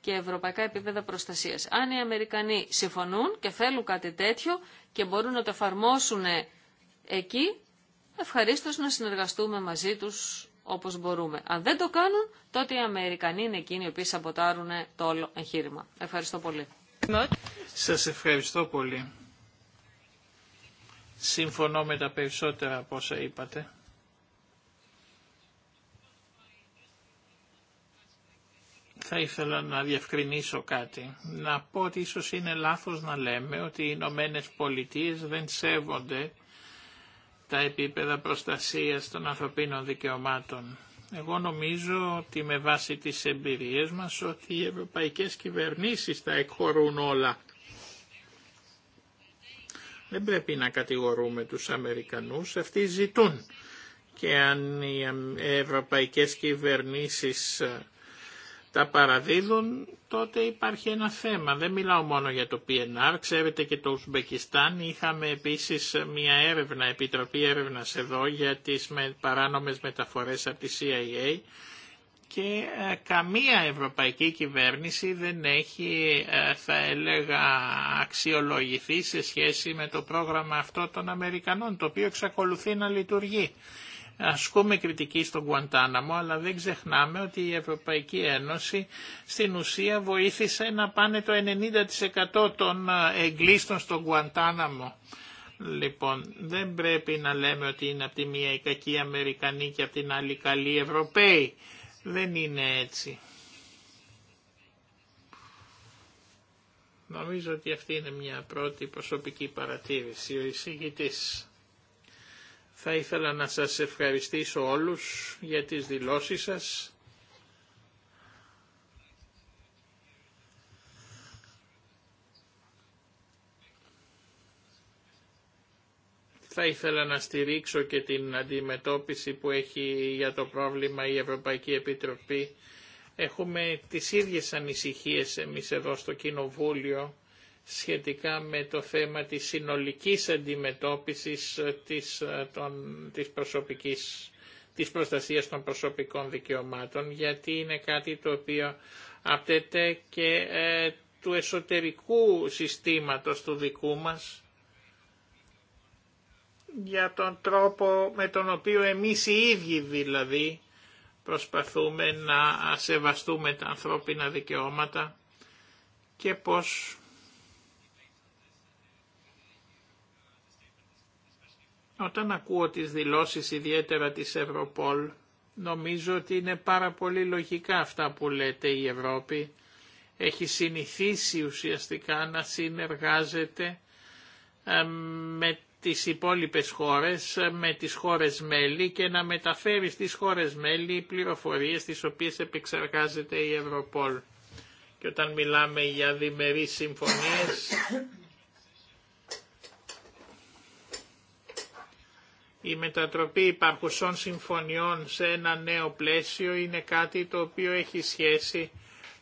και ευρωπαϊκά επίπεδα προστασίας. Αν οι Αμερικανοί συμφωνούν και θέλουν κάτι τέτοιο και μπορούν να το εφαρμόσουν εκεί, ευχαρίστως να συνεργαστούμε μαζί τους όπως μπορούμε. Αν δεν το κάνουν, τότε οι Αμερικανοί είναι εκείνοι οι οποίοι σαμποτάρουν το όλο εγχείρημα. Ευχαριστώ πολύ. Σας ευχαριστώ πολύ. Συμφωνώ με τα περισσότερα από όσα είπατε. Θα ήθελα να διευκρινίσω κάτι. Να πω ότι ίσως είναι λάθος να λέμε ότι οι Ηνωμένε Πολιτείε δεν σέβονται τα επίπεδα προστασίας των ανθρωπίνων δικαιωμάτων. Εγώ νομίζω ότι με βάση τις εμπειρίες μας ότι οι ευρωπαϊκές κυβερνήσεις τα εκχωρούν όλα δεν πρέπει να κατηγορούμε τους Αμερικανούς, αυτοί ζητούν. Και αν οι ευρωπαϊκές κυβερνήσεις ε, τα παραδίδουν, τότε υπάρχει ένα θέμα. Δεν μιλάω μόνο για το PNR, ξέρετε και το Ουσμπεκιστάν. Είχαμε επίσης μια έρευνα, επιτροπή έρευνας εδώ για τις παράνομες μεταφορές από τη CIA και ε, καμία ευρωπαϊκή κυβέρνηση δεν έχει, ε, θα έλεγα, αξιολογηθεί σε σχέση με το πρόγραμμα αυτό των Αμερικανών, το οποίο εξακολουθεί να λειτουργεί. Ασκούμε κριτική στον Κουαντάναμο, αλλά δεν ξεχνάμε ότι η Ευρωπαϊκή Ένωση στην ουσία βοήθησε να πάνε το 90% των ε, εγκλήστων στον Κουαντάναμο. Λοιπόν, δεν πρέπει να λέμε ότι είναι από τη μία η κακή και από την άλλη καλή Ευρωπαίοι. Δεν είναι έτσι. Νομίζω ότι αυτή είναι μια πρώτη προσωπική παρατήρηση. Ο εισηγητής. Θα ήθελα να σας ευχαριστήσω όλους για τις δηλώσεις σας Θα ήθελα να στηρίξω και την αντιμετώπιση που έχει για το πρόβλημα η Ευρωπαϊκή Επιτροπή. Έχουμε τις ίδιες ανησυχίες εμείς εδώ στο Κοινοβούλιο σχετικά με το θέμα της συνολικής αντιμετώπισης της, των, της, προσωπικής, της προστασίας των προσωπικών δικαιωμάτων, γιατί είναι κάτι το οποίο απτέται και ε, του εσωτερικού συστήματος του δικού μας, για τον τρόπο με τον οποίο εμείς οι ίδιοι δηλαδή προσπαθούμε να σεβαστούμε τα ανθρώπινα δικαιώματα και πως όταν ακούω τις δηλώσεις ιδιαίτερα της Ευρωπόλ νομίζω ότι είναι πάρα πολύ λογικά αυτά που λέτε η Ευρώπη έχει συνηθίσει ουσιαστικά να συνεργάζεται ε, με τις υπόλοιπες χώρες ε, με τις χώρες μέλη και να μεταφέρει στις χώρες μέλη πληροφορίες τις οποίες επεξεργάζεται η Ευρωπόλ. Και όταν μιλάμε για διμερείς συμφωνίες, η μετατροπή υπάρχουσών συμφωνιών σε ένα νέο πλαίσιο είναι κάτι το οποίο έχει σχέση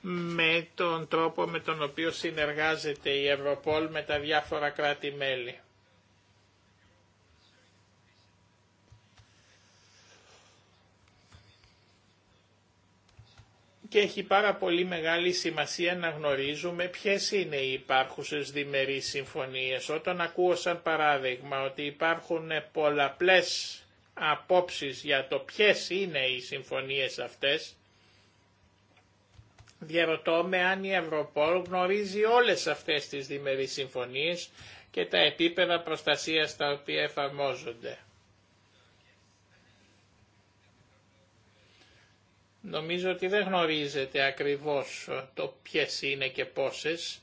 με τον τρόπο με τον οποίο συνεργάζεται η Ευρωπόλ με τα διάφορα κράτη-μέλη. και έχει πάρα πολύ μεγάλη σημασία να γνωρίζουμε ποιες είναι οι υπάρχουσες διμερείς συμφωνίες. Όταν ακούω σαν παράδειγμα ότι υπάρχουν πολλαπλές απόψεις για το ποιες είναι οι συμφωνίες αυτές, διαρωτώ με αν η Ευρωπόλ γνωρίζει όλες αυτές τις διμερείς συμφωνίες και τα επίπεδα προστασίας τα οποία εφαρμόζονται. Νομίζω ότι δεν γνωρίζετε ακριβώς το ποιες είναι και πόσες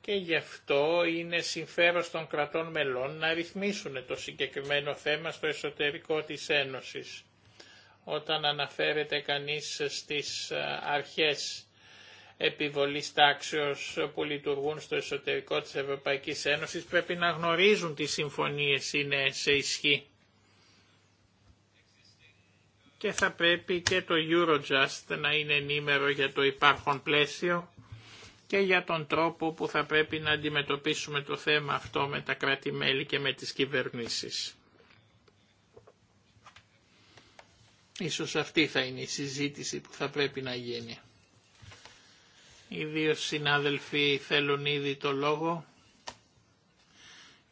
και γι' αυτό είναι συμφέρος των κρατών μελών να ρυθμίσουν το συγκεκριμένο θέμα στο εσωτερικό της Ένωσης. Όταν αναφέρεται κανείς στις ε, αρχές επιβολής τάξεως που λειτουργούν στο εσωτερικό της Ευρωπαϊκής Ένωσης πρέπει να γνωρίζουν τι συμφωνίες είναι σε ισχύ και θα πρέπει και το Eurojust να είναι ενήμερο για το υπάρχον πλαίσιο και για τον τρόπο που θα πρέπει να αντιμετωπίσουμε το θέμα αυτό με τα κράτη-μέλη και με τις κυβερνήσεις. Ίσως αυτή θα είναι η συζήτηση που θα πρέπει να γίνει. Οι δύο συνάδελφοι θέλουν ήδη το λόγο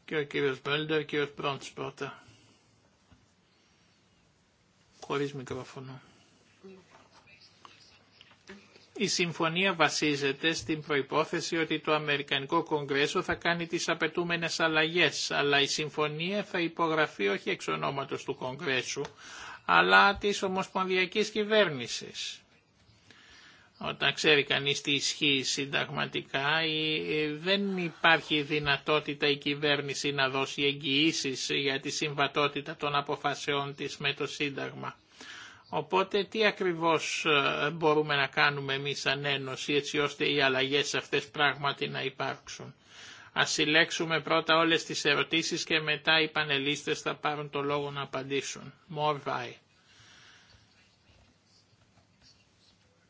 και ο κύριος Μέλντερ και ο κύριος Πρόντς η συμφωνία βασίζεται στην προϋπόθεση ότι το Αμερικανικό Κογκρέσο θα κάνει τις απαιτούμενες αλλαγές, αλλά η συμφωνία θα υπογραφεί όχι εξ του Κογκρέσου, αλλά της Ομοσπονδιακής Κυβέρνησης. Όταν ξέρει κανείς τι ισχύει συνταγματικά ε, ε, δεν υπάρχει δυνατότητα η κυβέρνηση να δώσει εγγυήσει για τη συμβατότητα των αποφασεών της με το Σύνταγμα. Οπότε τι ακριβώς ε, μπορούμε να κάνουμε εμείς σαν Ένωση έτσι ώστε οι αλλαγές αυτές πράγματι να υπάρξουν. Ας συλλέξουμε πρώτα όλες τις ερωτήσεις και μετά οι πανελίστες θα πάρουν το λόγο να απαντήσουν.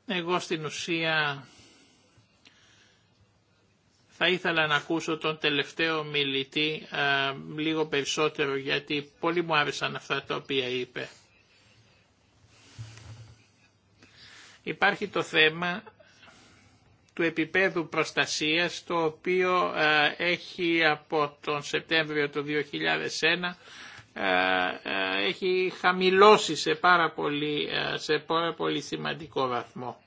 Εγώ στην ουσία θα ήθελα να ακούσω τον τελευταίο μιλητή ε, λίγο περισσότερο γιατί πολύ μου άρεσαν αυτά τα οποία είπε. Υπάρχει το θέμα του επίπεδου προστασίας το οποίο ε, έχει από τον Σεπτέμβριο του 2001 ε, ε, έχει χαμηλώσει σε πάρα πολύ, ε, σε πάρα πολύ σημαντικό βαθμό.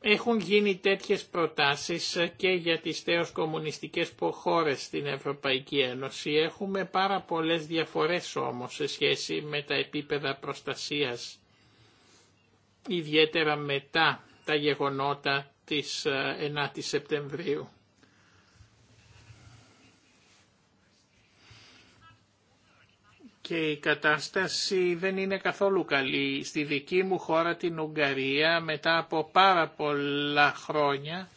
Έχουν γίνει τέτοιες προτάσεις και για τις θέως κομμουνιστικές χώρες στην Ευρωπαϊκή Ένωση. Έχουμε πάρα πολλές διαφορές όμως σε σχέση με τα επίπεδα προστασίας, ιδιαίτερα μετά τα γεγονότα της 9ης Σεπτεμβρίου. και η κατάσταση δεν είναι καθόλου καλή. Στη δική μου χώρα την Ουγγαρία μετά από πάρα πολλά χρόνια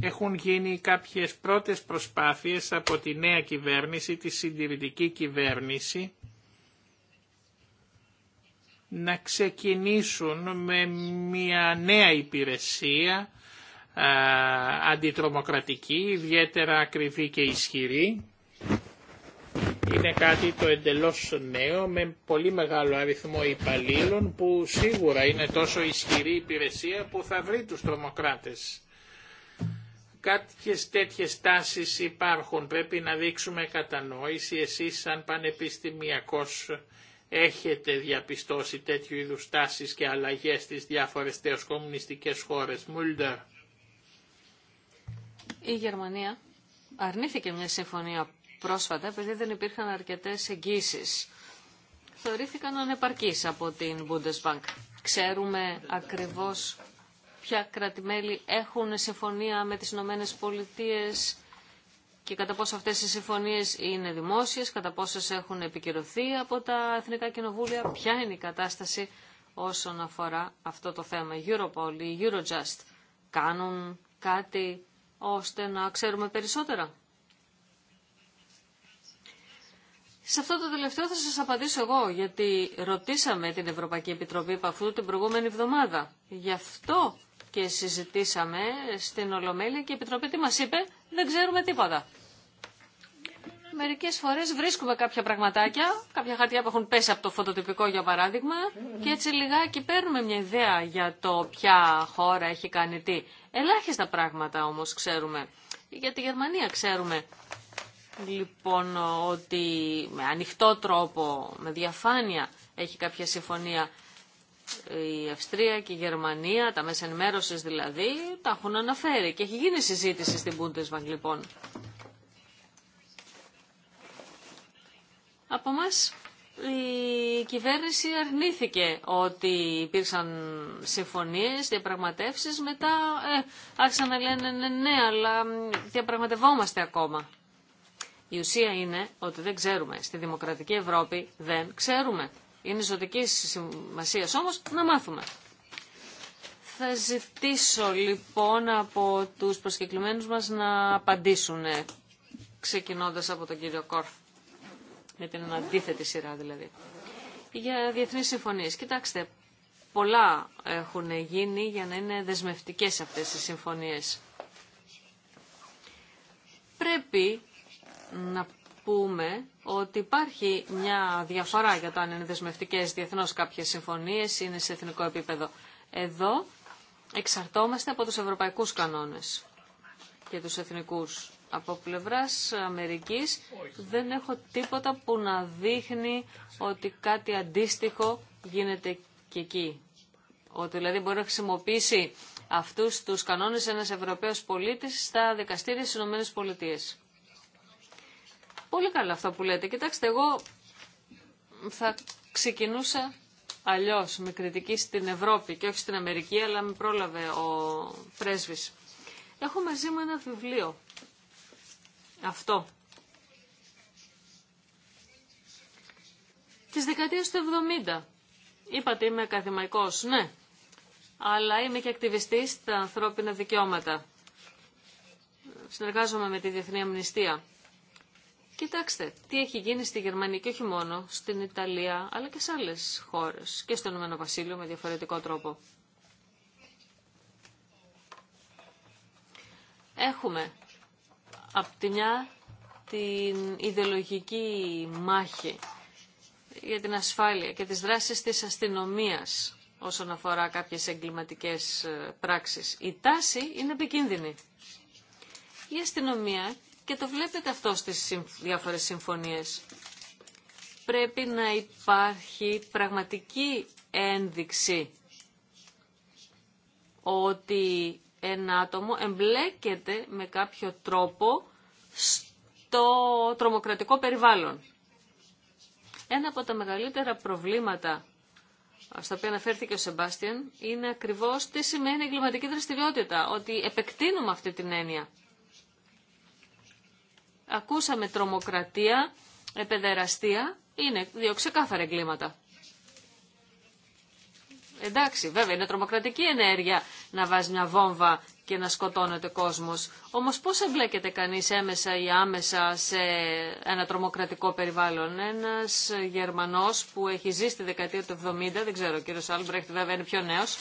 έχουν γίνει κάποιες πρώτες προσπάθειες από τη νέα κυβέρνηση, τη συντηρητική κυβέρνηση να ξεκινήσουν με μια νέα υπηρεσία α, αντιτρομοκρατική, ιδιαίτερα ακριβή και ισχυρή είναι κάτι το εντελώς νέο με πολύ μεγάλο αριθμό υπαλλήλων που σίγουρα είναι τόσο ισχυρή υπηρεσία που θα βρει τους τρομοκράτες. Κάποιες τέτοιες τάσεις υπάρχουν, πρέπει να δείξουμε κατανόηση. Εσείς σαν πανεπιστημιακός έχετε διαπιστώσει τέτοιου είδους τάσεις και αλλαγές στις διάφορες τεοσκομμουνιστικές χώρες. Μούλντερ. Η Γερμανία αρνήθηκε μια συμφωνία πρόσφατα επειδή δεν υπήρχαν αρκετές εγγύσεις. Θεωρήθηκαν ανεπαρκείς από την Bundesbank. Ξέρουμε ακριβώς ποια κρατημέλη έχουν συμφωνία με τις Ηνωμένες Πολιτείες και κατά πόσο αυτές οι συμφωνίες είναι δημόσιες, κατά πόσες έχουν επικυρωθεί από τα Εθνικά Κοινοβούλια, ποια είναι η κατάσταση όσον αφορά αυτό το θέμα. Η Europol, η Eurojust κάνουν κάτι ώστε να ξέρουμε περισσότερα. Σε αυτό το τελευταίο θα σας απαντήσω εγώ, γιατί ρωτήσαμε την Ευρωπαϊκή Επιτροπή από αυτού την προηγούμενη εβδομάδα. Γι' αυτό και συζητήσαμε στην Ολομέλεια και η Επιτροπή τι μας είπε, δεν ξέρουμε τίποτα. Μερικές φορές βρίσκουμε κάποια πραγματάκια, κάποια χαρτιά που έχουν πέσει από το φωτοτυπικό για παράδειγμα και έτσι λιγάκι παίρνουμε μια ιδέα για το ποια χώρα έχει κάνει τι. Ελάχιστα πράγματα όμως ξέρουμε. Για τη Γερμανία ξέρουμε λοιπόν ότι με ανοιχτό τρόπο, με διαφάνεια έχει κάποια συμφωνία η Αυστρία και η Γερμανία, τα μέσα ενημέρωσης δηλαδή, τα έχουν αναφέρει και έχει γίνει συζήτηση στην Bundesbank λοιπόν. Από μας η κυβέρνηση αρνήθηκε ότι υπήρξαν συμφωνίες, διαπραγματεύσεις, μετά ε, άρχισαν να λένε ναι, ναι, αλλά διαπραγματευόμαστε ακόμα. Η ουσία είναι ότι δεν ξέρουμε. Στη δημοκρατική Ευρώπη δεν ξέρουμε. Είναι ζωτική σημασία όμω να μάθουμε. Θα ζητήσω λοιπόν από τους προσκεκλημένου μας να απαντήσουν, ξεκινώντα από τον κύριο Κόρφ, με την αντίθετη σειρά δηλαδή. Για διεθνεί συμφωνίες. Κοιτάξτε, πολλά έχουν γίνει για να είναι δεσμευτικές αυτές οι συμφωνίες. Πρέπει να πούμε ότι υπάρχει μια διαφορά για το αν είναι δεσμευτικές διεθνώς κάποιες συμφωνίες, είναι σε εθνικό επίπεδο. Εδώ εξαρτώμαστε από τους ευρωπαϊκούς κανόνες και τους εθνικούς. Από πλευράς Αμερικής δεν έχω τίποτα που να δείχνει ότι κάτι αντίστοιχο γίνεται και εκεί. Ότι δηλαδή μπορεί να χρησιμοποιήσει αυτούς τους κανόνες ένας Ευρωπαίος πολίτης στα δικαστήρια στις ΗΠΑ. Πολύ καλά αυτά που λέτε. Κοιτάξτε, εγώ θα ξεκινούσα αλλιώς με κριτική στην Ευρώπη και όχι στην Αμερική, αλλά με πρόλαβε ο πρέσβης. Έχω μαζί μου ένα βιβλίο. Αυτό. Της δεκαετία του 70. Είπατε είμαι ακαδημαϊκός, ναι. Αλλά είμαι και ακτιβιστής στα ανθρώπινα δικαιώματα. Συνεργάζομαι με τη Διεθνή Αμνηστία. Κοιτάξτε, τι έχει γίνει στη Γερμανία και όχι μόνο, στην Ιταλία, αλλά και σε άλλες χώρες και στον Ηνωμένο Βασίλειο με διαφορετικό τρόπο. Έχουμε από τη μια την ιδεολογική μάχη για την ασφάλεια και τις δράσεις της αστυνομίας όσον αφορά κάποιες εγκληματικές ε, πράξεις. Η τάση είναι επικίνδυνη. Η αστυνομία και το βλέπετε αυτό στις διάφορες συμφωνίες. Πρέπει να υπάρχει πραγματική ένδειξη ότι ένα άτομο εμπλέκεται με κάποιο τρόπο στο τρομοκρατικό περιβάλλον. Ένα από τα μεγαλύτερα προβλήματα στα οποία αναφέρθηκε ο Σεμπάστιαν είναι ακριβώς τι σημαίνει εγκληματική δραστηριότητα, ότι επεκτείνουμε αυτή την έννοια. Ακούσαμε τρομοκρατία, επεδεραστία, είναι δύο ξεκάθαρα εγκλήματα. Εντάξει, βέβαια είναι τρομοκρατική ενέργεια να βάζει μια βόμβα και να σκοτώνεται κόσμος. Όμως πώς εμπλέκεται κανείς έμεσα ή άμεσα σε ένα τρομοκρατικό περιβάλλον. Ένας Γερμανός που έχει ζήσει τη δεκαετία του 70, δεν ξέρω, ο κύριος Άλμπρεχτ βέβαια είναι πιο νέος,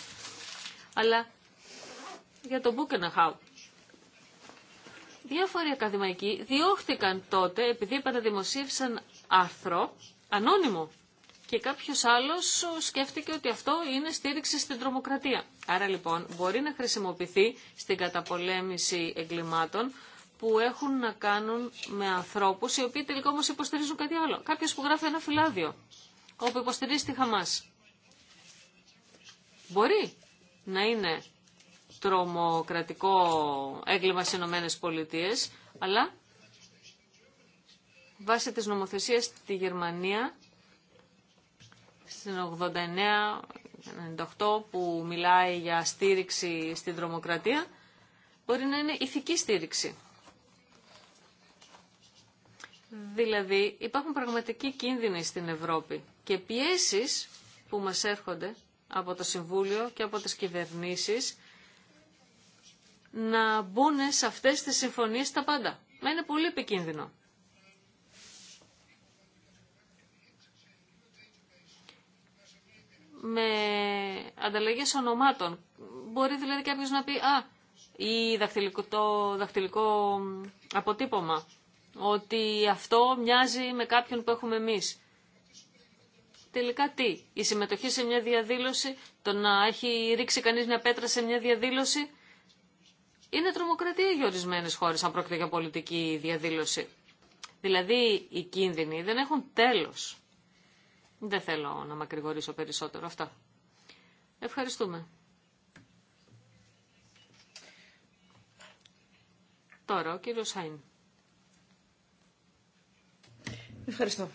αλλά για τον Μπούκεναχάου διάφοροι ακαδημαϊκοί διώχθηκαν τότε επειδή παραδημοσίευσαν άρθρο ανώνυμο και κάποιος άλλος σκέφτηκε ότι αυτό είναι στήριξη στην τρομοκρατία. Άρα λοιπόν μπορεί να χρησιμοποιηθεί στην καταπολέμηση εγκλημάτων που έχουν να κάνουν με ανθρώπους οι οποίοι τελικά όμως υποστηρίζουν κάτι άλλο. Κάποιος που γράφει ένα φυλάδιο όπου υποστηρίζει τη Χαμάς. Μπορεί να είναι τρομοκρατικό έγκλημα στι Ηνωμένε Πολιτείε, αλλά βάσει της νομοθεσίας στη Γερμανία στην 89-98 που μιλάει για στήριξη στην τρομοκρατία μπορεί να είναι ηθική στήριξη. Δηλαδή υπάρχουν πραγματικοί κίνδυνοι στην Ευρώπη και πιέσεις που μας έρχονται από το Συμβούλιο και από τις κυβερνήσεις να μπουν σε αυτές τις συμφωνίες τα πάντα. Μα είναι πολύ επικίνδυνο. Με ανταλλαγές ονομάτων. Μπορεί δηλαδή κάποιος να πει «Α, ή δαχτυλικό, το δαχτυλικό αποτύπωμα, ότι αυτό μοιάζει με κάποιον που έχουμε εμείς». Τελικά τι, η συμμετοχή σε μια διαδήλωση, το να έχει ρίξει κανείς μια πέτρα σε μια διαδήλωση, είναι τρομοκρατία για ορισμένε χώρε, αν πρόκειται για πολιτική διαδήλωση. Δηλαδή, οι κίνδυνοι δεν έχουν τέλο. Δεν θέλω να μακρηγορήσω περισσότερο αυτά. Ευχαριστούμε. Τώρα, ο κύριος Σάιν. Ευχαριστώ.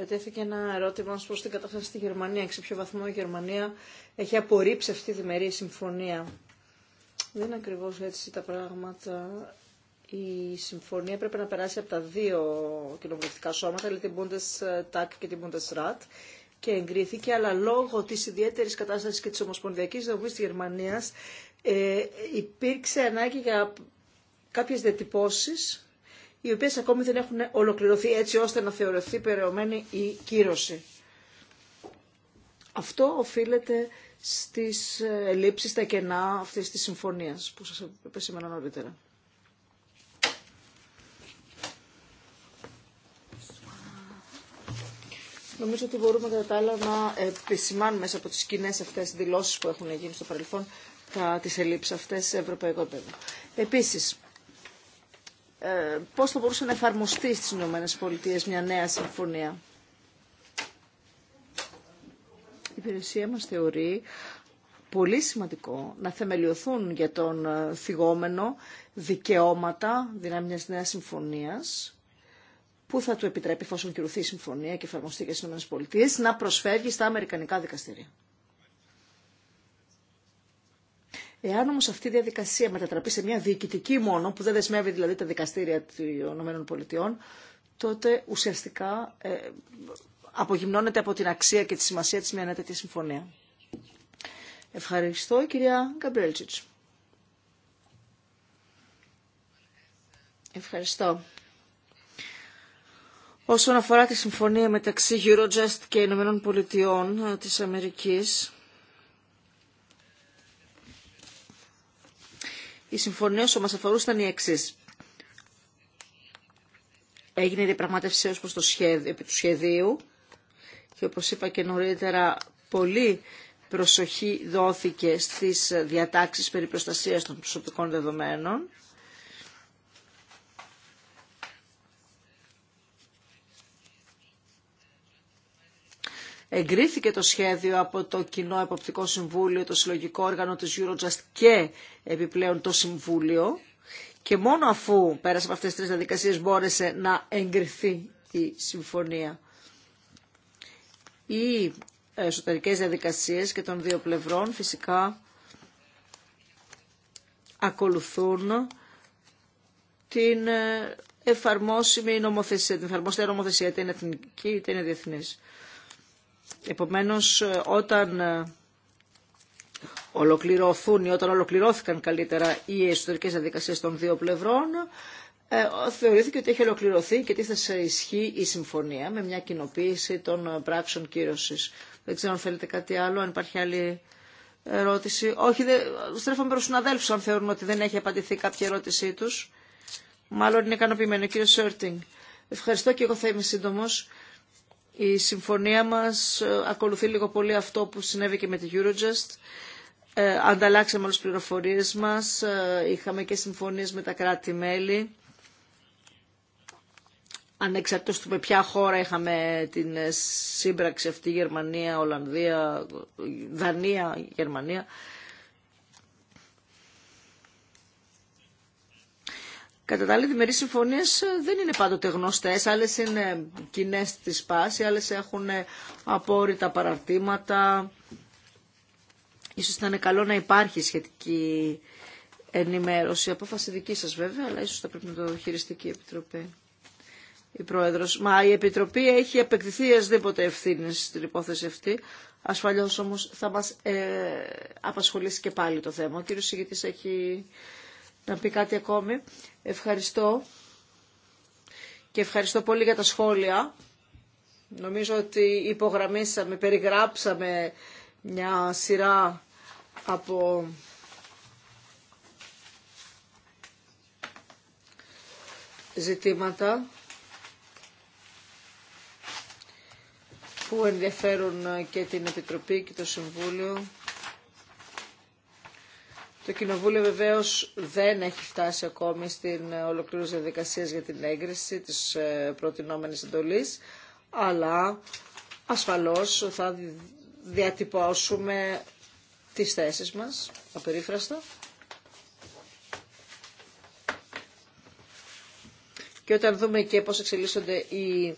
ετέθηκε ένα ερώτημα ως προς την κατάσταση στη Γερμανία και σε ποιο βαθμό η Γερμανία έχει απορρίψει αυτή τη μερή συμφωνία. Δεν είναι ακριβώ έτσι τα πράγματα. Η συμφωνία πρέπει να περάσει από τα δύο κοινοβουλευτικά σώματα, δηλαδή την Bundestag και την Bundesrat και εγκρίθηκε, αλλά λόγω τη ιδιαίτερη κατάσταση και τη ομοσπονδιακή δομή τη Γερμανία ε, υπήρξε ανάγκη για κάποιες διατυπώσεις οι οποίες ακόμη δεν έχουν ολοκληρωθεί έτσι ώστε να θεωρηθεί περαιωμένη η κύρωση. Αυτό οφείλεται στις ε, ελλείψεις, στα κενά αυτής της συμφωνίας που σας σήμερα νωρίτερα. Νομίζω ότι μπορούμε κατά τα άλλα να επισημάνουμε μέσα από τις κοινέ αυτές δηλώσεις που έχουν γίνει στο παρελθόν τα, τις ελλείψεις αυτές σε ευρωπαϊκό επίπεδο. Επίσης, ε, πώς θα μπορούσε να εφαρμοστεί στις Ηνωμένες Πολιτείες μια νέα συμφωνία. Η υπηρεσία μας θεωρεί πολύ σημαντικό να θεμελιωθούν για τον ε, θυγόμενο δικαιώματα δυνάμει νέα νέας συμφωνίας που θα του επιτρέπει εφόσον κυρωθεί η συμφωνία και εφαρμοστεί και στις ΗΠΑ να προσφεύγει στα Αμερικανικά δικαστήρια. Εάν όμω αυτή η διαδικασία μετατραπεί σε μια διοικητική μόνο, που δεν δεσμεύει δηλαδή τα δικαστήρια των ΗΠΑ, τότε ουσιαστικά ε, απογυμνώνεται από την αξία και τη σημασία της μια τέτοια συμφωνία. Ευχαριστώ, κυρία Γκαμπρέλτσιτς. Ευχαριστώ. Όσον αφορά τη συμφωνία μεταξύ Eurojust και Ηνωμένων Πολιτειών ε, της Αμερικής, οι συμφωνίε όσο μας αφορούσαν ήταν οι εξή. Έγινε η διαπραγμάτευση έω προς το σχέδιο, επί του σχεδίου και όπως είπα και νωρίτερα πολύ προσοχή δόθηκε στις διατάξεις περί προστασίας των προσωπικών δεδομένων Εγκρίθηκε το σχέδιο από το Κοινό Εποπτικό Συμβούλιο, το Συλλογικό Όργανο της Eurojust και επιπλέον το Συμβούλιο και μόνο αφού πέρασε από αυτές τις τρεις διαδικασίες μπόρεσε να εγκριθεί η συμφωνία. Οι εσωτερικές διαδικασίες και των δύο πλευρών φυσικά ακολουθούν την εφαρμόσιμη νομοθεσία, την εφαρμόσιμη νομοθεσία, είτε είναι εθνική είτε είναι διεθνής. Επομένως, ε, όταν ε, ολοκληρωθούν ή όταν ολοκληρώθηκαν καλύτερα οι εσωτερικές διαδικασίες των δύο πλευρών, ε, θεωρήθηκε ότι έχει ολοκληρωθεί και τίθεται σε ισχύ η συμφωνία με μια κοινοποίηση των πράξεων κύρωσης. Δεν ξέρω αν θέλετε κάτι άλλο, αν υπάρχει άλλη ερώτηση. Όχι, δε, στρέφομαι προς συναδέλφους αν θεωρούν ότι δεν έχει απαντηθεί κάποια ερώτησή τους. Μάλλον είναι ικανοποιημένο. Κύριο Σέρτινγκ, ευχαριστώ και εγώ θα είμαι σύντομος. Η συμφωνία μας ε, ακολουθεί λίγο πολύ αυτό που συνέβη και με τη Eurojust. Ε, ανταλλάξαμε όλες τις πληροφορίες μας. Ε, είχαμε και συμφωνίες με τα κράτη-μέλη. Ανεξαρτήτως του με ποια χώρα είχαμε την σύμπραξη αυτή, Γερμανία, Ολλανδία, Δανία, Γερμανία. Κατά τα άλλα, διμερεί συμφωνίε ε, δεν είναι πάντοτε γνωστέ. Άλλε είναι κοινέ στη σπάση, άλλε έχουν ε, απόρριτα παραρτήματα. Ίσως θα είναι καλό να υπάρχει σχετική ενημέρωση. Απόφαση δική σα, βέβαια, αλλά ίσως θα πρέπει να το χειριστεί και η Επιτροπή. Η Πρόεδρος. Μα η Επιτροπή έχει επεκτηθεί ασδήποτε ευθύνε στην υπόθεση αυτή. Ασφαλώ όμως θα μα ε, απασχολήσει και πάλι το θέμα. Ο κύριο Σιγητή έχει να πει κάτι ακόμη. Ευχαριστώ και ευχαριστώ πολύ για τα σχόλια. Νομίζω ότι υπογραμμίσαμε, περιγράψαμε μια σειρά από ζητήματα που ενδιαφέρουν και την Επιτροπή και το Συμβούλιο. Το Κοινοβούλιο βεβαίω δεν έχει φτάσει ακόμη στην ολοκλήρωση διαδικασία για την έγκριση τη ε, προτινόμενη εντολή, αλλά ασφαλώ θα διατυπώσουμε τι θέσει μα, απερίφραστα. Και όταν δούμε και πώς εξελίσσονται οι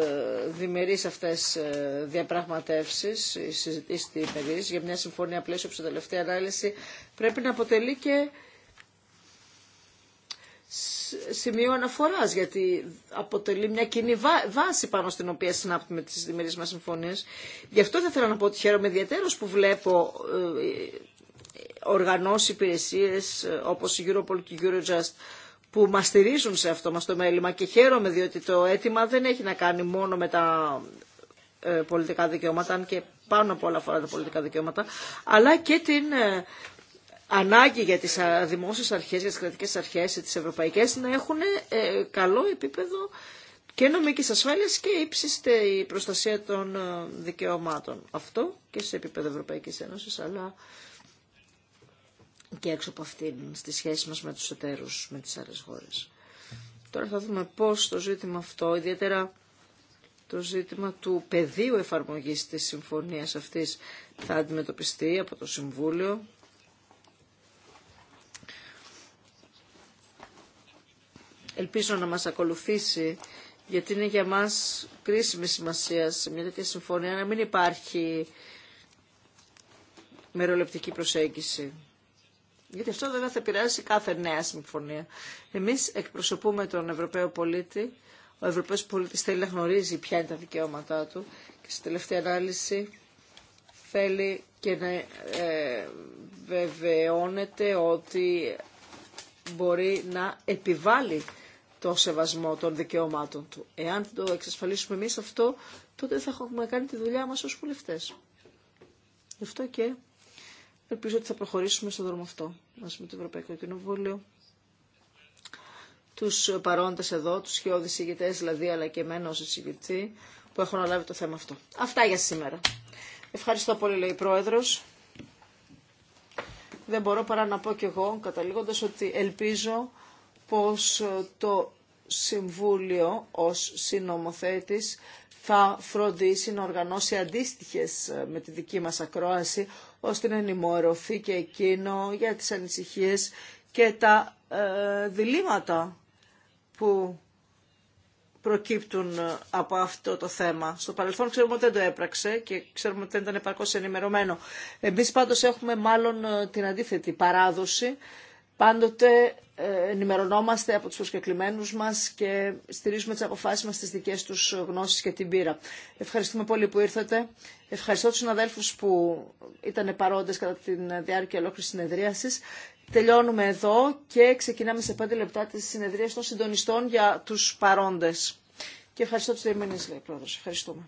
ε, διμερείς αυτές ε, διαπραγματεύσεις, οι συζητήσεις για μια συμφωνία πλαίσιο που τελευταία ανάλυση πρέπει να αποτελεί και σημείο αναφοράς γιατί αποτελεί μια κοινή βάση πάνω στην οποία συνάπτουμε τις διμερείς μας συμφωνίες. Γι' αυτό θα ήθελα να πω ότι χαίρομαι ιδιαίτερως που βλέπω ε, οργανώσει υπηρεσίες όπως η Europol και η Eurojust που μας στηρίζουν σε αυτό μας το μέλημα και χαίρομαι διότι το αίτημα δεν έχει να κάνει μόνο με τα ε, πολιτικά δικαιώματα, αν και πάνω από όλα αφορά τα πολιτικά δικαιώματα, αλλά και την ε, ανάγκη για τις δημόσιες αρχές, για τις κρατικές αρχές, τις ευρωπαϊκές, να έχουν ε, καλό επίπεδο και νομικής ασφάλειας και ύψιστη η προστασία των δικαιωμάτων. Αυτό και σε επίπεδο Ευρωπαϊκής Ένωσης, αλλά και έξω από αυτήν στη σχέση μας με τους εταίρους, με τις άλλες χώρες. Τώρα θα δούμε πώς το ζήτημα αυτό, ιδιαίτερα το ζήτημα του πεδίου εφαρμογής της συμφωνίας αυτής θα αντιμετωπιστεί από το Συμβούλιο. Ελπίζω να μας ακολουθήσει, γιατί είναι για μας κρίσιμη σημασία σε μια τέτοια συμφωνία να μην υπάρχει μερολεπτική προσέγγιση. Γιατί αυτό βέβαια θα επηρεάσει κάθε νέα συμφωνία. Εμείς εκπροσωπούμε τον Ευρωπαίο πολίτη. Ο Ευρωπαίο πολίτης θέλει να γνωρίζει ποια είναι τα δικαιώματά του και στη τελευταία ανάλυση θέλει και να ε, βεβαιώνεται ότι μπορεί να επιβάλλει το σεβασμό των δικαιωμάτων του. Εάν το εξασφαλίσουμε εμείς αυτό, τότε θα έχουμε κάνει τη δουλειά μας ως βουλευτές. Γι' αυτό και Ελπίζω ότι θα προχωρήσουμε στον δρόμο αυτό μαζί με το Ευρωπαϊκό Κοινοβούλιο. τους παρόντες εδώ, τους χιώδει ηγητέ δηλαδή, αλλά και εμένα ως εισηγητή που έχω αναλάβει το θέμα αυτό. Αυτά για σήμερα. Ευχαριστώ πολύ, λέει η Πρόεδρο. Δεν μπορώ παρά να πω κι εγώ, καταλήγοντας, ότι ελπίζω πως ε, το Συμβούλιο ως συνομοθέτης θα φροντίσει να οργανώσει αντίστοιχες ε, με τη δική μας ακρόαση ώστε να ενημερωθεί και εκείνο για τις ανησυχίες και τα ε, διλήμματα που προκύπτουν ε, από αυτό το θέμα. Στο παρελθόν ξέρουμε ότι δεν το έπραξε και ξέρουμε ότι δεν ήταν επαρκώς ενημερωμένο. Εμείς πάντως έχουμε μάλλον ε, την αντίθετη παράδοση. Πάντοτε ενημερωνόμαστε από τους προσκεκλημένους μας και στηρίζουμε τις αποφάσεις μας στις δικές τους γνώσεις και την πείρα. Ευχαριστούμε πολύ που ήρθατε. Ευχαριστώ τους συναδέλφους που ήταν παρόντες κατά τη διάρκεια ολόκληρης συνεδρίασης. Τελειώνουμε εδώ και ξεκινάμε σε πέντε λεπτά τη συνεδρία των συντονιστών για τους παρόντες. Και ευχαριστώ τους διεμένες, λέει πρόεδρος. Ευχαριστούμε.